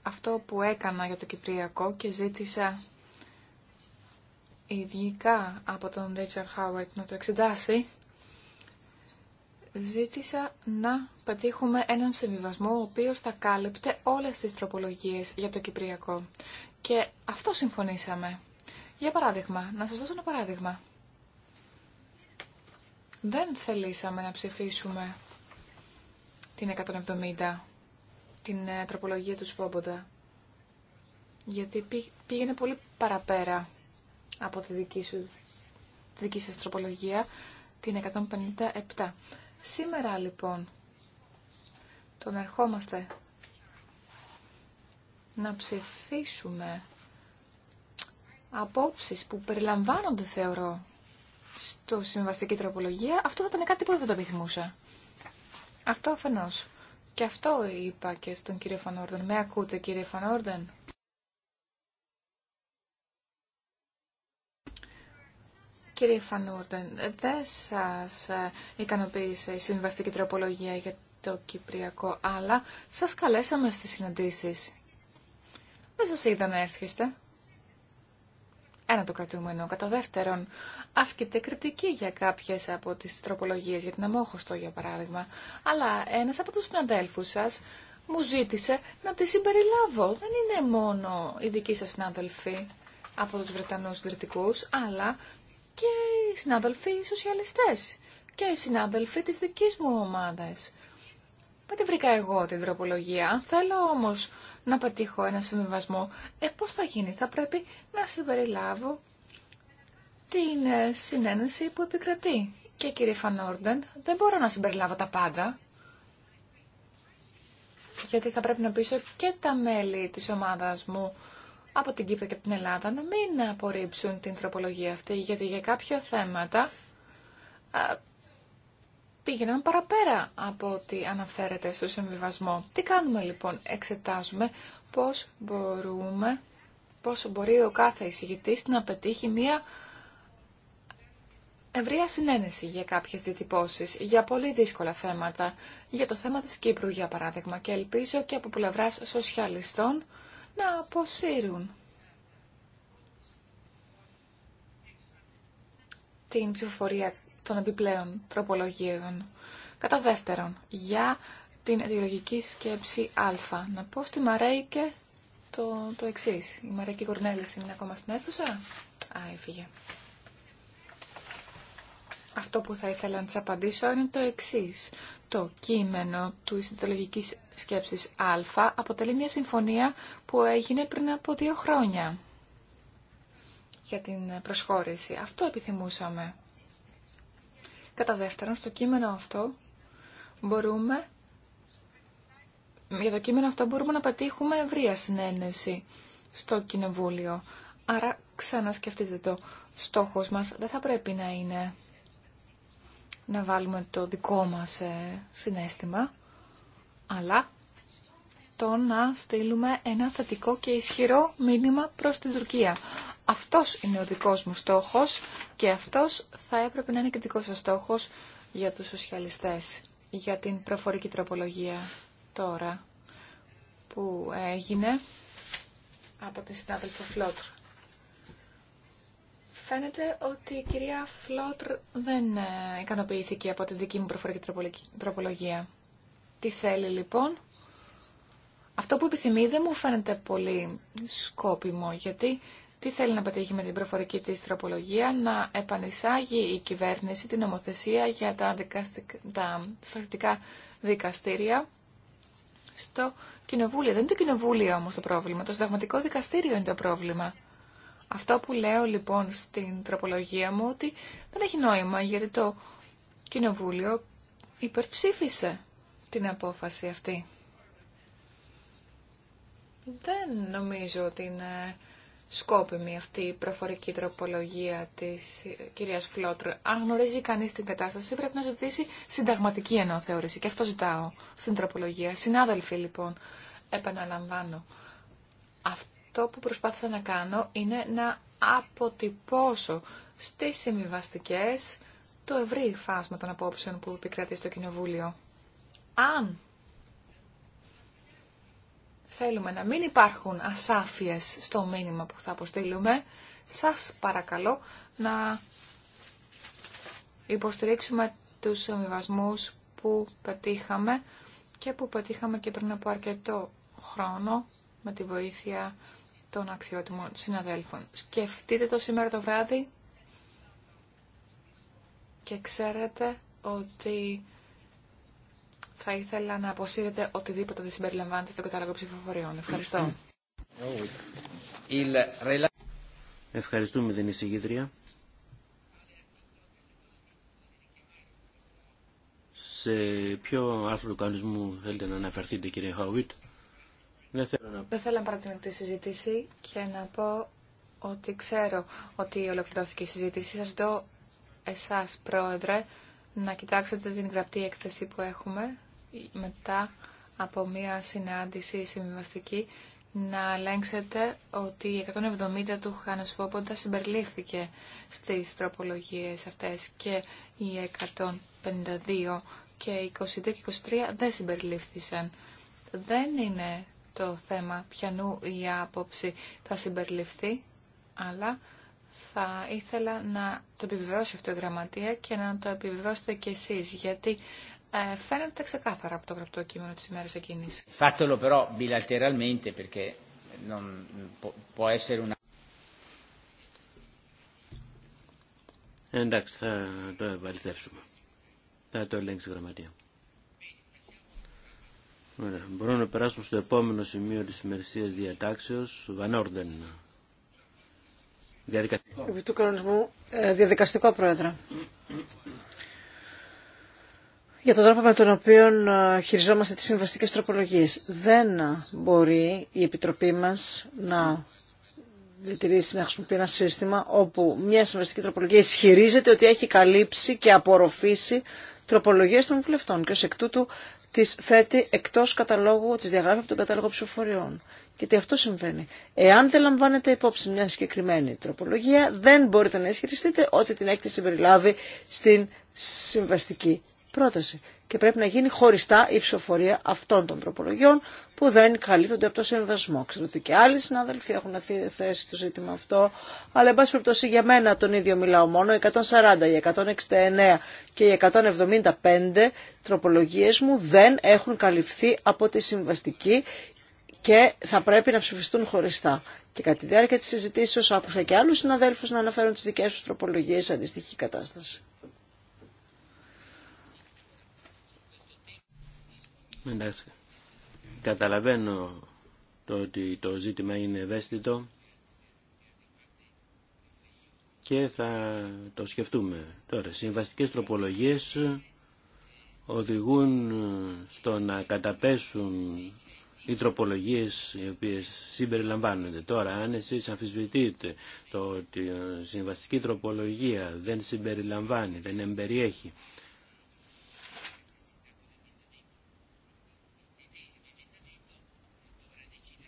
Αυτό που έκανα για το Κυπριακό και ζήτησα ειδικά από τον Ρίτσαρ Χάουαρτ να το εξετάσει, ζήτησα να πετύχουμε έναν συμβιβασμό ο οποίος θα κάλυπτε όλες τις τροπολογίες για το Κυπριακό. Και αυτό συμφωνήσαμε. Για παράδειγμα, να σας δώσω ένα παράδειγμα. Δεν θελήσαμε να ψηφίσουμε την 170, την ε, τροπολογία του Σφόμποντα, γιατί πήγαινε πολύ παραπέρα από τη δική, σου, τη δική σας τροπολογία, την 157. Σήμερα λοιπόν τον ερχόμαστε να ψηφίσουμε απόψεις που περιλαμβάνονται, θεωρώ, στο συμβαστική τροπολογία, αυτό θα ήταν κάτι που δεν το επιθυμούσα. Αυτό αφενός. Και αυτό είπα και στον κύριο Φανόρδεν Με ακούτε κύριε Φανόρδεν Κύριε Φανόρδεν δεν σας ε, ικανοποίησε η συμβαστική τροπολογία για το Κυπριακό, αλλά σας καλέσαμε στις συναντήσεις. Δεν σας είδα να έρχεστε ένα το κρατούμενο. Κατά δεύτερον, ασκείται κριτική για κάποιες από τις τροπολογίε, για την αμόχωστο για παράδειγμα. Αλλά ένα από τους συναδέλφους σα μου ζήτησε να τη συμπεριλάβω. Δεν είναι μόνο οι δικοί σα συνάδελφοι από τους Βρετανούς συντηρητικού, αλλά και οι συνάδελφοι σοσιαλιστές και οι συνάδελφοι τη δική μου ομάδα. Δεν τη βρήκα εγώ την τροπολογία. Θέλω όμω να πετύχω ένα συμβιβασμό. Ε, πώς θα γίνει, θα πρέπει να συμπεριλάβω την ε, συνένεση που επικρατεί. Και κύριε Φανόρντεν, δεν μπορώ να συμπεριλάβω τα πάντα, γιατί θα πρέπει να πείσω και τα μέλη της ομάδας μου από την Κύπρο και την Ελλάδα να μην απορρίψουν την τροπολογία αυτή, γιατί για κάποια θέματα πήγαιναν παραπέρα από ό,τι αναφέρεται στο συμβιβασμό. Τι κάνουμε λοιπόν, εξετάζουμε πώς μπορούμε, πώς μπορεί ο κάθε εισηγητής να πετύχει μία ευρεία συνένεση για κάποιες διτυπώσεις, για πολύ δύσκολα θέματα, για το θέμα της Κύπρου για παράδειγμα και ελπίζω και από πλευρά σοσιαλιστών να αποσύρουν την ψηφοφορία των επιπλέον τροπολογίων. Κατά δεύτερον, για την αιτιολογική σκέψη Α. Να πω στη Μαρέικε το, το εξή. Η Μαρέικη Κορνέλη είναι ακόμα στην αίθουσα. Α, έφυγε. Αυτό που θα ήθελα να τη απαντήσω είναι το εξή. Το κείμενο του ιδεολογικής σκέψη Α αποτελεί μια συμφωνία που έγινε πριν από δύο χρόνια για την προσχώρηση. Αυτό επιθυμούσαμε. Κατά δεύτερον, στο κείμενο αυτό μπορούμε, για το κείμενο αυτό μπορούμε να πετύχουμε ευρεία συνένεση στο Κοινοβούλιο. Άρα ξανασκεφτείτε το. Στόχος μας δεν θα πρέπει να είναι να βάλουμε το δικό μας ε, συνέστημα, αλλά το να στείλουμε ένα θετικό και ισχυρό μήνυμα προς την Τουρκία. Αυτός είναι ο δικός μου στόχος και αυτός θα έπρεπε να είναι και δικός σας στόχος για τους σοσιαλιστές, για την προφορική τροπολογία τώρα που έγινε από τη συνάδελφο Φλότρ. Φαίνεται ότι η κυρία Φλότρ δεν ε, ικανοποιήθηκε από τη δική μου προφορική τροπολογία. Τι θέλει λοιπόν. Αυτό που επιθυμεί δεν μου φαίνεται πολύ σκόπιμο, γιατί τι θέλει να πετύχει με την προφορική της τροπολογία, να επανεισάγει η κυβέρνηση την νομοθεσία για τα, δικαστικ... τα στρατιωτικά δικαστήρια στο κοινοβούλιο. Δεν είναι το κοινοβούλιο όμως το πρόβλημα, το συνταγματικό δικαστήριο είναι το πρόβλημα. Αυτό που λέω λοιπόν στην τροπολογία μου ότι δεν έχει νόημα γιατί το κοινοβούλιο υπερψήφισε την απόφαση αυτή. Δεν νομίζω ότι είναι σκόπιμη αυτή η προφορική τροπολογία της ε, κυρίας Φλότρου. Αν γνωρίζει κανείς την κατάσταση πρέπει να ζητήσει συνταγματική εννοθεώρηση και αυτό ζητάω στην τροπολογία. Συνάδελφοι λοιπόν, επαναλαμβάνω, αυτό που προσπάθησα να κάνω είναι να αποτυπώσω στις συμβιβαστικέ το ευρύ φάσμα των απόψεων που επικρατεί στο Κοινοβούλιο. Αν θέλουμε να μην υπάρχουν ασάφειες στο μήνυμα που θα αποστείλουμε, σας παρακαλώ να υποστηρίξουμε τους συμβιβασμού που πετύχαμε και που πετύχαμε και πριν από αρκετό χρόνο με τη βοήθεια των αξιότιμων συναδέλφων. Σκεφτείτε το σήμερα το βράδυ και ξέρετε ότι θα ήθελα να αποσύρετε οτιδήποτε δεν συμπεριλαμβάνεται στο κατάλογο ψηφοφοριών. Ευχαριστώ. Ευχαριστούμε την εισηγήτρια. Σε ποιο άρθρο του κανονισμού θέλετε να αναφερθείτε κύριε Χαουίτ. Δεν θέλω να, δεν θέλω να παρατηρήσω τη συζήτηση και να πω ότι ξέρω ότι ολοκληρώθηκε η συζήτηση. Σας δω εσάς πρόεδρε να κοιτάξετε την γραπτή έκθεση που έχουμε μετά από μία συνάντηση συμβιβαστική να ελέγξετε ότι η 170 του Χανεσφόποντα συμπεριλήφθηκε στις τροπολογίες αυτές και η 152 και η 22 και 23 δεν συμπεριλήφθησαν. Δεν είναι το θέμα πιανού η άποψη θα συμπεριληφθεί, αλλά θα ήθελα να το επιβεβαιώσει αυτό η γραμματεία και να το επιβεβαιώσετε κι εσείς, γιατί ε, φαίνεται ξεκάθαρα από το γραπτό κείμενο της ημέρας εκείνης. Φάτελο però bilateralmente perché non può essere una... Ε, εντάξει, θα το επαληθεύσουμε. Θα το ελέγξει η γραμματεία. Ωραία. Μπορούμε να περάσουμε στο επόμενο σημείο της ημερησίας διατάξεως, Βανόρντεν. Διαδικαστικό. Επί Του κανονισμού, ε, διαδικαστικό, Πρόεδρε για τον τρόπο με τον οποίο ε, χειριζόμαστε τις συμβαστικές τροπολογίες. Δεν ε, μπορεί η Επιτροπή μας να διατηρήσει να χρησιμοποιεί ένα σύστημα όπου μια συμβαστική τροπολογία ισχυρίζεται ότι έχει καλύψει και απορροφήσει τροπολογίες των βουλευτών και ως εκ τούτου τις θέτει εκτός καταλόγου, τις διαγράφει από τον κατάλογο ψηφοφοριών. Γιατί αυτό συμβαίνει. Εάν δεν λαμβάνετε υπόψη μια συγκεκριμένη τροπολογία, δεν μπορείτε να ισχυριστείτε ότι την έχετε συμπεριλάβει στην συμβαστική πρόταση. Και πρέπει να γίνει χωριστά η ψηφοφορία αυτών των τροπολογιών που δεν καλύπτονται από το συμβασμό. Ξέρω ότι και άλλοι συνάδελφοι έχουν θέσει το ζήτημα αυτό, αλλά εν πάση περιπτώσει για μένα τον ίδιο μιλάω μόνο. Οι 140, οι 169 και οι 175 τροπολογίες μου δεν έχουν καλυφθεί από τη συμβαστική και θα πρέπει να ψηφιστούν χωριστά. Και κατά τη διάρκεια της συζητήσεως άκουσα και άλλους συναδέλφους να αναφέρουν τις δικές τους τροπολογίες σε αντιστοιχή κατάσταση. Εντάξει. Καταλαβαίνω το ότι το ζήτημα είναι ευαίσθητο και θα το σκεφτούμε. Τώρα, συμβαστικές τροπολογίες οδηγούν στο να καταπέσουν οι τροπολογίες οι οποίες συμπεριλαμβάνονται. Τώρα, αν εσείς αμφισβητείτε το ότι η συμβαστική τροπολογία δεν συμπεριλαμβάνει, δεν εμπεριέχει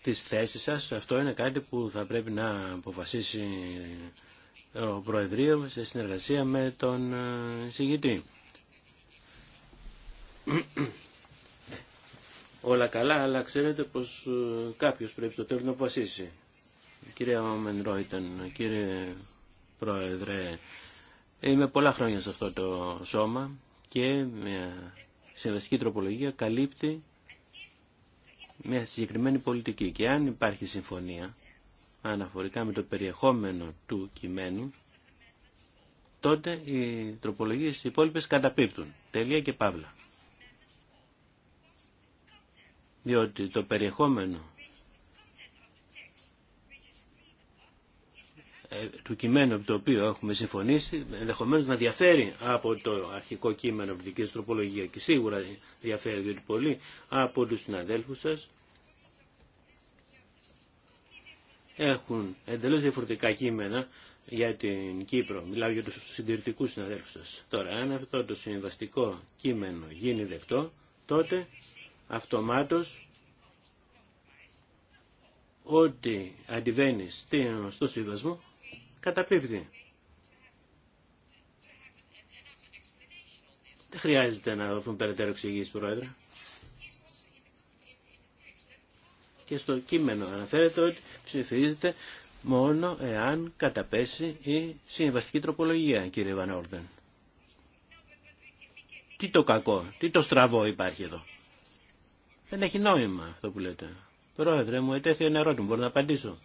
τις θέσεις σας. Αυτό είναι κάτι που θα πρέπει να αποφασίσει ο Προεδρείο σε συνεργασία με τον ε, συγγητή. Όλα καλά, αλλά ξέρετε πως ε, κάποιος πρέπει το τέλος να αποφασίσει. Κύριε Μενρόιτεν, Ρόιτεν, κύριε Πρόεδρε, είμαι πολλά χρόνια σε αυτό το σώμα και μια συμβαστική τροπολογία καλύπτει μια συγκεκριμένη πολιτική. Και αν υπάρχει συμφωνία αναφορικά με το περιεχόμενο του κειμένου, τότε οι τροπολογίες οι υπόλοιπες καταπίπτουν. Τελεία και παύλα. Διότι το περιεχόμενο Ε, του κειμένου από το οποίο έχουμε συμφωνήσει ενδεχομένως να διαφέρει από το αρχικό κείμενο από την τροπολογία και σίγουρα διαφέρει διότι πολύ από τους συναδέλφους σας έχουν εντελώς διαφορετικά κείμενα για την Κύπρο. Μιλάω για τους συντηρητικούς συναδέλφους σας. Τώρα, αν αυτό το συμβαστικό κείμενο γίνει δεκτό, τότε αυτομάτως ό,τι αντιβαίνει στο συμβασμό καταπίπτει. Δεν χρειάζεται να δοθούν περαιτέρω εξηγήσει, Πρόεδρε. Και στο κείμενο αναφέρεται ότι ψηφίζεται μόνο εάν καταπέσει η συμβαστική τροπολογία, κύριε Βανόρδεν. Τι το κακό, τι το στραβό υπάρχει εδώ. Δεν έχει νόημα αυτό που λέτε. Πρόεδρε, μου ετέθη ένα ερώτημα, μπορώ να απαντήσω.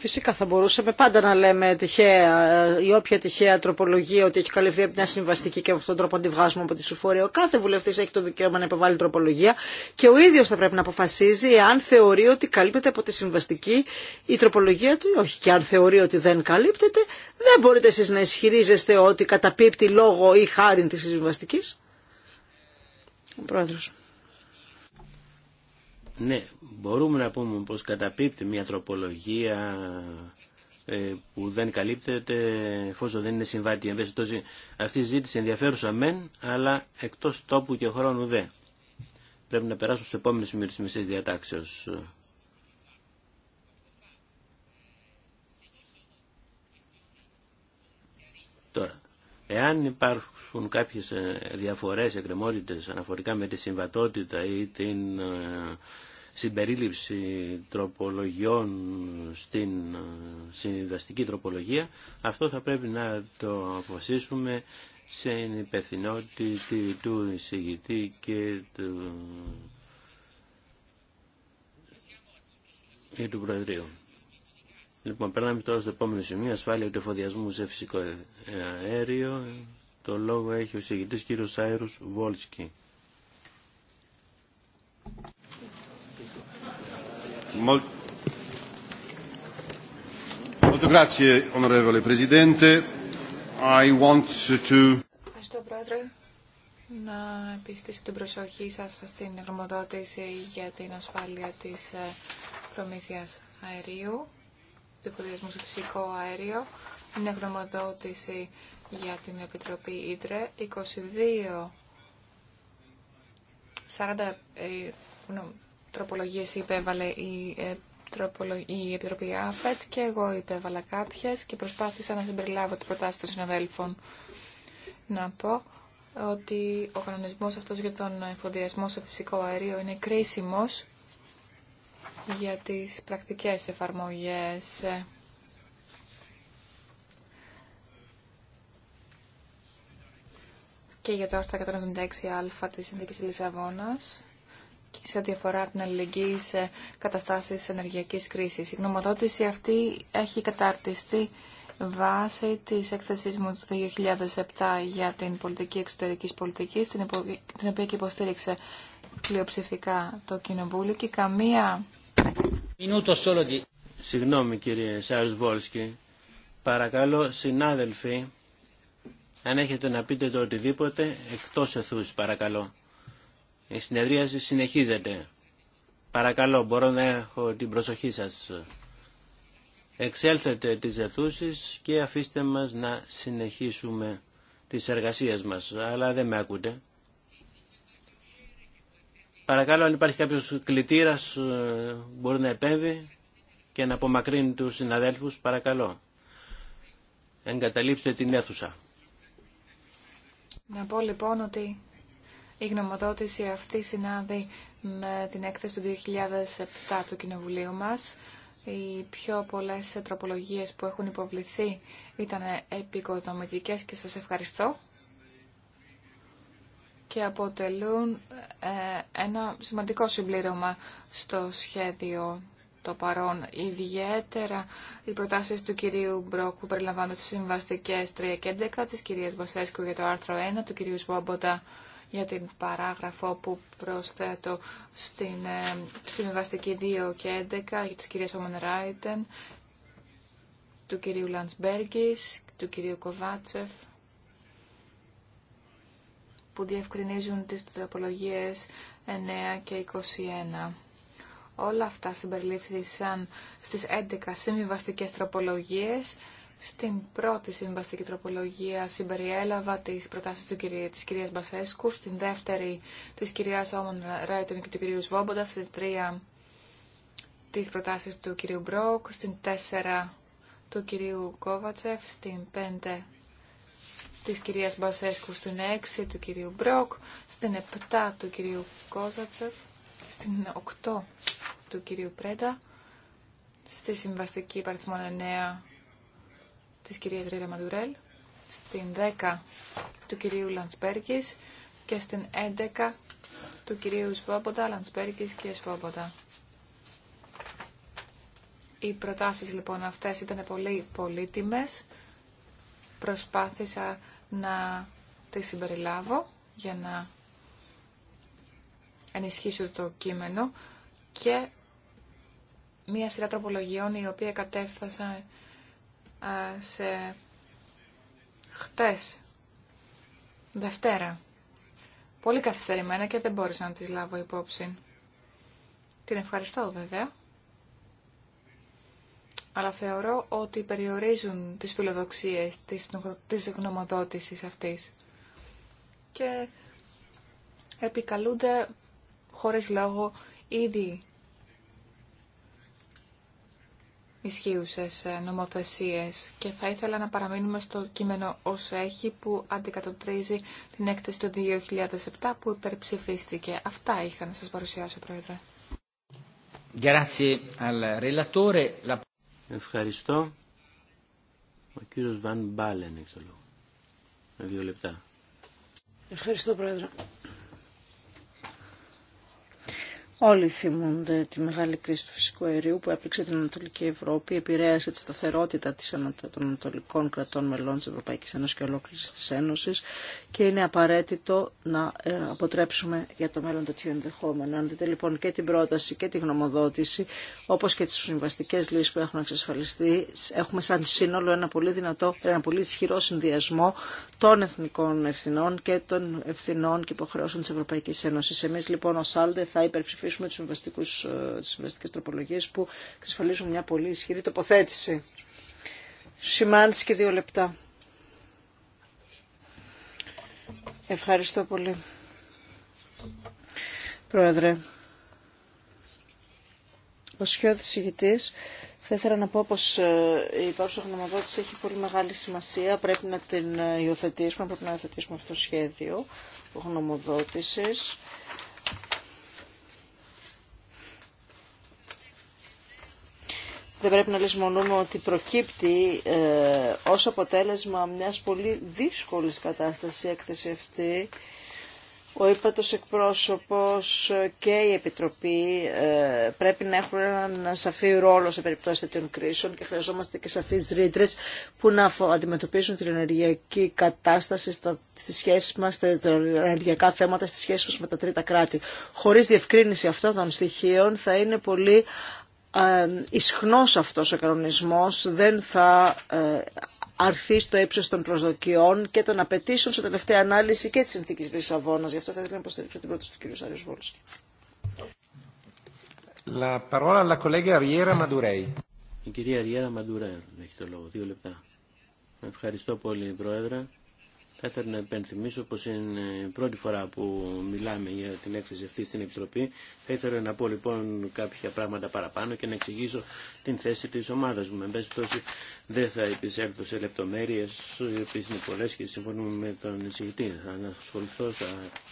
Φυσικά θα μπορούσαμε πάντα να λέμε τυχαία ή ε, όποια τυχαία τροπολογία ότι έχει καλυφθεί από μια συμβαστική και από αυτόν τον τρόπο αντιβγάζουμε από τη συμφορία. Ο κάθε βουλευτή έχει το δικαίωμα να υποβάλει τροπολογία και ο ίδιο θα πρέπει να αποφασίζει αν θεωρεί ότι καλύπτεται από τη συμβαστική η τροπολογία του ή όχι. Και αν θεωρεί ότι δεν καλύπτεται, δεν μπορείτε εσεί να ισχυρίζεστε ότι καταπίπτει λόγο ή χάρη τη συμβαστική. Ο πρόεδρος ναι, μπορούμε να πούμε πως καταπίπτει μια τροπολογία ε, που δεν καλύπτεται εφόσον δεν είναι συμβάτη. Εν αυτή η ζήτηση ενδιαφέρουσα μεν, αλλά εκτός τόπου και χρόνου δε. Πρέπει να περάσουμε στο επόμενο σημείο της διατάξεως. Τώρα, εάν υπάρχουν κάποιες ε, διαφορές, εκκρεμότητες αναφορικά με τη συμβατότητα ή την ε, συμπερίληψη τροπολογιών στην ε, συνδυαστική τροπολογία, αυτό θα πρέπει να το αποφασίσουμε σε υπευθυνότητα του εισηγητή και του, και του Προεδρείου. Λοιπόν, περνάμε τώρα στο επόμενο σημείο, ασφάλεια του εφοδιασμού σε φυσικό αέριο. Το λόγο έχει ο εισηγητής κύριος Σάιρους Βόλσκι. Ευχαριστώ, Πρόεδρε. Να επιστήσω την προσοχή σας στην γνωμοδότηση για την ασφάλεια της ε, προμήθειας αερίου, του υποδιασμού σε φυσικό αέριο. Είναι γνωμοδότηση για την Επιτροπή Ήτρε 22 Τροπολογίε υπέβαλε η, ε, η Επιτροπή ΑΦΕΤ και εγώ υπέβαλα κάποιες και προσπάθησα να συμπεριλάβω την προτάση των συναδέλφων. Να πω ότι ο κανονισμό αυτός για τον εφοδιασμό σε φυσικό αερίο είναι κρίσιμος για τι πρακτικές εφαρμογές και για το άρθρο 176α της Συνδίκης Λισαβόνας σε ό,τι αφορά την αλληλεγγύη σε καταστάσεις ενεργειακής κρίσης. Η γνωμοδότηση αυτή έχει καταρτιστεί βάσει της έκθεσής μου του 2007 για την πολιτική εξωτερικής πολιτικής, την, οποία και υποστήριξε πλειοψηφικά το Κοινοβούλιο και καμία... Συγγνώμη κύριε Σάρους Βόλσκι, παρακαλώ συνάδελφοι, αν έχετε να πείτε το οτιδήποτε, εκτός εθούς παρακαλώ. Η συνεδρία συνεχίζεται. Παρακαλώ, μπορώ να έχω την προσοχή σας. Εξέλθετε τις αιθούσεις και αφήστε μας να συνεχίσουμε τις εργασίες μας. Αλλά δεν με ακούτε. Παρακαλώ, αν υπάρχει κάποιος κλητήρας ε, μπορεί να επέμβει και να απομακρύνει τους συναδέλφους. Παρακαλώ, εγκαταλείψτε την αίθουσα. Να πω λοιπόν ότι η γνωμοδότηση αυτή συνάδει με την έκθεση του 2007 του Κοινοβουλίου μας. Οι πιο πολλές τροπολογίες που έχουν υποβληθεί ήταν επικοδομητικές και σας ευχαριστώ και αποτελούν ε, ένα σημαντικό συμπλήρωμα στο σχέδιο το παρόν. Ιδιαίτερα οι προτάσει του κυρίου Μπρόκ που περιλαμβάνονται στι συμβαστικέ 3 και 11, τη κυρία Βασέσκου για το άρθρο 1, του κυρίου Σβόμποντα για την παράγραφο που προσθέτω στην ε, συμβιβαστική 2 και 11 για τις κυρίες Ομονράιτεν, του κυρίου Λαντσμπέργκης, του κυρίου Κοβάτσεφ, που διευκρινίζουν τις τροπολογίες 9 και 21. Όλα αυτά συμπεριλήφθησαν στις 11 συμβιβαστικές τροπολογίες στην πρώτη συμβαστική τροπολογία συμπεριέλαβα τι προτάσει τη κυρία κυρίας Μπασέσκου, στην δεύτερη τη κυρία Όμον Ράιτον και του κυρίου Σβόμποντα, στην τρία τι προτάσει του κυρίου Μπρόκ, στην τέσσερα του κυρίου Κόβατσεφ, στην πέντε τη κυρία Μπασέσκου, στην έξι του κυρίου Μπρόκ, στην επτά του κυρίου Κόβατσεφ. στην οκτώ του κυρίου Πρέντα, στη συμβαστική παριθμόν εννέα της κυρίας Ρίρα στην 10 του κυρίου Λαντσπέρκης και στην 11 του κυρίου Σβόποτα, Λαντσπέρκης και Σβόποτα. Οι προτάσεις λοιπόν αυτές ήταν πολύ πολύτιμες. Προσπάθησα να τις συμπεριλάβω για να ενισχύσω το κείμενο και μία σειρά τροπολογιών η οποία κατέφθασα σε χτες, Δευτέρα. Πολύ καθυστερημένα και δεν μπόρεσα να τις λάβω υπόψη. Την ευχαριστώ βέβαια. Αλλά θεωρώ ότι περιορίζουν τις φιλοδοξίες της γνωμοδότησης αυτής. Και επικαλούνται χωρίς λόγο ήδη ισχύουσες ε, νομοθεσίες και θα ήθελα να παραμείνουμε στο κείμενο ως έχει που αντικατοπτρίζει την έκθεση του 2007 που υπερψηφίστηκε. Αυτά είχα να σας παρουσιάσω, Πρόεδρε. Ευχαριστώ. Ο κύριος Βαν Μπάλεν έχει το λόγο. Με δύο λεπτά. Ευχαριστώ, Πρόεδρε. Όλοι θυμούνται τη μεγάλη κρίση του φυσικού αερίου που έπληξε την Ανατολική Ευρώπη, επηρέασε τη σταθερότητα των ανατολικών κρατών μελών της Ευρωπαϊκής Ένωσης και ολόκληρη της Ένωσης και είναι απαραίτητο να ε, αποτρέψουμε για το μέλλον τέτοιο ενδεχόμενο. Αν δείτε λοιπόν και την πρόταση και τη γνωμοδότηση, όπως και τις συμβαστικές λύσεις που έχουν εξασφαλιστεί, έχουμε σαν σύνολο ένα πολύ, δυνατό, ένα πολύ ισχυρό συνδυασμό των εθνικών ευθυνών και των ευθυνών και υποχρεώσεων τη Ευρωπαϊκή Ένωση. Εμείς λοιπόν ως Άλντε θα υπερψηφίσουμε χρησιμοποιήσουμε ε, τις συμβαστικές τροπολογίες που εξασφαλίζουν μια πολύ ισχυρή τοποθέτηση. Σημάνς και δύο λεπτά. Ευχαριστώ πολύ. Πρόεδρε, ο Σιώδης ηγητής θα ήθελα να πω πως ε, η υπάρχουσα γνωμοδότηση έχει πολύ μεγάλη σημασία. Πρέπει να την ε, υιοθετήσουμε, πρέπει να υιοθετήσουμε αυτό το σχέδιο γνωμοδότησης. δεν πρέπει να λησμονούμε ότι προκύπτει ε, ως αποτέλεσμα μιας πολύ δύσκολης κατάστασης η έκθεση αυτή. Ο ύπατος εκπρόσωπος και η Επιτροπή ε, πρέπει να έχουν έναν σαφή ρόλο σε περιπτώσεις τέτοιων κρίσεων και χρειαζόμαστε και σαφείς ρήτρε που να αντιμετωπίσουν την ενεργειακή κατάσταση στα, στις σχέσεις μας, τα ενεργειακά θέματα στις σχέσεις μας με τα τρίτα κράτη. Χωρίς διευκρίνηση αυτών των στοιχείων θα είναι πολύ ισχνός αυτός ο κανονισμός δεν θα ε, αρθεί στο ύψο των προσδοκιών και των απαιτήσεων σε τελευταία ανάλυση και της συνθήκης Λισαβόνας. Γι' αυτό θα ήθελα να υποστηρίξω την πρόταση του κ. Σάριου Βόλσκη. La parola alla collega Riera Madurei. Η κυρία Ριέρα Μαντουρέ έχει το λόγο. Δύο λεπτά. Ευχαριστώ πολύ, Πρόεδρε. Θα ήθελα να επενθυμίσω πως είναι η πρώτη φορά που μιλάμε για την έκθεση αυτή στην Επιτροπή. Θα ήθελα να πω λοιπόν κάποια πράγματα παραπάνω και να εξηγήσω την θέση της ομάδας μου. Εν πάση δεν θα επισέλθω σε λεπτομέρειες, οι οποίες είναι πολλές και συμφωνούμε με τον εισηγητή. Θα ανασχοληθώ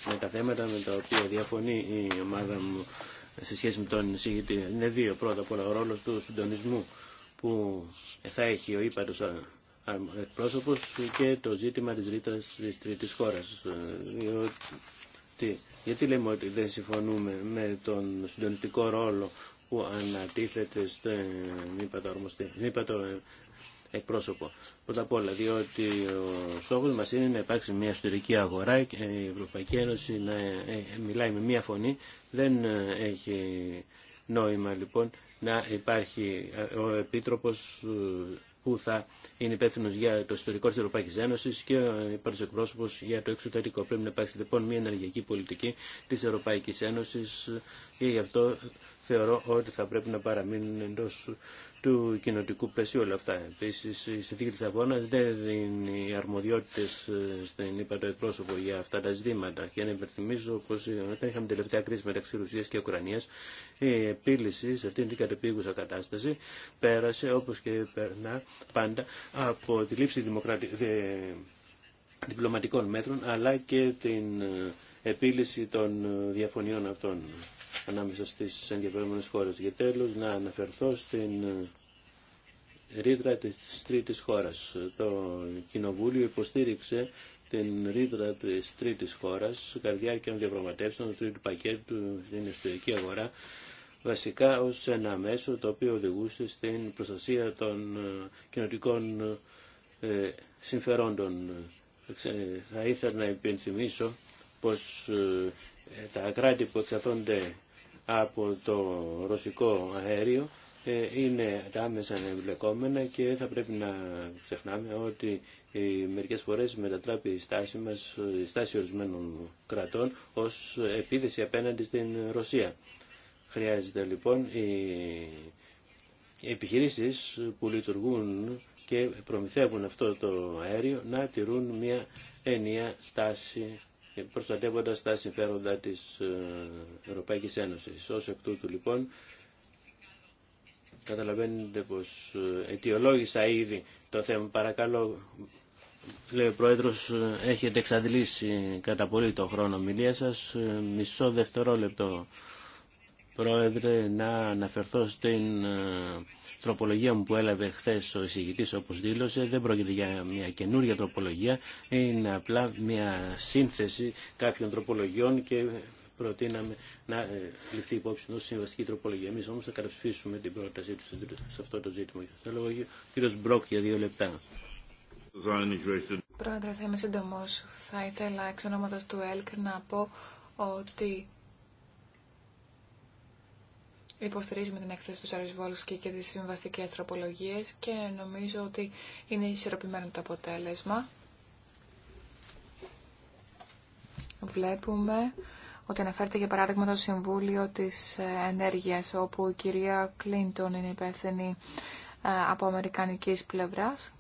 με τα θέματα με τα οποία διαφωνεί η ομάδα μου σε σχέση με τον εισηγητή. Είναι δύο πρώτα απ' όλα ο ρόλος του συντονισμού που θα έχει ο ύπαρος εκπρόσωπος και το ζήτημα της ρήτρας της τρίτης χώρας. Ε, γιατί λέμε ότι δεν συμφωνούμε με τον συντονιστικό ρόλο που ανατίθεται στον ύπατο ε, εκπρόσωπο. Πρώτα απ' όλα, διότι ο στόχος μας είναι να υπάρξει μια εσωτερική αγορά και η Ευρωπαϊκή Ένωση να ε, μιλάει με μια φωνή. Δεν έχει νόημα λοιπόν να υπάρχει ο Επίτροπος που θα είναι υπεύθυνο για το ιστορικό τη Ευρωπαϊκή Ένωση και υπάρχει εκπρόσωπο για το εξωτερικό. Πρέπει να υπάρξει λοιπόν μια ενεργειακή πολιτική τη Ευρωπαϊκή Ένωση και γι' αυτό θεωρώ ότι θα πρέπει να παραμείνουν εντό του κοινοτικού πλαισίου όλα αυτά. Επίση, η συνθήκη τη Αβώνα δεν δίνει αρμοδιότητε ε, στην ύπατο εκπρόσωπο για αυτά τα ζητήματα. Και να υπενθυμίζω πω ε, όταν είχαμε τελευταία κρίση μεταξύ Ρουσία και Ουκρανία, η επίλυση σε αυτήν την κατεπίγουσα κατάσταση πέρασε όπω και περνά πάντα από τη λήψη δημοκρατι... διπλωματικών μέτρων αλλά και την ε, επίλυση των διαφωνιών αυτών ανάμεσα στις ενδιαφερόμενες χώρες. Για τέλος να αναφερθώ στην ε, ρήτρα της τρίτης χώρας. Το Κοινοβούλιο υποστήριξε την ρήτρα της τρίτης χώρας, καρδιά και των διαπραγματεύσεων του τρίτου πακέτου στην ιστορική αγορά, βασικά ως ένα μέσο το οποίο οδηγούσε στην προστασία των ε, κοινωτικών ε, συμφερόντων. Θα ήθελα να υπενθυμίσω πως ε, τα κράτη που εξαρτώνται από το ρωσικό αέριο ε, είναι τα άμεσα εμπλεκόμενα και θα πρέπει να ξεχνάμε ότι μερικές φορές μετατράπει η στάση μας, η στάση ορισμένων κρατών ως επίδεση απέναντι στην Ρωσία. Χρειάζεται λοιπόν οι επιχειρήσεις που λειτουργούν και προμηθεύουν αυτό το αέριο να τηρούν μια ενιαία στάση Προστατεύοντα προστατεύοντας τα συμφέροντα της ε, Ευρωπαϊκής Ένωσης. Ως εκ τούτου λοιπόν καταλαβαίνετε πως ε, αιτιολόγησα ήδη το θέμα. Παρακαλώ, λέει ο Πρόεδρος, ε, έχετε εξαντλήσει κατά πολύ το χρόνο μιλία σας. Μισό δευτερόλεπτο Πρόεδρε, να αναφερθώ στην ε, τροπολογία μου που έλαβε χθε ο εισηγητή, όπω δήλωσε. Δεν πρόκειται για μια καινούργια τροπολογία, είναι απλά μια σύνθεση κάποιων τροπολογιών και προτείναμε να ε, ληφθεί υπόψη ω συμβαστική τροπολογία. Εμεί όμω θα καταψηφίσουμε την πρότασή του σε αυτό το ζήτημα. κύριο Μπρόκ για δύο λεπτά. Πρόεδρε, θα είμαι σύντομο. Θα ήθελα εξ του ΕΛΚ να πω ότι Υποστηρίζουμε την έκθεση του Σαρισβόλσκη και τις συμβαστικές τροπολογίες και νομίζω ότι είναι ισορροπημένο το αποτέλεσμα. Βλέπουμε ότι αναφέρεται για παράδειγμα το Συμβούλιο της Ενέργειας όπου η κυρία Κλίντον είναι υπεύθυνη ε, από αμερικανικής πλευράς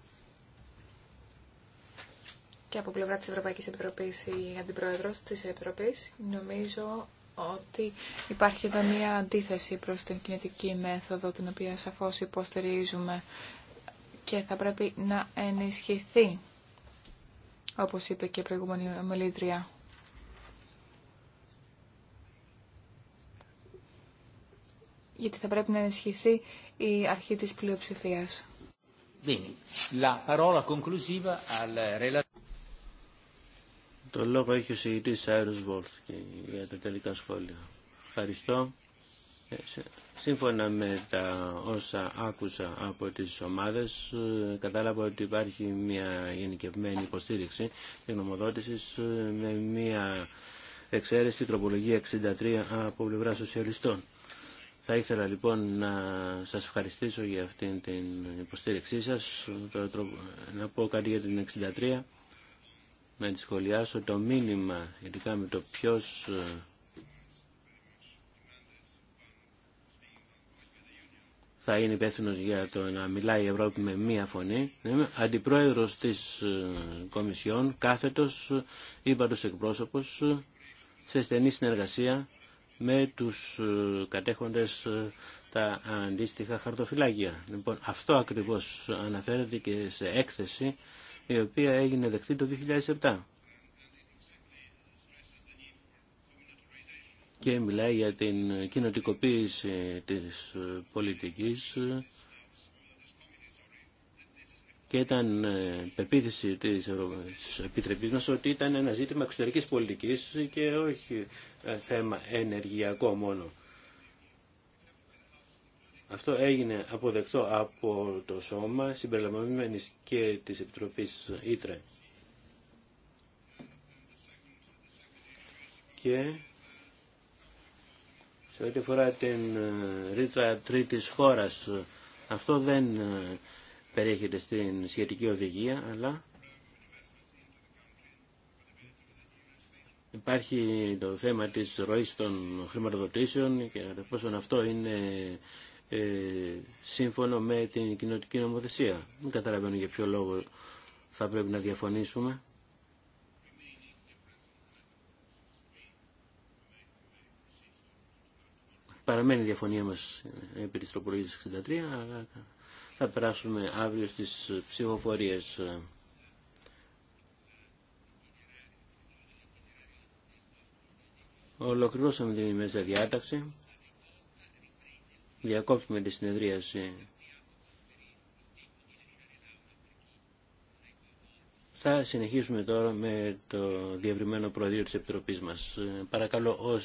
και από πλευρά της Ευρωπαϊκής Επιτροπής η Αντιπρόεδρος της Επιτροπής. Νομίζω ότι υπάρχει εδώ μία αντίθεση προς την κινητική μέθοδο την οποία σαφώς υποστηρίζουμε και θα πρέπει να ενισχυθεί όπως είπε και η προηγούμενη ομιλήτρια. Γιατί θα πρέπει να ενισχυθεί η αρχή της πλειοψηφίας. Bene. La parola conclusiva al το λόγο έχει ο συγητής Άιρος Βόλτ για τα τελικά σχόλια. Ευχαριστώ. Ε, σύμφωνα με τα όσα άκουσα από τις ομάδες, ε, κατάλαβα ότι υπάρχει μια γενικευμένη υποστήριξη και νομοδότησης ε, με μια εξαίρεση τροπολογία 63 από πλευρά σοσιαλιστών. Θα ήθελα λοιπόν να σας ευχαριστήσω για αυτή την υποστήριξή σας, να πω κάτι για την 63 να τη σχολιάσω το μήνυμα ειδικά με το ποιος ε, θα είναι υπεύθυνο για το να μιλάει η Ευρώπη με μία φωνή. Είμαι αντιπρόεδρος της ε, Κομισιόν, κάθετος, ύπατος εκπρόσωπος, ε, σε στενή συνεργασία με τους κατέχοντες τα αντίστοιχα χαρτοφυλάκια. Λοιπόν, αυτό ακριβώς αναφέρεται και σε έκθεση η οποία έγινε δεκτή το 2007. Και μιλάει για την κοινοτικοποίηση της πολιτικής και ήταν ε, πεποίθηση της Επιτρεπής μας ότι ήταν ένα ζήτημα εξωτερικής πολιτικής και όχι ε, θέμα ενεργειακό μόνο. Αυτό έγινε αποδεκτό από το Σώμα συμπεριλαμβανομένης και της Επιτροπής Ήτρε. Και σε ό,τι αφορά την ε, ρήτρα τρίτης χώρας, αυτό δεν ε, περιέχεται στην σχετική οδηγία, αλλά υπάρχει το θέμα της ροής των χρηματοδοτήσεων και πόσο αυτό είναι ε, σύμφωνο με την κοινωτική νομοθεσία. Δεν καταλαβαίνω για ποιο λόγο θα πρέπει να διαφωνήσουμε. Παραμένει η διαφωνία μας επί της τροπολογίας 63, αλλά θα περάσουμε αύριο στις ψηφοφορίες. Ολοκληρώσαμε την ημέρα διάταξη. Διακόπτουμε τη συνεδρίαση. Θα συνεχίσουμε τώρα με το διευρυμένο Προεδρείο της Επιτροπής μας. Παρακαλώ